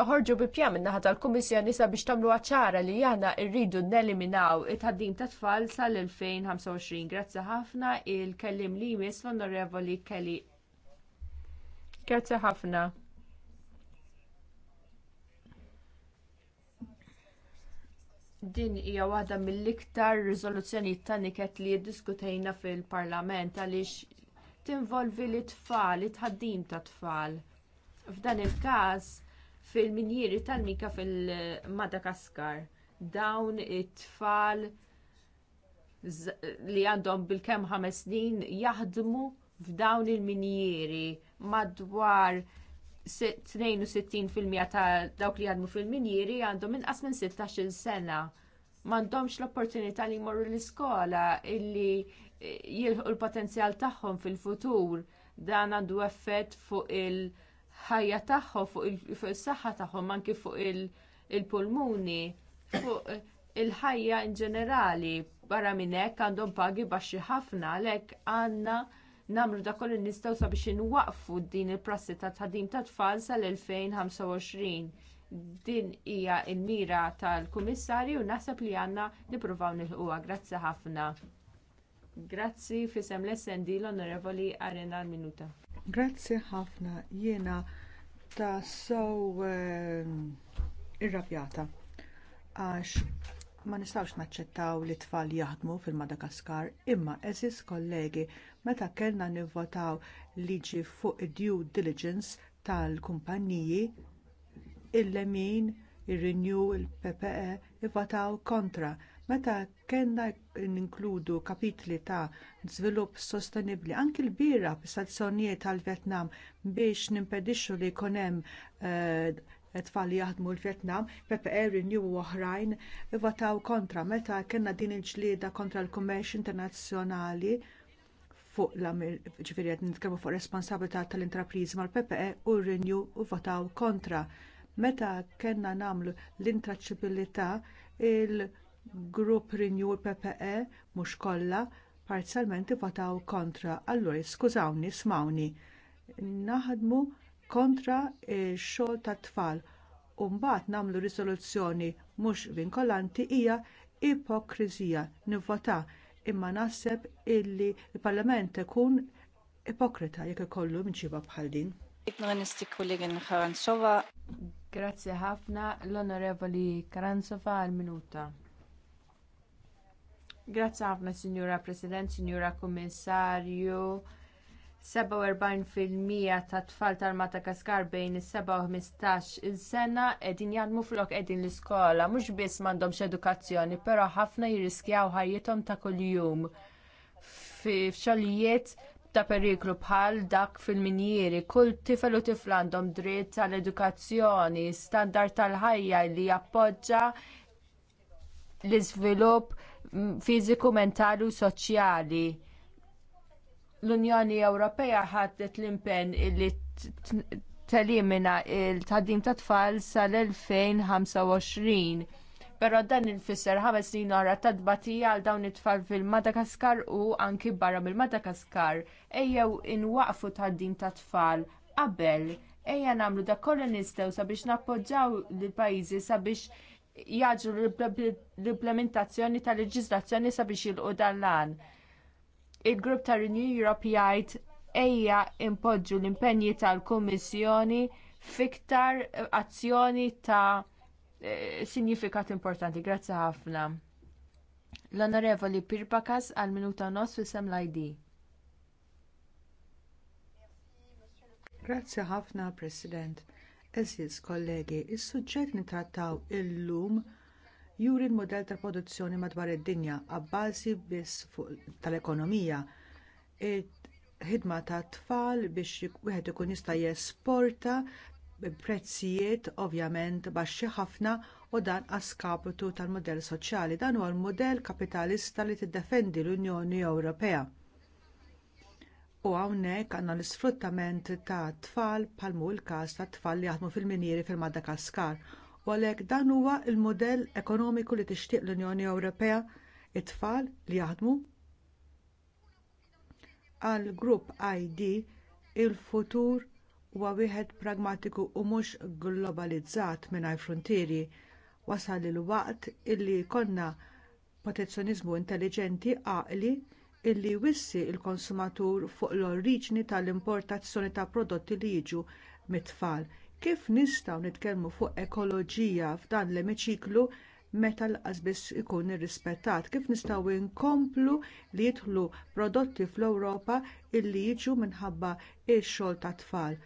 Oħorġu bi pjan naħa tal-Kummissjoni sabiex tamlu ċara li jana rridu neliminaw it-ħaddim ta' tfal sal-2025. Grazzi ħafna il-kellim li jmiss l-Onorevoli Kelly. Grazzi ħafna. din hija waħda mill-iktar riżoluzzjonijiet ta' li jiddiskutejna fil-Parlament għaliex tinvolvi l-tfal, it-ħaddim ta' tfal. F'dan il-każ fil minjieri tal-mika fil-Madagaskar dawn it-tfal li għandhom bil-kem ħames snin jaħdmu f'dawn il minjieri madwar 62% ta' dawk li għadmu fil-minjiri għandhom inqas minn 16 sena. M'għandhomx l-opportunità li jmorru l-iskola illi eh, jilħu l-potenzjal tagħhom fil-futur. Dan għandu effett fuq il-ħajja tagħhom, fuq il-saħħa tagħhom, anki fuq il-pulmuni, fuq eh, il-ħajja in ġenerali. Barra minn hekk għandhom pagi baxxi ħafna għalhekk għandna namlu da kollin nistaw sabiex inwaqfu din il-prassi ta' tħadim ta' tfal sal-2025. Din hija il-mira tal-Kummissarju naħseb li għanna nipruvaw nilħuha. Grazzi ħafna. Grazzi fisem l-SND l-Onorevoli Arena Minuta. Grazzi ħafna jiena ta' sow ehm, irrabjata għax ma nistawx naċċettaw li tfal jaħdmu fil-Madagaskar imma eżis kollegi meta kellna nivvotaw liġi fuq id due diligence tal-kumpaniji il-lemin, ir-renew, il e il-PPE kontra. Meta kellna ninkludu kapitli ta' żvilupp sostenibbli anki l-bira bis tal-Vjetnam biex nimpedixxu li jkun hemm uh, tfal jaħdmu l-Vietnam, PPR, e, Renew u oħrajn, votaw kontra meta kellna din il ġlieda kontra l-kummerċ internazzjonali fuq l-għamil ġifiri għed nitkellmu fuq responsabilità tal-intrapriż mal-PPE u r u votaw kontra. Meta kellna nagħmlu l-intraċibilità il-grupp Renew u PPE mhux kollha parzialment votaw kontra. Allura skużawni, smawni. Naħdmu kontra x-xogħol tat-tfal u mbagħad nagħmlu riżoluzzjoni mhux vinkolanti hija ipokriżija nivvota imma naħseb illi l parlament ikun ipokrita jekk ikollu minċiba bħal din. Grazie ħafna l-Onorevoli Karanzova għal minuta. Grazie ħafna, Signora President, Signora Kommissarju 47% ta' tfal tal-Madagaskar bejn is-7 u 15 sena qegħdin jaħdmu flok qegħdin l-iskola, mhux biss m'għandhomx edukazzjoni, però ħafna jirriskjaw ħajjithom ta' kuljum f'xogħlijiet ta' periklu bħal dak fil-minjieri, kull tifel u tifla għandhom dritt tal-edukazzjoni, standard tal-ħajja li jappoġġa l-iżvilupp fiżiku, mentali u soċjali l-Unjoni Ewropea ħadet l-impenn li telimina il-tadim ta' tfal sal-2025. Però dan il-fisser ħames snin wara ta' tbatija għal dawn it-tfal fil-Madagaskar u anki barra mill-Madagaskar ejjew inwaqfu tadim ta' tfal qabel ejja nagħmlu da' kolonistew sabiex nappoġġaw lill-pajjiżi sabiex jaġru l-implementazzjoni tal leġislazzjoni sabiex jilqu dan l-għan il-grupp ta' Renew Europe jgħid ejja impoġġu l-impenji tal-Kummissjoni fiktar eh, azzjoni ta' eh, sinifikat importanti. Grazzi ħafna. L-Onorevoli Pirpakas għal minuta nos fi sem l-ID. Grazzi ħafna, President. Eżis, kollegi, il suġġett nitrattaw illum lum juri l-modell ta' produzzjoni madwar id-dinja abbażi biss tal-ekonomija ħidma ta' tfal biex wieħed ikun jista' jesporta prezzijiet ovvjament baxxi ħafna u dan skapitu tal-modell soċjali. Dan huwa l-modell kapitalista li tiddefendi l-Unjoni Ewropea. U hawnhekk għandna l-isfruttament ta' tfal bħal l-każ tat tfal li jaħdmu fil-minieri fil-Madagaskar u għalhekk dan huwa l-mudell ekonomiku li tixtieq l-Unjoni Ewropea it-tfal li jaħdmu għal grupp ID il-futur huwa wieħed pragmatiku u mhux globalizzat mingħajr fruntieri. Wasal il-waqt illi jkollna protezzjoniżmu intelligenti għaqli illi jwissi l il konsumatur fuq l-oriġini tal-importazzjoni ta' prodotti li jiġu mit-tfal Kif nistgħu nitkellmu fuq ekoloġija f'dan l-emiċiklu meta l biss ikun irrispettat. Kif nistgħu inkomplu li jidħlu prodotti fl-Ewropa illi jiġu minħabba x-xogħol tat tfal.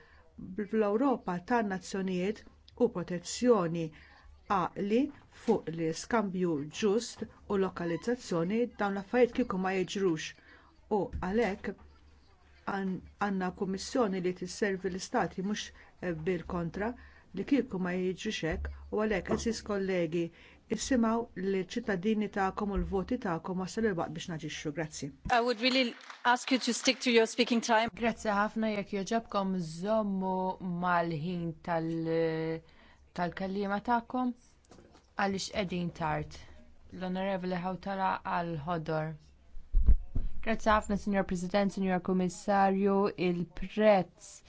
Fl-Ewropa tan nazzjonijiet u protezzjoni għaqli fuq li skambju ġust u lokalizzazzjoni dawn l-affarijiet kieku ma jiġrux. U għalhekk għandna kummissjoni li tisservi l-istati mhux bil-kontra li kieku ma jiġrix hekk u għalhekk eżis kollegi issimgħu li ċittadini tagħkom u l-voti tagħkom wasal il biex naġixxu. Grazzi. I would really ask you to stick to your speaking time. Grazzi ħafna jekk joġabkom zommu mal-ħin tal-kallima tagħkom għaliex qegħdin tard. L-Onorevoli Hawtara għal ħodor. Grazzi ħafna, Signor President, Signor Kummissarju, il-prezz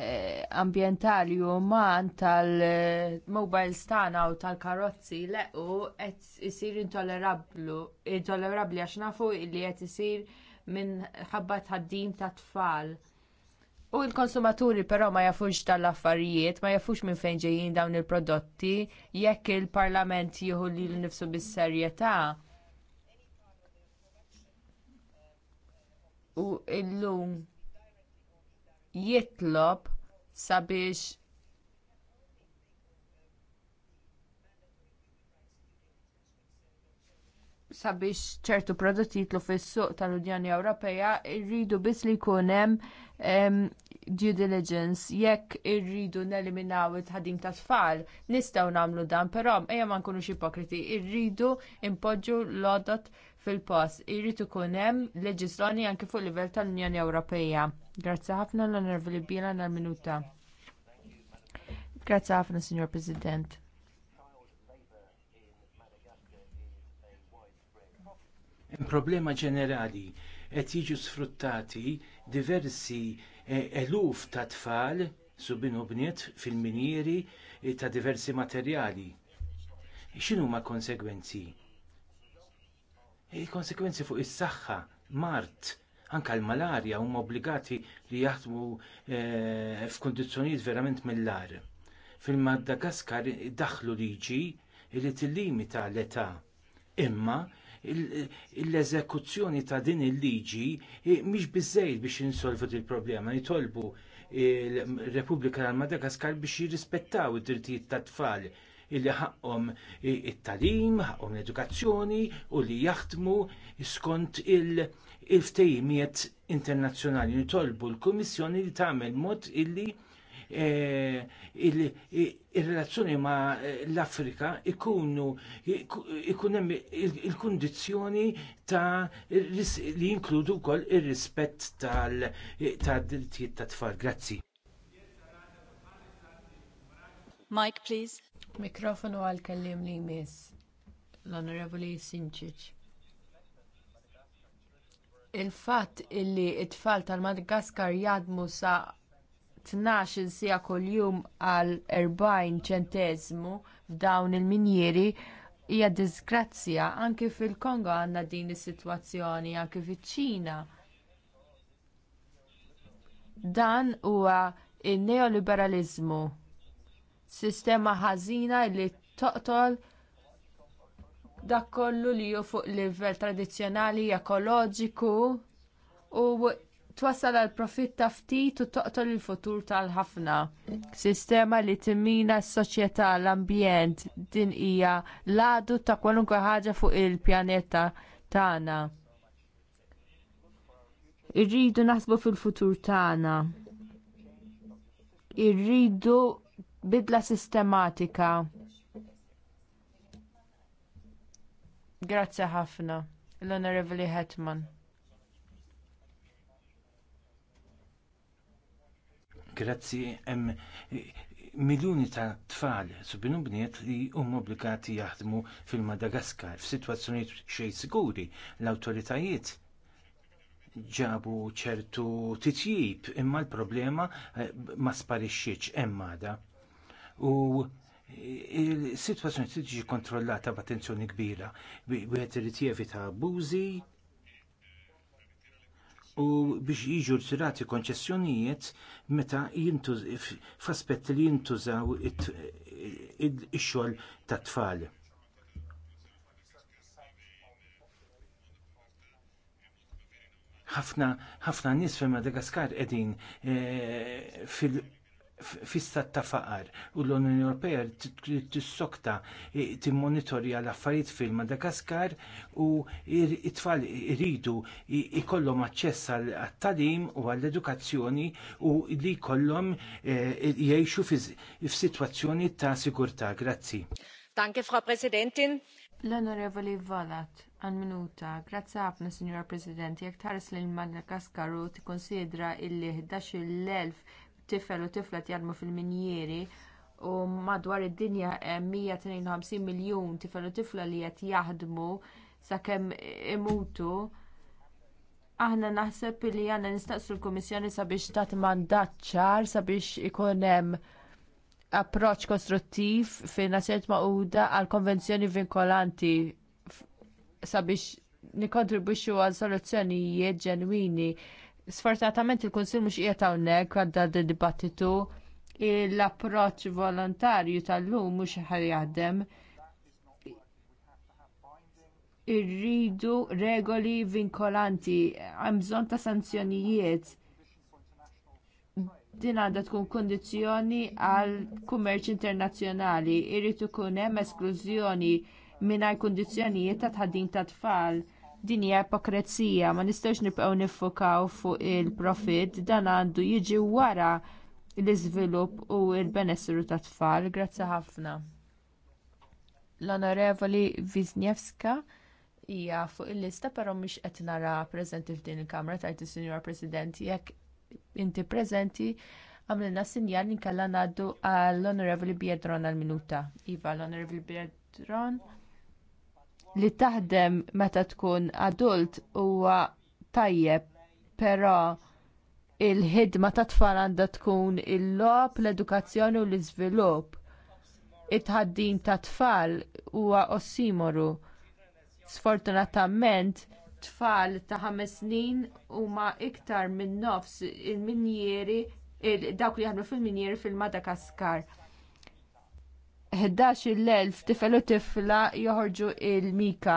Eh, ambjentali u man tal mobile stana u tal-karozzi lequ qed isir intollerablu, intollerabli għax nafu li qed isir minn ħabba tħaddim ta' tfal. U l-konsumaturi però ma jafux tal-affarijiet, ma jafux minn fejn ġejjin dawn il-prodotti, jekk il-Parlament jieħu li l-nifsu bis-serjetà. U illum jitlob sabiex sabiex ċertu prodotti jitlu fis-suq tal-Unjoni Ewropea jridu biss li jkun hemm due diligence jekk irridu neliminaw it-ħadim ta' tfal nistgħu nagħmlu dan però ejja ma nkunux ipokriti irridu impoġġu l-odot fil-post irrid ikun hemm leġislani anki fuq livell tal-Unjoni Ewropeja. Grazzi ħafna l-Onorevoli Bina nal-minuta. Grazzi ħafna, Signor President. Problema ġenerali qed jiġu sfruttati diversi E, eluf ta' tfal subin u bniet fil-minieri e, ta' diversi materjali. Xinu ma' konsegwenzi? E, konsegwenzi fuq is-saħħa, mart, anka l-malarja huma obbligati li jaħdmu f'kundizzjonijiet verament mill-lar. Fil-Madagaskar daħlu liġi li t-limita l-età imma l-eżekuzzjoni ta' din il-liġi eh, mhix biżejjed biex insolvu il problema jitolbu il-Repubblika tal-Madagaskar biex jirrispettaw id-drittijiet tat tfal illi ħaqhom it-talim, ħaqhom l-edukazzjoni u li jaħdmu skont il-ftejimiet internazzjonali. Nitolbu l-Kummissjoni li tagħmel mod illi E, il-relazzjoni ma l-Afrika ikunu ikun hemm il-kundizzjoni ta' li jinkludu wkoll ir-rispett tal-drittijiet ta' tfal. Grazzi. Mike, please. Mikrofonu għal kellim li jmiss. L-Onorevoli Sinċiċ. il fat illi it-tfal tal-Madagaskar jadmu sa' 12 sija kuljum għal 40 ċentezmu f'dawn il-minjeri hija disgrazzja anke fil-Kongo għandna din is-sitwazzjoni anke fiċ-Ċina. Dan huwa il-neoliberalizmu sistema ħażina li toqtol dak kollu li ju fuq livell tradizzjonali ekoloġiku u twassal għal profitt ta' ftit u toqtol il-futur tal-ħafna. Sistema li timmina s-soċjetà, l-ambjent, din hija l-għadu ta' kwalunkwe ħaġa fuq il-pjaneta tagħna. Irridu naħsbu fil-futur tagħna. Irridu bidla sistematika. Grazzi ħafna, l-Onorevoli Hetman. Grazzi hemm miljuni ta' tfal subinu bniet li huma obbligati jaħdmu fil-Madagaskar f'sitwazzjonijiet xejn siguri l-awtoritajiet ġabu ċertu titjib imma l-problema eh, ma sparixxietx hemm għada. U eh, il-sitwazzjoni tiġi kontrollata b'attenzjoni kbira, wieħed irid jevita abbużi u biex jiġu rtirati konċessjonijiet meta f'aspett li jintużaw ix xol ta' tfal. ħafna ħafna nies fi Madagaskar qegħdin eh, fil- fissat ta' faqar u l-Unjoni Ewropea tissokta timmonitorja l-affarijiet fil-Madagaskar u it-tfal iridu ikollhom aċċess għat-talim u għall-edukazzjoni u li jkollhom eh, jgħixu f'sitwazzjoni ta' sigurtà. Grazzi. Danke, Frau Präsidentin. L-Onorevoli Valat, għal minuta, grazzi ħafna, Signora President, jekk tħares lil Madagaskar u tikkonsidra illi 11 l-elf tifel u tifla jadmu fil minjeri u madwar id-dinja 152 eh, miljun tifel u tifla li qed jaħdmu sakemm imutu. Aħna naħseb li għandna nistaqsu l-Kummissjoni sabiex tat mandat ċar sabiex ikun hemm approċċ kostruttiv fin nazzjoniet maquda għal konvenzjoni vinkolanti sabiex nikontribwixxu għal soluzzjonijiet ġenwini Sfortunatament il-Konsil mhux qiegħed hawnhekk għadda d-dibattitu l-approċċ volontarju tal-lum mhux ħar jaħdem. Irridu regoli vinkolanti, hemm bżonn ta' sanzjonijiet din għandha tkun kundizzjoni għal kummerċ internazzjonali, irrid ikun hemm esklużjoni mingħajr kundizzjonijiet ta' tħaddim ta' tfal. Din hija ipokrezija, ma nistgħux nibqgħu niffukaw fuq il-profit dan għandu jiġi wara l-iżvilupp u l-benessru tat-tfal. Grazzi ħafna. L-Onorevoli Wisniewska hija fuq il-lista però mhix qed nara preżenti f'din il-Kamra tajt is-Sinjor President jekk inti preżenti għamlilna sinjal li nkella ngħaddu għall-Onorevoli Biedron għall minuta Iva, l-Onorevoli Biedron li taħdem meta tkun adult huwa tajjeb, però il-ħidma ta' tfal għandha tkun il-lob, l-edukazzjoni u l-iżvilupp. It-ħaddim ta' tfal huwa ossimoru. Sfortunatament, tfal ta' ħames snin huma iktar minn nofs il-minjeri il dawk li jaħdmu fil-minjeri fil-Madagaskar. 11,000 tifel u tifla joħorġu il-mika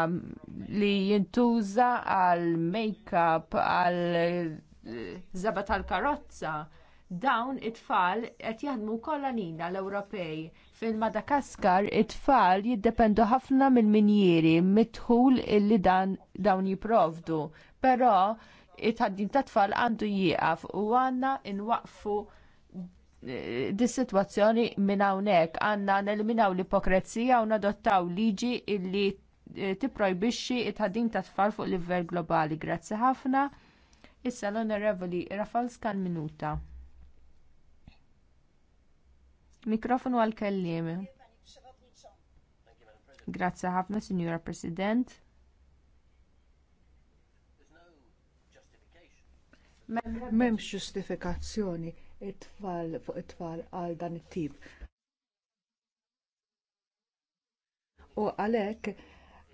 li jintuża għal make-up, għal eh, zaba tal-karozza. Dawn it-tfal qed jaħdmu nina l-Ewropej. Fil-Madagaskar it-tfal jiddependu ħafna minn minjieri mitħul illi dan dawn jiprovdu. Però it-ħaddin tat-tfal għandu jieqaf u għandna inwaqfu dis-sitwazzjoni minn hawnhekk għandna neliminaw l-ipokrezija u nadottaw liġi illi eh, tipprojbixxi t ħadin ta' tfal fuq livell globali. Grazzi ħafna. Issa l-Onorevoli Rafals kan minuta. Mikrofonu għal kelliem. Grazzi ħafna, Signora President. M'hemmx ġustifikazzjoni it-tfal fuq it-tfal għal dan it-tip. U għalhekk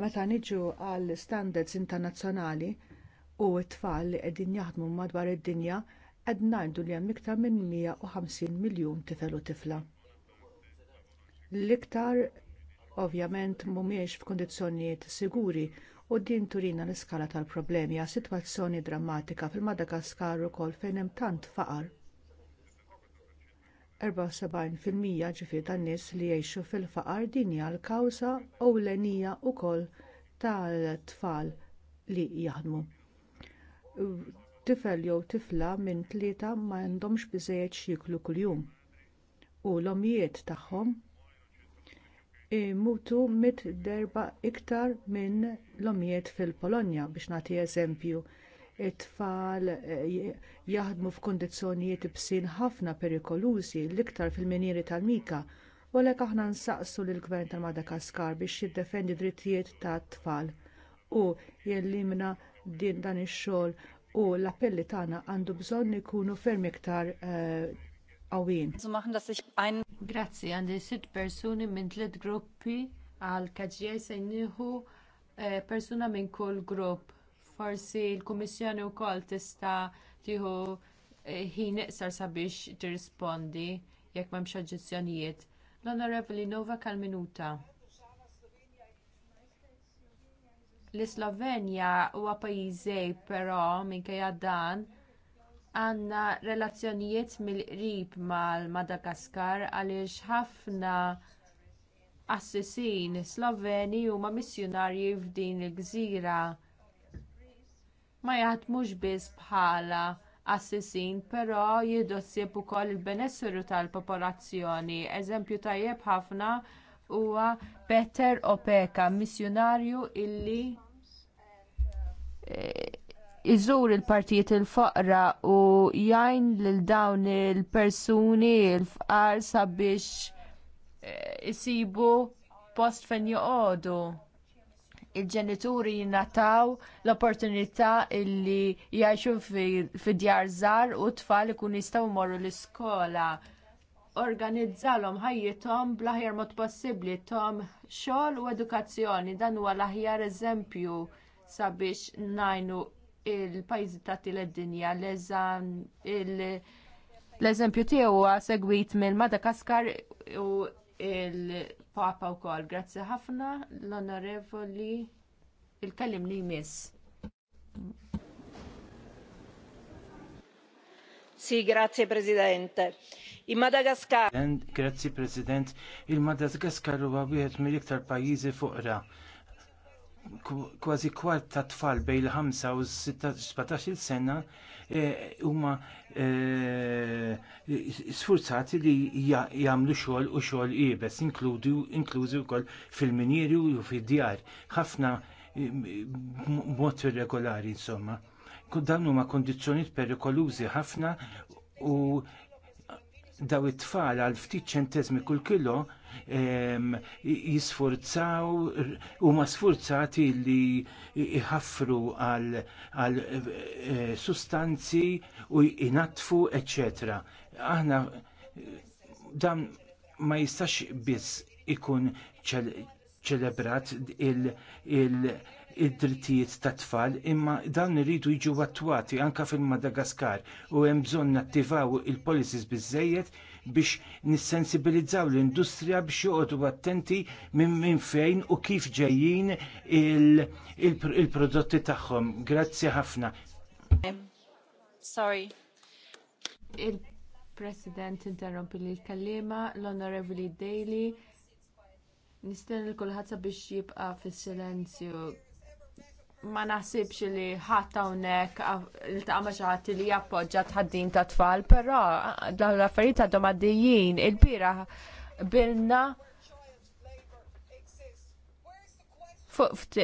meta niġu għal standards internazzjonali u it tfal li qegħdin jaħdmu madwar id-dinja qed ngħidu li hemm iktar minn 150 miljun tifel u tifla. L-iktar ovvjament mhumiex f'kundizzjonijiet siguri u din turina l-iskala tal-problemi għas sitwazzjoni drammatika fil-Madagaskar ukoll fejn hemm tant faqar 74% ġifiri tan-nies li jgħixu fil-faqar din hija l-kawża ewlenija wkoll tal-tfal li jaħdmu. Tifel jew tifla minn tlieta ma għandhomx biżżejjed xiklu kuljum u l-omijiet tagħhom imutu mit darba iktar minn l-omijiet fil-Polonja biex nagħti eżempju it-tfal eh, jaħdmu f'kundizzjonijiet bsin ħafna perikolużi l-iktar fil-minieri tal-mika u għalhekk aħna nsaqsu lill gvern tal-Madagaskar biex jiddefendi drittijiet tat-tfal u jellimina din dan ix-xogħol u l-appelli tagħna għandu bżonn ikunu ferm iktar eh, qawwin. Grazzi, għandi sitt persuni minn tliet gruppi għal kaġġej sejniħu eh, persuna minn kull grupp forsi l-Kummissjoni wkoll tista' tieħu eh, ħin iqsar sabiex tirrispondi jekk m'hemmx mxagġizjonijiet. L-Onorevoli Nova kal-minuta. L-Slovenja huwa pajjiżej però minkejja dan għandna relazzjonijiet mill-qrib mal-Madagaskar għaliex ħafna assisin Sloveni huma missjonarji f'din il-gżira ma jaħdmux biss bħala assisin, però jiddossib ukoll il-benessru tal-popolazzjoni. Eżempju tajjeb ħafna huwa Peter Opeka, missjonarju illi eh, iżur il-partijiet il-foqra u jajn lil dawn il-persuni il-fqar sabiex eh, isibu post fejn joqogħdu il-ġenituri jinnataw l-opportunità illi jgħixu fi djar żgħar u tfal ikun jistgħu jmorru l-iskola. Organizzalhom ħajjithom bl-aħjar mod possibbli tom xogħol u edukazzjoni dan huwa l-aħjar eżempju sabiex najnu il-pajjiżi ta' dinja l-eżempju tiegħu segwit mill-Madagaskar u il- Papa wkoll. Grazzi ħafna l-onorevoli il-kellim li jmiss. Sì, grazie Presidente. il Madagascar. Grazie President. Il Madagascar huwa wieħed mill-iktar pajjiżi fuqra. Kważi kwart ta' tfal bejn il-5 u 17 sena eh, huma Eh, sfurzati li jagħmlu xogħol u xogħol iebes, inklużi wkoll fil-minieri u fid-djar, ħafna eh, mod irregolari insomma. Dan huma kundizzjonijiet perikolużi ħafna u daw it-tfal għal ftit ċentesmi kull kilo jisfurzaw u ma sfurzati li jħaffru għal eh, sustanzi u jinatfu, etc. Aħna dan ma jistax biss ikun ċelebrat id-drittijiet tat tfal, imma dan iridu jiġu attwati anke fil-Madagaskar u hemm bżonn nattivaw il-policies biżżejjed biex nissensibilizzaw l-industrija biex joqgħodu attenti minn min fejn u kif ġejjin il-prodotti il, il tagħhom. Grazzi ħafna. Sorry. Il-President interrompi li l-kallima, l-Honorevoli Daily, nistenni l-kulħadza biex jibqa' fis-silenzju ma naħsibx li ħadd hawnhekk iltaqa' xi ħadd li jappoġġa tħaddin ta' tfal, però dawn l-affarijiet domaddijin il-bira bilna fuq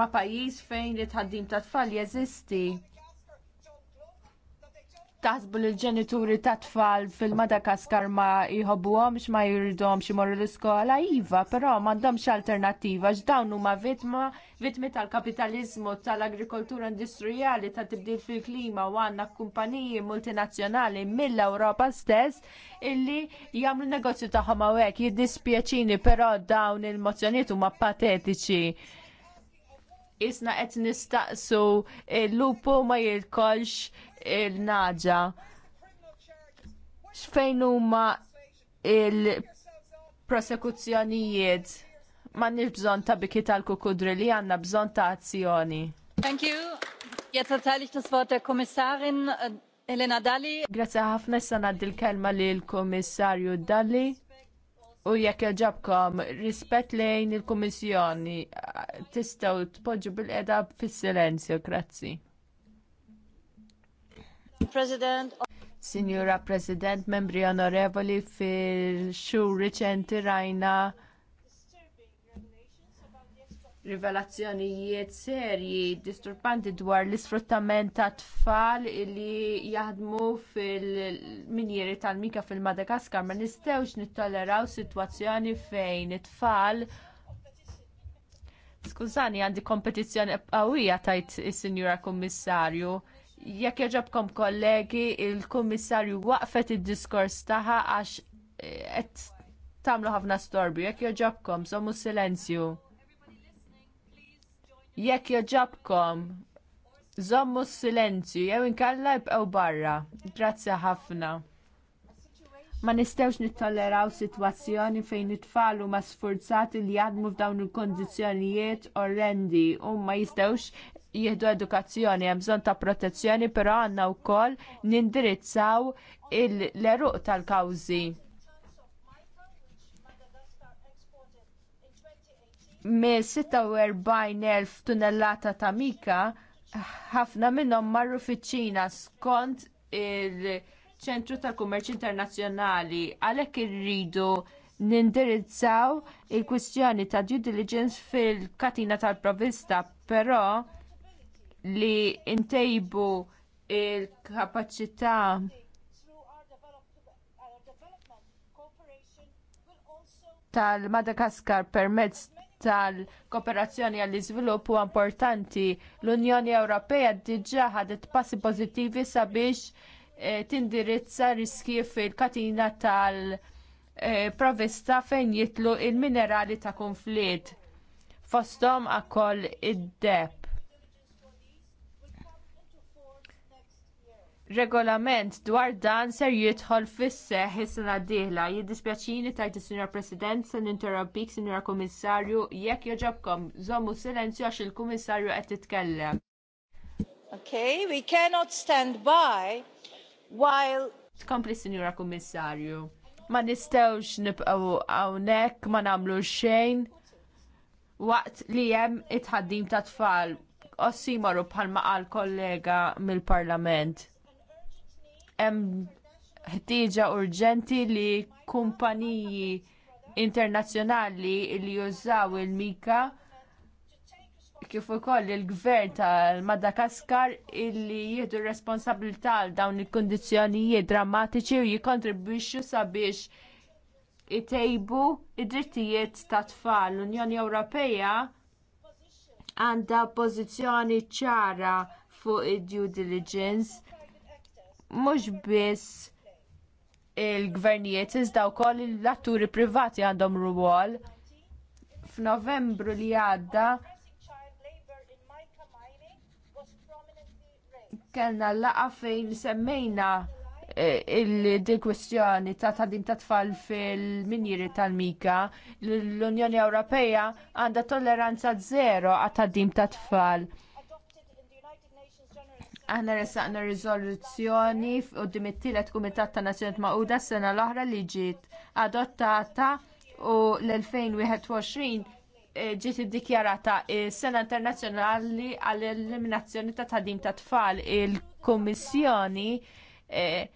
ma' pajis fejn li tħaddim ta' tfal jeżisti taħsbu li l-ġenituri ta' tfal fil-Madagaskar ma jħobbuhom ma jridhom imorru l-iskola, iva, però m'għandhomx alternattiva x'dawn huma vitma vitmi tal-kapitalizmu tal-agrikoltura industrijali ta' tibdil fil-klima u għandna kumpaniji multinazzjonali mill-Ewropa stess illi jagħmlu negozju ta' hawnhekk jiddispjaċini però dawn il-mozzjonijiet huma patetiċi isna qed nistaqsu l-lupu ma jilkolx il-naġa xfejn huma il-prosekuzzjonijiet m'għandniex bżonn ta' biki tal-kukudri li għandna bżonn ta' azzjoni. Thank you. Jetzt erteile ich das Wort der Kommissarin äh, Elena Dalli. Grazie ħafna issa ngħaddi l-kelma lil kummissarju Dalli. U jekk ġabkom rispett lejn il-Kummissjoni tistgħu tpoġġu bil-qeda fis-silenzju, grazzi. President. Signora President, membri onorevoli, fil-xur riċenti rajna rivelazzjonijiet serji disturbanti dwar l-isfruttament ta' tfal li jaħdmu fil-minjeri tal-mika fil-Madagaskar ma nistgħux nittoleraw sitwazzjoni fejn it-tfal Skużani, għandi kompetizzjoni qawwija tajt is-Sinjura Kummissarju Jekk jaġobkom kollegi, il-kummissarju waqfet id-diskors taħa għax eh, qed tagħmlu ħafna storbi. Jekk jaġobkom, somu silenzju. Jekk jaġobkom, Zommu s-silenzju, jew inkalla jibqgħu barra. Grazzi ħafna. Ma nistgħux nittolleraw sitwazzjoni fejn nitfalu ma huma sfurzati li jadmu f'dawn il-kondizzjonijiet orrendi u ma jistgħux jieħdu edukazzjoni, hemm bżonn ta' protezzjoni, però għandna wkoll nindirizzaw l-eruq tal-kawżi. Me 46.000 tunnellata ta' mika, ħafna minnhom marru fiċ-Ċina skont il-ċentru tal-kummerċ internazzjonali għalhekk irridu nindirizzaw il-kwistjoni ta' due diligence fil-katina tal-provista, però li ntejbu il-kapacità tal-Madagaskar permezz tal-kooperazzjoni għall iżvilupp huwa importanti. L-Unjoni Ewropea diġà ħadet passi pożittivi sabiex eh, tindirizza riski fil-katina tal-provista eh, fejn jitlu il-minerali ta' konflitt. Fosthom akoll id depp regolament dwar dan ser jidħol fis-seħħ is-sena d-dieħla. Jiddispjaċini tajt is-Sinjor President se ninterrompik, Sinjor Kummissarju, jekk joġobkom żommu silenzju għax il-Kummissarju qed titkellem. Okay, we cannot stand by while Tkompli Sinjura Kummissarju. Ma nistgħux nibqgħu hawnhekk ma nagħmlu xejn waqt li hemm it tħaddim ta' tfal ossimaru bħalma qal kollega mill-Parlament hemm ħtieġa urġenti li kumpaniji internazzjonali li jużaw il-mika kif ukoll il-gvern tal-Madagaskar illi jieħdu r responsabilità għal dawn il-kundizzjonijiet drammatiċi u jikkontribwixxu sabiex itejbu id-drittijiet tat tfal. L-Unjoni Ewropea għandha pożizzjoni ċara fuq id-due diligence mhux biss il-gvernijiet iżda wkoll l-atturi privati għandhom rwol. F'Novembru li għadda kellna laqa fejn semmejna eh, il-kwestjoni ta' tadim ta' tfal fil-minjiri tal-mika, l-Unjoni Ewropea għandha tolleranza zero għat tadim ta' tfal. Aħna resaqna riżoluzzjoni u it Kumitat ta' Nazzjonijiet Magħquda s-sena l-oħra li ġiet adottata u l-2021 eh, ġiet iddikjarata s-Sena Internazzjonali għall-Eliminazzjoni ta' Tadim ta' Tfal il-Kummissjoni eh,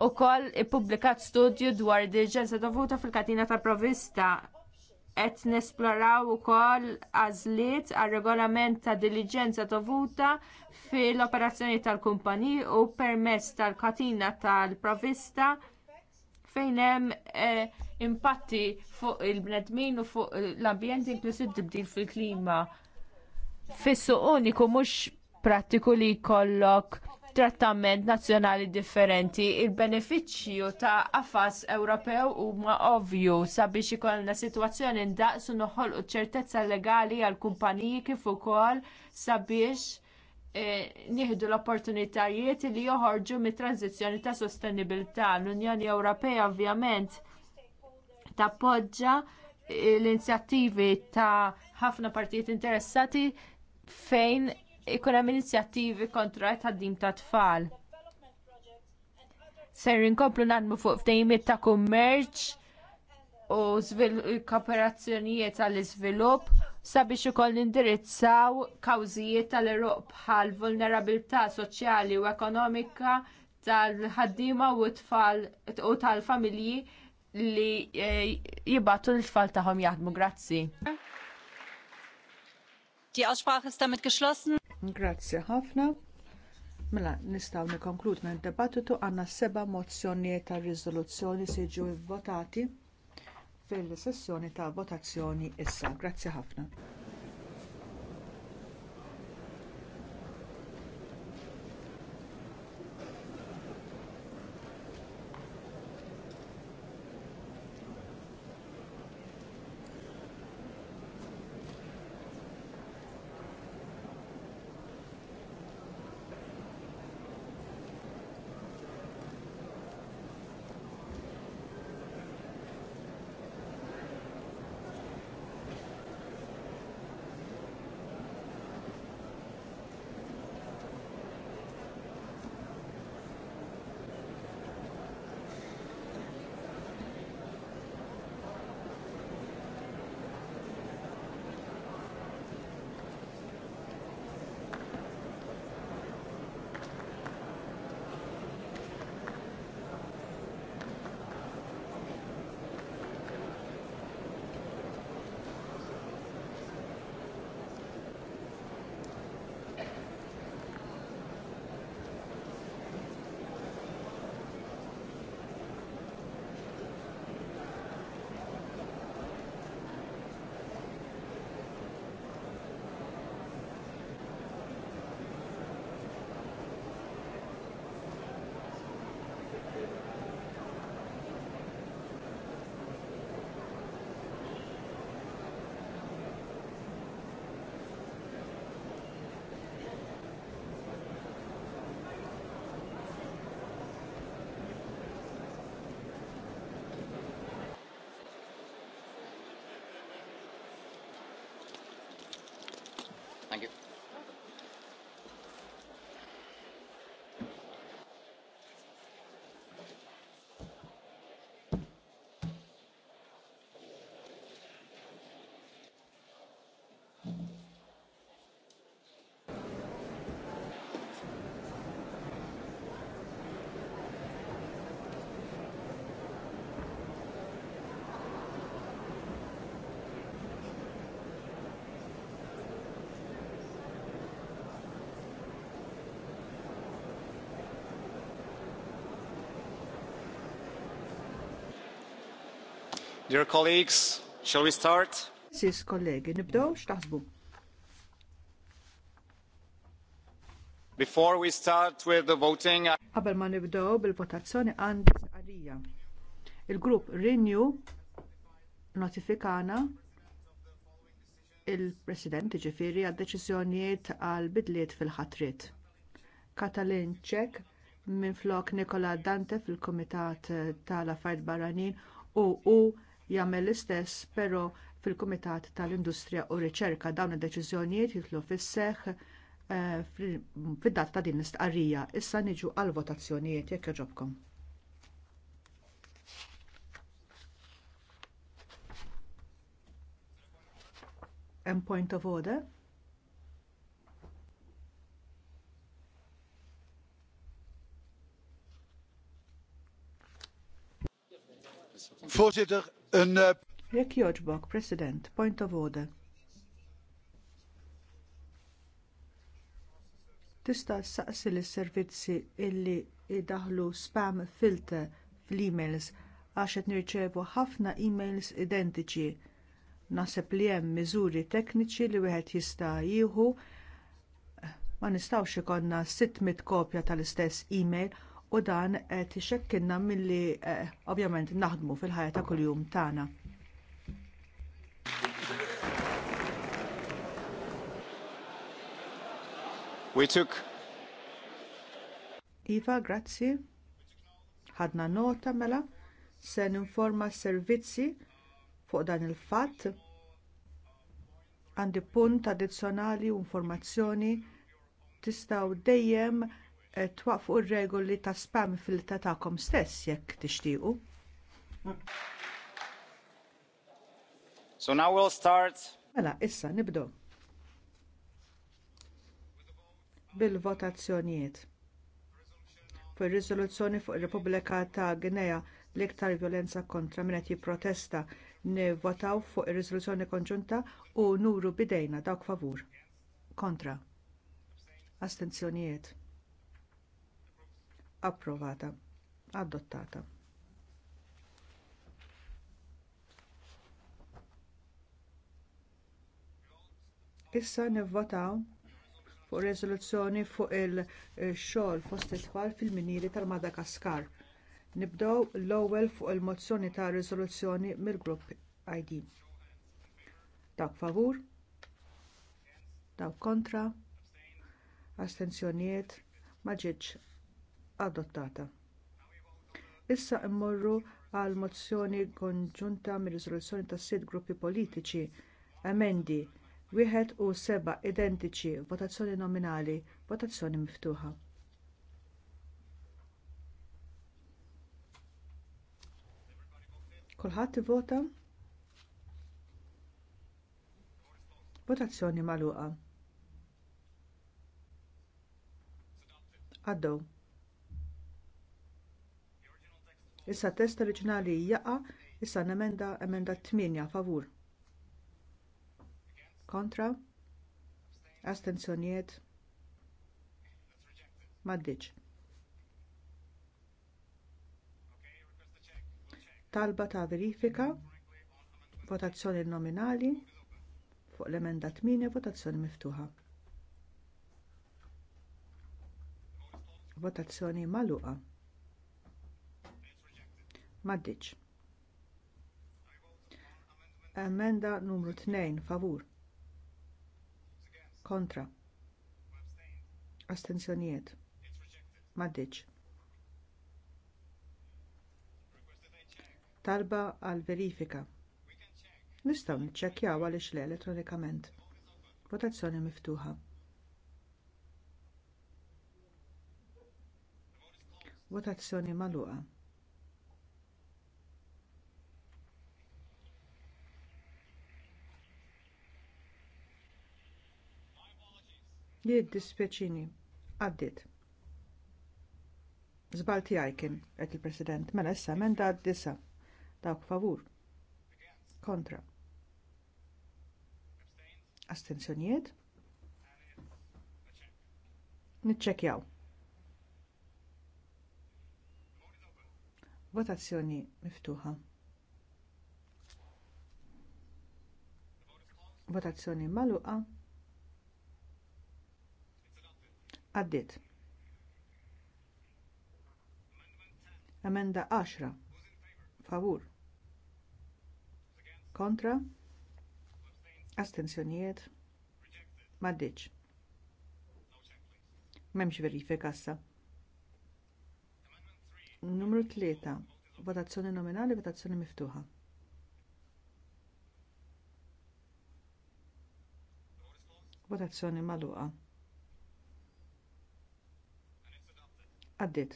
u koll ippubblikat studju dwar id-ġenza dovuta fil-katina ta' provista qed nesploraw ukoll għażliet għal regolament ta' diligenza dovuta fil-operazzjoni tal-kumpaniji u permess tal-katina tal-provista fejn hemm eh, impatti fuq il-bnedmin u fuq l-ambjent inklusiv tibdil fil-klima. Fis-suq uniku mhux prattiku li jkollok trattament nazzjonali differenti, il beneficju ta' affas Ewropew huma ovvju sabiex ikollna sitwazzjoni ndaqsu noħolqu ċertezza legali għal kumpaniji kif ukoll sabiex eh, nieħdu l-opportunitajiet li joħorġu mit-tranzizzjoni ta' sostenibilità. L-Unjoni Ewropea ovvjament tappoġġa eh, l-inizjattivi ta' ħafna partijiet interessati fejn ikun hemm inizjattivi kontra tad-din ta' tfal. Ser inkomplu nadmu fuq fdejmiet ta' kummerċ u kooperazzjonijiet għall-iżvilupp sabiex ukoll nindirizzaw kawżijiet tal-Eruq bħal vulnerabilità soċjali u ekonomika tal-ħaddiema u tfal u tal-familji li eh, jibgħatu l-tfal tagħhom jaħdmu. Grazzi. Die Aussprache ist damit geschlossen. Grazzi ħafna. Mela, nistgħu nikonkludu minn dibattitu għandna seba mozzjonijiet ta' riżoluzzjoni se jiġu vvotati fil-sessjoni ta' votazzjoni issa. Grazzi ħafna. Dear colleagues, shall we start? Sis kollegi, nibdow x'taħsbu. Before we start with the voting, qabel ma nibdow bil-votazzjoni għandi għalija. Il-grupp Renew notifikana il-President ġifiri għad deċiżjonijiet għal bidliet fil-ħatrit. Katalin Ċek minflok Nikola Dante fil-Kumitat tal-Affarijiet Barranin u u jagħmel l-istess però fil-Kumitat tal-Industrija u Riċerka dawn id-deċiżjonijiet jitlu fis-seħħ eh, fid-dat ta' din l-istqarrija. Issa niġu għall votazzjonijiet jekk jogħġobkom. And point of order. Voorzitter, Uh, Jekk joġbok, President, point of order. Tista' saqsi lis servizzi illi idaħlu spam filter fl-emails għax qed nirċevu ħafna emails identiċi. Naħseb li hemm miżuri tekniċi li wieħed jista' jieħu ma nistgħux ikollna 600 kopja tal-istess email u dan qed ixekkilna milli eh, ovvjament naħdmu fil-ħajja ta' kuljum tagħna. We took Iva, grazzi. Ħadna nota mela se ninforma s-servizzi fuq dan il-fatt għandi punt addizzjonali u informazzjoni tistgħu dejjem twaqfu r-regoli ta' spam fil-ta' ta'kom stess jekk tixtiequ. So now we'll start. Mela, issa nibdu. Bil-votazzjonijiet. Fuq ir-riżoluzzjoni fuq ir-Repubblika ta' Ginea l-iktar violenza kontra min qed jipprotesta nivvotaw fuq ir-riżoluzzjoni konġunta u nuru bidejna dawk favur. Kontra. Astenzjonijiet approvata, adottata. Issa nivvotaw fuq riżoluzzjoni fuq il-xogħol fost it-tfal fil-minieri tal-Madagaskar. Nibdew l-ewwel fuq il-mozzjoni ta' riżoluzzjoni mill-grupp ID. Dawk favur, dawk kontra, astenzjonijiet ma ġietx adottata. Issa mmorru għal mozzjoni konġunta mir riżoluzzjoni ta' sitt gruppi politiċi, emendi, wieħed u seba identiċi, votazzjoni nominali, votazzjoni miftuħa. Kulħadd ivota? Votazzjoni magħluqa. Għaddew. Issa test oriġinali jaqa, issa nemenda emenda 8 favur. Kontra? Astenzjonijiet? Maddiċ. Talba ta' verifika, votazzjoni nominali, fuq l-emenda 8 votazzjoni miftuħa. Votazzjoni magħluqa. Maddiċ. Emenda numru 2 favur. Kontra. Astenzjonijiet. Maddiċ. Talba għal verifika. Nistgħu niċċekkjaw għaliex le elettronikament. Votazzjoni miftuħa. Votazzjoni maluqa. Jiddispjaċini, għaddit. Zbalti kien qed il-President, mela issa emenda għaddisa. Dawk favur. Kontra. Astenzjonijiet? Nitċekjaw. Votazzjoni miftuħa. Votazzjoni maluqa. Għaddit. Amenda 10. Favur. Kontra. Astenzjonijiet. Maddiċ. Memx verifika issa. Numru 3. Votazzjoni nominali, votazzjoni miftuħa. Votazzjoni maluqa. Għaddit.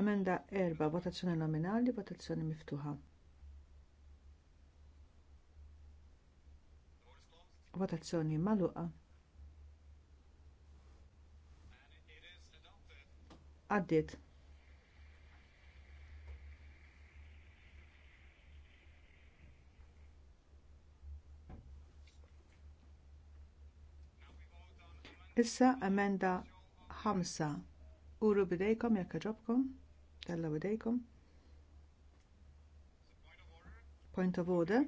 Emenda erba' votazzjoni nominali, votazzjoni miftuħa. Votazzjoni maluqa. Għaddit. Issa emenda 5. Uru bidejkom jekk ġobkom. Tella bidejkom. Point of order.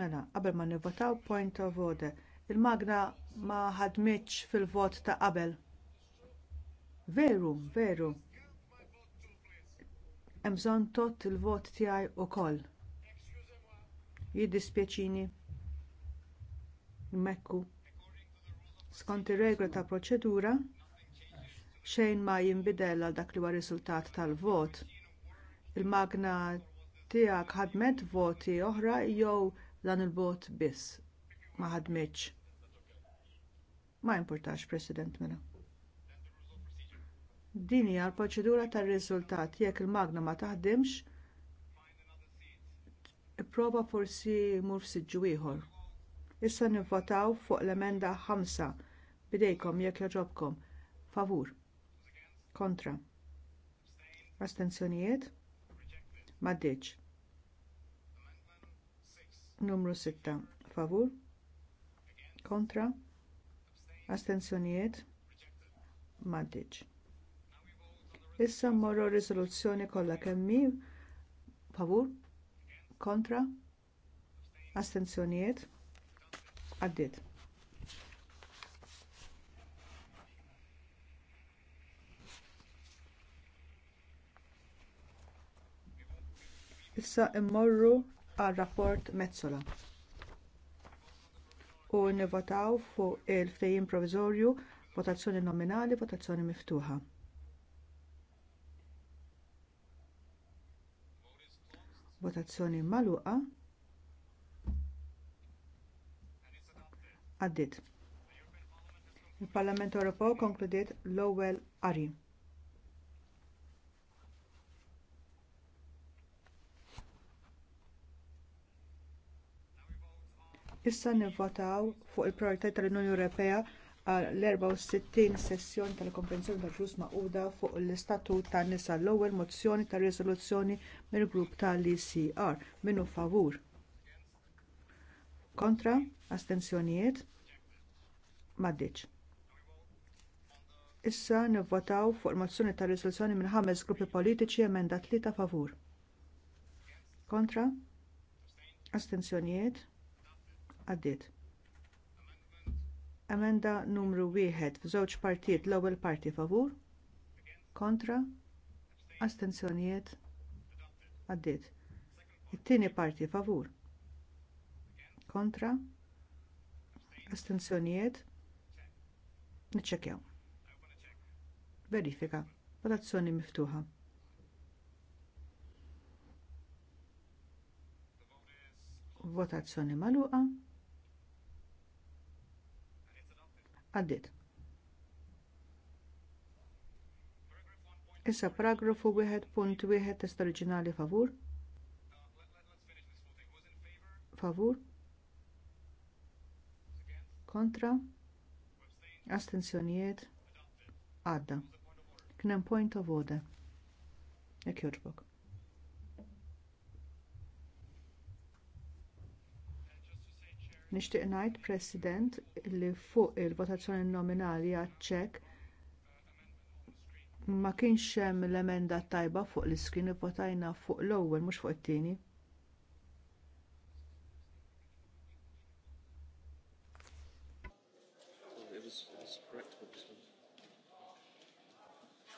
Mela, qabel ma nivvotaw point of order. Il-magna ma ħadmitx fil-vot ta' qabel. Veru, veru. Hemm bżonn tot il-vot tiegħi ukoll. Jiddispjaċini. Mekku. Skont ir-regla ta' proċedura, xejn ma jinbidel għal dak li huwa riżultat tal-vot. Il-magna tiegħek ħadmet voti oħra jew dan il-vot biss ma ħadmitx. Ma importax, President Mela. Din hija l-proċedura tar-riżultat jekk il-magna ma taħdimx, ipprova forsi mur f'siġġu ieħor. Issa nivvotaw fuq l-emenda 5 Bidejkom jekk jaġobkom. Favur. Kontra. Astenzjonijiet. Maddeċ. Numru 6. Favur. Kontra. Astenzjonijiet. Maddeċ. Issa mmorru r-riżoluzzjoni kollha kemm favur, kontra, astenzjonijiet, għaddiet. Issa immorru għar rapport Mezzola u nivvotaw fuq il-ftejjin proviżorju votazzjoni nominali, votazzjoni miftuħa. Votazzjoni magħluqa. Għaddit. Il-Parlament Ewropew konkludiet l-ewwel qari. Issa nivvotaw fuq il-prioritajt tal-Unjoni Ewropea għal 64 sessjoni tal-Konvenzjoni ta' Ġus Maquda fuq l-Istatut tan nisa l-ewwel mozzjoni ta' riżoluzzjoni mill-grupp tal-ICR minnu favur. Kontra, astenzjonijiet? maddiċ. Issa nivvotaw fuq il-mozzjoni ta' riżoluzzjoni minn ħames gruppi politiċi emenda tlieta favur. Kontra, Astenzjonijiet? għaddiet. Emenda numru wieħed f'żewġ partijiet l-ewwel parti favur, kontra, astenzjonijiet, għaddiet. It-tieni parti favur, kontra, astenzjonijiet, niċċekjaw. Verifika, votazzjoni miftuħa. Votazzjoni magħluqa. Għaddit. Issa paragrafu 1.1 test oriġinali favur. Favur. Kontra. Astenzjonijiet. Għadda. Knem point of order. Jekk jogħġbok. Nixtieq ngħid, President, li fuq il-votazzjoni nominali għat ma kienx hemm l-emenda tajba fuq l-iskin votajna fuq l-ewwel mhux fuq it-tieni.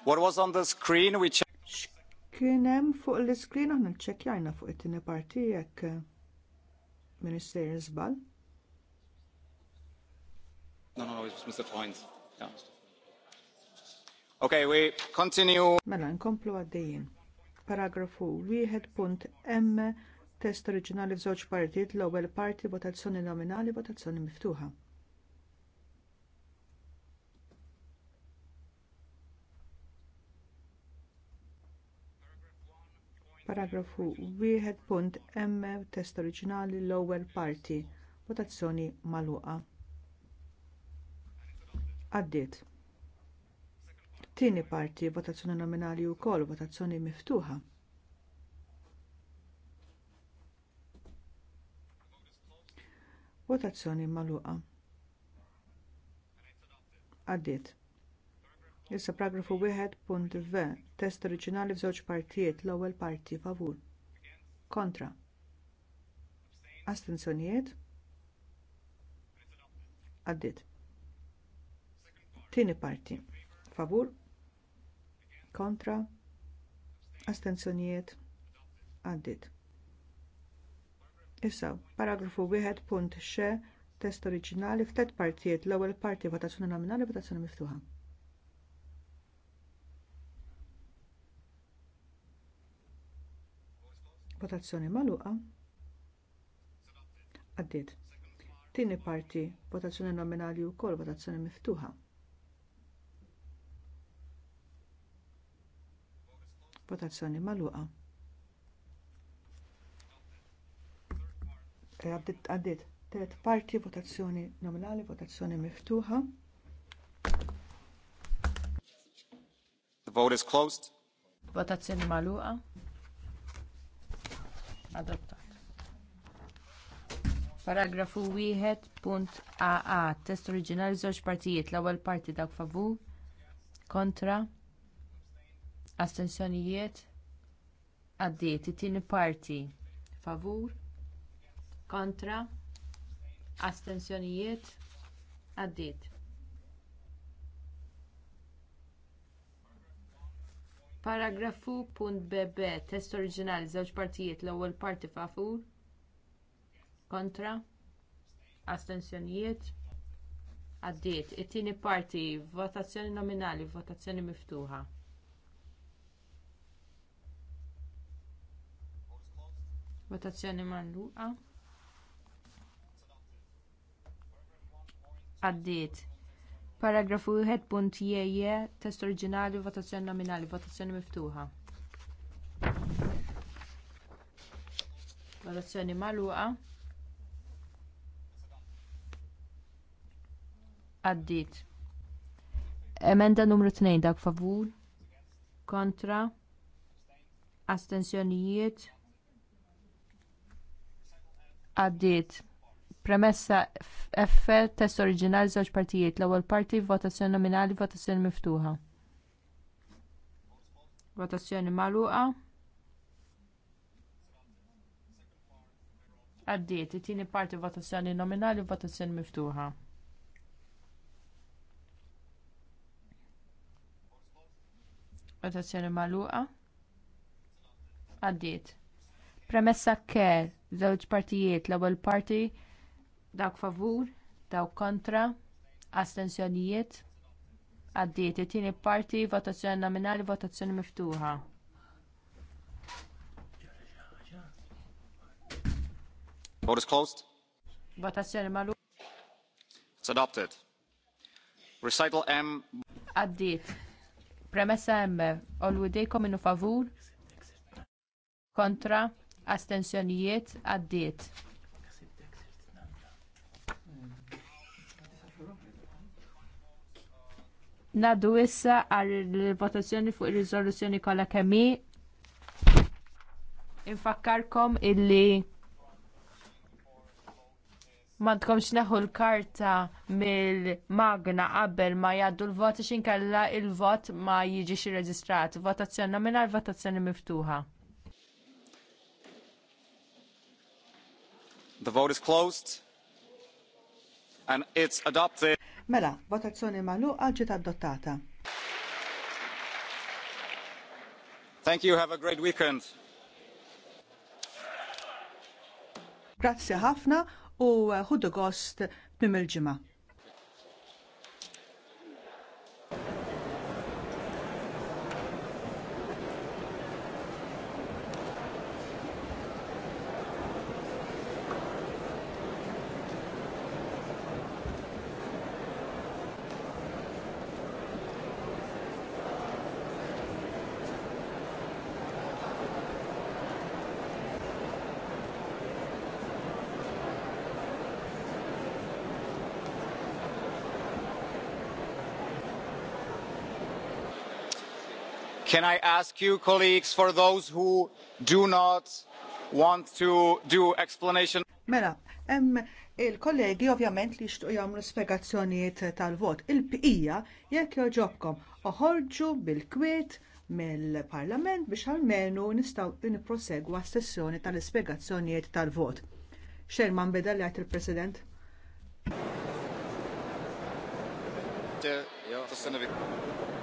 What was on the screen we checked? Kien hemm fuq l-iskrin aħna ċċekkjajna fuq it-tieni parti jekk Minister Zbal. No, no, no, Mr. Okay, we continue. Mela, nkomplu għaddejjin. Paragrafu 1.m test oriġinali f'żewġ partijiet l-ewwel parti votazzjoni nominali votazzjoni miftuħa. Paragrafu 1.m test oriġinali l-ewwel parti votazzjoni magħluqa. Għaddiet. Tieni parti votazzjoni nominali wkoll votazzjoni miftuħa. Votazzjoni magħluqa. Għaddiet. Issa paragrafu 1.v test oriġinali f'żewġ partijiet l-ewwel parti favur. Kontra. Astenzjonijiet? Għaddit. Tieni parti. Favur? Kontra? Astenzjonijiet? Għaddit. Issa, paragrafu 1.xe test oriġinali f'tet partijiet l-ewwel parti votazzjoni nominali votazzjoni miftuħa. Votazzjoni magħluqa. Għaddit. Tieni parti votazzjoni nominali wkoll votazzjoni miftuħa. Votazzjoni magħluqa. E, għaddit, għaddit. Tret parti, votazzjoni nominali, votazzjoni miftuħa. The vote is closed. Votazzjoni magħluqa. Adottat. Paragrafu wieħed Test oriġinali żewġ partijiet. L-ewwel parti dak favur kontra astensjonijiet għaddiet it-tieni parti favur kontra astensjonijiet għaddiet Paragrafu punt BB test oriġinali żewġ partijiet l-ewwel parti favur kontra astensjonijiet għaddiet it-tieni parti votazzjoni nominali votazzjoni miftuħa Votazzjoni marluqa. Għaddiet. Paragrafu 1.jeje, test oriġinali, votazzjoni nominali, votazzjoni miftuħa. Votazzjoni magħluqa. Għaddit. Emenda numru 2 dak favur. Kontra. Astensjonijiet għaddiet premessa F test oriġinali żewġ partijiet l-ewwel parti votazzjoni nominali votazzjoni miftuħa. Votazzjoni magħluqa. Għaddiet it-tieni parti votazzjoni nominali votazzjoni miftuħa. Votazzjoni magħluqa. Għaddiet. Premessa K Żewġ partijiet, l-ewwel parti dawk favur, dawk kontra, astensjonijiet, għaddiet it-tieni parti votazzjoni nominali votazzjoni miftuħa. Vote is closed. Votazzjoni malu. It's adopted. Recital M. Għaddiet. Premessa M. Olwidejkom minu favur. Kontra astensjonijiet għaddiet. Nadu issa għal votazzjoni fuq ir-riżoluzzjoni kollha kemm hi. Infakkarkom illi Madkomx neħu l-karta mill-magna qabel ma jaddu l-vot xinkalla il-vot ma jiġix irreġistrat. Votazzjoni nominal, votazzjoni miftuħa. The vote is closed and it's adopted. Mela, votazzjoni magħluqa ġiet adottata. Thank you, have a great weekend. Grazzi ħafna u ħuddu gost prim il-ġimgħa. Can I ask you, colleagues, for those who do not want to do explanation? Mela, em, il-kollegi ovvjament li xtuq jagħmlu spiegazzjonijiet tal-vot. Il-bqija jekk joġobkom oħorġu bil-kwiet mill-Parlament biex almenu nistgħu nipprosegwa s-sessjoni tal-ispjegazzjonijiet tal-vot. Sherman beda li għajt il-President? Yeah, yeah.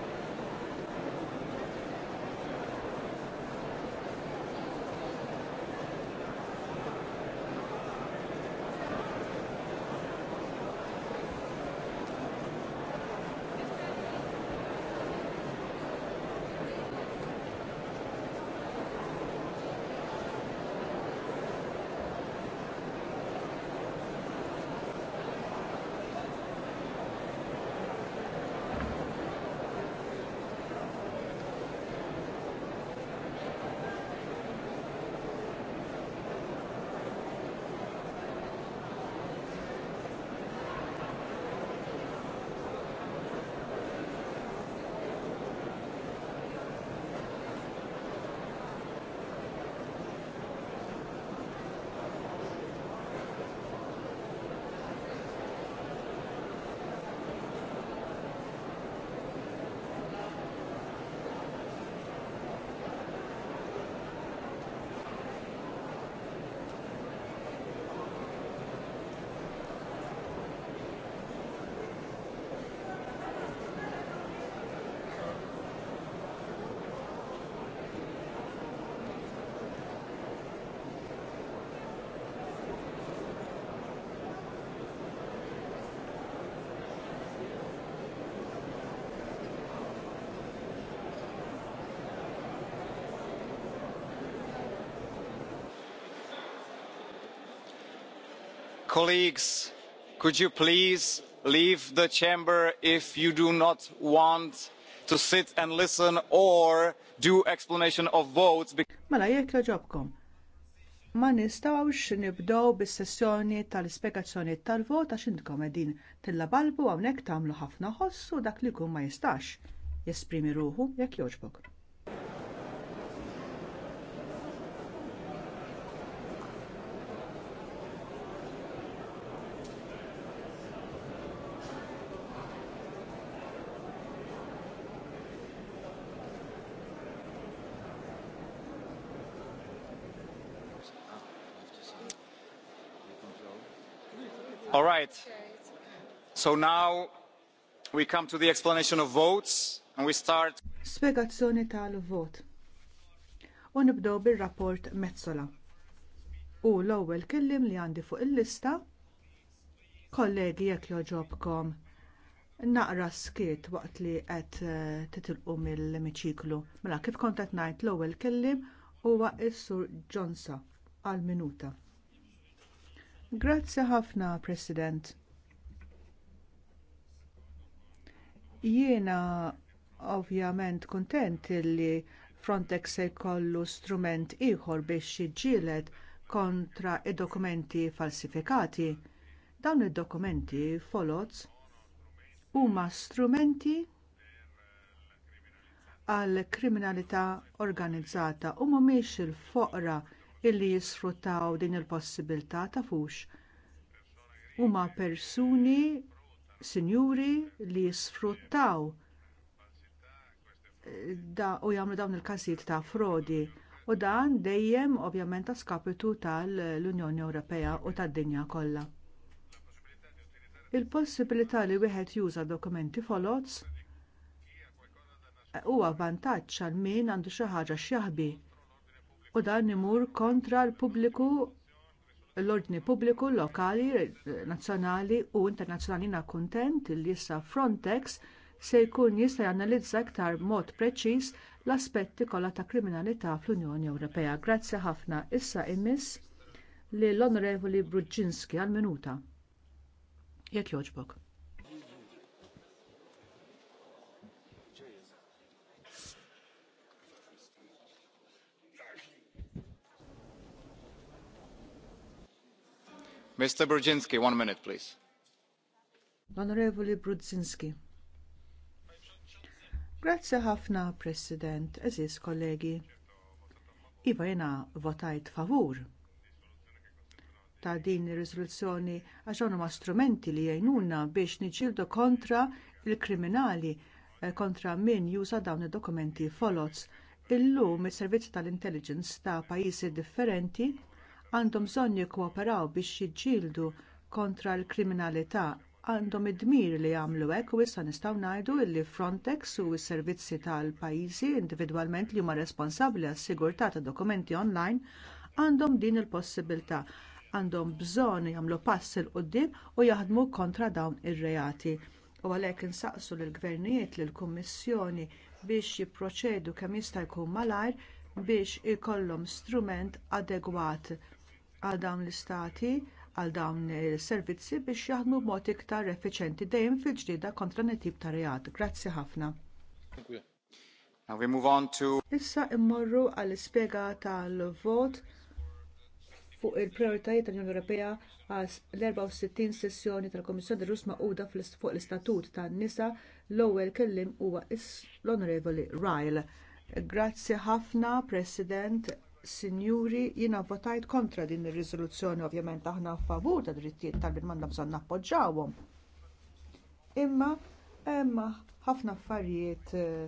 colleagues could you please leave the chamber if you do not want to sit and listen or do explanation of votes Mela jekk joġobkom. Ma nistgħux nibdew bis-sessjoni tal-ispjegazzjoni tal-vot għax intkom qegħdin tillabalbu hawnhekk tagħmlu ħafna ħoss u dak li jkun ma jistax jesprimi ruħu jekk jogħġbok. So now we come to the explanation of votes and we start. Spiegazzjoni tal-vot. U nibdew bir-rapport Mezzola. U l-ewwel kelliem li għandi fuq il-lista kollegi jekk joġobkom naqra skiet waqt li qed eh, titilqu mill-emiċiklu. Mela kif kont qed ngħid l-ewwel kellim huwa s-sur Johnson għal minuta. Grazzi ħafna, President. Jiena ovvjament kuntent li Frontex se jkollu strument ieħor biex jiġġieled kontra d dokumenti falsifikati. Dawn id-dokumenti folots huma strumenti għall kriminalità organizzata u mhumiex il-foqra illi jisfruttaw din il-possibilità tafux. Huma persuni sinjuri li sfruttaw eh, da u jagħmlu dawn il-każijiet ta' frodi u dan dejjem ovvjament ta' skapitu tal-Unjoni Ewropea u tad-dinja kollha. Il-possibilità li wieħed juża dokumenti folots eh, huwa vantaġġ għal min għandu xi ħaġa x'jaħbi u dan imur kontra l-pubbliku l-ordni pubbliku lokali, nazzjonali u internazzjonali na kuntent li issa Frontex se jkun jista' janalizza aktar mod preċiż l-aspetti kollha ta' kriminalità fl-Unjoni Ewropea. Grazzi ħafna issa immiss. li l-Onorevoli Brudzinski għal minuta. Jekk jogħġbok. Mr. Brzezinski, one minute, please. Onorevoli Brudzinski. Grazzi ħafna, President, eżis kollegi. Iva jena votajt favur ta' din ir-riżoluzzjoni għax huma strumenti li jgħinuna biex niġġieldu kontra l kriminali eh, kontra min juża dawn id-dokumenti folots. Illum is-servizzi tal-intelligence ta' pajjiżi differenti għandhom bżonn jikkooperaw biex jiġġieldu kontra l-kriminalità għandhom id-dmir li jagħmlu hekk u issa nistgħu ngħidu li Frontex u s-servizzi tal-pajjiżi individwalment li huma responsabbli għas-sigurtà ta' dokumenti online għandhom din il-possibilità għandhom bżonn jagħmlu pass il qudiem u jaħdmu kontra dawn ir-reati. U għalhekk insaqsu lill gvernijiet lill kummissjoni biex jipproċedu kemm jista' jkun malajr biex ikollhom strument adegwat għal dawn l-istati għal dawn is servizzi biex jaħdmu b'mod iktar effiċjenti dejjem fil-ġdida kontra netib ta' reat. Grazzi ħafna. Now we move on To... Issa immorru għall ispjega tal-vot fuq il-prioritajiet tal-Unjoni Ewropea għal l-64 sessjoni tal-Komissjoni Rus Uda fuq l-Istatut tan-nisa l-ewwel kellim huwa l-Onorevoli Ryle. Grazzi ħafna, President, Sinjuri, jina votajt kontra din ir-riżoluzzjoni ovvjament aħna favur ta' drittijiet tal-bnedmin għandna bżonn nappoġġawhom. Imma hemm ħafna affarijiet eh,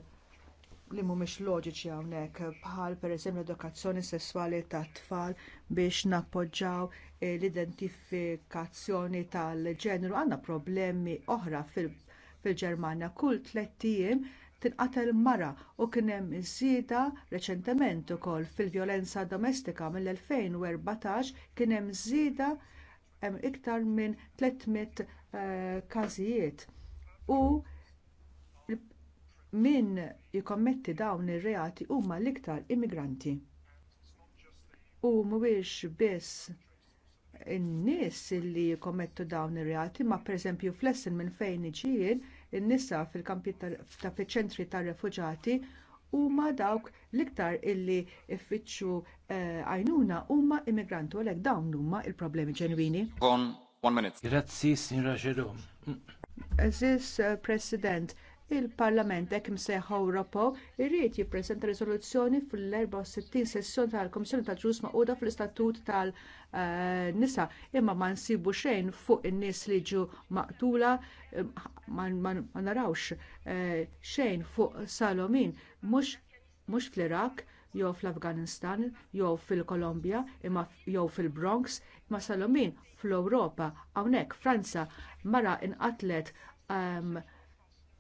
li mhumiex loġiċi hawnhekk bħal pereżempju edukazzjoni sesswali tat tfal biex nappoġġaw eh, l-identifikazzjoni tal ġenru għandna problemi oħra fil-Ġermanja kull tliet tinqatel mara u kien hemm iż-żieda reċentement ukoll fil-vjolenza domestika mill-2014 kien hemm żieda hemm iktar minn 300 eh, każijiet. U min jikkommetti dawn ir-reati huma l-iktar immigranti. U mhuwiex biss in-nies li jikkommettu dawn ir-reati, ma pereżempju fl minn fejn iġijien, in-nisa fil-kampi ta' fiċ-ċentri tar-refuġati huma dawk l-iktar illi iffittxu eh, għajnuna huma immigranti għalhekk dawn huma l problemi ġenwini. Grazzi, Ġerom. Eh, President, il-Parlament hekk imsejħa Ewropew irrid jippreżenta riżoluzzjoni fil-64 sessjoni tal-Komissjoni ta' Ġus Magħquda fl-Istatut tal-Nisa eh, imma ma nsibu xejn fuq in-nies li ġu maqtula eh, ma narawx eh, xejn fuq Salomin mhux mhux fl-Irak jew fl-Afganistan jew fil-Kolombja imma jew fil-Bronx imma Salomin fl-Ewropa hawnhekk Franza mara inqatlet ehm,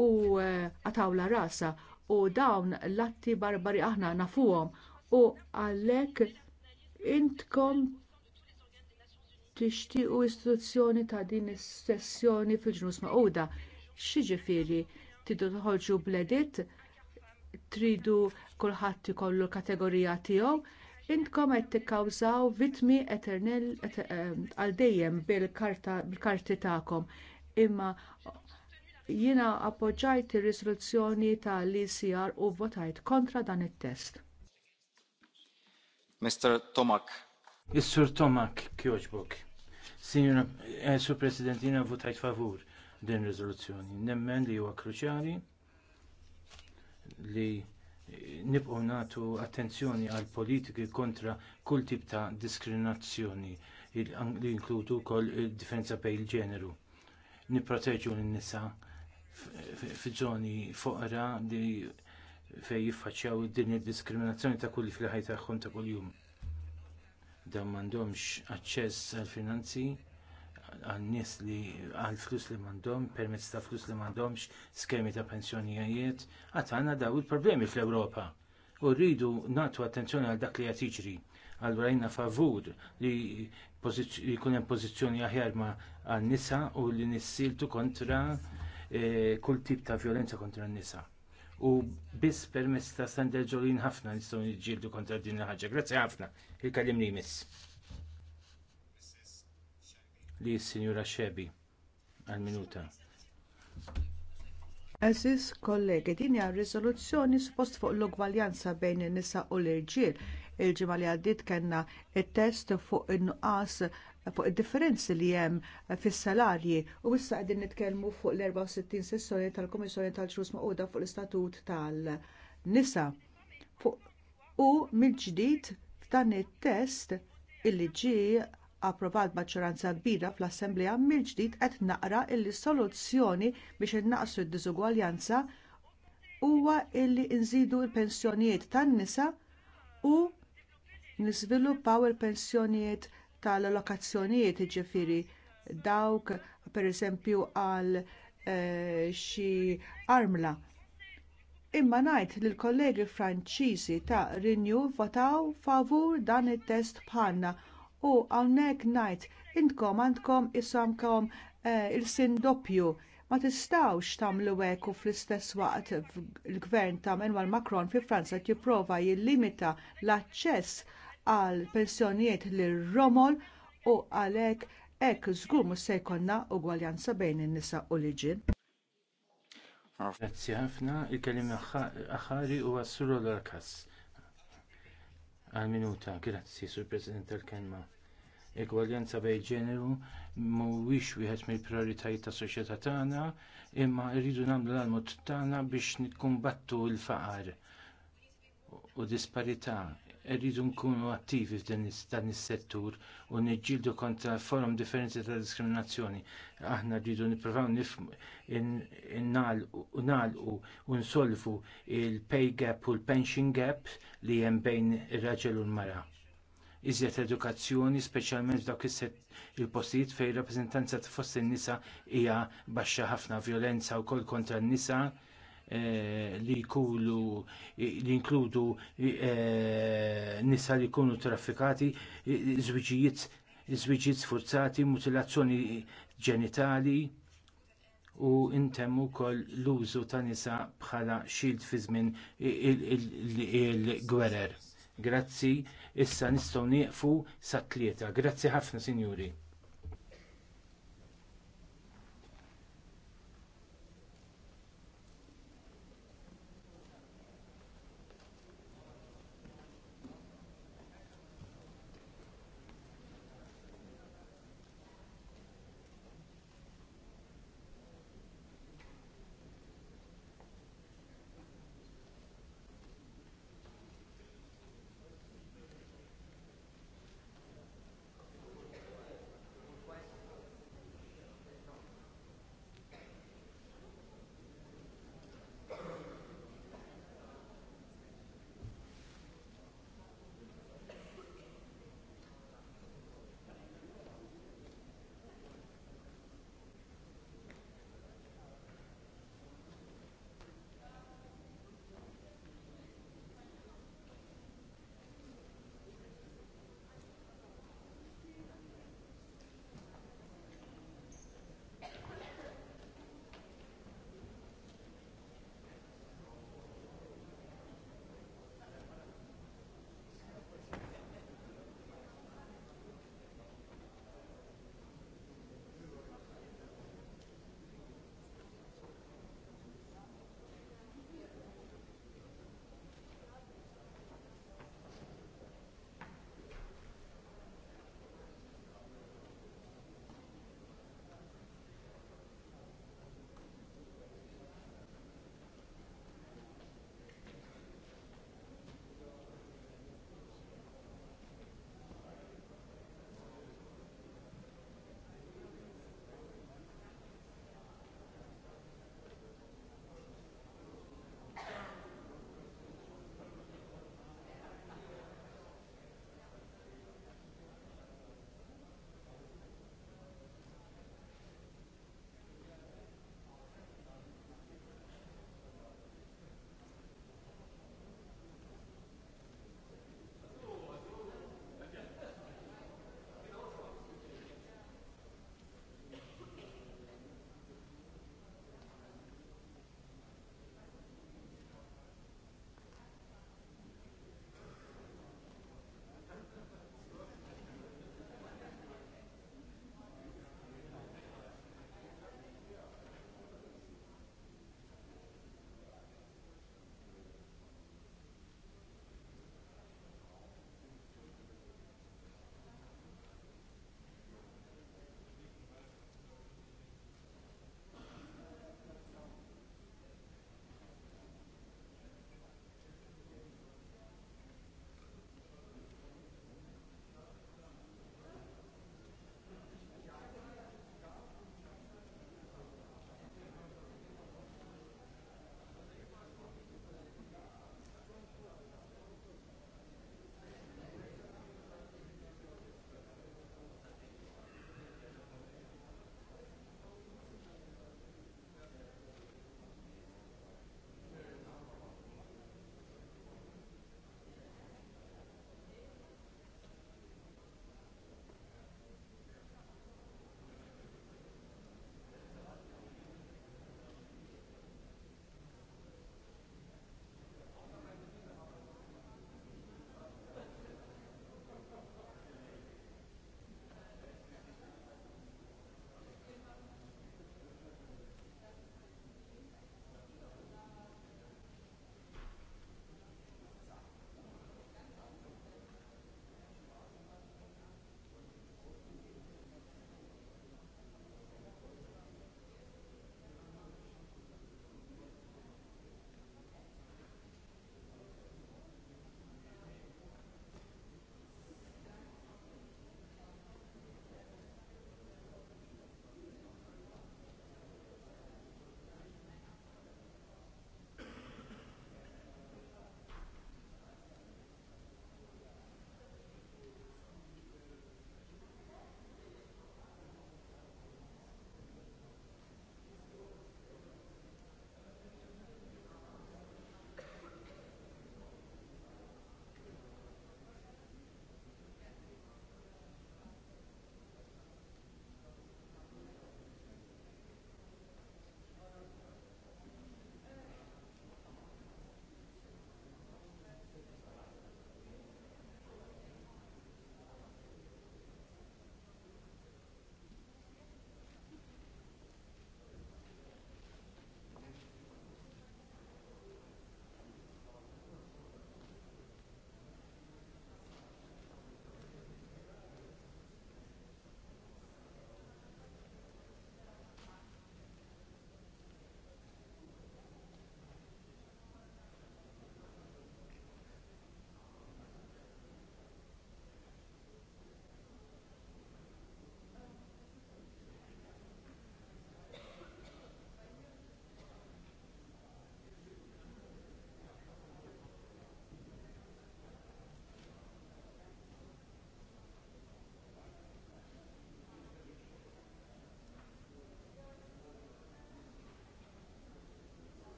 u eh, għatawla rasa u dawn l-atti barbari aħna nafuhom u għalhekk intkom tixtiequ istituzzjoni ta' din is-sessjoni fil-ġnus maquda. Xiġifieri tridu tħolġu bledit, tridu kulħadd ikollu kategorija tiegħu, intkom qed tikkawżaw vittmi eternel eh, għal dejjem bil-karti tagħkom. Imma Jiena appoġġajt ir-risoluzzjoni tal-ICR u votajt kontra dan it-test. Mr. Tomak. Is-Sur Tomak kjoġbok. Signora, eh, Sur President, jiena votajt favur din riżoluzzjoni. Nemmen li huwa kruċjali li nibqgħu nagħtu attenzjoni għal politiki kontra kull tip ta' diskriminazzjoni li jinkludu wkoll id differenza bejn il-ġeneru. Nipproteġu lin nisa f'żoni foqra li fejn jiffaċċjaw din id-diskriminazzjoni ta' kulli fil-ħaj tagħhom ta' kuljum. Dan m'għandhomx aċċess għall finanzi għal nies li għal flus li m'għandhom, permezz ta' flus li m'għandhomx, skemi ta' pensjonijiet, għad għandna daw il-problemi fl-Ewropa. U rridu nagħtu attenzjoni għal dak li qed jiġri. Allura favur li jkun hemm pożizzjoni aħjar ma' għan-nisa u li nissiltu kontra E, kull tip ta' violenza kontra n-nisa. U biss permess ta' Sander ġolin ħafna nistgħu niġġieldu kontra din il-ħaġa. Grazzi ħafna, il kallim li jmiss. Li s-Sinjura Xebi għal-minuta. Aziz kollegi, din hija riżoluzzjoni suppost fuq l-ugwaljanza bejn in-nisa u l-irġiel. Il-ġimgħa li għaddiet kellna test fuq in-nuqqas fuq id-differenzi li hemm fis-salarji u issa qegħdin nitkellmu fuq l-64 sessjoni tal komissjoni tal-Ġus Maquda fuq l-Istatut tal-Nisa. U mill-ġdid f'dan it-test illi ġie approvat maġġoranza kbira fl-Assembleja mill-ġdid qed naqra illi soluzzjoni biex innaqsu d-diżugwaljanza huwa illi nżidu l-pensjonijiet tan-nisa u niżviluppaw il-pensjonijiet tal lokazzjonijiet ġifiri dawk pereżempju għal eh, xi armla. Imma ngħid li l-kollegi Franċiżi ta' Renew votaw favur dan it-test bħalna u hawnhekk ngħid intkom għandkom isamkom eh, il-sin doppju ma tistawx tagħmlu hekk u fl-istess waqt il-gvern ta' Emmanuel Macron fi Franza jipprova jillimita l-aċċess għal pensjonijiet lil romol u għalhekk hekk żgur mhux se jkollna ugwaljanza bejn in-nisa u l-irġiel. Grazzi ħafna, il-kelim aħari u għassuru l-arkas. Għal-minuta, grazzi, sur President tal-kelma. Egwaljanza bejn ġeneru mhuwiex wieħed mill-prijoritajiet tas soċjetà tagħna, imma rridu nagħmlu l-almut tagħna biex nikkumbattu l-faqar u disparità rridu nkunu attivi f'dan is-settur u niġġieldu kontra forum differenti ta' diskriminazzjoni. Aħna rridu nippruvaw nagħlqu u nsolvu l pay gap u l-pension gap li hemm bejn ir-raġel u l-mara. Iżjed edukazzjoni, speċjalment f'dawk il-postijiet fejn rappreżentanza ta' fost in-nisa hija baxxa ħafna violenza wkoll kontra n-nisa Eh, li jkunu eh, li eh, nisa li jkunu traffikati, zwiġijiet sforzati, mutilazzjoni ġenitali u intemmu wkoll l-użu ta' nisa bħala xild fi żmien il-gwerer. Grazzi, issa nistgħu nieqfu sa tlieta. Grazzi ħafna, Sinjuri.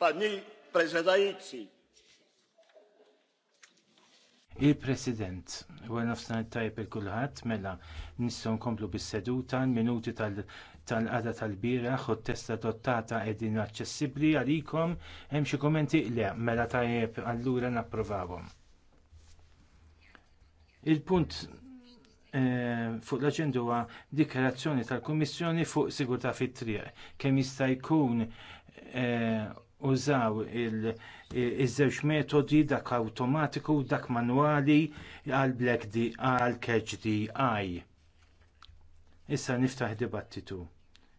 pani Preżedajizzi. Il-President, u għanofsan tajb il-kulħat, mela nisson komplu bis-seduta, minuti tal-qada tal bira u testa dottata edin aċċessibli għalikom, hemm xi kommenti le, mela tajp allura napprovawhom. Il-punt eh, fuq l-aġenda huwa dikarazzjoni tal-Kummissjoni fuq sigurtà fit-triq kemm jista' jkun eh, użaw iż-żewġ metodi dak awtomatiku u dak manwali għal Black DI għal Catch DI. Issa niftaħ dibattitu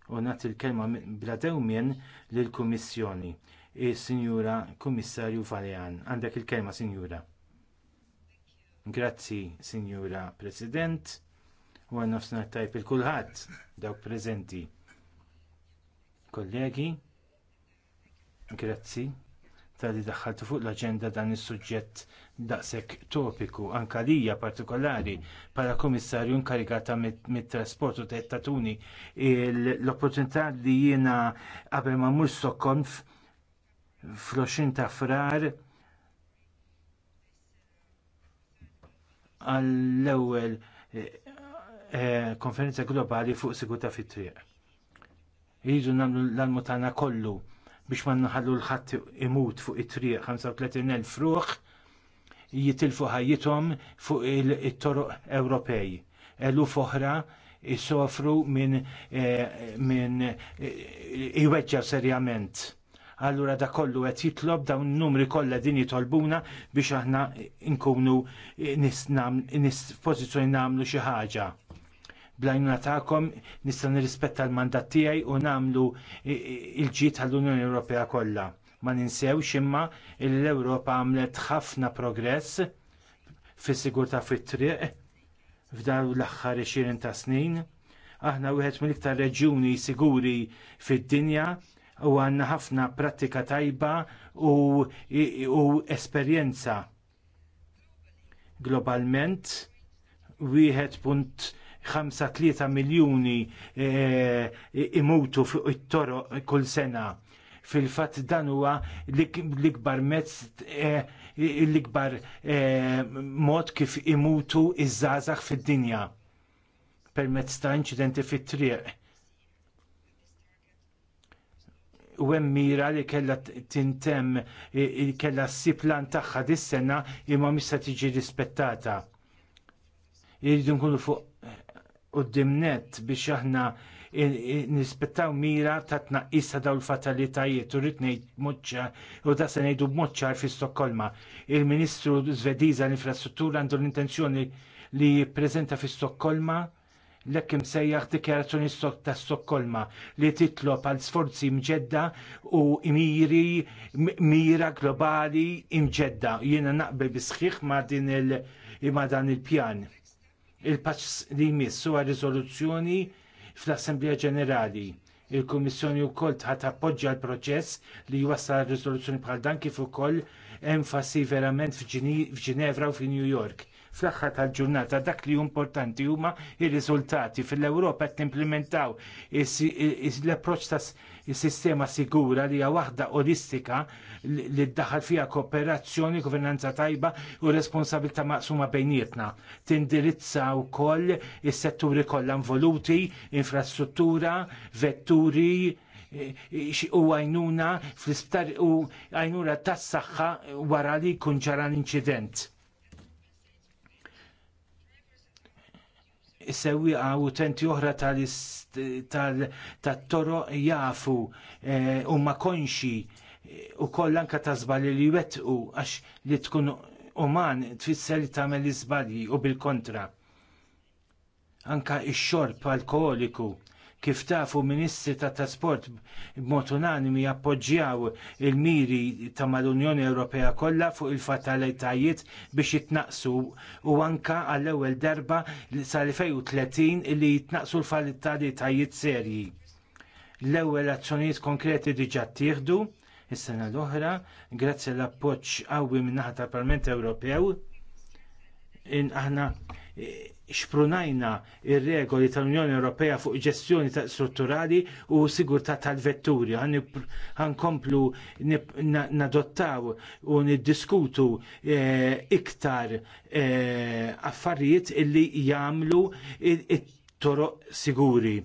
u nagħti l-kelma bla dewmien lill-Kummissjoni. Sinjura Kummissarju Valjan, għandek il-kelma Sinjura. Grazzi, Sinjura President, u għannafsna tajp il-kulħadd dawk prezenti. Kollegi, Grazzi tal-li daħħaltu fuq l aġenda dan is-suġġett daqshekk topiku anke lija partikolari bħala Kummissarju inkarigata mit-trasport u tettatuni l-opportunità li jiena qabel ma mmur Stockholm fl-20 ta' frar għall-ewwel eh, konferenza globali fuq sigurtà fit-triq. Jridu nagħmlu l-almutana kollu biex ma nħallu l-ħadd imut fuq it-triq 35,000 fruħ jitilfu ħajjithom fuq it toru Ewropej. Elu foħra jisofru minn eh, min, eh, iweġġa serjament. Allura da kollu qed jitlob dawn numri kollha din jitolbuna biex aħna nkunu nis pozizjoni namlu xi ħaġa blajnuna tagħkom nista' nirrispetta l-mandat tiegħi u nagħmlu il-ġid għall-Unjoni Ewropea kollha. Ma ninsewx imma l-Ewropa għamlet ħafna progress fis-sigurtà fit-triq f'dawn l-aħħar 20 ta' snin. Aħna wieħed mill-iktar reġjuni siguri fid-dinja u għandna ħafna prattika tajba u, u esperjenza globalment wieħed punt 5-3 miljuni eh, imutu fuq it-toro kull sena. Fil-fat dan huwa l-ikbar mezz eh, l-ikbar eh, mod kif imutu iż-żazax fid-dinja permezz ta' inċidenti fit-triq. u hemm mira li kellha tintem kellha s-siplan tagħha dis-sena imma mista tiġi rispettata. Irridu nkunu fuq u dimnet biex aħna nispettaw mira ta' tnaqqis ta' dawn il-fatalitajiet u rrid ngħid moċċa u da se ngħidu moċċar fi Stokkolma. Il-Ministru Zvediza l-Infrastruttura għandu l-intenzjoni li jipprezenta fi Stokkolma l ekkim imsejjaħ dikjarazzjoni ta' Stokkolma li titlob għal sforzi mġedda u miri mira globali mġedda. Jiena naqbel bisħiħ ma' din il-pjan. il pjan il-pass li jmissu għal riżoluzzjoni fl-Assemblea Ġenerali. Il-Kummissjoni wkoll tħat appoġġja l-proċess li jwassal riżoluzzjoni bħal dan kif ukoll enfasi verament f'Ġinevra u f'New York. Fl-aħħar tal-ġurnata dak li importanti huma r riżultati fil-Ewropa qed implementaw l-approċċ sistema sigura li hija waħda olistika li ddaħal fiha kooperazzjoni, governanza tajba u responsabilità maqsuma bejnietna. Tindirizza wkoll is-setturi kollha involuti, infrastruttura, vetturi, e, e, u għajnuna fl-isptar u għajnuna tas saħħa wara li jkun ġara l-inċident sewwi għaw utenti oħra tal-toro jafu eh, u ma konxi eh, u koll anka ta' zbali li wetqu għax li tkun uman tfisser li tagħmel iżbalji u bil-kontra. Anka ix-xorb alkoholiku Kif tafu ministri ta' trasport b'mod unanimi appoġġjaw il-miri ta' mal-Unjoni Ewropea kollha fuq il-fatalitajiet biex jitnaqsu u anka għall-ewwel darba sal-2030 li jitnaqsu l-fatalitajiet serji. L-ewwel azzjonijiet konkreti diġà ttieħdu is-sena l-oħra, grazzi l-appoġġ qawwi min-naħa tal-Parlament Ewropew, in aħna xprunajna il regoli tal-Unjoni Ewropea fuq ġestjoni ta strutturali u sigurtà tal-vetturi. komplu nadottaw u niddiskutu eh, iktar eh, affarijiet illi jagħmlu it-toroq siguri.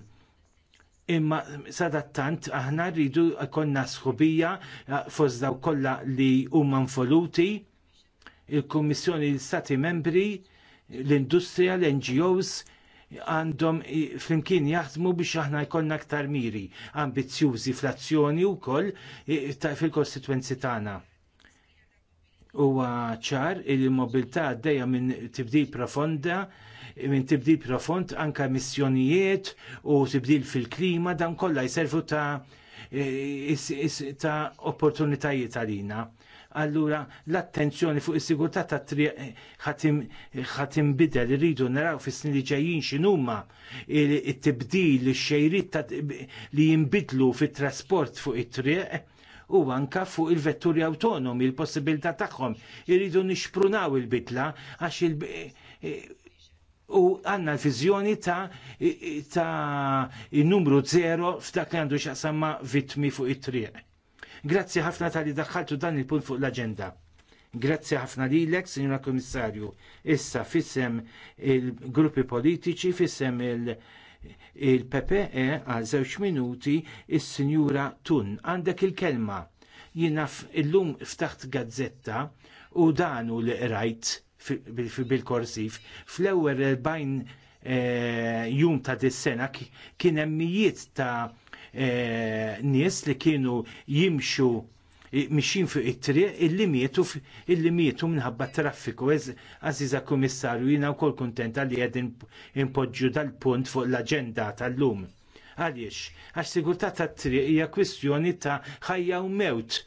Imma sadattant aħna rridu konna sħubija eh, fost daw kollha li huma nfoluti il-Kummissjoni l-Stati membri l-industrija, l-NGOs għandhom flimkien jaħdmu biex aħna jkollna aktar miri ambizzjużi fl-azzjoni wkoll fil-kostituenzi tagħna. Huwa ċar il-mobilità għaddejja minn tibdil profonda minn tibdil profond anka missjonijiet u tibdil fil-klima dan kollha jservu ta' ta' opportunitajiet għalina allura l-attenzjoni fuq is-sigurtà tat triq eh, ħatim bidel irridu naraw fis-snin li ġejjin x'inhuma it-tibdil ix xejrit li jinbidlu fit-trasport fuq it-triq u anka fuq il-vetturi autonomi, il-possibilità tagħhom. Irridu nixprunaw il-bidla għax il- eh, eh, u għanna l-vizjoni ta' ta' il-numru zero f'dak li għandu xaqsamma vitmi fuq it-triq. Grazzi ħafna tal-li daħħaltu dan il-punt fuq l-agenda. Grazzi ħafna lilek, Sinjora Komissarju. Issa fissem il-gruppi politiċi, fissem il- ppe eh, għal żewġ minuti il sinjura Tun. Għandek il-kelma. Jina illum ftaħt gazzetta u danu li rajt bil-korsif fl-ewwel bajn eh, jum ta' dis-sena kien hemm mijiet ta' Eh, nies li kienu jimxu mixin fuq it-triq illi mietu illi mietu minħabba traffiku. Għaziza komissarju jina wkoll kuntenta li qed impoġġu dal-punt fuq l-aġenda tal-lum. Għaliex, għax sigurtà tat-triq hija kwistjoni ta' ħajja u mewt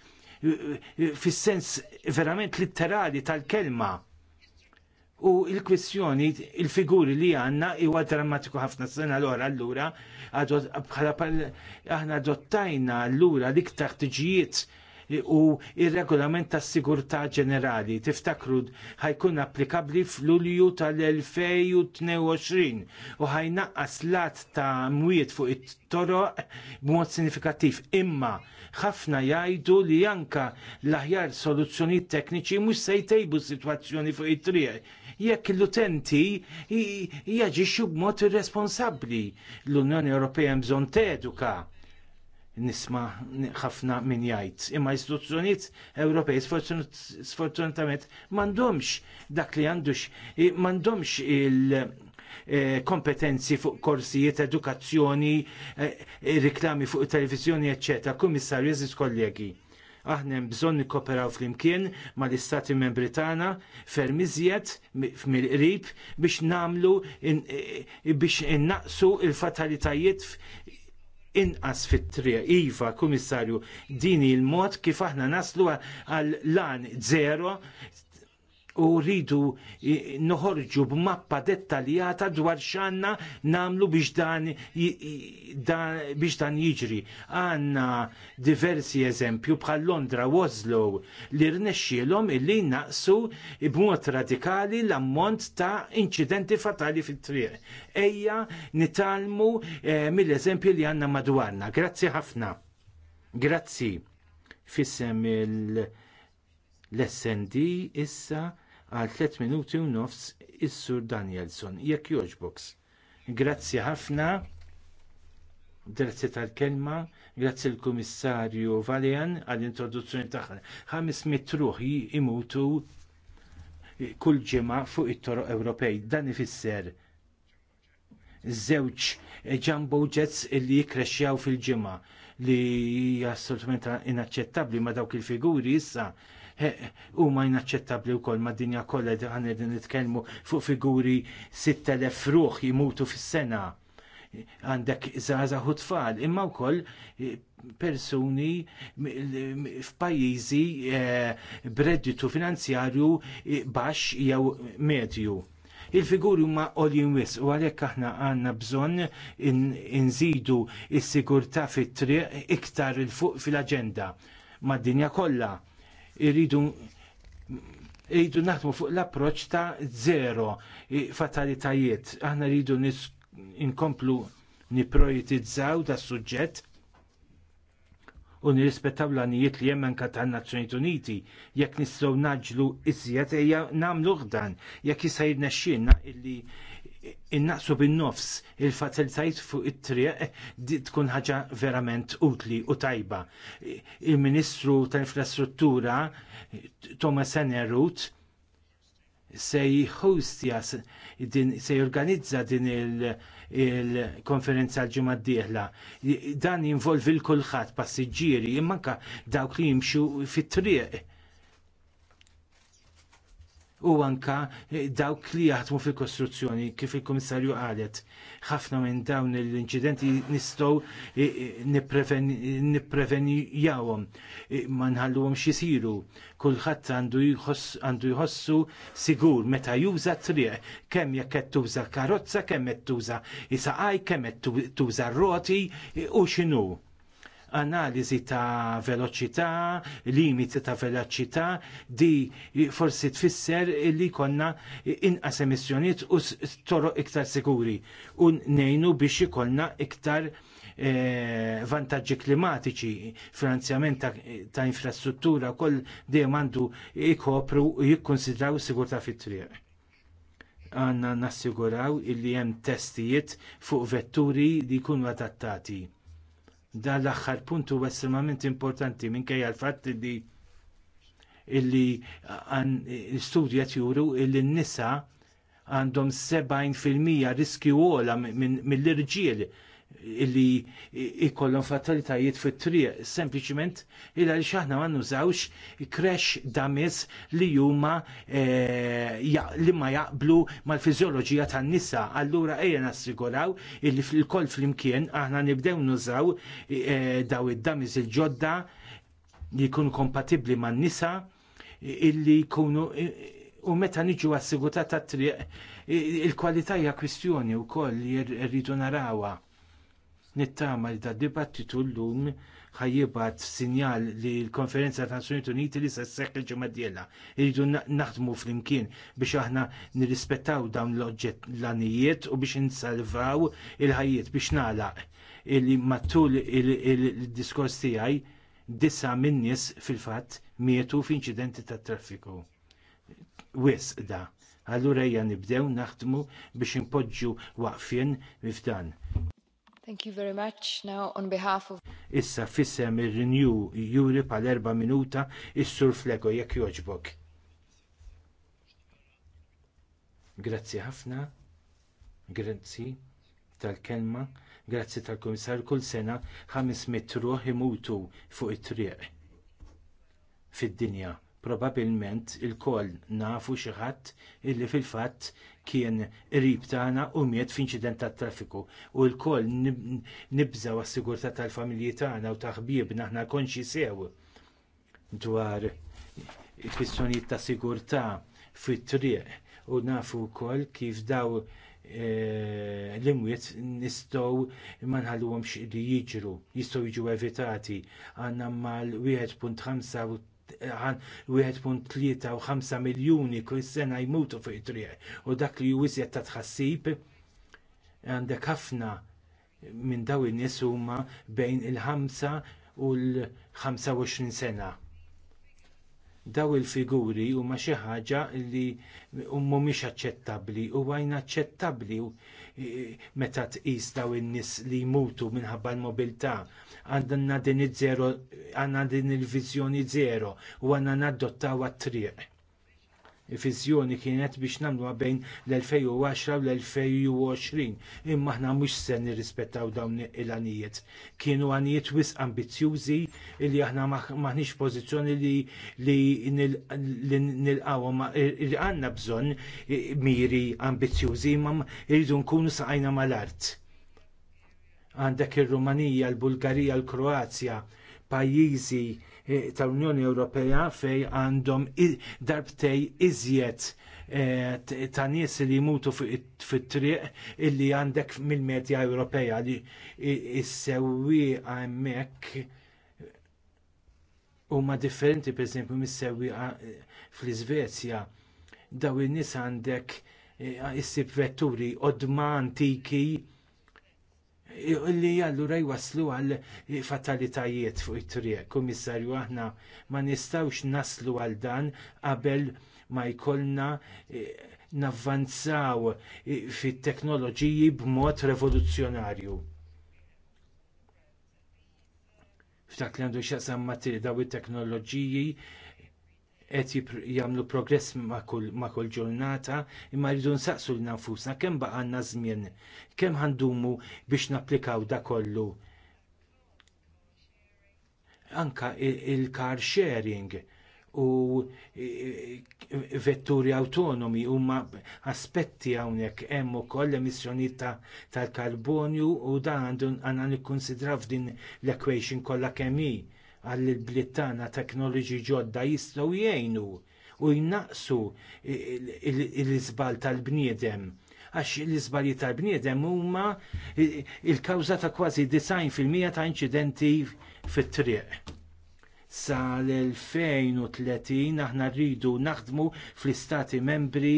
fis-sens verament litterali tal-kelma U il-kwistjoni, il-figuri li għanna huwa drammatiku ħafna sena l-ora allura, bħala aħna adottajna allura l-iktar tiġijiet u il regolament tas sigurtà ġenerali tiftakru ħajkun applikabbli f'Lulju tal-2022 u ħajnaqqas lat ta' mwiet fuq it-toroq b'mod sinifikattiv. Imma ħafna jgħidu li anka l-aħjar soluzzjonijiet tekniċi mhux se jtejbu s-sitwazzjoni fuq it-triq jekk l-utenti jaġixxu b'mod irresponsabbli. L-Unjoni Ewropea bżonn teduka nisma ħafna min jgħid. Imma istituzzjonijiet Ewropej sfortunatament m'għandhomx dak li għandux m'għandhomx il-kompetenzi eh, fuq korsijiet, edukazzjoni, eh, riklami fuq televizjoni, eccetera. Kummissarju, jeżis kollegi aħna hemm bżonn nikkoperaw flimkien mal-Istati Membri tagħna fermiżjed mill-qrib biex nagħmlu eh, biex innaqsu l fatalitajiet inqas fit-triq. Iva, kummissarju, dini il mod kif aħna naslu għal lan zero u rridu noħorġu b'mappa dettaljata dwar x'għandna nagħmlu biex dan, biex dan jiġri. Għanna diversi eżempju bħal Londra u Oslo li rnexxielhom illi naqsu b'mod radikali l-ammont ta' inċidenti fatali fit-triq. Ejja nitalmu eh, mill-eżempju li għandna madwarna. Grazzi ħafna. Grazzi fissem il- l-SND issa għal 3 minuti u nofs is-Sur Danielson, jekk jogħġbok. Grazzi ħafna, grazzi tal-kelma, grazzi l-Kummissarju Valjan għall-introduzzjoni tagħha. Ħames mitruħ imutu kull ġimgħa fuq it-toroq Ewropej. Dan ifisser żewġ ġambo jets li jikkrexxjaw fil-ġimgħa li assolutament inaċċettabbli ma dawk il-figuri issa Eh, huma inaċċettabbli wkoll mad dinja kollha li għan qegħdin nitkellmu fuq figuri 6000 ruħ jimutu fis-sena għandek zaza u tfal, imma wkoll eh, persuni f'pajjiżi eh, bredditu finanzjarju baxx jew medju. Il-figuri huma in wis u għalhekk aħna għandna bżonn inżidu in s-sigurtà fit-triq iktar il fuq fil-aġenda mad-dinja kollha irridu irridu naħdmu fuq l-approċ ta' zero fatalitajiet. Aħna rridu inkomplu niprojetizzaw da' suġġett u nirrispettaw l-għanijiet li jemmen ta' Nazzjonijiet Uniti, jekk nistgħu naġlu iżjed ejja nagħmlu dan, jekk jista' jirnexxielna illi innaqsu bin-nofs il-fatiltajt fuq it-triq eh, tkun ħaġa verament utli u tajba. Il-Ministru tal-Infrastruttura Thomas Enerut se jħostja se jorganizza din il-konferenza il konferenza l d-dieħla. Dan jinvolvi l-kulħadd passiġġieri imma dawk li jimxu fit-triq u anka eh, dawk li jaħdmu fil-kostruzzjoni kif il-Komissarju qalet. Ħafna minn dawn l-inċidenti nistgħu eh, eh, nipprevenjawhom ma nħalluhom xisiru. Kulħadd għandu jħossu sigur meta juża triq kemm jekk qed tuża karozza, kemm qed tuża isaqaj, kemm qed tuża roti u x'inhu analiżi ta' veloċità, limiti ta' veloċità, di forsi tfisser li konna inqas emissjoniet u toroq iktar sikuri u nejnu biex ikollna iktar eh, vantaġġi klimatiċi, finanzjament ta', ta infrastruttura, kol dejjem għandu jkopru u jikkonsidraw s-sigurta' fit-triq. Għanna nassiguraw illi hemm testijiet fuq vetturi li jkunu adattati Dan l-aħħar puntu huwa estremament importanti minkejja l-fatt li illi l-studja juru illi n-nisa għandhom 70% riskju għola mill-irġiel illi ikollhom fatalitajiet fit-triq, sempliciment illa li xaħna ma nużawx crash damis li huma eh, li ma jaqblu mal fizjoloġija tan-nisa. Allura ejja nassiguraw illi fil-koll flimkien aħna nibdew nużaw eh, daw id-damis il-ġodda li jkunu kompatibbli man-nisa illi jkunu u meta niġu għassigutat tat-triq il-kwalità hija kwistjoni wkoll li rridu narawha Nittama li da dibattitu llum ħajjibat sinjal li l-konferenza ta' Nazzjoniet Uniti li se sekk il-ġimgħa iridu Irridu naħdmu flimkien biex aħna nirrispettaw dawn l-anijiet u biex insalvaw il-ħajjiet biex nagħlaq illi matul il-diskors tiegħi disa min-nies fil-fatt mietu f'inċidenti tat traffiku. Wis da. Allura hija nibdew naħdmu biex impoġġu waqfien mifdan. Thank you very much. Now on behalf of Issa fissem ir-Renew Europe għal erba' minuta is-Sur Flego jekk joġbok. Grazzi ħafna. Grazzi tal-kelma. Grazzi tal-Komissar kull sena 500 ruħ imutu fuq it-triq fid-dinja Probabilment il-koll nafu xi ħadd illi fil-fatt kien qrib tagħna u miet f'inċident tat traffiku u l-koll nibżaw għas-sigurtà tal-familji tagħna u ta' ħbiebna aħna konxi sew dwar il-kwistjonijiet ta' sigurtà fit-triq u nafu wkoll kif daw e, l-imwiet nistow manħallu għom li jiġru, jistow jiġu evitati, għanna mal 1.5 1.3 u 5 miljuni kull sena jmutu fuq it-triq u dak li jwisjet ta' tħassib għandek ħafna minn daw in-nies huma bejn il-5 u l-25 sena daw il-figuri huma xi ħaġa li mhumiex aċċettabbli huwa aċċettabbli e, meta tqis daw in-nies li jmutu minħabba l-mobilità għandna din iż-żero għandna din il-viżjoni żero u għandna nadottaw għat-triq. Fizzjoni kienet biex nagħmluha bejn l-2010 u l-2020, imma aħna mhux se nirrispettaw dawn il-għanijiet. Kienu għanijiet wisq ambizjużi li aħna maħniex pożizzjoni li nilqawhom li għandna bżonn miri ambizjużi, imma rridu nkunu saqajna mal-art. Għandek ir-Rumanija, l-Bulgarija, l-Kroazja, pajjiżi E, tal-Unjoni Ewropea fej għandhom darbtej iżjed e, ta' nies li jmutu fit-triq illi għandek mill-medja Ewropea li issewwi u huma differenti pereżempju mis-sewwi fl-Iżvezja daw in-nies għandek e, issib vetturi odman antiki li allura waslu għal fatalitajiet fuq it-triq. Kummissarju, aħna ma nistawx naslu għal dan qabel ma jkollna eh, navvanzaw eh, fit-teknoloġiji b'mod revoluzzjonarju. F'dak li għandu xaqsam matri daw it-teknoloġiji qed jagħmlu progress ma' kull ġurnata, imma rridu nsaqsu l nafusna kemm ba għandna żmien, kemm ħandumu biex napplikaw da kollu. Anka il-car sharing u vetturi autonomi huma aspetti hawnhekk hemm ukoll emissjonijiet tal-karbonju u dan għandu għandna nikkunsidraw f'din l-equation kollha kemm hi għall bliet tagħna teknoloġi ġodda jistgħu jgħinu u jnaqsu l-iżbal tal-bniedem għax l-iżbalji tal-bniedem huma il-kawża ta' kważi 90% ta' inċidenti fit-triq. Sal-2030 aħna rridu naħdmu fl-istati membri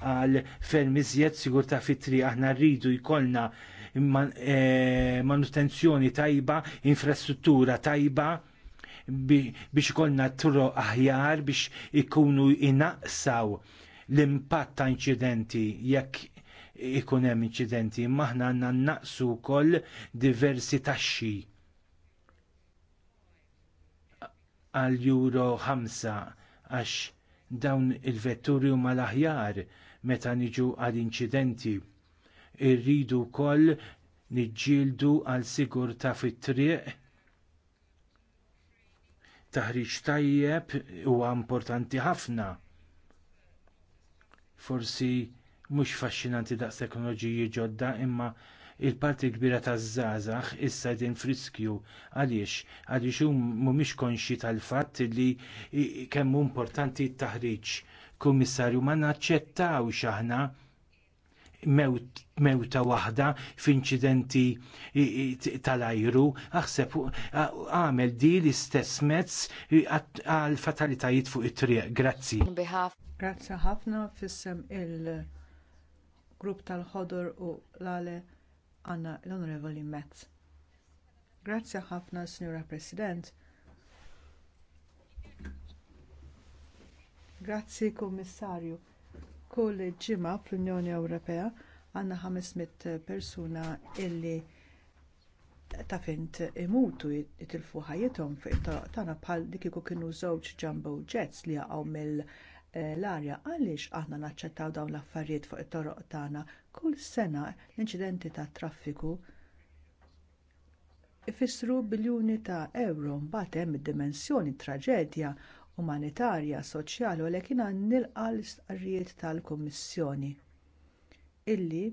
għal ferm sigur ta' fit-triq aħna rridu jkollna eh, manutenzjoni tajba, infrastruttura tajba, biex ikollna tro aħjar biex ikunu inaqsaw l-impatt ta' inċidenti jekk ikun hemm inċidenti maħna għandna naqsu wkoll diversi taxxi għal Euro 5 għax dawn il-vetturi huma l-aħjar meta niġu għal inċidenti. Irridu wkoll niġġieldu għal sigurtà fit-triq taħriġ tajjeb huwa importanti ħafna. Forsi mhux faxxinanti daqs teknoloġiji ġodda imma il-parti kbira taż-żgħażagħ issa din friskju għaliex għaliex hu mhumiex konxi tal-fatt li kemm importanti t-taħriġ. Kummissarju ma naċċettawx aħna mewta waħda f'inċidenti tal-ajru, aħseb għamel di l-istess mezz għal fatalitajiet fuq it-triq. Grazzi. Grazzi ħafna fissem il-grupp tal-ħodur u l-għale għanna l-onorevoli mezz. Grazzi ħafna, Signora President. Grazzi, Kommissarju Kull ġimgħa fl-Unjoni Ewropea għandna 500 persuna illi ta' fint imutu jitilfu ħajjithom fuq tagħna bħal dik iku kienu żewġ jumbo jets li jaqgħu mill-arja għaliex aħna naċċettaw dawn l-affarijiet fuq it-toroq tagħna kull sena l-inċidenti tat traffiku ifissru biljuni ta' euro mbagħad hemm id-dimensjoni traġedja umanitarja, soċjali u lekin nilqa l-istqarrijiet tal-Kummissjoni illi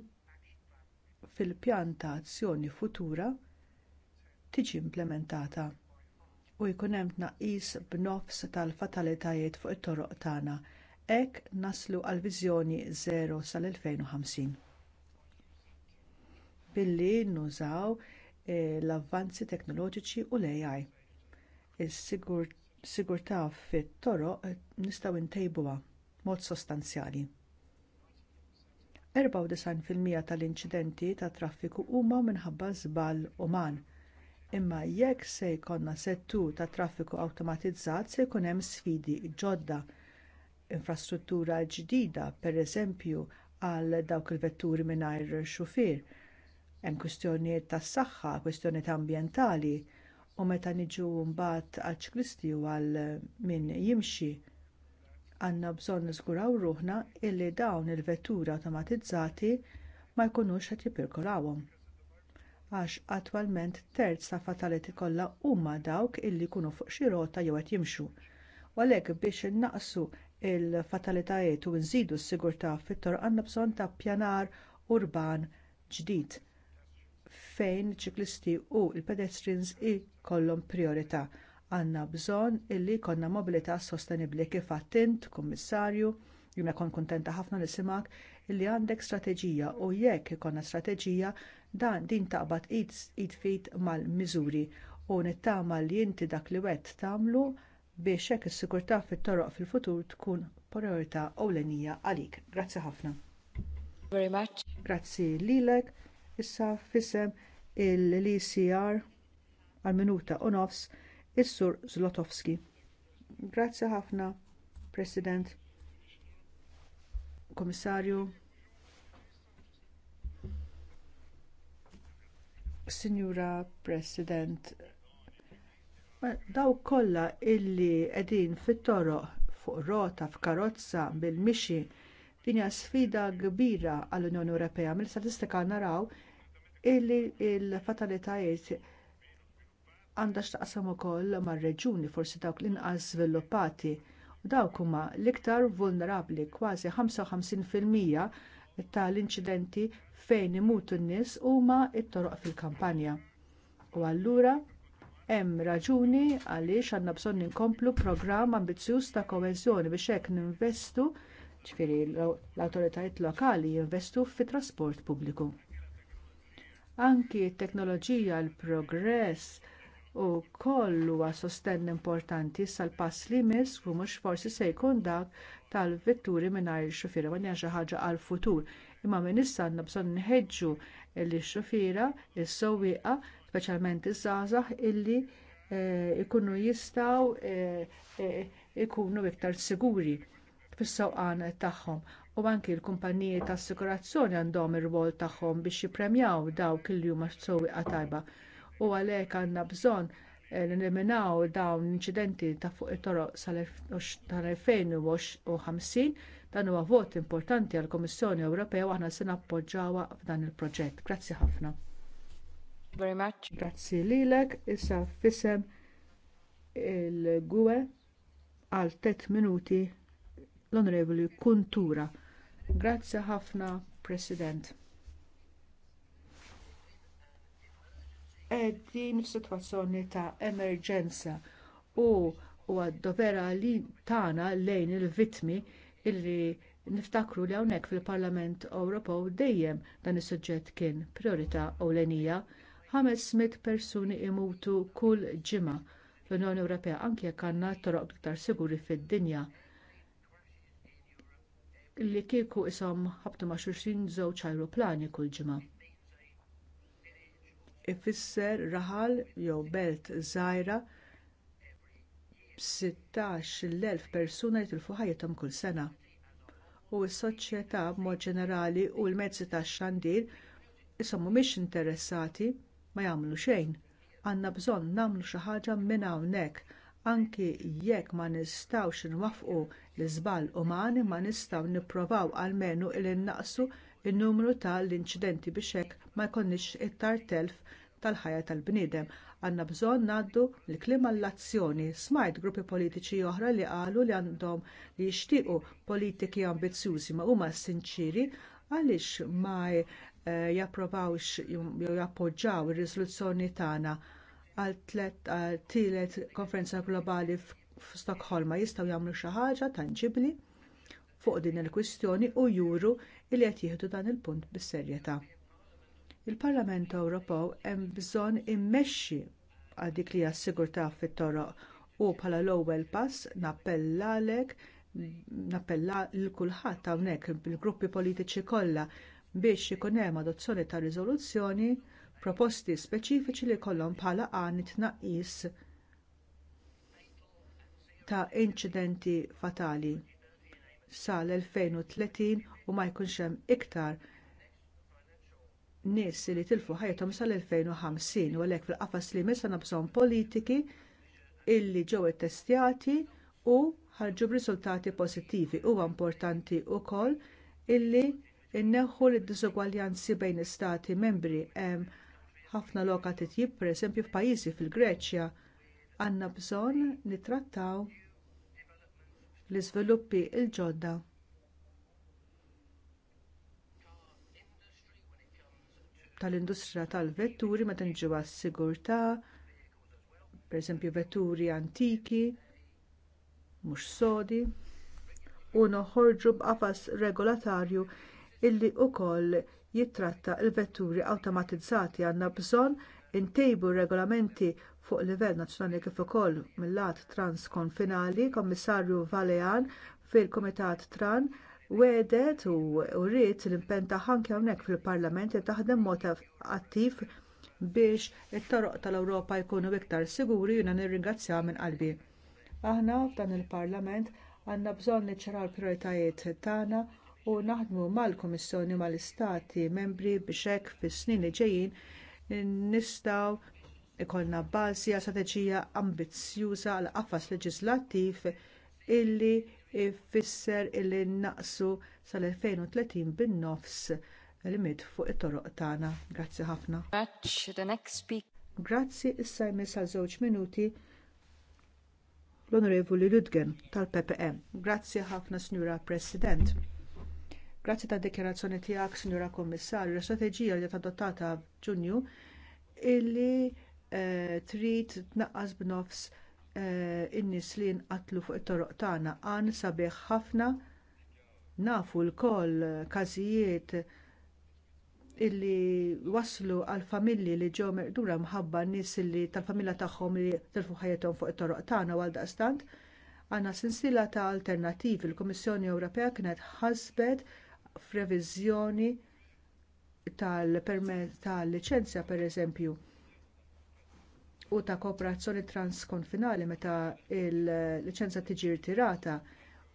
fil-pjan ta' azzjoni futura tiġi implementata u jkun hemm tnaqqis b'nofs tal-fatalitajiet fuq it-toroq tagħna hekk naslu għal viżjoni żero sal-2050. Billi nużaw eh, l-avvanzi teknoloġiċi u l-AI. is sigurtà fit-toroq eh, nistgħu ntejbuha mod sostanzjali. 94% tal-inċidenti ta' traffiku huma minħabba żball uman. Imma jekk se jkollna settur ta' traffiku awtomatizzat se jkun hemm sfidi ġodda. Infrastruttura ġdida, pereżempju għal dawk il-vetturi mingħajr xufier. Hemm kwistjonijiet tas-saħħa, kwistjonijiet ambjentali, u meta niġu mbagħad għaċ-Kristi u għal min jimxi għandna bżonn niżguraw ruħna illi dawn il-vetturi awtomatizzati ma jkunux qed jippirkolawhom. Għax attwalment terz ta' fataliti kollha huma dawk illi jkunu fuq xi rota jew qed jimxu. U għalhekk biex innaqsu l fatalitajiet u nżidu s-sigurtà fit-torq għandna bżonn ta' pjanar urban ġdid fejn ċiklisti u l pedestrians ikollhom prijorità. Għandna bżonn illi jkollna mobilità sostenibbli kif għattint, kummissarju, jina kon kontenta ħafna li simak illi għandek strateġija u jekk ikonna strateġija dan din taqbad id fit mal-miżuri u nittama li inti dak li wet tagħmlu biex hekk is-sigurtà fit-toroq fil-futur tkun priorità ewlenija għalik. Grazzi ħafna. Very much. Grazzi lilek. Issa fissem il-LCR e għal-minuta u nofs is-sur Zlotowski. Grazzi ħafna, President, Komissarju, Signora President, daw kollha illi qegħdin fit-toroq fuq rota f'karozza bil-mixi din hija sfida kbira għall-Unjoni Ewropea mill-statistika mela, naraw illi l fatalitajiet għandha x'taqsam ukoll mar-reġuni forsi dawk l-inqas sviluppati u dawk huma l-iktar vulnerabbli kważi 55% tal-inċidenti fejn imutu n-nies huma t toroq fil-kampanja. U allura hemm raġuni għaliex għandna bżonn inkomplu programm ambizzjuż ta' koeżjoni biex hekk ninvestu ġifieri l-awtoritajiet lokali jinvestu fit-trasport pubbliku. Anki t teknoloġija l-progress u kollu huwa sostenn importanti sal-pass li jmiss u mhux forsi se jkun dak tal-vetturi mingħajr xufiera ma xi ħaġa għall-futur. Imma minn issa għandna bżonn nħeġġu lix xufiera is-sewwieqa, speċjalment iż-żgħażagħ illi eh, ikunu jistgħu eh, eh, ikunu iktar siguri fis-sewqan tagħhom u anki l-kumpaniji ta' assikurazzjoni għandhom ir-rwol tagħhom biex jippremjaw dawk li huma sewwieqa tajba. U għalhekk għandna bżonn eh, neliminaw dawn l-inċidenti ta' fuq it-toroq sal-2050 dan huwa vot importanti għall kummissjoni Ewropea u aħna se nappoġġawha f'dan il-proġett. Grazzi ħafna. Grazzi lilek, issa fisem il-gwe għal 3 minuti l-Onorevoli Kuntura. Grazzi ħafna, President. Din f'sitwazzjoni ta' emerġenza u huwa dovera li tagħna lejn il vittmi illi niftakru li hawnhekk fil-Parlament Ewropew dejjem dan is-suġġett kien priorità ewlenija. 500 persuni imutu kull ġimgħa fl-Unjoni Ewropea anke jekk għandna toroq iktar siguri fid-dinja li kieku isom ħabtu ma' xurxin żewġ ajruplani kull ġimgħa. Ifisser raħal jew belt żgħira b'sitax-il-elf persuna jitilfu ħajjithom kull sena. U s-soċjetà b'mod ġenerali u l-mezzi tax-xandir isom mhumiex interessati ma jagħmlu xejn. Għandna bżonn nagħmlu xi ħaġa minn hawnhekk anki jekk ma nistgħux nwaffqu l-iżball umani ma nistgħu nipprovaw għalmenu il innaqsu n numru tal-inċidenti biex hekk ma jkollniex it-tartelf tal-ħajja tal-bniedem. Għandna bżonn ngħaddu l-klim għall-azzjoni. Smajt gruppi politiċi oħra li qalu li għandhom li jixtiequ politiki ambizzjużi ma huma sinċiri għaliex ma eh, japprovawx jew jappoġġaw ir-riżoluzzjoni tagħna għal tlet għal tielet konferenza globali f'Stockholm jistgħu jagħmlu xi ħaġa tanġibbli fuq din il-kwistjoni u juru li qed jieħdu dan il-punt bis-serjetà. Il-Parlament Ewropew hemm bżonn immexxi għal dik li sigurtà fit-toroq u bħala l-ewwel pass nappellalek nappella lil kulħadd hawnhekk bil-gruppi politiċi kollha biex ikun hemm adozzjoni ta' riżoluzzjoni proposti speċifiċi li jkollhom bħala għan tnaqqis ta' inċidenti fatali sal-2030 u ma jkunx hemm iktar nies li tilfu ħajjithom sal-2050 u għalhekk fil-qafas li misana bżonn politiki illi ġew ittestjati u ħarġu b'riżultati pożittivi huwa importanti wkoll illi inneħħu l diżugwaljanzi bejn istati membri hemm ħafna loka titjib, pereżempju f'pajjiżi fil-Greċja, għandna bżonn nittrattaw l-iżviluppi l ġodda tal-industrija tal-vetturi meta nġu għas-sigurtà, pereżempju vetturi antiki, mhux sodi, u noħorġu b'qafas regolatarju illi wkoll jittratta l-vetturi awtomatizzati għandna bżonn intejbu r regolamenti fuq livell nazzjonali kif ukoll mill-lat transkonfinali, Kommissarju Valean fil-Kumitat Tran wedet u rrid l-impenn tagħha anke hawnhekk fil-Parlament li taħdem mod attiv biex it-toroq tal-Ewropa jkunu iktar siguri u nirringrazzja minn qalbi. Aħna f'dan il-Parlament għandna bżonn niċċaraw l-prijoritajiet tagħna u naħdmu mal-Komissjoni mal-Istati membri biex hekk fis-snin li ġejjin nistgħu ikollna bażi għal strateġija ambizzjuża għal qafas leġislattiv illi ifisser illi naqsu sal-2030 bin-nofs l-imid fuq it-toroq tagħna. Grazzi ħafna. Grazzi issa jmiss għal żewġ minuti l-Onorevoli Ludgen tal-PPM. Grazzi ħafna, Snura President. Grazzi tad dikjarazzjoni tiegħek, Sinjura Kommissarju, l-istrateġija li adottata f'Ġunju illi eh, trid tnaqqas b'nofs eh, in-nies li nqatlu fuq it-toroq tagħna għan sabiħ ħafna nafu lkoll każijiet illi waslu għal familji li ġew meqdura mħabba nies li tal-familja tagħhom li telfu ħajjithom fuq it-toroq tagħna għal daqstant għandna sinsila ta' alternattivi l-Kummissjoni Ewropea kienet ħasbet f'reviżjoni tal-liċenzja pereżempju u ta' kooperazzjoni transkonfinali meta l-liċenzja tiġi rtirata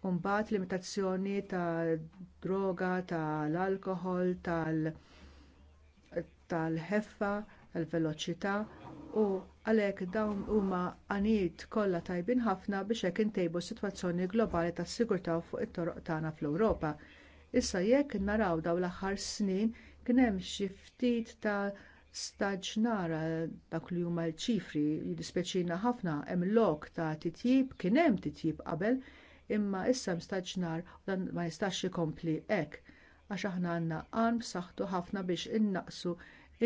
u mbagħad limitazzjoni ta' droga, tal-alkohol, tal-ħeffa, tal-veloċità u għalhekk dawn huma għanijiet kollha tajbin ħafna biex hekk intejbu s-sitwazzjoni globali tas-sigurtà fuq it-toroq tagħna fl-Ewropa. Issa jekk naraw dawn l-aħħar snin kien hemm xi ftit ta' staġnara dak li huma l-ċifri jiddispeċina ħafna hemm lok ta' titjib kien hemm titjib qabel imma issa mstaġnar u dan ma jistax ikompli hekk għax aħna għandna qan b'saħħtu ħafna biex innaqsu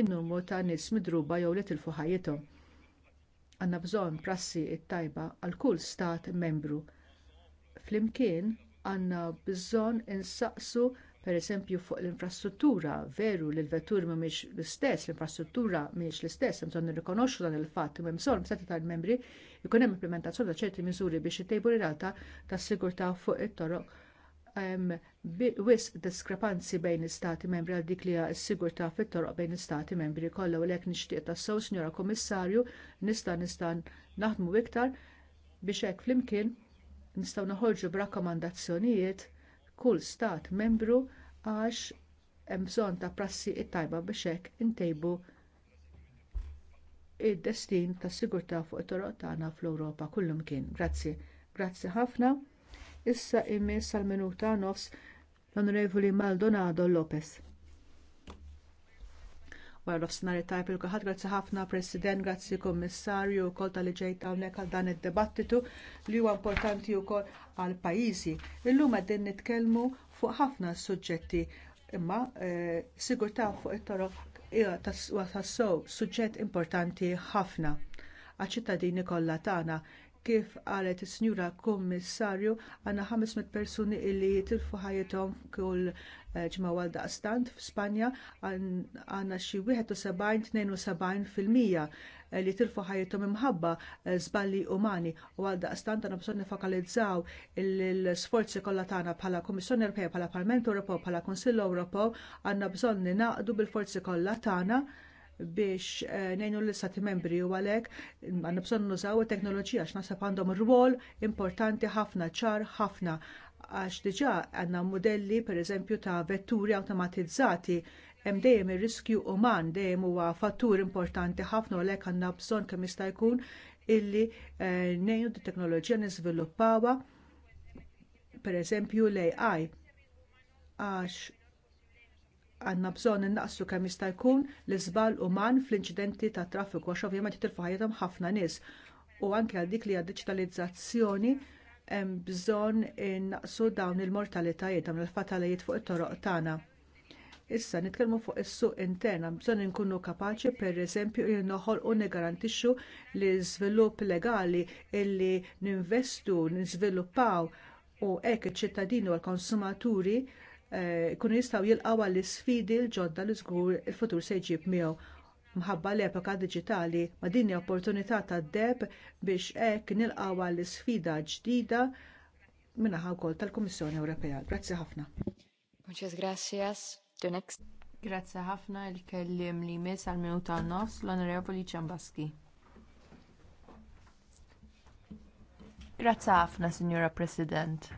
in-numru ta' nies midruba jew li tilfu ħajjithom. Għandna bżonn prassi t tajba għal kull stat membru. Flimkien għanna bżonn insaqsu pereżempju fuq l-infrastruttura, veru li l-vetturi mhumiex l-istess, l-infrastruttura miex l-istess, hemm bżonn nirrikonoxxu dan il-fatt, hemm bżonn stati tal-membri jkun hemm implementazzjoni ta' ċerti miżuri biex ittejbu r-realtà tas-sigurtà fuq it-toroq wisq diskrepanzi bejn istati membri għal dik li hija s-sigurtà fit-toroq bejn istati membri kollha u lek nixtieq tassew, Sinjora Kummissarju, nista' nista' naħdmu iktar biex hekk flimkien nistgħu naħolġu b'rakkomandazzjonijiet kull stat membru għax hemm bżonn ta' prassi it-tajba biex hekk intejbu id-destin tas-sigurtà fuq it-toroq tagħna fl-Ewropa kullimkien. Grazzi. Grazzi ħafna. Issa imis sal-minuta nofs l-Onorevoli Maldonado Lopez wara nofsinhar tajb il kulħadd grazzi ħafna President, grazzi Kummissarju wkoll tal ġejt hawnhekk għal dan id debattitu li huwa importanti wkoll għal pajjiżi. Illum qegħdin nitkellmu fuq ħafna suġġetti imma eh, sigurtà fuq it torok hija tas suġġett importanti ħafna għaċ-ċittadini kollha tagħna kif qalet is-Sinjura Kommissarju għandna 500 persuni li jitilfu ħajjithom kull eh, ġimgħa għal daqstant f'Spanja għandna xi 71-72 fil-mija eh, li tilfu ħajjithom imħabba eh, żballi umani u għal daqstant għandna bżonn nifokalizzaw l-sforzi kollha tagħna bħala Kummissjoni Ewropea, bħala Parlament Ewropew, bħala Kunsill Ewropew, għandna bżonn ninaqdu bil-forzi kollha tagħna biex eh, nejnu l-istati membri u għalek, għanna bżon nużaw teknoloġija għax nasab għandhom rwol importanti ħafna, ċar ħafna, għax diġa għanna modelli per eżempju ta' vetturi automatizzati hemm dejjem ir-riskju uman dejjem huwa fattur importanti ħafna u għalhekk għandna bżonn kemm jista' jkun illi eh, nejnu t-teknoloġija niżviluppawha per eżempju l-AI għax għanna bżonn innaqsu kemm jista' jkun l-iżbal uman fl-inċidenti tat traffiku għax ovvjament jitilfu ħajjithom ħafna nies. U anke għal dik li hija diġitalizzazzjoni hemm bżonn innaqsu dawn il-mortalitajiet dawn il-fatalijiet fuq it-toroq tagħna. Issa nitkellmu fuq is-suq intern hemm bżonn inkunu kapaċi pereżempju li noħolqu niggarantixxu li żvilupp legali illi ninvestu, niżviluppaw u hekk iċ-ċittadini u l-konsumaturi Eh, kunu jistgħu jilqgħu għall isfidi l-ġodda li żgur il-futur se jġib miegħu. Mħabba l-epoka digitali, ma din opportunità tad deb biex hekk nilqgħu għall isfida ġdida minnaħa wkoll tal-Kummissjoni Ewropea. Grazzi ħafna. Muchas gracias. The next. Grazzi ħafna il-kellim li mis għal minuta nofs l-Onorevoli Ċambaski. Grazzi ħafna, Signora President.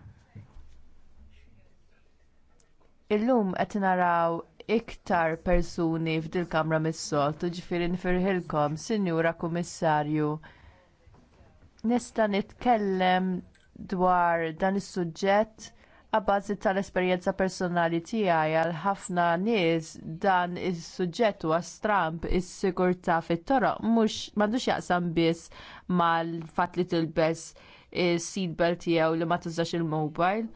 Illum qed naraw iktar persuni f'dil kamra mis-solt, ġifieri nifirħilkom, Sinjura Kummissarju. Nista' nitkellem dwar dan is-suġġett għabbażi tal-esperjenza personali tiegħi għal ħafna nies dan is-suġġett huwa stramb is-sigurtà fit-toroq mhux m'għandux jaqsam biss mal-fatt li tilbes is-seatbelt tiegħu li ma tużax il-mobile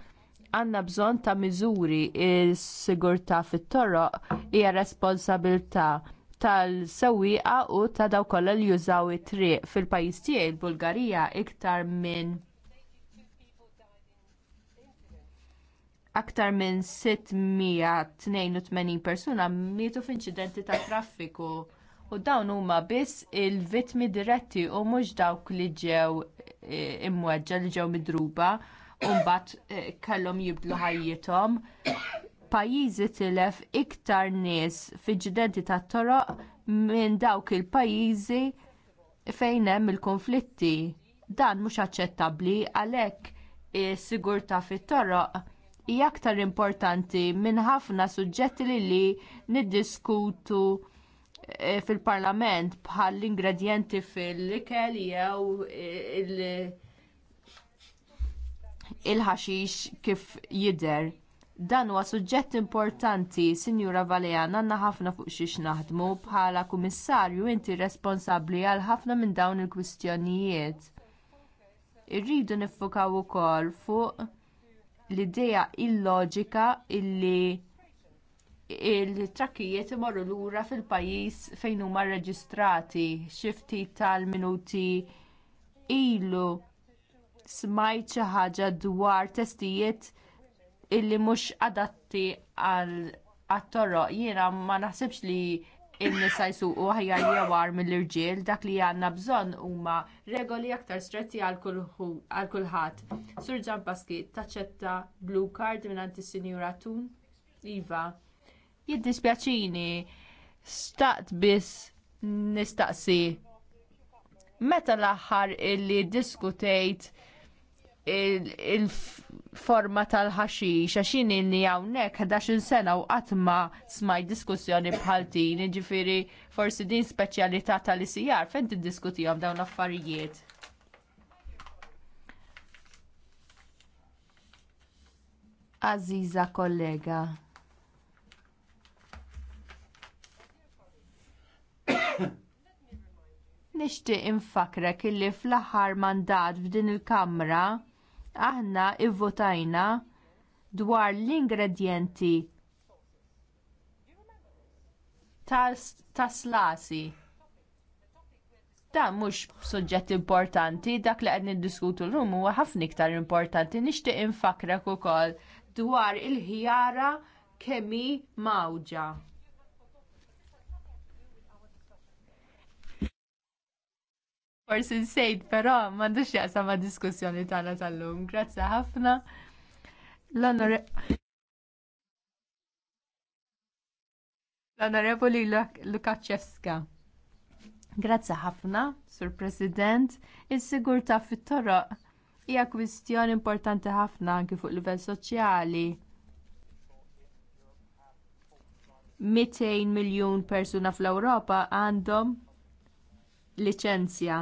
għanna bżonn ta' miżuri il-sigurtà fit-toroq hija responsabilità tal-sewwieqa u ta' dawk kollha li jużaw it-triq fil-pajjiż tiegħi l-Bulgarija iktar minn aktar minn 682 persuna mietu f'inċidenti ta' traffiku u dawn huma biss il vittmi diretti u mhux dawk li ġew eh, imweġġa li ġew midruba umbat eh, kellhom jibdlu ħajjithom. Pajjiżi tilef iktar nies fi ġidenti tat-toroq minn dawk il-pajjiżi fejn hemm il-konflitti. Dan mhux aċċettabbli għalhekk is-sigurtà fit-toroq hija aktar importanti minn ħafna suġġetti li li niddiskutu eh, fil-parlament bħal l-ingredjenti fil-ikel jew il- il-ħaxix kif jidher. Dan huwa suġġett importanti, Sinjura Valea, għandna ħafna fuq xiex naħdmu bħala kummissarju inti responsabbli għal ħafna minn dawn il-kwistjonijiet. Irridu niffukaw ukoll fuq l-idea illoġika illi il-trakkijiet imorru lura fil-pajjiż fejn huma rreġistrati xi ftit tal-minuti ilu smajt xi ħaġa dwar testijiet illi mhux adatti għal għat Jiena ma naħsibx li in-nisa jsuqu jew jewar mill-irġiel dak li għandna bżonn huma regoli aktar stretti għal kulħadd. Sur Ġampaski taċċetta blue card minn is-Sinjura Tun? Iva. Jiddispjaċini, staqt biss nistaqsi. Meta l-aħħar illi diskutejt il-forma il tal-ħaxix, għaxin inni għawnek 11 sena u għatma smaj diskussjoni bħalti, nġifiri forsi din speċjalità tal isijar fejn t-diskuti għom dawn affarijiet? Aziza kollega. Nixtieq infakrek illi fl-aħħar mandat f'din il-Kamra aħna ivvotajna dwar l-ingredjenti tas-slasi. Dan mhux suġġett importanti, dak li qed niddiskutu llum huwa ħafna iktar importanti. Nixtieq infakrek ukoll dwar il-ħjara kemm hi mawġa. Forsi nsejt, però m'għandux jaqsam ma' diskussjoni tagħna tal-lum. Grazzi ħafna. L-onore. L-Onorevoli Lukaczewska. Grazzi ħafna, Sur President, is sigurta fit-toroq hija kwistjoni importanti ħafna anke fuq livell soċjali. 200 miljun persuna fl-Ewropa għandhom liċenzja.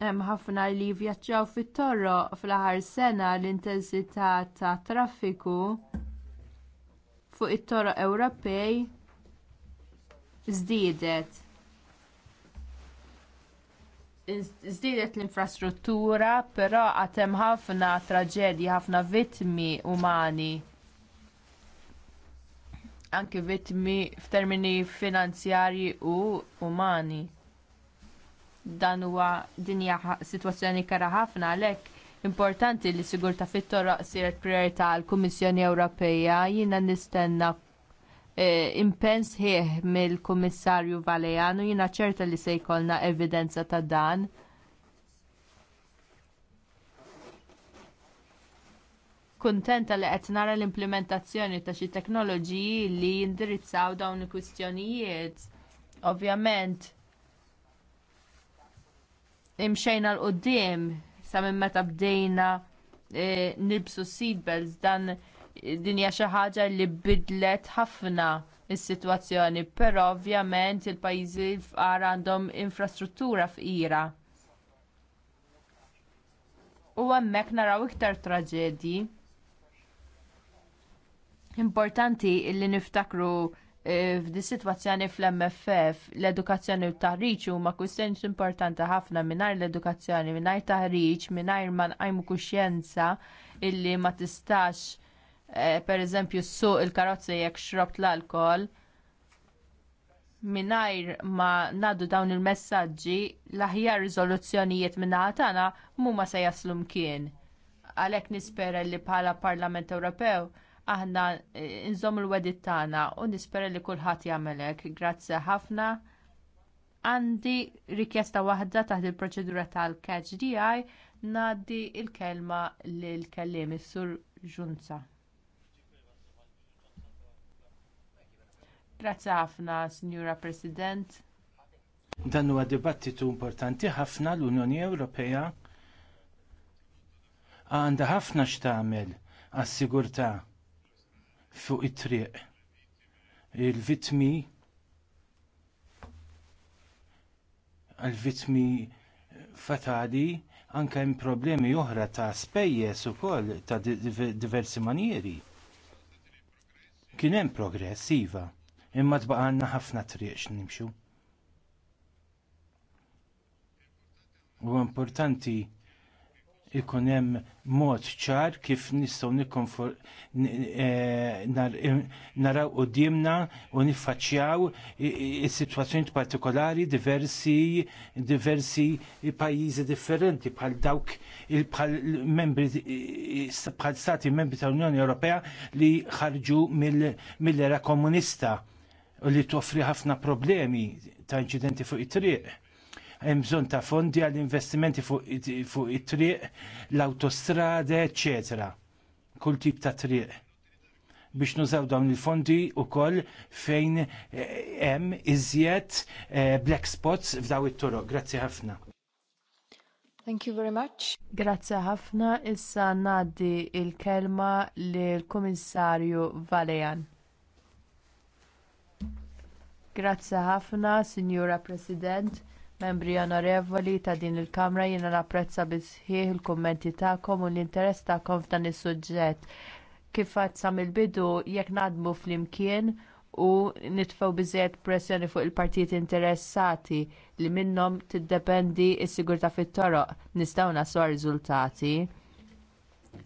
Hemm ħafna li vjaġġaw fit-torroq fl-aħħar sena l-intensità ta' traffiku fuq it-torroq Ewropej żdiedet. Żdiedet l-infrastruttura, però għad hemm ħafna traġedji, ħafna vittmi umani anke vittmi f'termini finanzjarji u umani dan huwa dinja situazzjoni kara ħafna għalhekk importanti li sigur ta' fit-toroq siret priorità għall kummissjoni Ewropea jiena nistenna e, impens ħieħ mill-Kummissarju Valejanu jiena ċerta li se jkollna evidenza ta' dan. Kuntenta li qed nara l-implementazzjoni ta' xi teknoloġiji li jindirizzaw dawn il-kwistjonijiet. Ovvjament, imxejna l-qoddim sa minn meta bdejna e, nibsu seatbelts dan e, dinja xi ħaġa li bidlet ħafna is-sitwazzjoni, però ovvjament il-pajjiżi fqar għandhom infrastruttura fqira. U hemmhekk naraw iktar traġedji. Importanti li niftakru Eh, f'di situazzjoni fl-MFF l-edukazzjoni u taħriġ huma kustenċ importanti ħafna mingħajr l-edukazzjoni, mingħajr taħriġ, mingħajr ma nqajmu kuxjenza illi ma tistax eh, per eżempju suq il-karozzi jekk xrobt l alkol Mingħajr ma ngħaddu dawn il-messaġġi l-aħjar riżoluzzjonijiet għatana tagħna ma se jaslu mkien. Għalhekk nispera li bħala Parlament Ewropew aħna eh, nżom il-wedit tagħna u nispera li kulħadd jagħmel hekk. Grazzi ħafna. Għandi rikjesta waħda taħt il-proċedura tal-catch DI ngħaddi l kelma lil kelliem is-sur Ġunza. Grazzi ħafna, Signora President. Dan huwa dibattitu importanti ħafna l-Unjoni Ewropea għandha ħafna x'tagħmel għas-sigurtà fuq it-triq. Il-vitmi il vitmi fatali anke hemm problemi oħra ta' spejjeż ukoll ta' diversi manieri. Kien hemm progress iva, imma tbaqa' għandna ħafna triq nimxu. Huwa importanti ikun hemm mod ċar kif nistgħu nikkonfor e, e, naraw qudiemna u niffaċċjaw is-sitwazzjoni partikolari diversi diversi pajjiżi differenti bħal dawk bħal membri bħal stati membri tal-Unjoni Ewropea li ħarġu mill-era komunista u li toffri ħafna problemi ta' inċidenti fuq it-triq hemm bżonn ta' fondi għall investimenti fuq it-triq, l-autostrade, eċetera. Kull tip ta' triq biex nużaw dawn il-fondi u koll fejn eh, hemm iżjed eh, black spots f'daw it-toroq. Grazzi ħafna. Thank you very much. Grazzi ħafna. Issa naddi il-kelma lill-Kummissarju Valejan. Grazzi ħafna, Signora President membri onorevoli ta' din il-Kamra jiena napprezza bisħieħ il-kummenti tagħkom u l-interess tagħkom f'dan is-suġġett. Kif qatt sa mill-bidu jekk nadmu flimkien u nitfgħu biżejjed pressjoni fuq il-partijiet interessati li minnhom tiddependi s-sigurtà fit-toroq nistgħu naslu riżultati.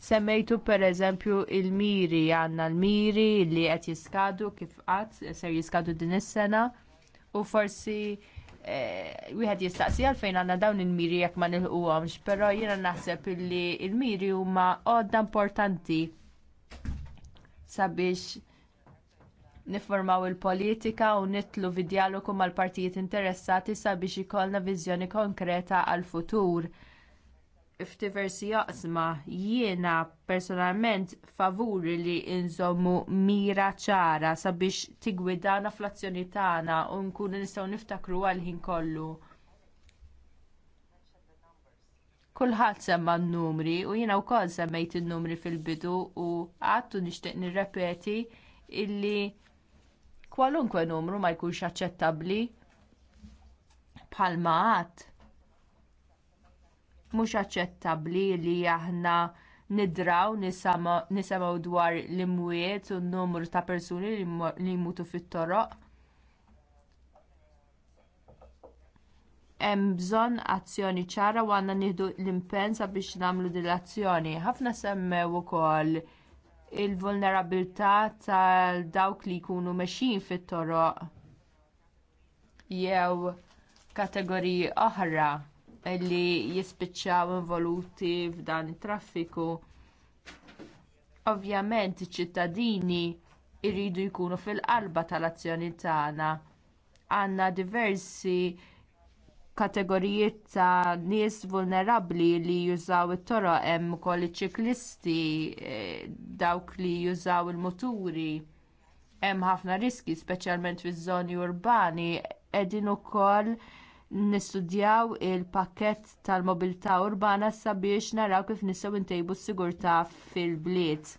Semmejtu pereżempju l miri għandna l-miri li qed jiskadu kif qatt ser jiskadu din is-sena u forsi Eh, wieħed jistaqsi għalfejn għandna dawn il-miri jekk ma nilħuhomx, però jiena naħseb li il-miri huma għodda importanti sabiex niformaw il-politika u nitlu fid-dialogu mal-partijiet interessati sabiex ikollna viżjoni konkreta għal-futur f'diversi jaqsma jiena personalment favuri li nżommu mira ċara sabiex tigwidana fl-azzjoni tagħna u nkunu nistgħu niftakru għal ħin kollu. Kulħadd semma n-numri u jiena wkoll semmejt in-numri fil-bidu u għadtu nixtieq nirrepeti illi kwalunkwe numru ma jkunx aċċettabbli bħalma għadd mhux aċċettabbli li aħna nidraw nisimgħu dwar l-imwiet u n-numru ta' persuni li jmutu fit-toroq. Hemm bżonn azzjoni ċara u għandna nieħdu l-impenn sabiex nagħmlu din l-azzjoni. Ħafna semmew ukoll il-vulnerabilità tal dawk li jkunu mexjin fit-toroq jew kategoriji oħra li jispiċċaw involuti f'dan it-traffiku. Ovvjament iċ-ċittadini jridu jkunu fil-qalba tal-azzjoni tagħna. Għandna diversi kategoriji ta' nies vulnerabbli li jużaw it-toroq hemm ukoll iċ-ċiklisti eh, dawk li jużaw il-muturi. Hemm ħafna riski speċjalment fiż-żoni urbani qegħdin ukoll nistudjaw il-pakket tal-mobilità urbana sabiex naraw kif nistgħu ntejbu s-sigurtà fil-bliet.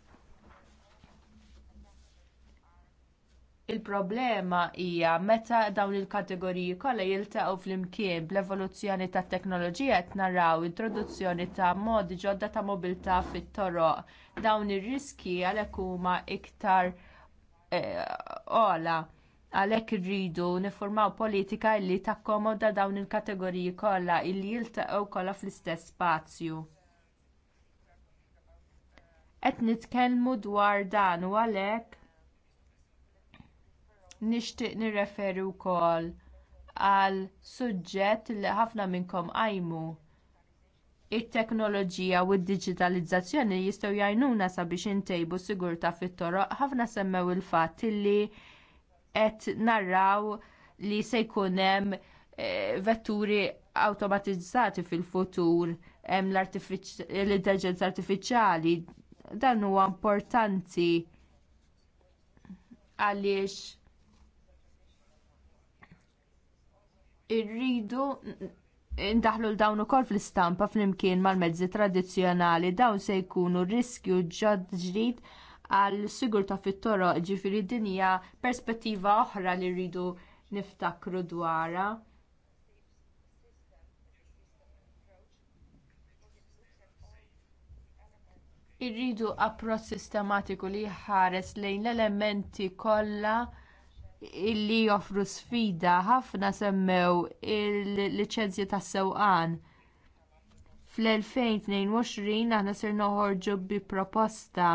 Il-problema hija meta dawn il-kategoriji kollha jiltaqgħu flimkien bl-evoluzzjoni tat teknoloġija qed naraw introduzzjoni ta' modi ġodda ta' mobilità fit-toroq. Dawn ir-riski għalhekk huma iktar ogħla. Eh, għalhekk irridu niffurmaw politika li takkomoda dawn il-kategoriji kollha illi jiltaqgħu kollha fl-istess spazju. Qed nitkellmu dwar dan u għalhekk nixtieq nirreferi wkoll għal suġġett li ħafna minnkom għajmu. It-teknoloġija u d-diġitalizzazzjoni jistgħu jgħinuna sabiex intejbu sigurtà fit-toroq ħafna semmew il-fatt li qed narraw li se jkun hemm eh, vetturi awtomatizzati fil-futur hemm l-intelligenza artifiċjali dan huwa importanti għaliex irridu indaħlu l-dawn ukoll fl-istampa flimkien mal-mezzi tradizzjonali dawn se jkunu riskju ġod ġdid għal ta' fit-toroq, ġifiri din hija perspettiva oħra li rridu niftakru dwarha. Irridu approċċ sistematiku li jħares lejn l-elementi kollha illi joffru sfida ħafna semmew il-liċenzji tas sewqan. Fl-2022 aħna ser noħorġu bi proposta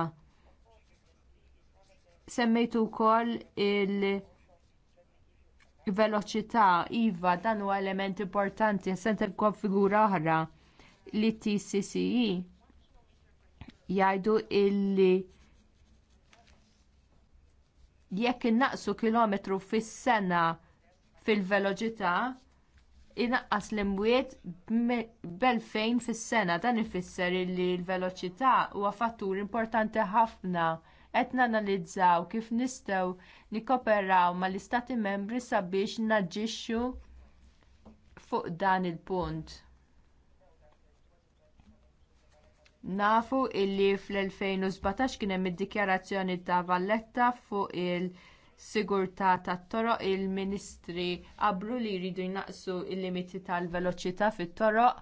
semmejtu wkoll il-veloċità iva dan huwa element importanti senter konfigura oħra li TCCE jgħidu illi jekk innaqsu kilometru fis-sena fil-veloċità inaqqas l-imwiet b'2000 fis-sena dan ifisser li l-veloċità huwa fattur importanti ħafna qed nanalizzaw kif nistgħu nikkoperaw mal-istati membri sabiex naġixxu fuq dan il-punt. Nafu illi fl-2017 kien hemm id-dikjarazzjoni ta' Valletta fuq il- sigurtà tat-toroq il-ministri qabblu li jridu jnaqsu l limiti tal-veloċità fit-toroq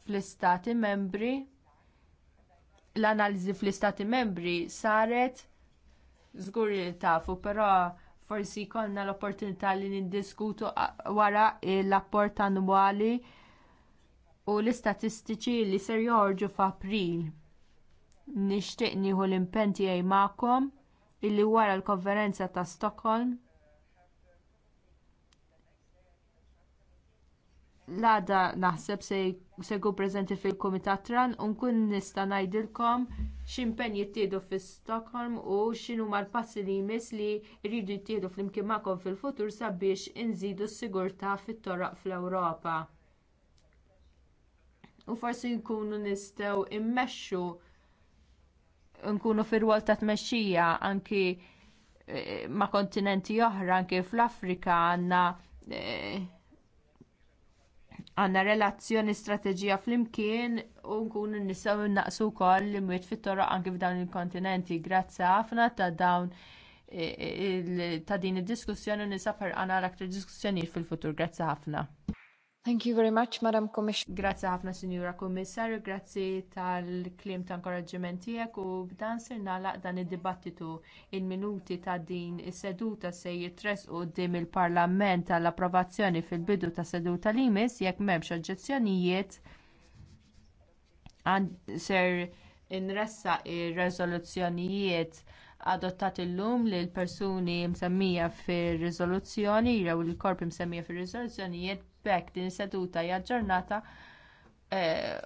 fl-istati membri l-analiżi fl-istati membri saret żgur li tafu, però forsi jkollna l-opportunità li niddiskutu wara l-apport annwali u l-istatistiċi li ser jorġu f'April. Nixtieq nieħu l-impenn tiegħi ma'kom illi wara l-konferenza ta' Stockholm l-għada naħseb se u se jkun preżenti fil-Kumitat Tran u nkun nista' ngħidilkom x'impenn jittieħdu fi Stockholm u x'inhu l-passi li jmiss li jridu jittieħdu flimkien magħkom fil-futur sabiex inżidu s-sigurtà fit-toroq fl-Ewropa. U forsi nkunu nistgħu immexxu nkunu fir-rwol ta' tmexxija anki eh, ma' kontinenti oħra anke fl-Afrika għandna eh, għanna relazzjoni strateġija flimkien u nkunu nisaw naqsu wkoll li mwiet fit torra anke f'dawn il-kontinenti. Grazzi ħafna ta' dawn eh, eh, ta' din id-diskussjoni u nisafar għana l-aktar diskussjonijiet fil-futur. Grazzi ħafna. Thank you very much, Madam Commissioner. Grazie ħafna, Sinjura Kommissarju, grazzi tal-klim ta' inkoraġġiment tiegħek u b'dan sir nagħlaq dan id-dibattitu in minuti ta' din is-seduta se jitress u il-Parlament tal-approvazzjoni fil-bidu ta' seduta li jmiss jekk m'hemmx oġġezzjonijiet ser inressa ir-reżoluzzjonijiet adottat illum li l-persuni msemmija fir-riżoluzzjoni jew il-korpi msemmija fir-riżoluzzjonijiet bekk din seduta hija ġġornata eh,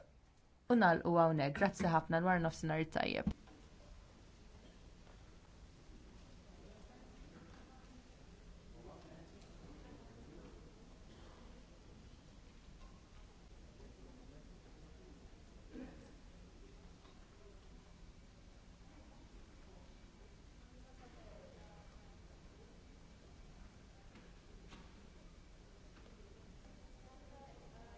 u nagħlqu hawnhekk. Grazzi ħafna dwar nofsinhar tajjeb.